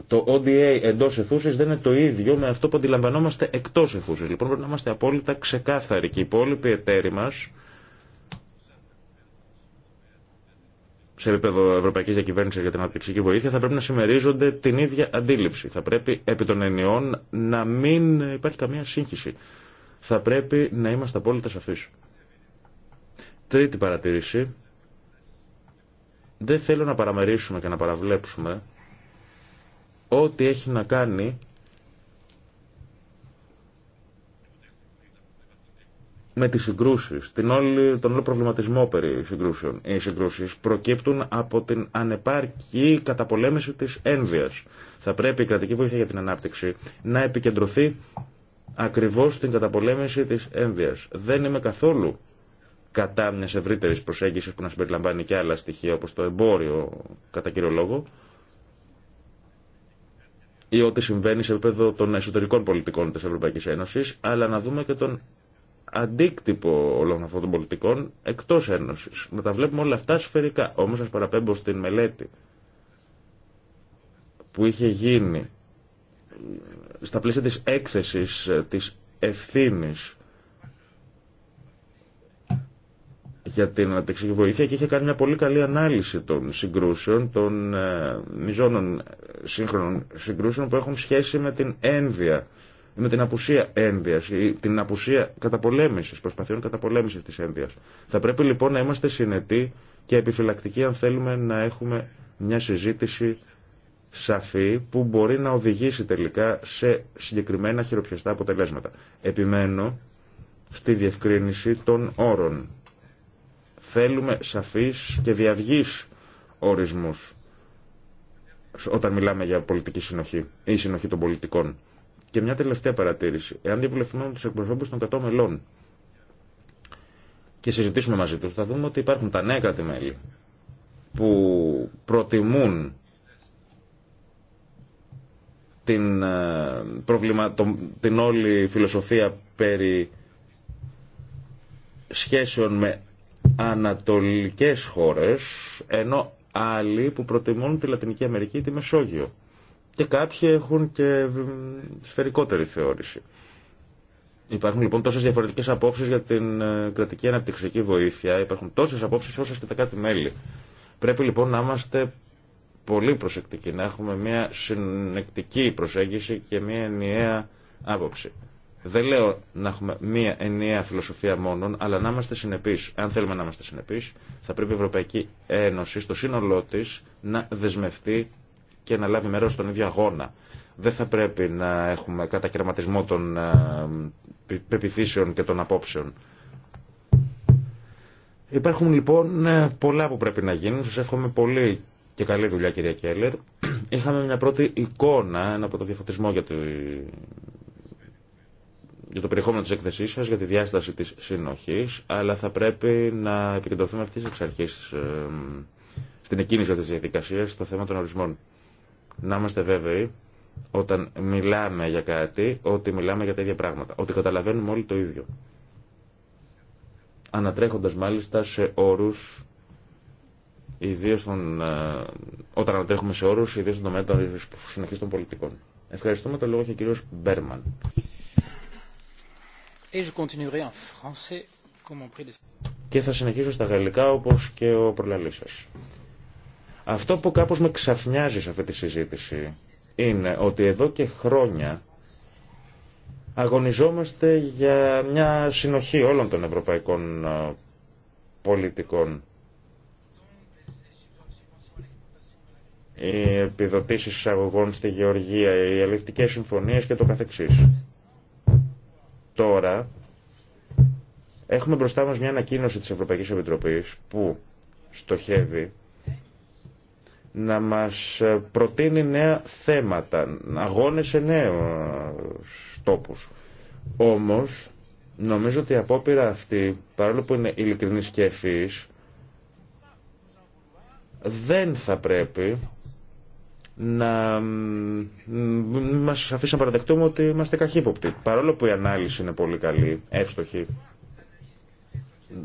το ODA εντό αιθούση δεν είναι το ίδιο με αυτό που αντιλαμβανόμαστε εκτό αιθούση. Λοιπόν, πρέπει να είμαστε απόλυτα ξεκάθαροι και οι υπόλοιποι εταίροι μα σε επίπεδο Ευρωπαϊκή Διακυβέρνηση για την Αναπτυξική Βοήθεια θα πρέπει να συμμερίζονται την ίδια αντίληψη. Θα πρέπει επί των ενιών να μην υπάρχει καμία σύγχυση. Θα πρέπει να είμαστε απόλυτα σαφεί. Τρίτη παρατήρηση. Δεν θέλω να παραμερίσουμε και να παραβλέψουμε ό,τι έχει να κάνει με τις συγκρούσεις, την όλη, τον όλο προβληματισμό περί συγκρούσεων. Οι συγκρούσεις προκύπτουν από την ανεπάρκη καταπολέμηση της ένδυας. Θα πρέπει η κρατική βοήθεια για την ανάπτυξη να επικεντρωθεί ακριβώς στην καταπολέμηση της ένδυας. Δεν είμαι καθόλου κατά μια ευρύτερη προσέγγιση που να συμπεριλαμβάνει και άλλα στοιχεία όπως το εμπόριο κατά κύριο λόγο ή ό,τι συμβαίνει σε επίπεδο των εσωτερικών πολιτικών της Ευρωπαϊκής Ένωσης, αλλά να δούμε και τον αντίκτυπο όλων αυτών των πολιτικών εκτό Ένωση. Να τα βλέπουμε όλα αυτά σφαιρικά. Όμω σα παραπέμπω στην μελέτη που είχε γίνει στα πλαίσια της έκθεσης ε, της ευθύνης για την ανατεξική βοήθεια και είχε κάνει μια πολύ καλή ανάλυση των συγκρούσεων, των ε, μιζώνων ε, σύγχρονων συγκρούσεων που έχουν σχέση με την ένδια με την απουσία ένδυα ή την απουσία καταπολέμηση, προσπαθειών καταπολέμηση τη ένδυα. Θα πρέπει λοιπόν να είμαστε συνετοί και επιφυλακτικοί αν θέλουμε να έχουμε μια συζήτηση σαφή που μπορεί να οδηγήσει τελικά σε συγκεκριμένα χειροπιαστά αποτελέσματα. Επιμένω στη διευκρίνηση των όρων. Θέλουμε σαφείς και διαυγείς ορισμούς όταν μιλάμε για πολιτική συνοχή ή συνοχή των πολιτικών. Και μια τελευταία παρατήρηση. Εάν διαβουλευτούμε με του εκπροσώπου των 100 μελών και συζητήσουμε μαζί του, θα δούμε ότι υπάρχουν τα νέα κράτη-μέλη που προτιμούν την, ε, προβλημα, την όλη φιλοσοφία περί σχέσεων με ανατολικές χώρες, ενώ άλλοι που προτιμούν τη Λατινική Αμερική ή τη Μεσόγειο και κάποιοι έχουν και σφαιρικότερη θεώρηση. Υπάρχουν λοιπόν τόσε διαφορετικέ απόψει για την ε, κρατική αναπτυξιακή βοήθεια, υπάρχουν τόσε απόψει όσε και τα κάτι μέλη. Πρέπει λοιπόν να είμαστε πολύ προσεκτικοί, να έχουμε μια συνεκτική προσέγγιση και μια ενιαία άποψη. Δεν λέω να έχουμε μία ενιαία φιλοσοφία μόνον, αλλά να είμαστε συνεπεί. Αν θέλουμε να είμαστε συνεπεί, θα πρέπει η Ευρωπαϊκή Ένωση στο σύνολό τη να δεσμευτεί και να λάβει μέρο στον ίδιο αγώνα. Δεν θα πρέπει να έχουμε κατακαιρματισμό των ε, πεπιθήσεων και των απόψεων. Υπάρχουν λοιπόν ε, πολλά που πρέπει να γίνουν. Σας εύχομαι πολύ και καλή δουλειά κυρία Κέλλερ. *clears throat* Είχαμε μια πρώτη εικόνα, ένα το για για το περιεχόμενο της εκθεσής σας, για τη διάσταση της συνοχής, αλλά θα πρέπει να επικεντρωθούμε αυτής εξ αρχής ε, στην εκκίνηση αυτής της στο θέμα των ορισμών να είμαστε βέβαιοι όταν μιλάμε για κάτι, ότι μιλάμε για τα ίδια πράγματα. Ότι καταλαβαίνουμε όλοι το ίδιο. Ανατρέχοντας μάλιστα σε όρους, ιδίως στον, ε, όταν ανατρέχουμε σε όρους, ιδίως στον τομέα των συνεχής των πολιτικών. Ευχαριστούμε. Το λόγο και ο κύριος Μπέρμαν. Και θα συνεχίσω στα γαλλικά όπως και ο προλαλής σας. Αυτό που κάπως με ξαφνιάζει σε αυτή τη συζήτηση είναι ότι εδώ και χρόνια αγωνιζόμαστε για μια συνοχή όλων των ευρωπαϊκών ε, πολιτικών. Οι επιδοτήσεις εισαγωγών στη Γεωργία, οι αλληλευτικές συμφωνίες και το καθεξής. Τώρα έχουμε μπροστά μας μια ανακοίνωση της Ευρωπαϊκής Επιτροπής που στοχεύει να μας προτείνει νέα θέματα, αγώνες σε νέους τόπους. Όμως, νομίζω ότι η απόπειρα αυτή, παρόλο που είναι ειλικρινής και ευφύης, δεν θα πρέπει να μας αφήσει να παραδεχτούμε ότι είμαστε καχύποπτοι. Παρόλο που η ανάλυση είναι πολύ καλή, εύστοχη,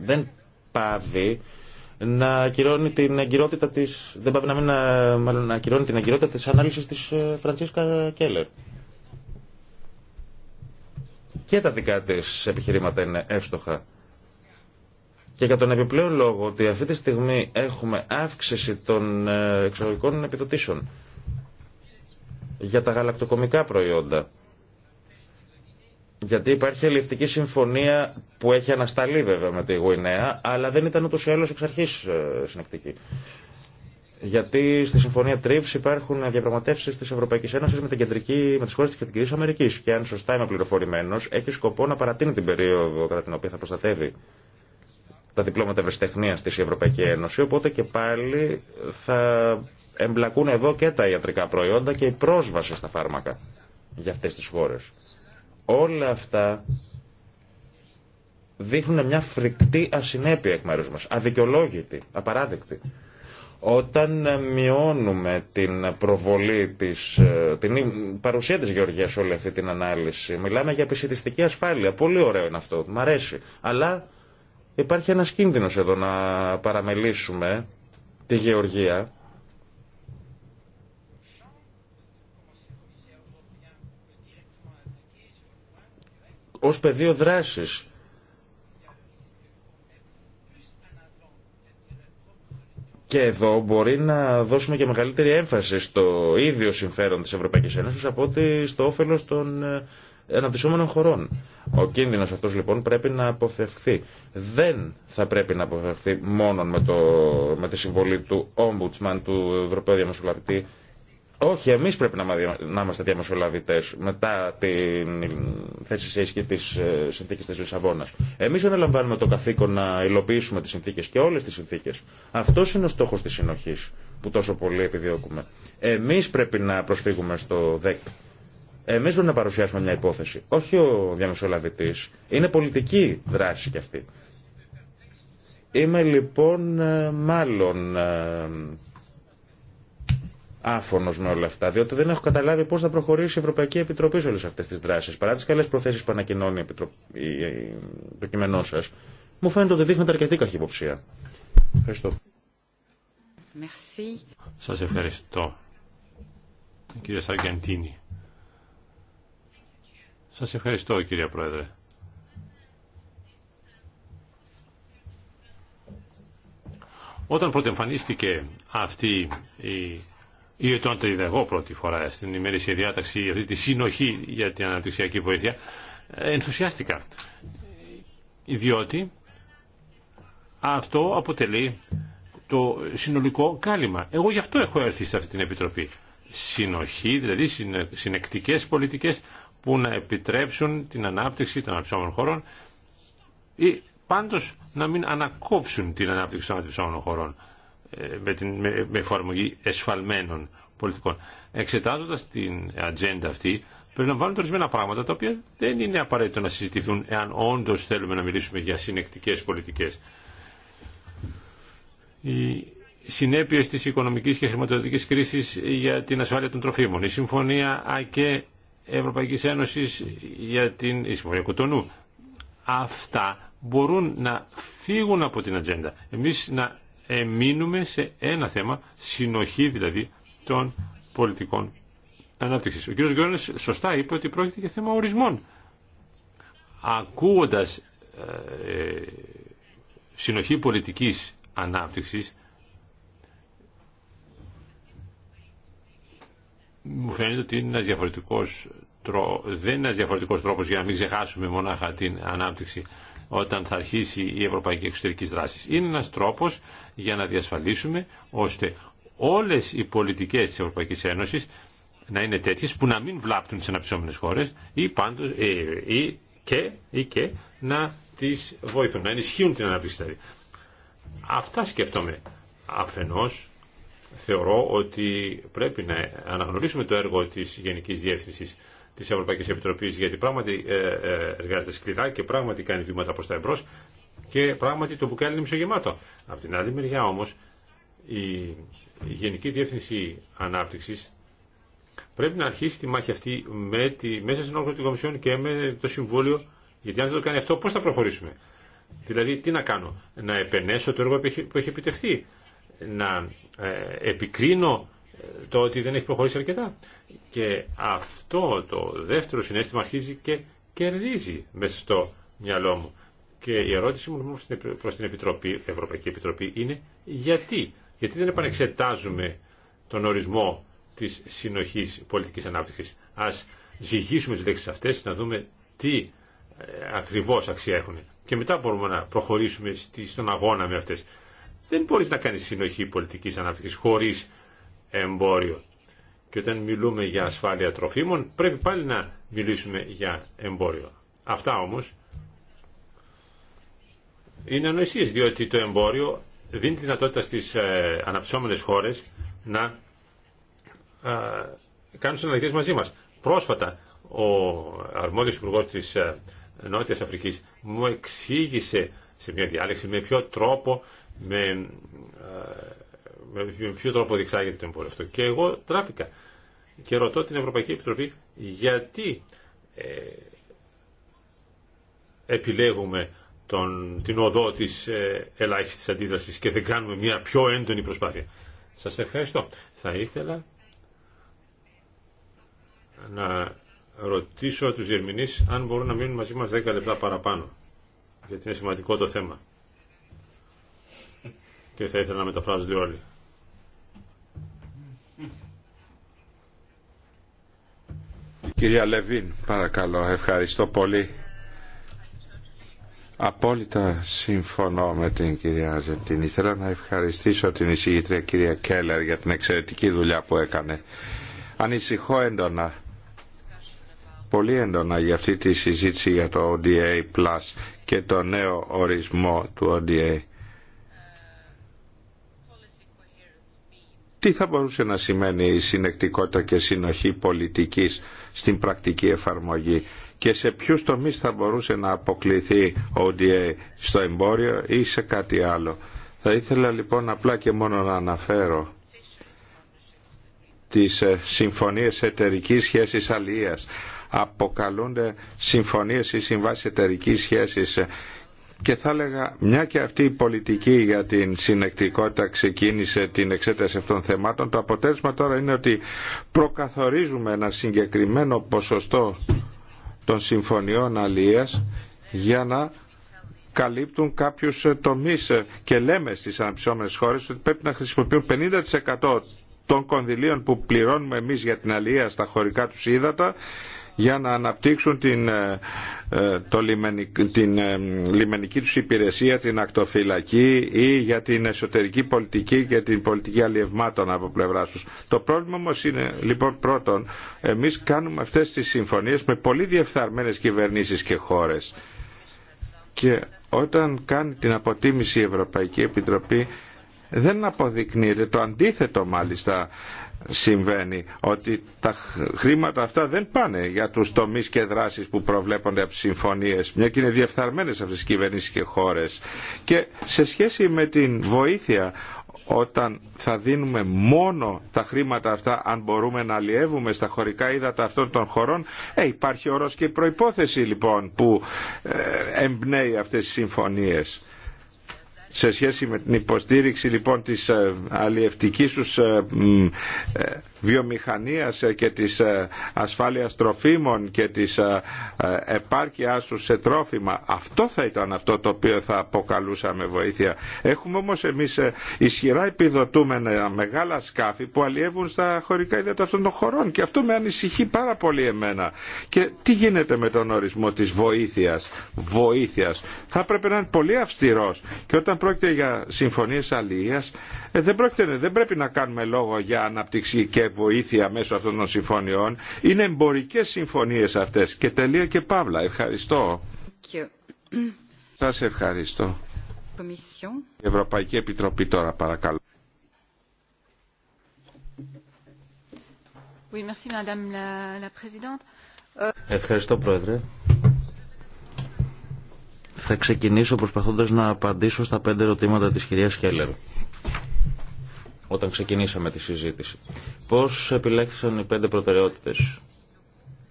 δεν πάβει να ακυρώνει την εγκυρότητα της, δεν πάει να μην ε, την εγκυρότητα της ανάλυσης της ε, Φραντσίσκα Κέλλερ. Και τα δικά της επιχειρήματα είναι εύστοχα. Και για τον επιπλέον λόγο ότι αυτή τη στιγμή έχουμε αύξηση των ε, εξαγωγικών επιδοτήσεων για τα γαλακτοκομικά προϊόντα γιατί υπάρχει ελληνική συμφωνία που έχει ανασταλεί βέβαια με τη Γουινέα, αλλά δεν ήταν ούτως ή άλλως εξ αρχής ε, συνεκτική. Γιατί στη συμφωνία TRIPS υπάρχουν διαπραγματεύσει τη Ευρωπαϊκή Ένωση με, την κεντρική, με τι χώρε τη Κεντρική Αμερική. Και αν σωστά είμαι πληροφορημένο, έχει σκοπό να παρατείνει την περίοδο κατά την οποία θα προστατεύει τα διπλώματα ευρεσιτεχνία τη Ευρωπαϊκή Ένωση. Οπότε και πάλι θα εμπλακούν εδώ και τα ιατρικά προϊόντα και η πρόσβαση στα φάρμακα για αυτέ τι χώρε. Όλα αυτά δείχνουν μια φρικτή ασυνέπεια εκ μέρους μας, αδικαιολόγητη, απαράδεκτη. Όταν μειώνουμε την προβολή της, ε, την παρουσία της Γεωργίας όλη αυτή την ανάλυση, μιλάμε για επισητιστική ασφάλεια, πολύ ωραίο είναι αυτό, μου αρέσει, αλλά υπάρχει ένας κίνδυνος εδώ να παραμελήσουμε τη Γεωργία ως πεδίο δράσης. Και εδώ μπορεί να δώσουμε και μεγαλύτερη έμφαση στο ίδιο συμφέρον της Ευρωπαϊκής Ένωσης από ότι στο όφελος των ε, αναπτυσσόμενων χωρών. Ο κίνδυνος αυτός λοιπόν πρέπει να αποφευχθεί. Δεν θα πρέπει να αποφευχθεί μόνο με, το, με τη συμβολή του Ombudsman, του Ευρωπαίου Διαμεσολαβητή όχι, εμεί πρέπει να είμαστε διαμεσολαβητέ μετά την θέση σε ισχύ τη ε, συνθήκη τη Λισαβόνα. Εμεί αναλαμβάνουμε το καθήκον να υλοποιήσουμε τι συνθήκε και όλε τι συνθήκε. Αυτό είναι ο στόχο τη συνοχή που τόσο πολύ επιδιώκουμε. Εμεί πρέπει να προσφύγουμε στο ΔΕΚ. Εμεί πρέπει να παρουσιάσουμε μια υπόθεση. Όχι ο διαμεσολαβητή. Είναι πολιτική δράση κι αυτή. Είμαι λοιπόν ε, μάλλον ε, άφωνο με όλα αυτά, διότι δεν έχω καταλάβει πώ θα προχωρήσει η Ευρωπαϊκή Επιτροπή σε όλε αυτέ τι δράσει. Παρά τι καλέ προθέσει που ανακοινώνει το κείμενό σα, μου φαίνεται ότι δείχνεται αρκετή καχυποψία. Ευχαριστώ. Σα ευχαριστώ. Κύριε Σαργεντίνη. Σας ευχαριστώ κύριε Πρόεδρε. Όταν πρώτα αυτή η ή όταν το είδα εγώ πρώτη φορά στην ημερήσια διάταξη αυτή τη συνοχή για την αναπτυξιακή βοήθεια, ενθουσιάστηκα. Διότι αυτό αποτελεί το συνολικό κάλυμα. Εγώ γι' αυτό έχω έρθει σε αυτή την Επιτροπή. Συνοχή, δηλαδή συνεκτικές πολιτικές που να επιτρέψουν την ανάπτυξη των αναπτυσσόμενων χωρών ή πάντως να μην ανακόψουν την ανάπτυξη των αναπτυσσόμενων χωρών. Ε, με, την, με, με εφαρμογή εσφαλμένων πολιτικών. Εξετάζοντα την ατζέντα αυτή, περιλαμβάνονται ορισμένα πράγματα τα οποία δεν είναι απαραίτητο να συζητηθούν εάν όντω θέλουμε να μιλήσουμε για συνεκτικέ πολιτικέ. Οι συνέπειε τη οικονομική και χρηματοδοτική κρίση για την ασφάλεια των τροφίμων, η Συμφωνία ΑΚΕ Ευρωπαϊκή Ένωση για την η Συμφωνία Κοτονού. Αυτά μπορούν να φύγουν από την ατζέντα. Εμεί να εμείνουμε σε ένα θέμα, συνοχή δηλαδή των πολιτικών ανάπτυξης. Ο κ. Γιώργος σωστά είπε ότι πρόκειται για θέμα ορισμών. Ακούγοντας ε, ε, συνοχή πολιτικής ανάπτυξης, μου φαίνεται ότι είναι ένας διαφορετικός, δεν είναι ένα διαφορετικός τρόπος για να μην ξεχάσουμε μονάχα την ανάπτυξη όταν θα αρχίσει η ευρωπαϊκή εξωτερική δράση. Είναι ένας τρόπος για να διασφαλίσουμε ώστε όλες οι πολιτικές της Ευρωπαϊκής Ένωσης να είναι τέτοιες που να μην βλάπτουν τις αναπτυσσόμενες χώρες ή, πάντως, ε, ή, και, ή και να τις βοηθούν, να ενισχύουν την ανάπτυξη. Αυτά σκέφτομαι. Αφενός θεωρώ ότι πρέπει να αναγνωρίσουμε το έργο της Γενικής Διεύθυνσης τη Ευρωπαϊκή Επιτροπή, γιατί πράγματι ε, ε, εργάζεται σκληρά και πράγματι κάνει βήματα προ τα εμπρό και πράγματι το μπουκάλι είναι μισογεμάτο. Από την άλλη μεριά όμω, η Γενική Διεύθυνση Ανάπτυξη πρέπει να αρχίσει τη μάχη αυτή με τη, μέσα στην όρκο του Κομισιόν και με το Συμβούλιο, γιατί αν δεν το κάνει αυτό, πώ θα προχωρήσουμε. Δηλαδή, τι να κάνω, να επενέσω το έργο που έχει επιτευχθεί, να ε, επικρίνω το ότι δεν έχει προχωρήσει αρκετά. Και αυτό το δεύτερο συνέστημα αρχίζει και κερδίζει μέσα στο μυαλό μου. Και η ερώτηση μου προς την Επιτροπή, Ευρωπαϊκή Επιτροπή είναι γιατί. Γιατί δεν επανεξετάζουμε τον ορισμό της συνοχής πολιτικής ανάπτυξης. Ας ζυγίσουμε τις λέξεις αυτές, να δούμε τι ε, ακριβώς αξία έχουν. Και μετά μπορούμε να προχωρήσουμε στον αγώνα με αυτές. Δεν μπορείς να κάνεις συνοχή πολιτικής ανάπτυξης χωρίς εμπόριο. Και όταν μιλούμε για ασφάλεια τροφίμων πρέπει πάλι να μιλήσουμε για εμπόριο. Αυτά όμως είναι ανοησίες διότι το εμπόριο δίνει τη δυνατότητα στις ε, χώρες να ε, κάνουν συναλλαγές μαζί μας. Πρόσφατα ο αρμόδιος υπουργός της ε, Νότιας Αφρικής μου εξήγησε σε μια διάλεξη με ποιο τρόπο με ε, με ποιο τρόπο διεξάγεται το εμπόριο αυτό. Και εγώ τράπηκα και ρωτώ την Ευρωπαϊκή Επιτροπή γιατί ε, επιλέγουμε τον, την οδό της ε, ελάχιστης αντίδρασης και δεν κάνουμε μια πιο έντονη προσπάθεια. Σας ευχαριστώ. Θα ήθελα να ρωτήσω τους διερμηνείς αν μπορούν να μείνουν μαζί μας 10 λεπτά παραπάνω γιατί είναι σημαντικό το θέμα και θα ήθελα να μεταφράζονται όλοι. Κυρία Λεβίν, παρακαλώ, ευχαριστώ πολύ. Απόλυτα συμφωνώ με την κυρία Αζεντίνη. Θέλω να ευχαριστήσω την εισηγήτρια κυρία Κέλλερ για την εξαιρετική δουλειά που έκανε. Ανησυχώ έντονα, πολύ έντονα για αυτή τη συζήτηση για το ODA Plus και το νέο ορισμό του ODA. τι θα μπορούσε να σημαίνει η συνεκτικότητα και συνοχή πολιτικής στην πρακτική εφαρμογή και σε ποιους τομείς θα μπορούσε να αποκληθεί ODA στο εμπόριο ή σε κάτι άλλο. Θα ήθελα λοιπόν απλά και μόνο να αναφέρω τις ε, συμφωνίες εταιρικής σχέσης αλλίας, Αποκαλούνται συμφωνίες ή συμβάσεις εταιρικής σχέσης ε, και θα έλεγα μια και αυτή η πολιτική για την συνεκτικότητα ξεκίνησε την εξέταση αυτών των θεμάτων το αποτέλεσμα τώρα είναι ότι προκαθορίζουμε ένα συγκεκριμένο ποσοστό των συμφωνιών αλίας για να καλύπτουν κάποιους τομείς και λέμε στις αναπτυσσόμενες χώρες ότι πρέπει να χρησιμοποιούν 50% των κονδυλίων που πληρώνουμε εμείς για την αλία στα χωρικά τους ύδατα για να αναπτύξουν την, ε, ε, το λιμενική, την ε, λιμενική τους υπηρεσία, την ακτοφυλακή ή για την εσωτερική πολιτική και την πολιτική αλλιευμάτων από πλευρά τους. Το πρόβλημα όμω είναι, λοιπόν, πρώτον, εμείς κάνουμε αυτές τις συμφωνίες με πολύ διεφθαρμένες κυβερνήσεις και χώρες. Και όταν κάνει την αποτίμηση η Ευρωπαϊκή Επιτροπή δεν αποδεικνύεται το αντίθετο μάλιστα συμβαίνει ότι τα χρήματα αυτά δεν πάνε για τους τομείς και δράσεις που προβλέπονται από τις συμφωνίες μια και είναι διεφθαρμένες αυτές τι κυβερνήσεις και χώρες και σε σχέση με την βοήθεια όταν θα δίνουμε μόνο τα χρήματα αυτά αν μπορούμε να αλλιεύουμε στα χωρικά ύδατα αυτών των χωρών ε, υπάρχει όρος και προπόθεση λοιπόν που ε, εμπνέει αυτές τις συμφωνίες σε σχέση με την υποστήριξη λοιπόν της ε, αλλιευτικής τους ε, ε, βιομηχανίας και της ασφάλειας τροφίμων και της επάρκειάς τους σε τρόφιμα. Αυτό θα ήταν αυτό το οποίο θα αποκαλούσαμε βοήθεια. Έχουμε όμως εμείς ισχυρά επιδοτούμενα μεγάλα σκάφη που αλλιεύουν στα χωρικά ιδέα αυτών των χωρών και αυτό με ανησυχεί πάρα πολύ εμένα. Και τι γίνεται με τον ορισμό της βοήθειας. Βοήθειας. Θα πρέπει να είναι πολύ αυστηρός και όταν πρόκειται για συμφωνίες αλληλείας, ε, δεν, δεν πρέπει να κάνουμε λόγο για ανάπτυξη και βοήθεια μέσω αυτών των συμφωνιών. Είναι εμπορικέ συμφωνίε αυτέ Και τελεία και παύλα. Ευχαριστώ. Σας ευχαριστώ. Ευρωπαϊκή Επιτροπή τώρα παρακαλώ. Ευχαριστώ Πρόεδρε. Θα ξεκινήσω προσπαθώντας να απαντήσω στα πέντε ερωτήματα της κυρία Κέλλερ όταν ξεκινήσαμε τη συζήτηση. Πώς επιλέχθησαν οι πέντε προτεραιότητες,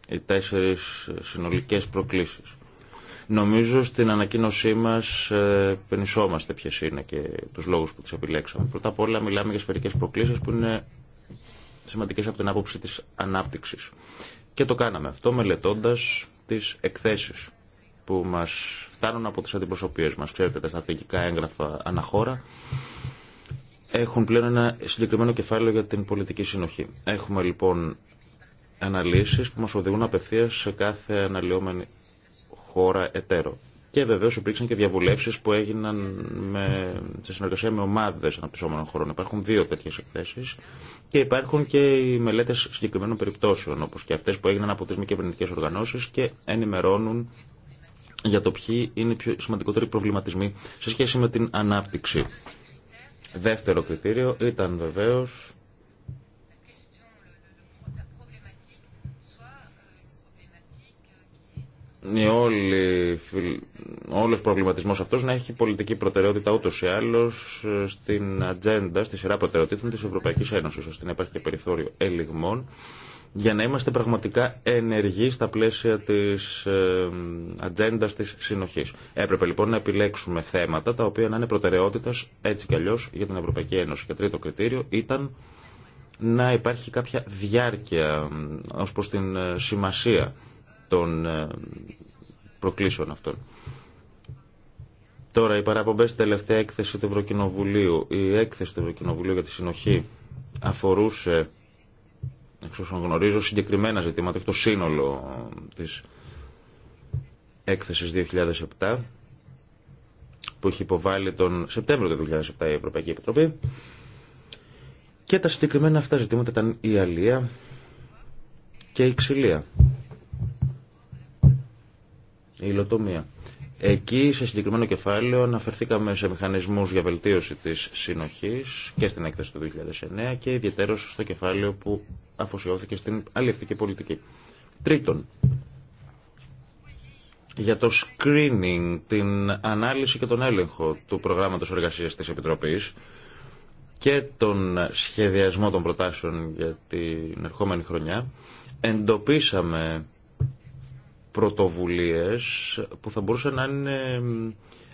οι τέσσερις συνολικές προκλήσεις. Νομίζω στην ανακοίνωσή μας ε, πενισόμαστε ποιε είναι και τους λόγους που τις επιλέξαμε. Πρώτα απ' όλα μιλάμε για σφαιρικές προκλήσεις που είναι σημαντικές από την άποψη της ανάπτυξης. Και το κάναμε αυτό μελετώντας τις εκθέσεις που μας φτάνουν από τις αντιπροσωπείες μας. Ξέρετε, τα στρατηγικά έγγραφα αναχώρα έχουν πλέον ένα συγκεκριμένο κεφάλαιο για την πολιτική συνοχή. Έχουμε λοιπόν αναλύσεις που μας οδηγούν απευθεία σε κάθε αναλυόμενη χώρα εταίρο. Και βεβαίω υπήρξαν και διαβουλεύσει που έγιναν με, σε συνεργασία με ομάδε αναπτυσσόμενων χωρών. Υπάρχουν δύο τέτοιε εκθέσει και υπάρχουν και οι μελέτε συγκεκριμένων περιπτώσεων, όπω και αυτέ που έγιναν από τι μη κυβερνητικέ οργανώσει και ενημερώνουν για το ποιοι είναι οι πιο σημαντικότεροι προβληματισμοί σε σχέση με την ανάπτυξη. Δεύτερο κριτήριο ήταν βεβαίως η όλη, όλος προβληματισμός αυτός να έχει πολιτική προτεραιότητα ούτως ή άλλως στην ατζέντα, στη σειρά προτεραιοτήτων της Ευρωπαϊκής Ένωσης, ώστε να υπάρχει και περιθώριο ελιγμών για να είμαστε πραγματικά ενεργοί στα πλαίσια της ε, ατζέντα της συνοχής. Έπρεπε λοιπόν να επιλέξουμε θέματα τα οποία να είναι προτεραιότητας έτσι κι αλλιώς για την Ευρωπαϊκή Ένωση. Και τρίτο κριτήριο ήταν να υπάρχει κάποια διάρκεια ε, ως προς την ε, σημασία των ε, προκλήσεων αυτών. Τώρα, οι παραπομπέ στην τελευταία έκθεση του Ευρωκοινοβουλίου, η έκθεση του Ευρωκοινοβουλίου για τη συνοχή αφορούσε εξ όσων γνωρίζω, συγκεκριμένα ζητήματα, έχει το σύνολο της έκθεσης 2007 που έχει υποβάλει τον Σεπτέμβριο του 2007 η Ευρωπαϊκή Επιτροπή και τα συγκεκριμένα αυτά ζητήματα ήταν η αλία και η ξυλία η υλοτομία εκεί σε συγκεκριμένο κεφάλαιο αναφερθήκαμε σε μηχανισμούς για βελτίωση της συνοχής και στην έκθεση του 2009 και ιδιαίτερως στο κεφάλαιο που αφοσιώθηκε στην αλληλευτική πολιτική. Τρίτον, για το screening, την ανάλυση και τον έλεγχο του προγράμματος εργασίας της Επιτροπής και τον σχεδιασμό των προτάσεων για την ερχόμενη χρονιά, εντοπίσαμε πρωτοβουλίες που θα μπορούσαν να είναι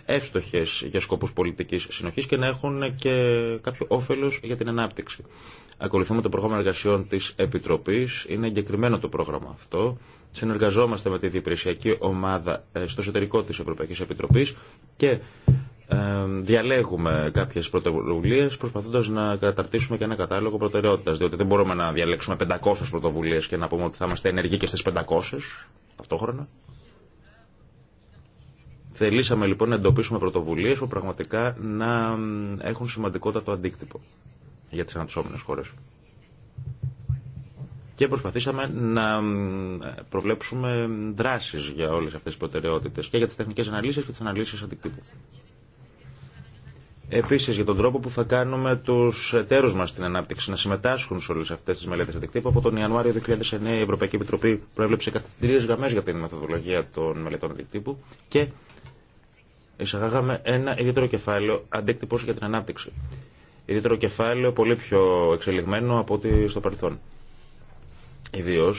εύστοχες για σκοπούς πολιτικής συνοχής και να έχουν και κάποιο όφελος για την ανάπτυξη. Ακολουθούμε το πρόγραμμα εργασιών τη Επιτροπή. Είναι εγκεκριμένο το πρόγραμμα αυτό. Συνεργαζόμαστε με τη διπρεσιακή ομάδα ε, στο εσωτερικό τη Ευρωπαϊκή Επιτροπής και ε, διαλέγουμε κάποιε πρωτοβουλίε προσπαθώντα να καταρτήσουμε και ένα κατάλογο προτεραιότητα. Διότι δεν μπορούμε να διαλέξουμε 500 πρωτοβουλίε και να πούμε ότι θα είμαστε ενεργοί και στι 500 ταυτόχρονα. Θελήσαμε λοιπόν να εντοπίσουμε πρωτοβουλίε που πραγματικά να έχουν σημαντικότατο αντίκτυπο για τις αναπτυσσόμενες χώρες. Και προσπαθήσαμε να προβλέψουμε δράσεις για όλες αυτές τις προτεραιότητες και για τις τεχνικές αναλύσεις και τις αναλύσεις αντικτύπου. Επίσης, για τον τρόπο που θα κάνουμε τους εταίρους μας στην ανάπτυξη να συμμετάσχουν σε όλες αυτές τις μελέτες αντικτύπου. Από τον Ιανουάριο 2009 η Ευρωπαϊκή Επιτροπή προέβλεψε καθημερινέ γραμμές για την μεθοδολογία των μελετών αντικτύπου και εισαγάγαμε ένα ιδιαίτερο κεφάλαιο αντίκτυπω για την ανάπτυξη ιδιαίτερο κεφάλαιο πολύ πιο εξελιγμένο από ό,τι στο παρελθόν. Ιδίω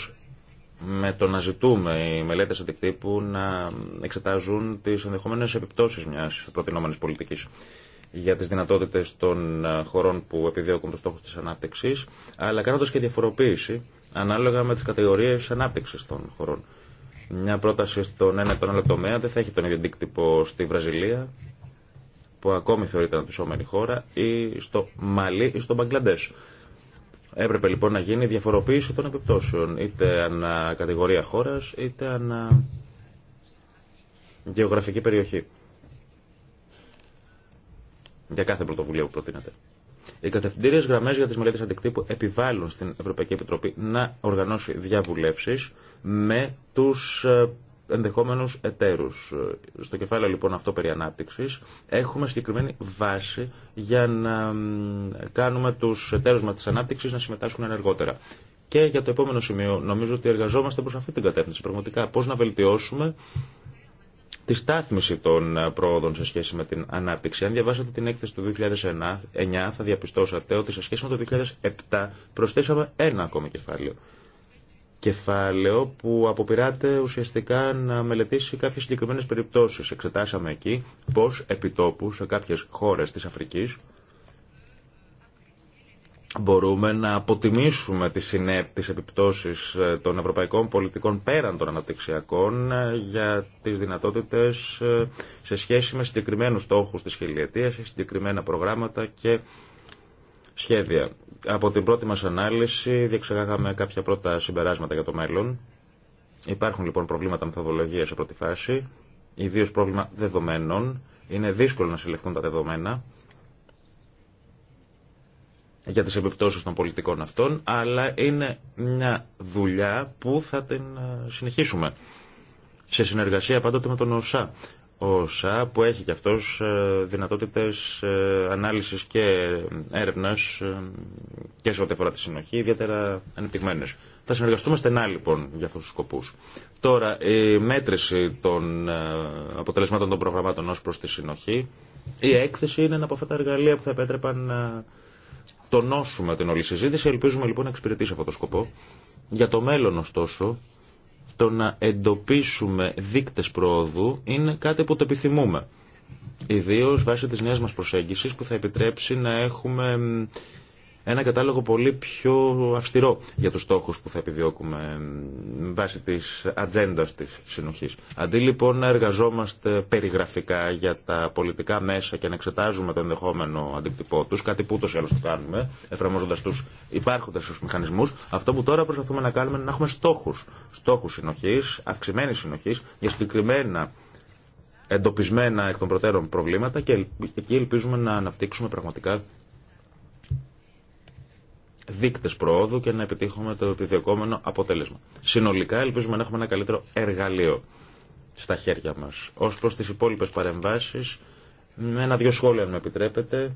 με το να ζητούμε οι μελέτε αντικτύπου να εξετάζουν τις ενδεχόμενες επιπτώσεις μιας προτινόμενη πολιτικής για τις δυνατότητες των ε, χωρών που επιδιώκουν το στόχο της ανάπτυξη, αλλά κάνοντα και διαφοροποίηση ανάλογα με τις κατηγορίες ανάπτυξη των χωρών. Μια πρόταση στον ένα ή τον άλλο τομέα δεν θα έχει τον ίδιο αντίκτυπο στη Βραζιλία που ακόμη θεωρείται αναπτυσσόμενη χώρα ή στο Μαλί ή στο Μπαγκλαντέ. Έπρεπε λοιπόν να γίνει διαφοροποίηση των επιπτώσεων, είτε ανα κατηγορία χώρας, είτε ανα γεωγραφική περιοχή. Για κάθε πρωτοβουλία που προτείνατε. Οι κατευθυντήριε γραμμέ για τι μελέτε αντικτύπου επιβάλλουν στην Ευρωπαϊκή Επιτροπή να οργανώσει διαβουλεύσει με του ε, ενδεχόμενους εταίρους. Στο κεφάλαιο λοιπόν αυτό περί ανάπτυξης έχουμε συγκεκριμένη βάση για να κάνουμε τους εταίρους μα της ανάπτυξης να συμμετάσχουν ενεργότερα. Και για το επόμενο σημείο νομίζω ότι εργαζόμαστε προς αυτή την κατεύθυνση πραγματικά. Πώς να βελτιώσουμε τη στάθμιση των πρόοδων σε σχέση με την ανάπτυξη. Αν διαβάσατε την έκθεση του 2009 θα διαπιστώσατε ότι σε σχέση με το 2007 προσθέσαμε ένα ακόμη κεφάλαιο κεφάλαιο που αποπειράται ουσιαστικά να μελετήσει κάποιες συγκεκριμένες περιπτώσεις. Εξετάσαμε εκεί πώς επιτόπου σε κάποιες χώρες της Αφρικής μπορούμε να αποτιμήσουμε τις, συνέ... επιπτώσεις ε, των ευρωπαϊκών πολιτικών πέραν των αναπτυξιακών ε, για τις δυνατότητες ε, σε σχέση με συγκεκριμένους στόχους της χιλιετίας, συγκεκριμένα προγράμματα και σχέδια. Από την πρώτη μας ανάλυση διεξεγάγαμε κάποια πρώτα συμπεράσματα για το μέλλον. Υπάρχουν λοιπόν προβλήματα μεθοδολογίας σε πρώτη φάση, ιδίω πρόβλημα δεδομένων. Είναι δύσκολο να συλλεχθούν τα δεδομένα για τις επιπτώσεις των πολιτικών αυτών, αλλά είναι μια δουλειά που θα την ε, συνεχίσουμε. Σε συνεργασία πάντοτε με τον ΟΣΑ ο ΣΑ που έχει και αυτός ε, δυνατότητες ε, ανάλυσης και έρευνας ε, και σε ό,τι αφορά τη συνοχή, ιδιαίτερα ανεπτυγμένες. Θα συνεργαστούμε στενά λοιπόν για αυτούς τους σκοπούς. Τώρα, η μέτρηση των αποτελεσμάτων των προγραμμάτων ως προς τη συνοχή, η έκθεση είναι ένα από αυτά τα εργαλεία που θα επέτρεπαν να τονώσουμε την όλη συζήτηση. Ελπίζουμε λοιπόν να εξυπηρετήσει αυτό το σκοπό. Για το μέλλον ωστόσο, το να εντοπίσουμε δείκτες προόδου είναι κάτι που το επιθυμούμε. Ιδίω βάσει της νέας μας προσέγγισης που θα επιτρέψει να έχουμε ένα κατάλογο πολύ πιο αυστηρό για τους στόχους που θα επιδιώκουμε βάσει της ατζέντα της συνοχής. Αντί λοιπόν να εργαζόμαστε περιγραφικά για τα πολιτικά μέσα και να εξετάζουμε το ενδεχόμενο αντίκτυπό τους, κάτι που ούτως ή άλλως το κάνουμε, εφαρμόζοντας τους υπάρχοντες τους μηχανισμούς, αυτό που τώρα προσπαθούμε να κάνουμε είναι να έχουμε στόχους. Στόχους συνοχής, αυξημένη συνοχής, για συγκεκριμένα εντοπισμένα εκ των προτέρων προβλήματα και εκεί ελπίζουμε να αναπτύξουμε πραγματικά δείκτε προόδου και να επιτύχουμε το επιδιωκόμενο αποτέλεσμα. Συνολικά ελπίζουμε να έχουμε ένα καλύτερο εργαλείο στα χέρια μας. Ως προς τις υπόλοιπες παρεμβάσεις, με ένα-δυο σχόλια αν με επιτρέπετε,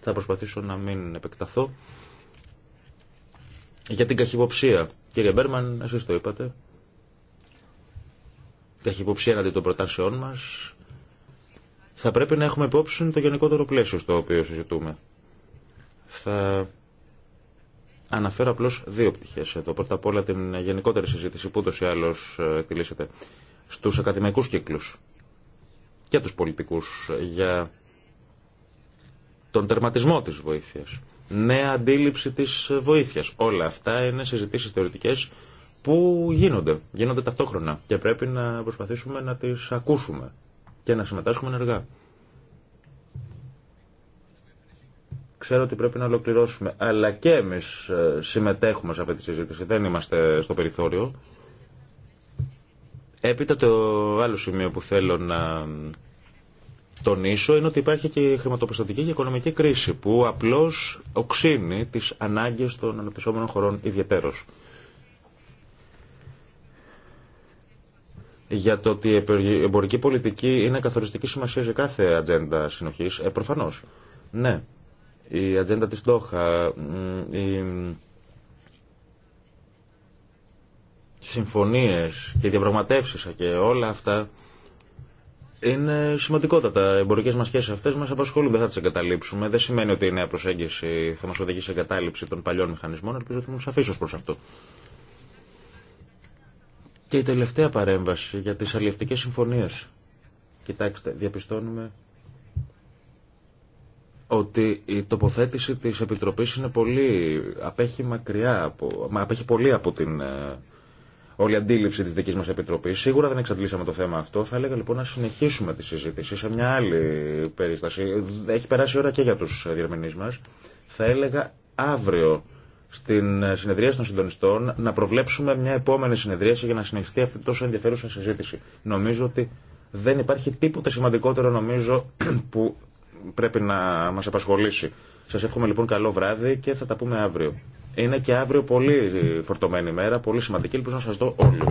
θα προσπαθήσω να μην επεκταθώ. Για την καχυποψία, κύριε Μπέρμαν, εσείς το είπατε. Καχυποψία αντί των προτάσεών μα Θα πρέπει να έχουμε υπόψη το γενικότερο πλαίσιο στο οποίο συζητούμε. Θα Αναφέρω απλώ δύο πτυχέ εδώ. Πρώτα απ' όλα την γενικότερη συζήτηση που ούτω ή άλλω ε, εκτελήσεται στου ακαδημαϊκού κύκλου και του πολιτικού για τον τερματισμό τη βοήθεια. Νέα αντίληψη τη βοήθεια. Όλα αυτά είναι συζητήσει θεωρητικέ που γίνονται. Γίνονται ταυτόχρονα και πρέπει να προσπαθήσουμε να τι ακούσουμε και να συμμετάσχουμε ενεργά. Ξέρω ότι πρέπει να ολοκληρώσουμε, αλλά και εμείς ε, συμμετέχουμε σε αυτή τη συζήτηση, δεν είμαστε στο περιθώριο. Έπειτα το άλλο σημείο που θέλω να τονίσω είναι ότι υπάρχει και η χρηματοπιστωτική και η οικονομική κρίση που απλώς οξύνει τις ανάγκες των αναπτυσσόμενων χωρών ιδιαιτέρως. Για το ότι η εμπορική πολιτική είναι καθοριστική σημασία σε κάθε ατζέντα συνοχής, ε, προφανώς. Ναι, η ατζέντα της Ντόχα, οι συμφωνίες και οι διαπραγματεύσεις και όλα αυτά είναι σημαντικότατα. Οι εμπορικέ μα σχέσει αυτέ μα απασχολούν, δεν θα τι εγκαταλείψουμε. Δεν σημαίνει ότι η νέα προσέγγιση θα μα οδηγήσει σε εγκατάλειψη των παλιών μηχανισμών. Ελπίζω ότι ήμουν σαφή ω προ αυτό. Και η τελευταία παρέμβαση για τι αλληλευτικέ συμφωνίε. Κοιτάξτε, διαπιστώνουμε ότι η τοποθέτηση της Επιτροπής είναι πολύ, απέχει μακριά, από, απέχει πολύ από την ε, όλη αντίληψη της δικής μας Επιτροπής. Σίγουρα δεν εξαντλήσαμε το θέμα αυτό. Θα έλεγα λοιπόν να συνεχίσουμε τη συζήτηση σε μια άλλη περίσταση. Έχει περάσει ώρα και για τους διερμηνείς μας. Θα έλεγα αύριο στην συνεδρία των συντονιστών να προβλέψουμε μια επόμενη συνεδρίαση για να συνεχιστεί αυτή τόσο ενδιαφέρουσα συζήτηση. Νομίζω ότι δεν υπάρχει τίποτα σημαντικότερο νομίζω *clears throat* που πρέπει να μας απασχολήσει. Σας εύχομαι λοιπόν καλό βράδυ και θα τα πούμε αύριο. Είναι και αύριο πολύ φορτωμένη ημέρα, πολύ σημαντική, ελπίζω να σας δω όλου.